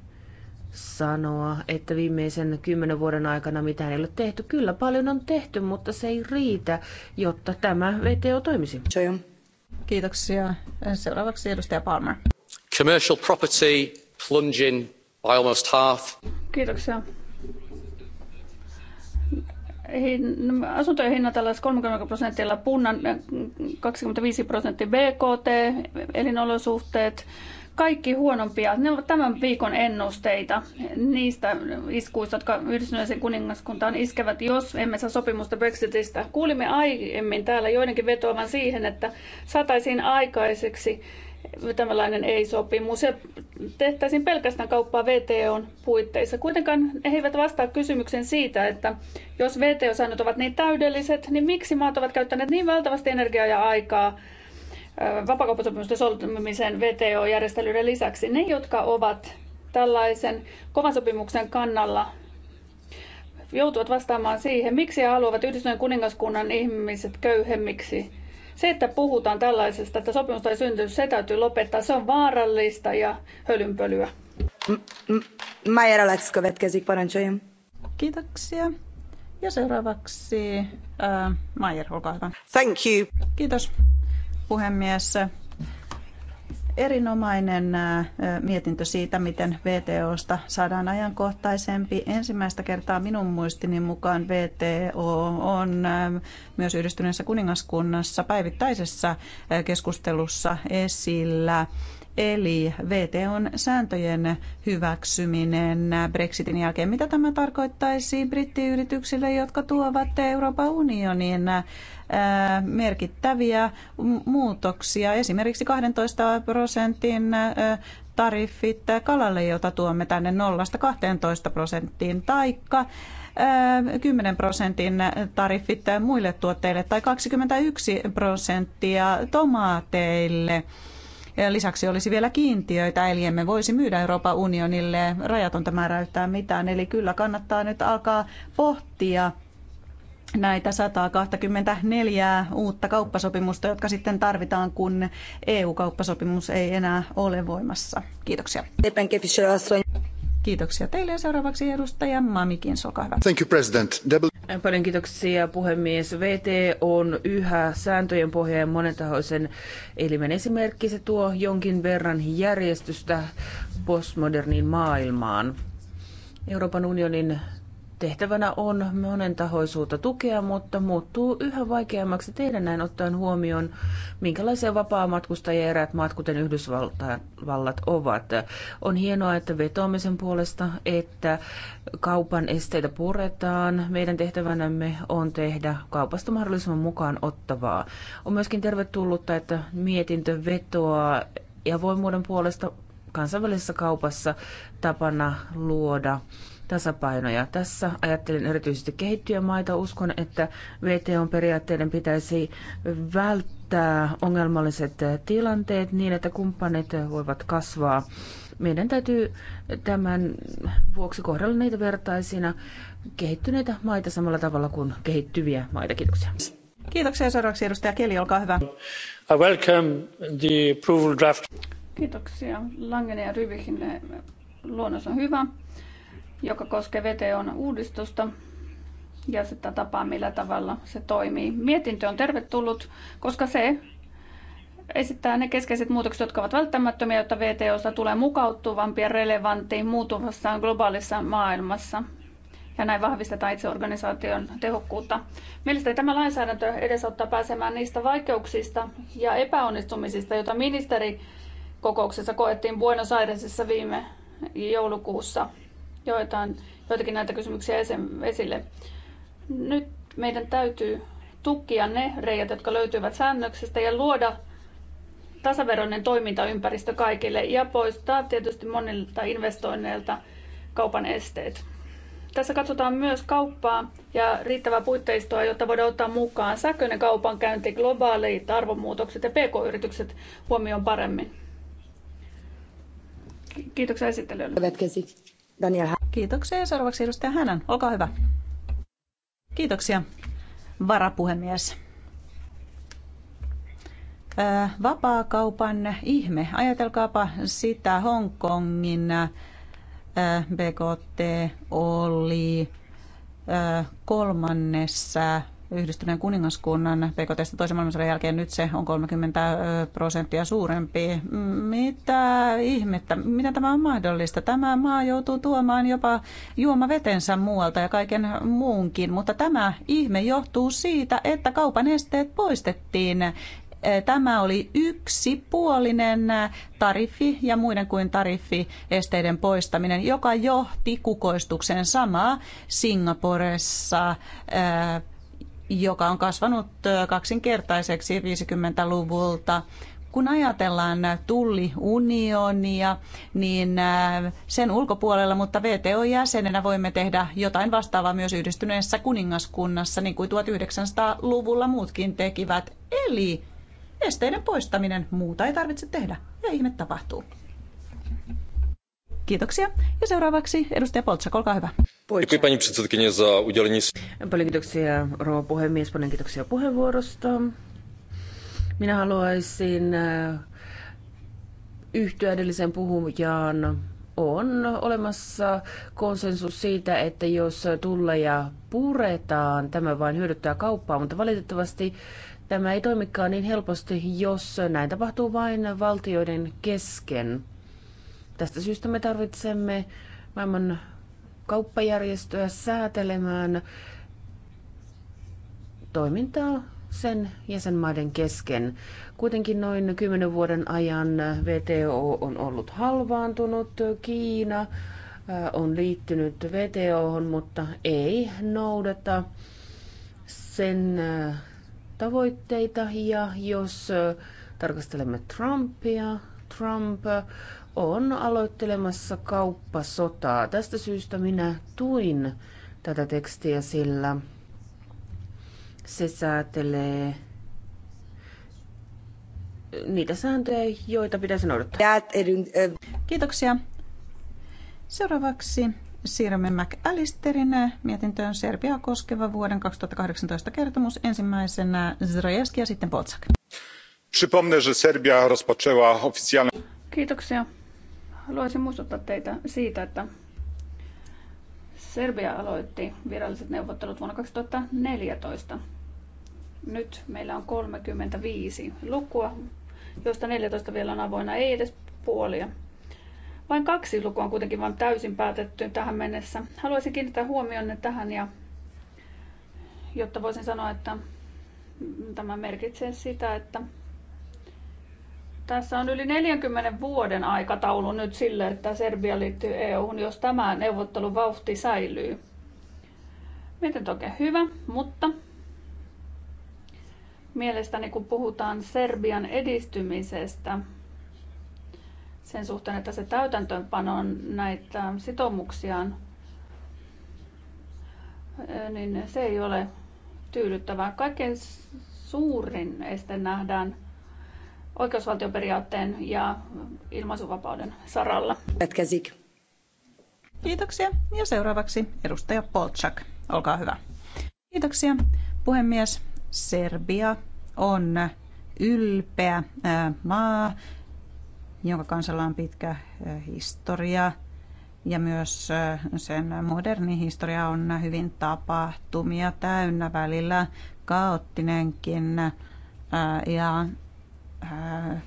sanoa, että viimeisen kymmenen vuoden aikana mitään ei ole tehty. Kyllä paljon on tehty, mutta se ei riitä, jotta tämä VTO toimisi. Kiitoksia. Seuraavaksi edustaja Palmer. Commercial property plunging by almost half. Kiitoksia. Asuntojen hinnat alas 30 prosentilla, punnan 25 prosenttia BKT, elinolosuhteet, kaikki huonompia. Ne ovat tämän viikon ennusteita niistä iskuista, jotka yhdistyneeseen kuningaskuntaan iskevät, jos emme saa sopimusta Brexitistä. Kuulimme aiemmin täällä joidenkin vetoavan siihen, että saataisiin aikaiseksi tämänlainen ei-sopimus ja tehtäisiin pelkästään kauppaa VTOn puitteissa. Kuitenkaan he eivät vastaa kysymykseen siitä, että jos VTO-säännöt ovat niin täydelliset, niin miksi maat ovat käyttäneet niin valtavasti energiaa ja aikaa vapakauppasopimusten solmimisen VTO-järjestelyiden lisäksi. Ne, jotka ovat tällaisen kovan sopimuksen kannalla, joutuvat vastaamaan siihen, miksi he haluavat Yhdistyneen kuningaskunnan ihmiset köyhemmiksi. Se, että puhutaan tällaisesta, että sopimusta ei syntynyt, se täytyy lopettaa. Se on vaarallista ja hölynpölyä. Maija Ralex következik, parancsoljon. Kiitoksia. Ja seuraavaksi äh, Maier, olkaa hyvä. Thank you. Kiitos puhemies. Erinomainen äh, mietintö siitä, miten VTOsta saadaan ajankohtaisempi. Ensimmäistä kertaa minun muistini mukaan VTO on äh, myös yhdistyneessä kuningaskunnassa päivittäisessä äh, keskustelussa esillä. Eli VTOn sääntöjen hyväksyminen Brexitin jälkeen. Mitä tämä tarkoittaisi brittiyrityksille, jotka tuovat Euroopan unionin äh, merkittäviä muutoksia, esimerkiksi 12 prosentin äh, tariffit kalalle, jota tuomme tänne 0-12 prosenttiin, taikka 10 äh, prosentin tariffit muille tuotteille tai 21 prosenttia tomaateille – Lisäksi olisi vielä kiintiöitä, eli emme voisi myydä Euroopan unionille rajatonta määrää yhtään mitään. Eli kyllä kannattaa nyt alkaa pohtia näitä 124 uutta kauppasopimusta, jotka sitten tarvitaan, kun EU-kauppasopimus ei enää ole voimassa. Kiitoksia. Kiitoksia teille ja seuraavaksi edustaja Mamikin, olkaa hyvä. Thank you, President. Paljon kiitoksia puhemies. VT on yhä sääntöjen pohjaan monentahoisen elimen esimerkki. Se tuo jonkin verran järjestystä postmoderniin maailmaan. Euroopan unionin Tehtävänä on monentahoisuutta tukea, mutta muuttuu yhä vaikeammaksi tehdä näin ottaen huomioon, minkälaisia vapaa-matkustajia eräät maat, kuten Yhdysvallat, ovat. On hienoa, että vetoamisen puolesta, että kaupan esteitä puretaan. Meidän tehtävänämme on tehdä kaupasta mahdollisimman mukaan ottavaa. On myöskin tervetullutta, että mietintö vetoaa ja voimuuden puolesta kansainvälisessä kaupassa tapana luoda tasapainoja. Tässä ajattelin erityisesti kehittyjä maita. Uskon, että VTOn periaatteiden pitäisi välttää ongelmalliset tilanteet niin, että kumppanit voivat kasvaa. Meidän täytyy tämän vuoksi kohdella niitä vertaisina kehittyneitä maita samalla tavalla kuin kehittyviä maita. Kiitoksia. Kiitoksia. Seuraavaksi edustaja Keli, olkaa hyvä. I welcome the approval draft. Kiitoksia Langen ja Ryvikin luonnos on hyvä joka koskee VTOn uudistusta ja sitä tapaa, millä tavalla se toimii. Mietintö on tervetullut, koska se esittää ne keskeiset muutokset, jotka ovat välttämättömiä, jotta VTOsta tulee mukautuvampi ja relevantti muutuvassa globaalissa maailmassa. Ja näin vahvistetaan itse organisaation tehokkuutta. Mielestäni tämä lainsäädäntö edesauttaa pääsemään niistä vaikeuksista ja epäonnistumisista, joita ministerikokouksessa koettiin Buenos Airesissa viime joulukuussa joitain, joitakin näitä kysymyksiä esille. Nyt meidän täytyy tukkia ne reijät, jotka löytyvät säännöksestä ja luoda tasaveroinen toimintaympäristö kaikille ja poistaa tietysti monilta investoinneilta kaupan esteet. Tässä katsotaan myös kauppaa ja riittävää puitteistoa, jotta voidaan ottaa mukaan sähköinen kaupankäynti, globaalit arvomuutokset ja pk-yritykset huomioon paremmin. Kiitoksia esittelijöille. Daniel. Kiitoksia ja seuraavaksi edustaja Hänän. Olkaa hyvä. Kiitoksia, varapuhemies. Vapaakaupan ihme. Ajatelkaapa sitä Hongkongin BKT oli kolmannessa yhdistyneen kuningaskunnan PKT toisen maailmansodan jälkeen. Nyt se on 30 prosenttia suurempi. Mitä ihmettä? Mitä tämä on mahdollista? Tämä maa joutuu tuomaan jopa juomavetensä muualta ja kaiken muunkin, mutta tämä ihme johtuu siitä, että kaupan esteet poistettiin tämä oli yksipuolinen tariffi ja muiden kuin tariffiesteiden poistaminen, joka johti kukoistukseen samaa Singaporessa joka on kasvanut kaksinkertaiseksi 50-luvulta. Kun ajatellaan tulliunionia, niin sen ulkopuolella, mutta VTO-jäsenenä voimme tehdä jotain vastaavaa myös yhdistyneessä kuningaskunnassa, niin kuin 1900-luvulla muutkin tekivät. Eli esteiden poistaminen, muuta ei tarvitse tehdä ja ihme tapahtuu. Kiitoksia. Ja seuraavaksi edustaja Poltsa, olkaa hyvä. Paljon kiitoksia rouva puhemies, paljon kiitoksia puheenvuorosta. Minä haluaisin äh, yhtyä edelliseen puhujaan on olemassa konsensus siitä, että jos tulleja puretaan, tämä vain hyödyttää kauppaa, mutta valitettavasti tämä ei toimikaan niin helposti, jos näin tapahtuu vain valtioiden kesken. Tästä syystä me tarvitsemme maailman kauppajärjestöä säätelemään toimintaa sen jäsenmaiden kesken. Kuitenkin noin kymmenen vuoden ajan VTO on ollut halvaantunut, Kiina äh, on liittynyt VTO, mutta ei noudata sen äh, tavoitteita. Ja jos äh, tarkastelemme Trumpia, Trump on aloittelemassa kauppasotaa. Tästä syystä minä tuin tätä tekstiä, sillä se säätelee niitä sääntöjä, joita pitäisi noudattaa. Kiitoksia. Seuraavaksi siirrymme McAllisterin mietintöön Serbiaa koskeva vuoden 2018 kertomus ensimmäisenä Zrajewski ja sitten Polsak. Przypomnę, że Serbia rozpoczęła Kiitoksia haluaisin muistuttaa teitä siitä, että Serbia aloitti viralliset neuvottelut vuonna 2014. Nyt meillä on 35 lukua, joista 14 vielä on avoinna, ei edes puolia. Vain kaksi lukua on kuitenkin vain täysin päätetty tähän mennessä. Haluaisin kiinnittää huomionne tähän, ja, jotta voisin sanoa, että tämä merkitsee sitä, että tässä on yli 40 vuoden aikataulu nyt sille, että Serbia liittyy EU-hun, jos tämä neuvotteluvauhti säilyy. Miten oikein hyvä, mutta mielestäni kun puhutaan Serbian edistymisestä sen suhteen, että se on näitä sitoumuksiaan, niin se ei ole tyydyttävää. Kaikkein suurin este nähdään oikeusvaltioperiaatteen ja ilmaisuvapauden saralla. Pätkäsik. Kiitoksia. Ja seuraavaksi edustaja Polchak. Olkaa hyvä. Kiitoksia, puhemies. Serbia on ylpeä maa, jonka kansalla on pitkä historia ja myös sen moderni historia on hyvin tapahtumia täynnä välillä kaoottinenkin ja Äh,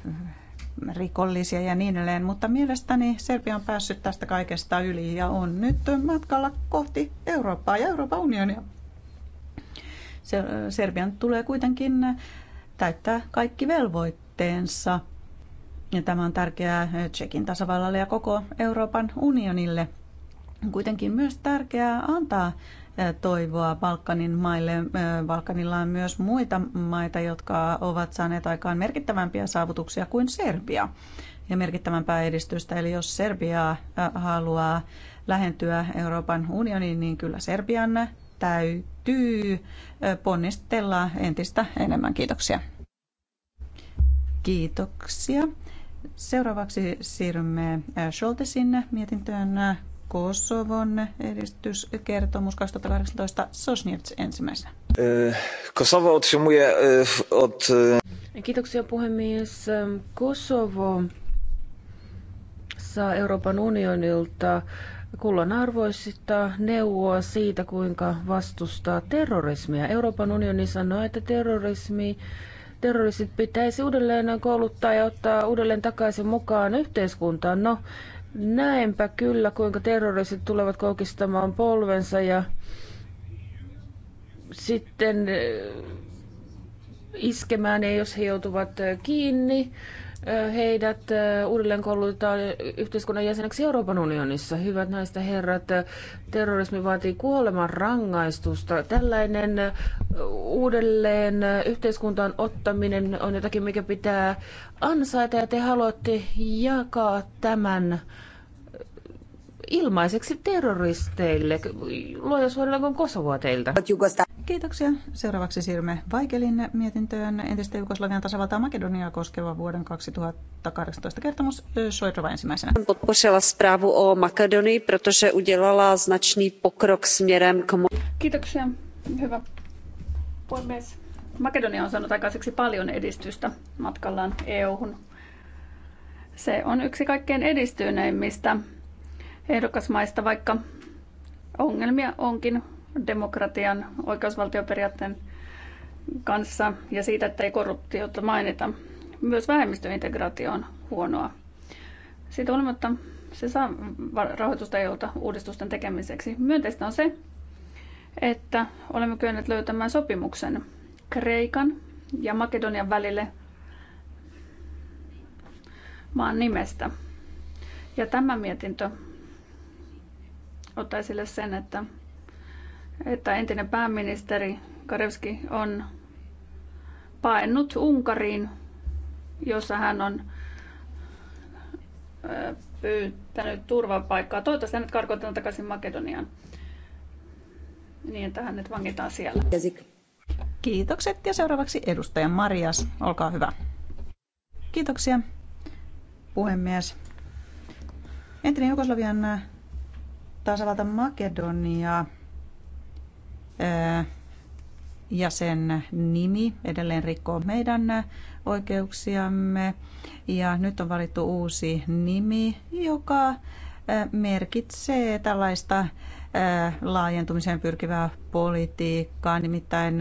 rikollisia ja niin edelleen, mutta mielestäni Serbia on päässyt tästä kaikesta yli ja on nyt matkalla kohti Eurooppaa ja Euroopan unionia. Serbian tulee kuitenkin täyttää kaikki velvoitteensa. Ja tämä on tärkeää Tsekin tasavallalle ja koko Euroopan unionille. On kuitenkin myös tärkeää antaa toivoa Balkanin maille. Balkanilla on myös muita maita, jotka ovat saaneet aikaan merkittävämpiä saavutuksia kuin Serbia ja merkittävämpää edistystä. Eli jos Serbia haluaa lähentyä Euroopan unioniin, niin kyllä Serbian täytyy ponnistella entistä enemmän. Kiitoksia. Kiitoksia. Seuraavaksi siirrymme Scholtesin mietintöön Kosovon edistyskertomus 2018. Sosnievts ensimmäisenä. E, Kosovo otrzymuje e, od... E, Kiitoksia puhemies. Kosovo saa Euroopan unionilta arvoisista neuvoa siitä, kuinka vastustaa terrorismia. Euroopan unioni sanoo, että terrorismi terroristit pitäisi uudelleen kouluttaa ja ottaa uudelleen takaisin mukaan yhteiskuntaan. No, Näenpä kyllä, kuinka terroristit tulevat koukistamaan polvensa ja sitten eh, iskemään, ei jos he joutuvat eh, kiinni, eh, heidät uudelleen koulutetaan yhteiskunnan jäseneksi Euroopan unionissa. Hyvät naista herrat, terrorismi vaatii kuoleman rangaistusta. Tällainen uudelleen yhteiskuntaan ottaminen on jotakin, mikä pitää ansaita ja te haluatte jakaa tämän ilmaiseksi terroristeille. Luoja kuin Kosovoa teiltä. Kiitoksia. Seuraavaksi siirrymme Vaikelin mietintöön entistä Jugoslavian tasavaltaa Makedoniaa koskeva vuoden 2018 kertomus. Soitrova ensimmäisenä. Podpořila zprávu o Makedonii, protože udělala značný pokrok směrem k... Kiitoksia. Hyvä puhemies. Makedonia on saanut aikaiseksi paljon edistystä matkallaan EU-hun. Se on yksi kaikkein edistyneimmistä ehdokasmaista, vaikka ongelmia onkin demokratian, oikeusvaltioperiaatteen kanssa ja siitä, että ei korruptiota mainita. Myös vähemmistöintegraatio on huonoa. Siitä huolimatta se saa rahoitusta EUlta uudistusten tekemiseksi. Myönteistä on se, että olemme kyenneet löytämään sopimuksen Kreikan ja Makedonian välille maan nimestä. Ja tämä mietintö ottaa esille sen, että, että entinen pääministeri Karevski on paennut Unkariin, jossa hän on pyytänyt turvapaikkaa. Toivottavasti hänet karkotetaan takaisin Makedoniaan niin, että hänet vangitaan siellä. Kiitokset ja seuraavaksi edustaja Marias, olkaa hyvä. Kiitoksia, puhemies. Entinen Jugoslavian tasavalta Makedonia ja sen nimi edelleen rikkoo meidän oikeuksiamme. Ja nyt on valittu uusi nimi, joka merkitsee tällaista laajentumiseen pyrkivää politiikkaa, nimittäin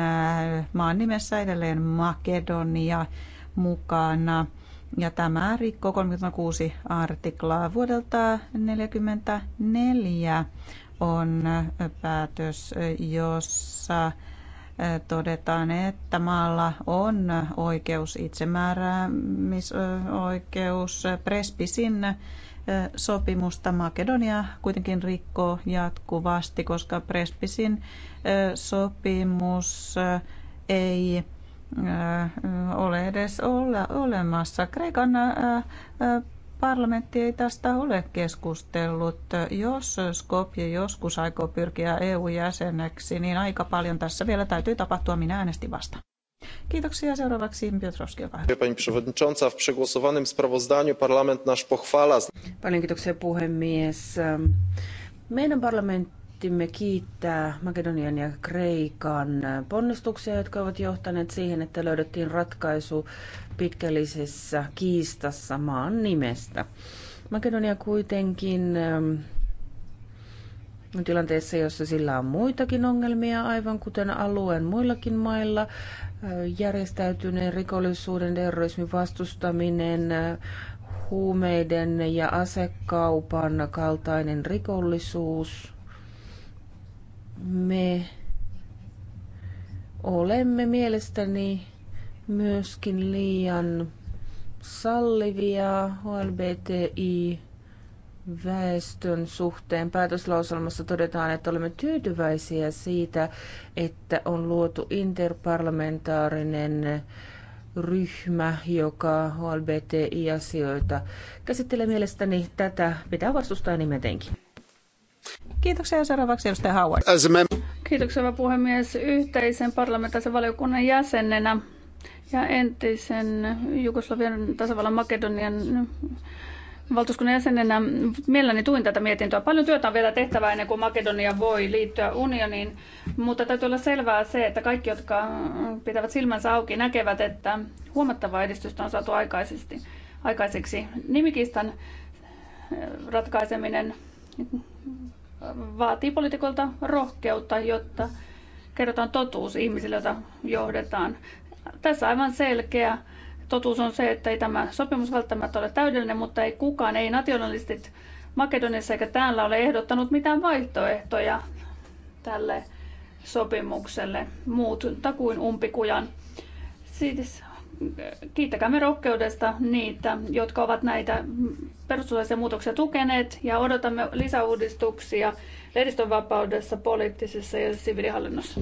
maan nimessä edelleen Makedonia mukana. Ja tämä rikkoo 36 artiklaa vuodelta 1944 on päätös, jossa todetaan, että maalla on oikeus itsemääräämisoikeus. Prespisin sopimusta Makedonia kuitenkin rikkoo jatkuvasti, koska Prespisin sopimus ei ole edes olla, olemassa. Kreikan parlamentti ei tästä ole keskustellut. Jos Skopje joskus aikoo pyrkiä EU-jäseneksi, niin aika paljon tässä vielä täytyy tapahtua. Minä äänestin vasta. Kiitoksia. Seuraavaksi Piotrowski, joka hyvä. Pani przewodnicząca, w przegłosowanym sprawozdaniu parlament nasz pochwala. Paljon kiitoksia puhemies. Meidän parlamentti yritimme kiittää Makedonian ja Kreikan ponnistuksia, jotka ovat johtaneet siihen, että löydettiin ratkaisu pitkällisessä kiistassa maan nimestä. Makedonia kuitenkin ähm, tilanteessa, jossa sillä on muitakin ongelmia, aivan kuten alueen muillakin mailla, äh, järjestäytyneen rikollisuuden, terrorismin vastustaminen, äh, huumeiden ja asekaupan kaltainen rikollisuus – me olemme mielestäni myöskin liian sallivia HLBTI väestön suhteen. Päätöslauselmassa todetaan, että olemme tyytyväisiä siitä, että on luotu interparlamentaarinen ryhmä, joka HLBTI-asioita käsittelee mielestäni tätä. Pitää vastustaa nimetenkin. Kiitoksia ja seuraavaksi edustaja Howard. Kiitoksia hyvä puhemies. Yhteisen parlamentaarisen valiokunnan jäsenenä ja entisen Jugoslavian tasavallan Makedonian valtuuskunnan jäsenenä mielelläni tuin tätä mietintöä. Paljon työtä on vielä tehtävää ennen kuin Makedonia voi liittyä unioniin, mutta täytyy olla selvää se, että kaikki, jotka pitävät silmänsä auki, näkevät, että huomattavaa edistystä on saatu aikaisesti, aikaiseksi. Nimikistan ratkaiseminen vaatii poliitikolta rohkeutta, jotta kerrotaan totuus ihmisille, joita johdetaan. Tässä aivan selkeä totuus on se, että ei tämä sopimus välttämättä ole täydellinen, mutta ei kukaan, ei nationalistit Makedoniassa eikä täällä ole ehdottanut mitään vaihtoehtoja tälle sopimukselle muuta kuin umpikujan. Siis kiittäkäämme rohkeudesta niitä, jotka ovat näitä perustuslaisia muutoksia tukeneet ja odotamme lisäuudistuksia lehdistönvapaudessa, poliittisessa ja siviilihallinnossa.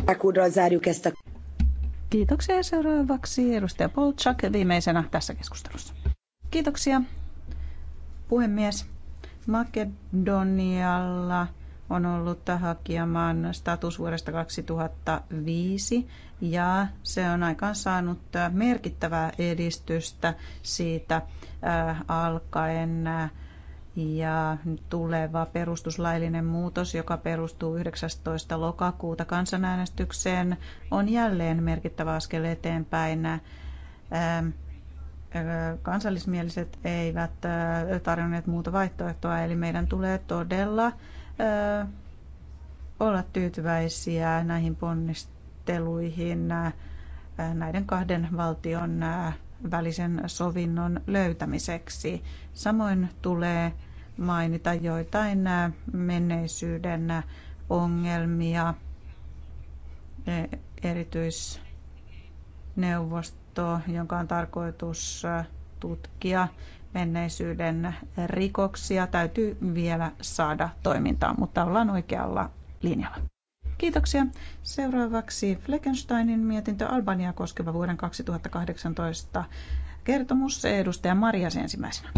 Kiitoksia seuraavaksi edustaja Polchak viimeisenä tässä keskustelussa. Kiitoksia puhemies. Makedonialla on ollut hakijamaan status vuodesta 2005 ja se on aikaan saanut merkittävää edistystä siitä äh, alkaen äh, ja tuleva perustuslaillinen muutos, joka perustuu 19. lokakuuta kansanäänestykseen, on jälleen merkittävä askel eteenpäin. Äh, kansallismieliset eivät tarjonneet muuta vaihtoehtoa, eli meidän tulee todella olla tyytyväisiä näihin ponnisteluihin näiden kahden valtion välisen sovinnon löytämiseksi. Samoin tulee mainita joitain menneisyyden ongelmia, e, erityisneuvosto, jonka on tarkoitus tutkia menneisyyden rikoksia täytyy vielä saada toimintaan, mutta ollaan oikealla linjalla. Kiitoksia. Seuraavaksi Fleckensteinin mietintö Albania koskeva vuoden 2018 kertomus. Edustaja Marias ensimmäisenä.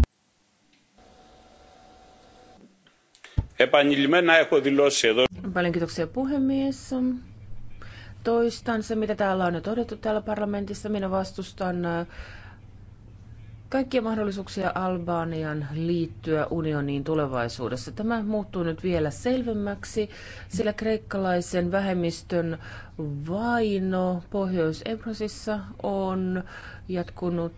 Paljon kiitoksia puhemies. Toistan se, mitä täällä on jo todettu täällä parlamentissa. Minä vastustan kaikkia mahdollisuuksia Albanian liittyä unioniin tulevaisuudessa. Tämä muuttuu nyt vielä selvemmäksi, sillä kreikkalaisen vähemmistön vaino Pohjois-Ebrosissa on jatkunut.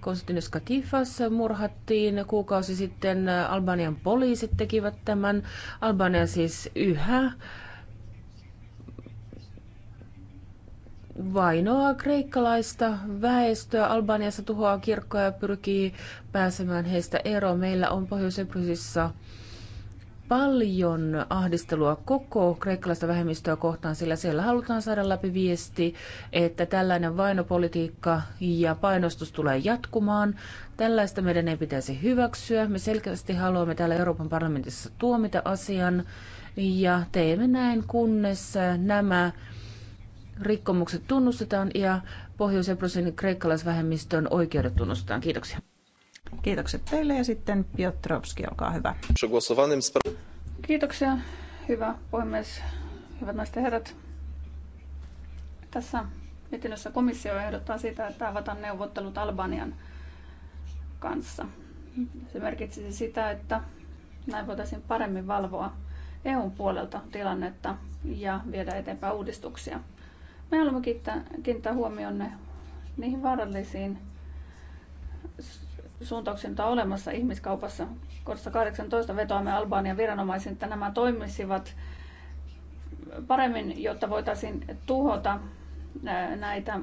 Konstantinus Katifas murhattiin kuukausi sitten. Albanian poliisit tekivät tämän. Albania siis yhä vainoaa kreikkalaista väestöä. Albaniassa tuhoaa kirkkoja ja pyrkii pääsemään heistä eroon. Meillä on pohjois paljon ahdistelua koko kreikkalaista vähemmistöä kohtaan, sillä siellä halutaan saada läpi viesti, että tällainen vainopolitiikka ja painostus tulee jatkumaan. Tällaista meidän ei pitäisi hyväksyä. Me selkeästi haluamme täällä Euroopan parlamentissa tuomita asian ja teemme näin, kunnes nämä rikkomukset tunnustetaan ja Pohjois-Eprosin kreikkalaisvähemmistön oikeudet tunnustetaan. Kiitoksia. Kiitokset teille ja sitten Piotrowski, olkaa hyvä. Kiitoksia, hyvä puhemies, hyvät naiset ja herrat. Tässä mietinnössä komissio ehdottaa sitä, että avataan neuvottelut Albanian kanssa. Se merkitsisi sitä, että näin voitaisiin paremmin valvoa EUn puolelta tilannetta ja viedä eteenpäin uudistuksia. Me haluamme kiittää, kiinnittää ne, niihin vaarallisiin suuntauksiin, joita on olemassa ihmiskaupassa. Kohdassa 18 vetoamme Albanian viranomaisiin, että nämä toimisivat paremmin, jotta voitaisiin tuhota näitä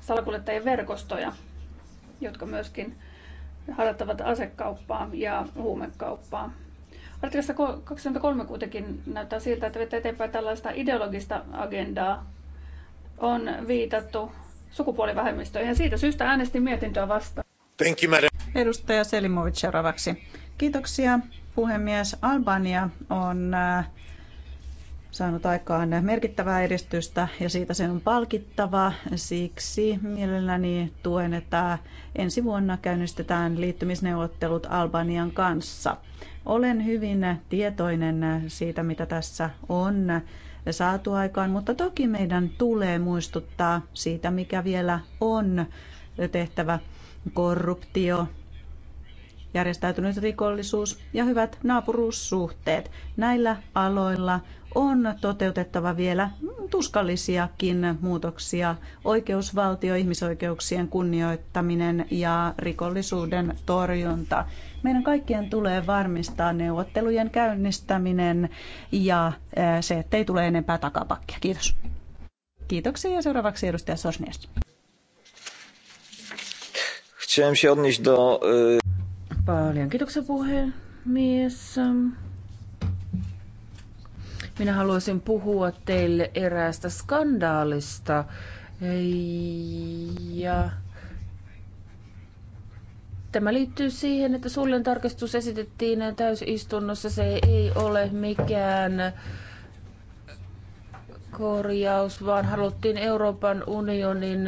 salakuljettajien verkostoja, jotka myöskin harjoittavat asekauppaa ja huumekauppaa. Artiklassa 23 kuitenkin näyttää siltä, että vetää eteenpäin tällaista ideologista agendaa, on viitattu sukupuolivähemmistöihin ja siitä syystä äänestin mietintöä vastaan. Thank you, madam. Edustaja Selimovic seuraavaksi. Kiitoksia puhemies. Albania on äh, saanut aikaan merkittävää edistystä ja siitä se on palkittava. Siksi mielelläni tuen, että ensi vuonna käynnistetään liittymisneuvottelut Albanian kanssa. Olen hyvin tietoinen siitä, mitä tässä on saatu aikaan, mutta toki meidän tulee muistuttaa siitä, mikä vielä on tehtävä korruptio, järjestäytynyt rikollisuus ja hyvät naapuruussuhteet. Näillä aloilla on toteutettava vielä tuskallisiakin muutoksia. Oikeusvaltio, ihmisoikeuksien kunnioittaminen ja rikollisuuden torjunta. Meidän kaikkien tulee varmistaa neuvottelujen käynnistäminen ja eh, se, ettei tule enempää takapakkia. Kiitos. Kiitoksia ja seuraavaksi edustaja Sosnies. Paljon kiitoksia puhemies. Minä haluaisin puhua teille eräästä skandaalista. Ja Tämä liittyy siihen, että sullen tarkastus esitettiin täysistunnossa. Se ei ole mikään korjaus, vaan haluttiin Euroopan unionin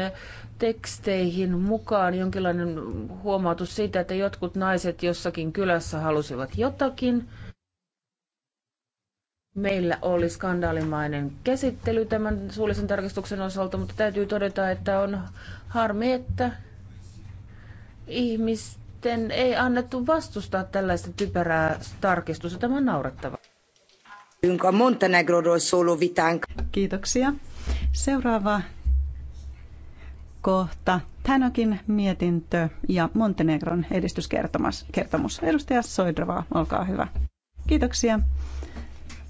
teksteihin mukaan jonkinlainen huomautus siitä, että jotkut naiset jossakin kylässä halusivat jotakin – meillä oli skandaalimainen käsittely tämän suullisen tarkistuksen osalta, mutta täytyy todeta, että on harmi, että ihmisten ei annettu vastustaa tällaista typerää tarkistusta. Tämä on naurettava. Kiitoksia. Seuraava kohta. Tänokin mietintö ja Montenegron edistyskertomus. Edustaja Soidrova, olkaa hyvä. Kiitoksia.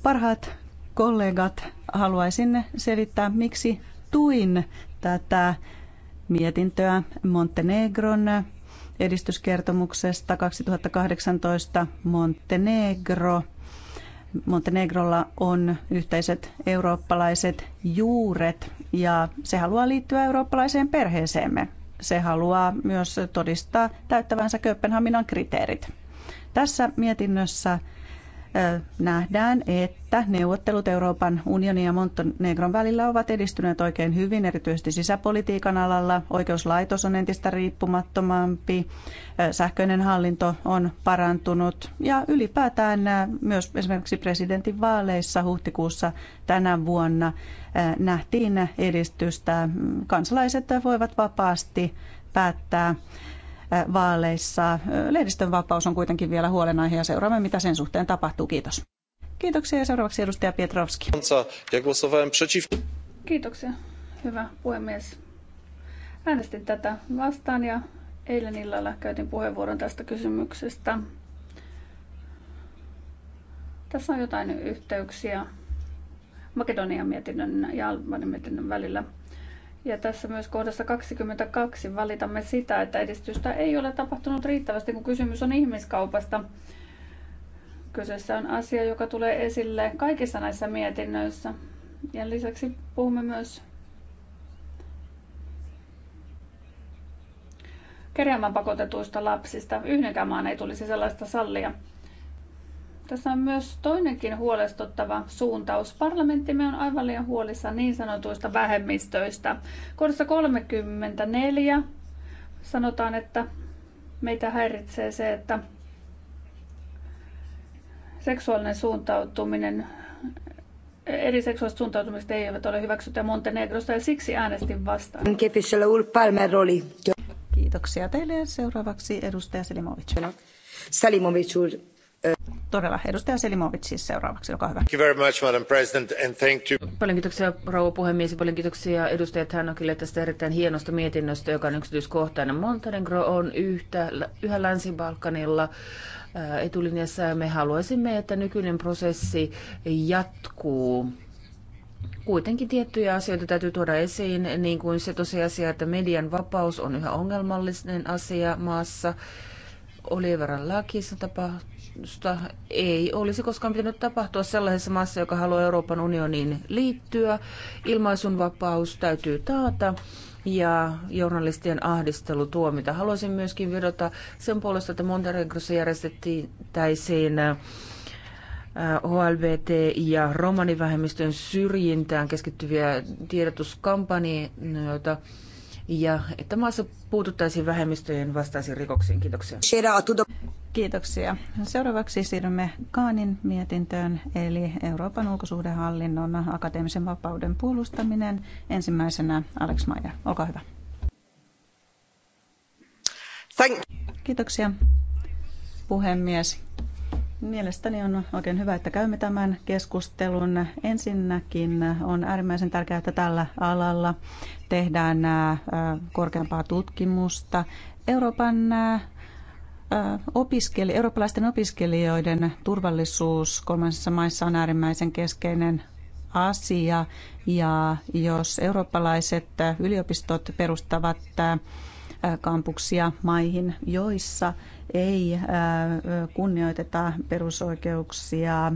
Parhaat kollegat, haluaisin selittää, miksi tuin tätä mietintöä Montenegron edistyskertomuksesta 2018 Montenegro. Montenegrolla on yhteiset eurooppalaiset juuret ja se haluaa liittyä eurooppalaiseen perheeseemme. Se haluaa myös todistaa täyttävänsä Kööpenhaminan kriteerit. Tässä mietinnössä nähdään, että neuvottelut Euroopan unionin ja Montenegron välillä ovat edistyneet oikein hyvin, erityisesti sisäpolitiikan alalla. Oikeuslaitos on entistä riippumattomampi, sähköinen hallinto on parantunut ja ylipäätään myös esimerkiksi presidentin vaaleissa huhtikuussa tänä vuonna nähtiin edistystä. Kansalaiset voivat vapaasti päättää vaaleissa. Lehdistön vapaus on kuitenkin vielä huolenaihe ja seuraamme, mitä sen suhteen tapahtuu. Kiitos. Kiitoksia ja seuraavaksi edustaja Pietrovski. Kiitoksia, hyvä puhemies. Äänestin tätä vastaan ja eilen illalla käytin puheenvuoron tästä kysymyksestä. Tässä on jotain yhteyksiä Makedonian mietinnön ja Albanian mietinnön välillä. Ja tässä myös kohdassa 22 valitamme sitä, että edistystä ei ole tapahtunut riittävästi, kun kysymys on ihmiskaupasta. Kyseessä on asia, joka tulee esille kaikissa näissä mietinnöissä. Ja lisäksi puhumme myös kerjäämään pakotetuista lapsista. Yhdenkään maan ei tulisi sellaista sallia. Tässä on myös toinenkin huolestuttava suuntaus. Parlamenttimme on aivan liian huolissa niin sanotuista vähemmistöistä. Kohdassa 34 sanotaan, että meitä häiritsee se, että seksuaalinen suuntautuminen, eri seksuaaliset suuntautumiset eivät ole hyväksyttyä Montenegrosta ja siksi äänestin vastaan. Kiitoksia teille. Seuraavaksi edustaja Selimovic. Salimovic Todella. Edustaja Selimovic siis seuraavaksi, olkaa hyvä. much, Paljon kiitoksia rouva puhemies ja paljon kiitoksia edustajat Hannokille tästä erittäin hienosta mietinnöstä, joka on yksityiskohtainen. Montenegro on yhtä, yhä Länsi-Balkanilla äh, etulinjassa ja me haluaisimme, että nykyinen prosessi jatkuu. Kuitenkin tiettyjä asioita täytyy tuoda esiin, niin kuin se tosiasia, että median vapaus on yhä ongelmallinen asia maassa. Oliveran lakissa tapahtui sopimusta ei olisi koskaan pitänyt tapahtua sellaisessa maassa, joka haluaa Euroopan unioniin liittyä. Ilmaisunvapaus täytyy taata ja journalistien ahdistelu tuomita. Haluaisin myöskin vedota sen puolesta, että Montenegrossa järjestettiin HLBT- äh, ja romanivähemmistön syrjintään keskittyviä tiedotuskampanjoita ja että maassa puututtaisiin vähemmistöjen vastaisiin rikoksiin. Kiitoksia. Kiitoksia. Seuraavaksi siirrymme Kaanin mietintöön, eli Euroopan ulkosuhdehallinnon akateemisen vapauden puolustaminen. Ensimmäisenä Alex Maija, olkaa hyvä. Thank. Kiitoksia, puhemies. Mielestäni on oikein hyvä, että käymme tämän keskustelun. Ensinnäkin on äärimmäisen tärkeää, että tällä alalla tehdään korkeampaa tutkimusta. Euroopan opiskeli, eurooppalaisten opiskelijoiden turvallisuus kolmansissa maissa on äärimmäisen keskeinen asia. Ja jos eurooppalaiset yliopistot perustavat kampuksia maihin, joissa ei äh, kunnioiteta perusoikeuksia.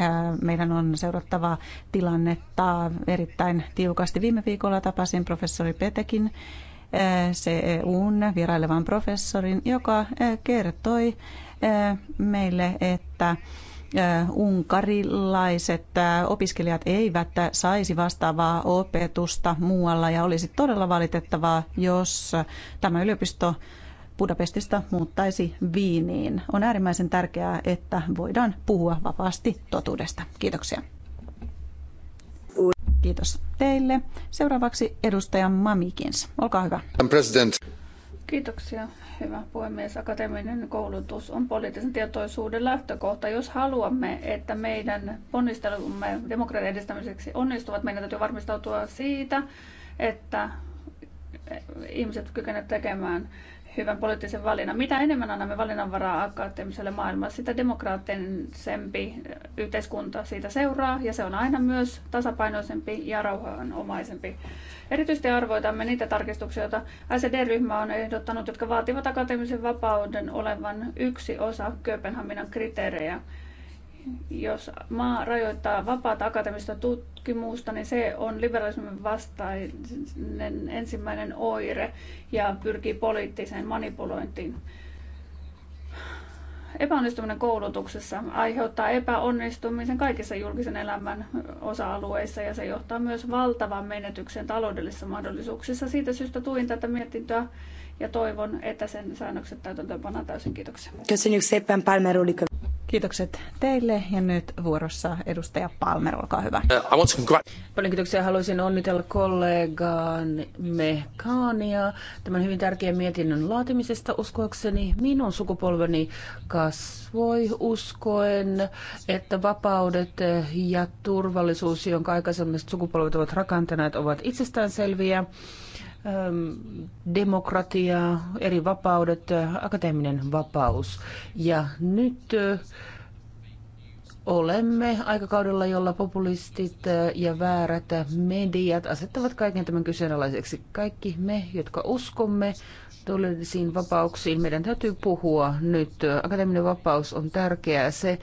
Äh, meidän on seurattava tilannetta erittäin tiukasti. Viime viikolla tapasin professori Petekin CEUn äh, vierailevan professorin, joka kertoi meille, että unkarilaiset opiskelijat eivät saisi vastaavaa opetusta muualla ja olisi todella valitettavaa, jos tämä yliopisto Budapestista muuttaisi Viiniin. On äärimmäisen tärkeää, että voidaan puhua vapaasti totuudesta. Kiitoksia. Kiitos teille. Seuraavaksi edustaja Mamikins. Olkaa hyvä. Kiitoksia, hyvä puhemies. Akateeminen koulutus on poliittisen tietoisuuden lähtökohta. Jos haluamme, että meidän ponnistelumme demokratian edistämiseksi onnistuvat, meidän täytyy varmistautua siitä, että ihmiset kykenevät tekemään hyvän poliittisen valinnan. Mitä enemmän annamme valinnanvaraa akateemiselle maailmalle, sitä demokraattisempi yhteiskunta siitä seuraa, ja se on aina myös tasapainoisempi ja rauhanomaisempi. Erityisesti arvoitamme niitä tarkistuksia, joita SED-ryhmä on ehdottanut, jotka vaativat akateemisen vapauden olevan yksi osa Kööpenhaminan kriteerejä jos maa rajoittaa vapaata akateemista tutkimusta, niin se on liberalismin vastainen ensimmäinen oire ja pyrkii poliittiseen manipulointiin. Epäonnistuminen koulutuksessa aiheuttaa epäonnistumisen kaikissa julkisen elämän osa-alueissa ja se johtaa myös valtavan menetyksen taloudellisissa mahdollisuuksissa. Siitä syystä tuin tätä mietintöä ja toivon, että sen säännökset täytäntöönpannaan täysin. Kiitoksia. Kiitokset teille ja nyt vuorossa edustaja Palmer, olkaa hyvä. Uh, Paljon kiitoksia. Haluaisin onnitella kollegaan Mehkaania tämän hyvin tärkeän mietinnön laatimisesta. Uskoakseni minun sukupolveni kasvoi uskoen, että vapaudet ja turvallisuus, jonka aikaisemmat sukupolvet ovat rakentaneet, ovat itsestäänselviä. selviä demokratia, eri vapaudet, akateeminen vapaus. Ja nyt olemme aikakaudella, jolla populistit ja väärät mediat asettavat kaiken tämän kyseenalaiseksi. Kaikki me, jotka uskomme todellisiin vapauksiin, meidän täytyy puhua nyt. Akateeminen vapaus on tärkeää. Se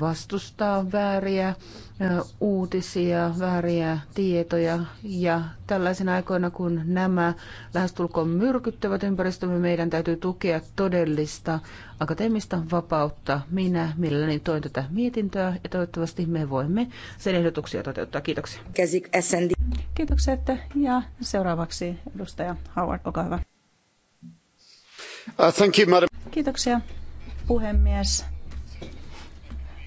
vastustaa vääriä uutisia, vääriä tietoja ja tällaisina aikoina, kun nämä lähestulkoon myrkyttävät ympäristömme, meidän täytyy tukea todellista akateemista vapautta. Minä mielelläni toin tätä mietintöä ja toivottavasti me voimme sen ehdotuksia toteuttaa. Kiitoksia. Kiitokset ja seuraavaksi edustaja Howard, olkaa hyvä. Uh, thank you, madam. Kiitoksia puhemies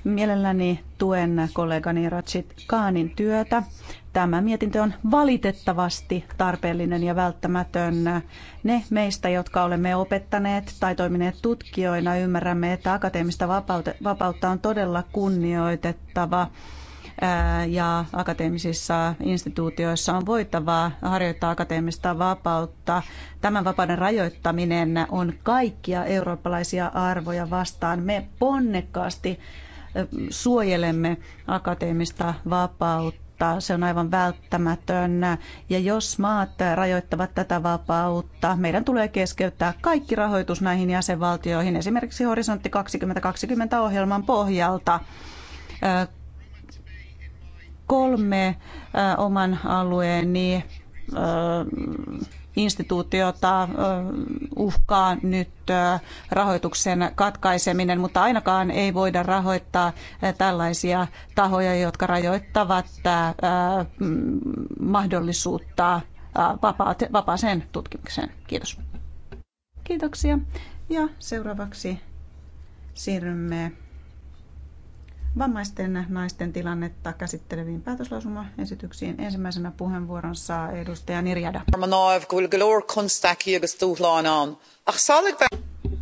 Mielelläni tuen kollegani Rachid Kaanin työtä. Tämä mietintö on valitettavasti tarpeellinen ja välttämätön. Ne meistä, jotka olemme opettaneet tai toimineet tutkijoina, ymmärrämme, että akateemista vapautta on todella kunnioitettava ja akateemisissa instituutioissa on voitavaa harjoittaa akateemista vapautta. Tämän vapauden rajoittaminen on kaikkia eurooppalaisia arvoja vastaan. Me ponnekkaasti suojelemme akateemista vapautta. Se on aivan välttämätön. Ja jos maat rajoittavat tätä vapautta, meidän tulee keskeyttää kaikki rahoitus näihin jäsenvaltioihin, esimerkiksi Horisontti 2020 ohjelman pohjalta kolme oman alueeni instituutiota uhkaa nyt rahoituksen katkaiseminen, mutta ainakaan ei voida rahoittaa tällaisia tahoja, jotka rajoittavat mahdollisuutta vapaaseen tutkimukseen. Kiitos. Kiitoksia. Ja seuraavaksi siirrymme vammaisten naisten tilannetta käsitteleviin päätöslausumaesityksiin. Ensimmäisenä puheenvuoron saa edustaja Nirjada.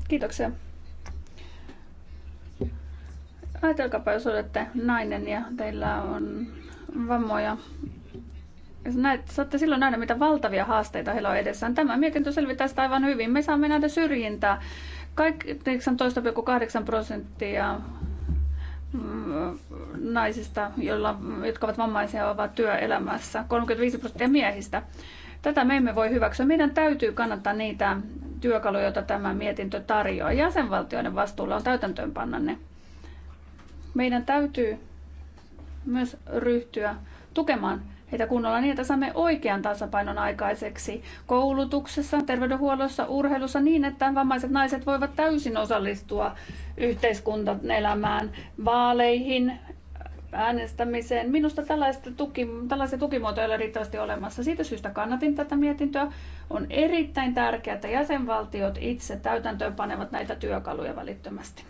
Kiitoksia. Ajatelkaapa, jos olette nainen ja teillä on vammoja. Näet, saatte silloin nähdä, mitä valtavia haasteita heillä on edessään. Tämä mietintö selvittää sitä aivan hyvin. Me saamme nähdä syrjintää. 18,8 prosenttia naisista, joilla, jotka ovat vammaisia, ovat työelämässä, 35 prosenttia miehistä. Tätä me emme voi hyväksyä. Meidän täytyy kannattaa niitä työkaluja, joita tämä mietintö tarjoaa. Jäsenvaltioiden vastuulla on täytäntöönpanna ne. Meidän täytyy myös ryhtyä tukemaan kun ollaan niin, että saamme oikean tasapainon aikaiseksi koulutuksessa, terveydenhuollossa, urheilussa niin, että vammaiset naiset voivat täysin osallistua yhteiskuntaelämään, vaaleihin, äänestämiseen. Minusta tällaista tuki, tällaisia tukimuotoja ei ole riittävästi olemassa. Siitä syystä kannatin tätä mietintöä. On erittäin tärkeää, että jäsenvaltiot itse täytäntöön panevat näitä työkaluja välittömästi.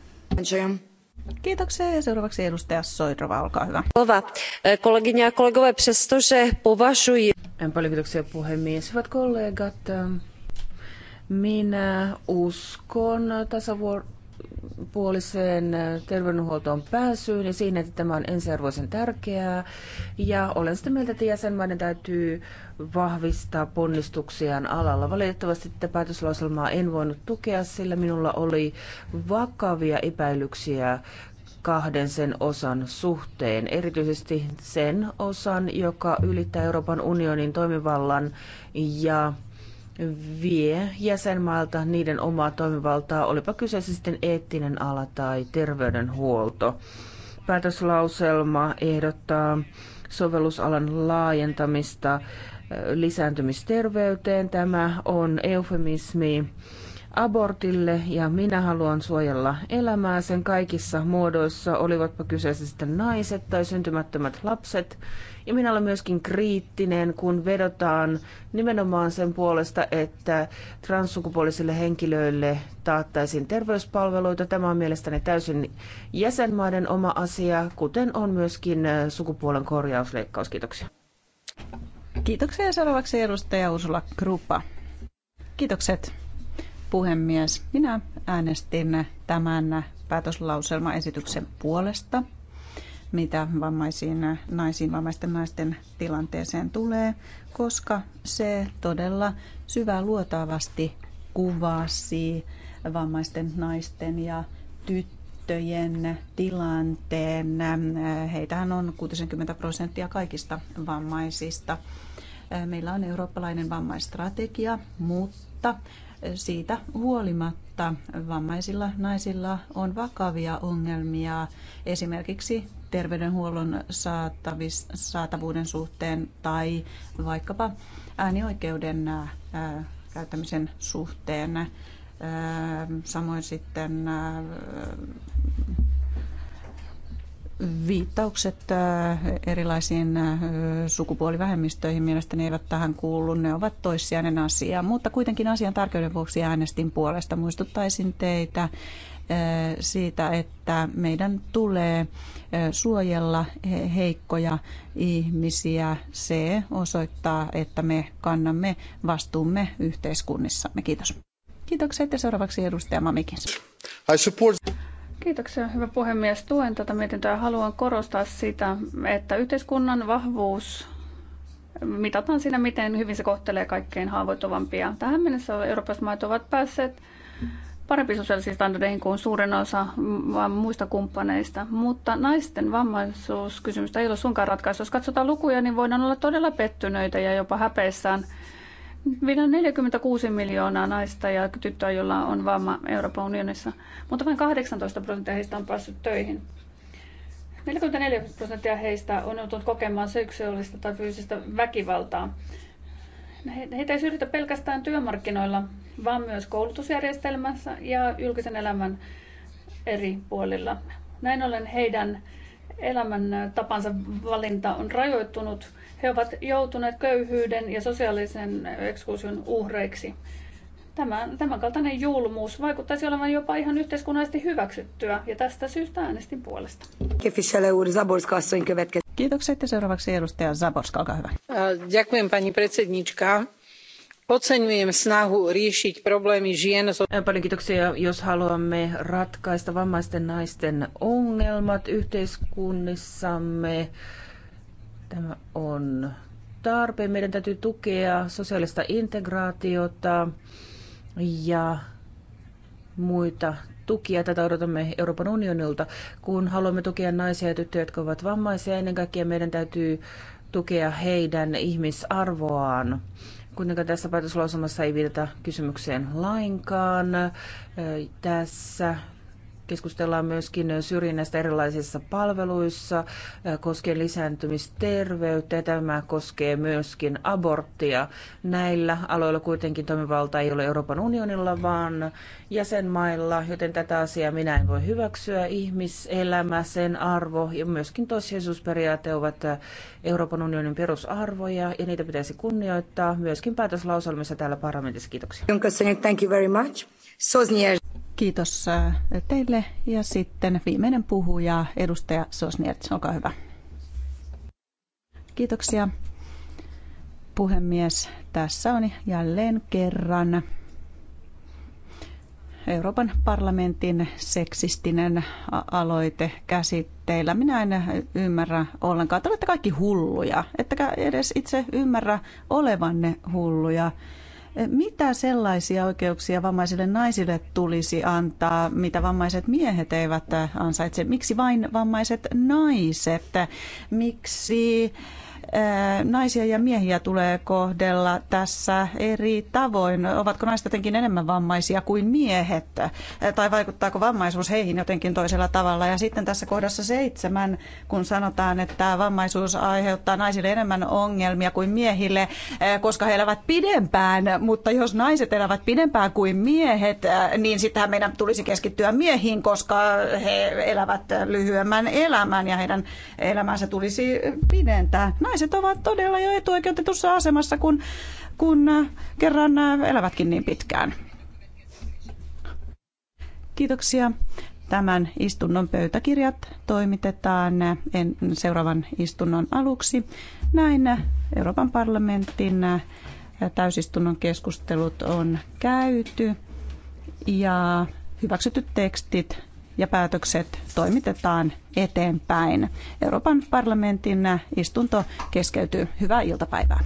Kiitoksia ja seuraavaksi edustaja Soidrova, olkaa hyvä. Hyvä. E, Kollegini ja kollegove, přestože považuji... Paljon kiitoksia puhemies. Hyvät kollegat, e, minä uskon tasapuoliseen terveydenhuoltoon pääsyyn ja siinä, että tämä on ensiarvoisen tärkeää. Ja olen sitä mieltä, että jäsenmaiden täytyy vahvistaa ponnistuksiaan alalla. Valitettavasti tätä päätöslauselmaa en voinut tukea, sillä minulla oli vakavia epäilyksiä kahden sen osan suhteen, erityisesti sen osan, joka ylittää Euroopan unionin toimivallan ja vie jäsenmailta niiden omaa toimivaltaa, olipa kyseessä sitten eettinen ala tai terveydenhuolto. Päätöslauselma ehdottaa sovellusalan laajentamista lisääntymisterveyteen. Tämä on eufemismi abortille ja minä haluan suojella elämää sen kaikissa muodoissa, olivatpa kyseessä sitten naiset tai syntymättömät lapset. Ja minä olen myöskin kriittinen, kun vedotaan nimenomaan sen puolesta, että transsukupuolisille henkilöille taattaisiin terveyspalveluita. Tämä on mielestäni täysin jäsenmaiden oma asia, kuten on myöskin sukupuolen korjausleikkaus. Kiitoksia. Kiitoksia seuraavaksi edustaja Ursula Krupa. Kiitokset puhemies. Minä äänestin tämän päätöslauselmaesityksen puolesta, mitä vammaisiin naisiin, vammaisten naisten tilanteeseen tulee, koska se todella syvää luotaavasti kuvasi vammaisten naisten ja tyttöjen tyttöjen tilanteen. Heitähän on 60 prosenttia kaikista vammaisista. Meillä on eurooppalainen vammaistrategia, mutta siitä huolimatta vammaisilla naisilla on vakavia ongelmia esimerkiksi terveydenhuollon saatavuuden suhteen tai vaikkapa äänioikeuden käyttämisen suhteen. Ähm, samoin sitten äh, viittaukset äh, erilaisiin äh, sukupuolivähemmistöihin mielestäni eivät tähän kuulu. Ne ovat toissijainen asia, mutta kuitenkin asian tarkeuden vuoksi äänestin puolesta. Muistuttaisin teitä siitä, että meidän tulee suojella heikkoja ihmisiä. Se osoittaa, että me kannamme vastuumme yhteiskunnissamme. Kiitos. Kiitokset ja seuraavaksi edustaja Mamikins. Kiitoksia, hyvä puhemies. Tuen tätä mietintöä ja haluan korostaa sitä, että yhteiskunnan vahvuus mitataan siinä, miten hyvin se kohtelee kaikkein haavoittuvampia. Tähän mennessä Euroopan maat ovat päässeet parempiin sosiaalisiin standardeihin kuin suurin osa muista kumppaneista. Mutta naisten vammaisuuskysymystä ei ole sunkaan ratkaisu. Jos katsotaan lukuja, niin voidaan olla todella pettyneitä ja jopa häpeissään vielä 46 miljoonaa naista ja tyttöä, joilla on vamma Euroopan unionissa, mutta vain 18 prosenttia heistä on päässyt töihin. 44 prosenttia heistä on joutunut kokemaan seksuaalista tai fyysistä väkivaltaa. Heitä ei syrjitä pelkästään työmarkkinoilla, vaan myös koulutusjärjestelmässä ja julkisen elämän eri puolilla. Näin ollen heidän elämän tapansa valinta on rajoittunut he ovat joutuneet köyhyyden ja sosiaalisen ekskursion uhreiksi. Tämä, tämän kaltainen julmuus vaikuttaisi olevan jopa ihan yhteiskunnallisesti hyväksyttyä, ja tästä syystä äänestin puolesta. Kiitokset ja seuraavaksi edustaja Zaborska, olkaa hyvä. Ďakujem, pani predsednička. Oceňujem snahu riešiť problémy žien. Paljon kiitoksia, jos haluamme ratkaista vammaisten naisten ongelmat yhteiskunnissamme Tämä on tarpeen. Meidän täytyy tukea sosiaalista integraatiota ja muita tukia. Tätä odotamme Euroopan unionilta, kun haluamme tukea naisia ja tyttöjä, jotka ovat vammaisia. Ennen kaikkea meidän täytyy tukea heidän ihmisarvoaan. Kuitenkaan tässä päätöslausumassa ei viitata kysymykseen lainkaan. Tässä keskustellaan myöskin syrjinnästä erilaisissa palveluissa, koskee lisääntymisterveyttä ja tämä koskee myöskin aborttia. Näillä aloilla kuitenkin toimivalta ei ole Euroopan unionilla, vaan jäsenmailla, joten tätä asiaa minä en voi hyväksyä. Ihmiselämä, sen arvo ja myöskin toissijaisuusperiaate ovat Euroopan unionin perusarvoja ja niitä pitäisi kunnioittaa myöskin päätöslauselmissa täällä parlamentissa. Kiitoksia. Thank you very much. Kiitos äh, teille ja sitten viimeinen puhuja, edustaja Sosnierts, olkaa hyvä. Kiitoksia puhemies. Tässä on jälleen kerran Euroopan parlamentin seksistinen aloite käsitteillä. Minä en ymmärrä ollenkaan. Te olette kaikki hulluja, ettäkä edes itse ymmärrä olevanne hulluja. Mitä sellaisia oikeuksia vammaisille naisille tulisi antaa, mitä vammaiset miehet eivät ansaitse? Miksi vain vammaiset naiset? Miksi Äh, naisia ja miehiä tulee kohdella tässä eri tavoin? Ovatko naiset jotenkin enemmän vammaisia kuin miehet? Äh, tai vaikuttaako vammaisuus heihin jotenkin toisella tavalla? Ja sitten tässä kohdassa seitsemän, kun sanotaan, että vammaisuus aiheuttaa naisille enemmän ongelmia kuin miehille, äh, koska he elävät pidempään, mutta jos naiset elävät pidempään kuin miehet, niin sitähän meidän tulisi keskittyä miehiin, koska he elävät lyhyemmän elämän ja heidän elämänsä tulisi pidentää. Naiset naiset ovat todella jo etuoikeutetussa asemassa, kun, kun äh, kerran äh, elävätkin niin pitkään. Kiitoksia. Tämän istunnon pöytäkirjat toimitetaan äh, seuraavan istunnon aluksi. Näin Euroopan parlamentin täysistunnon keskustelut on käyty ja hyväksytyt tekstit ja päätökset toimitetaan eteenpäin. Euroopan parlamentin istunto keskeytyy. Hyvää iltapäivää.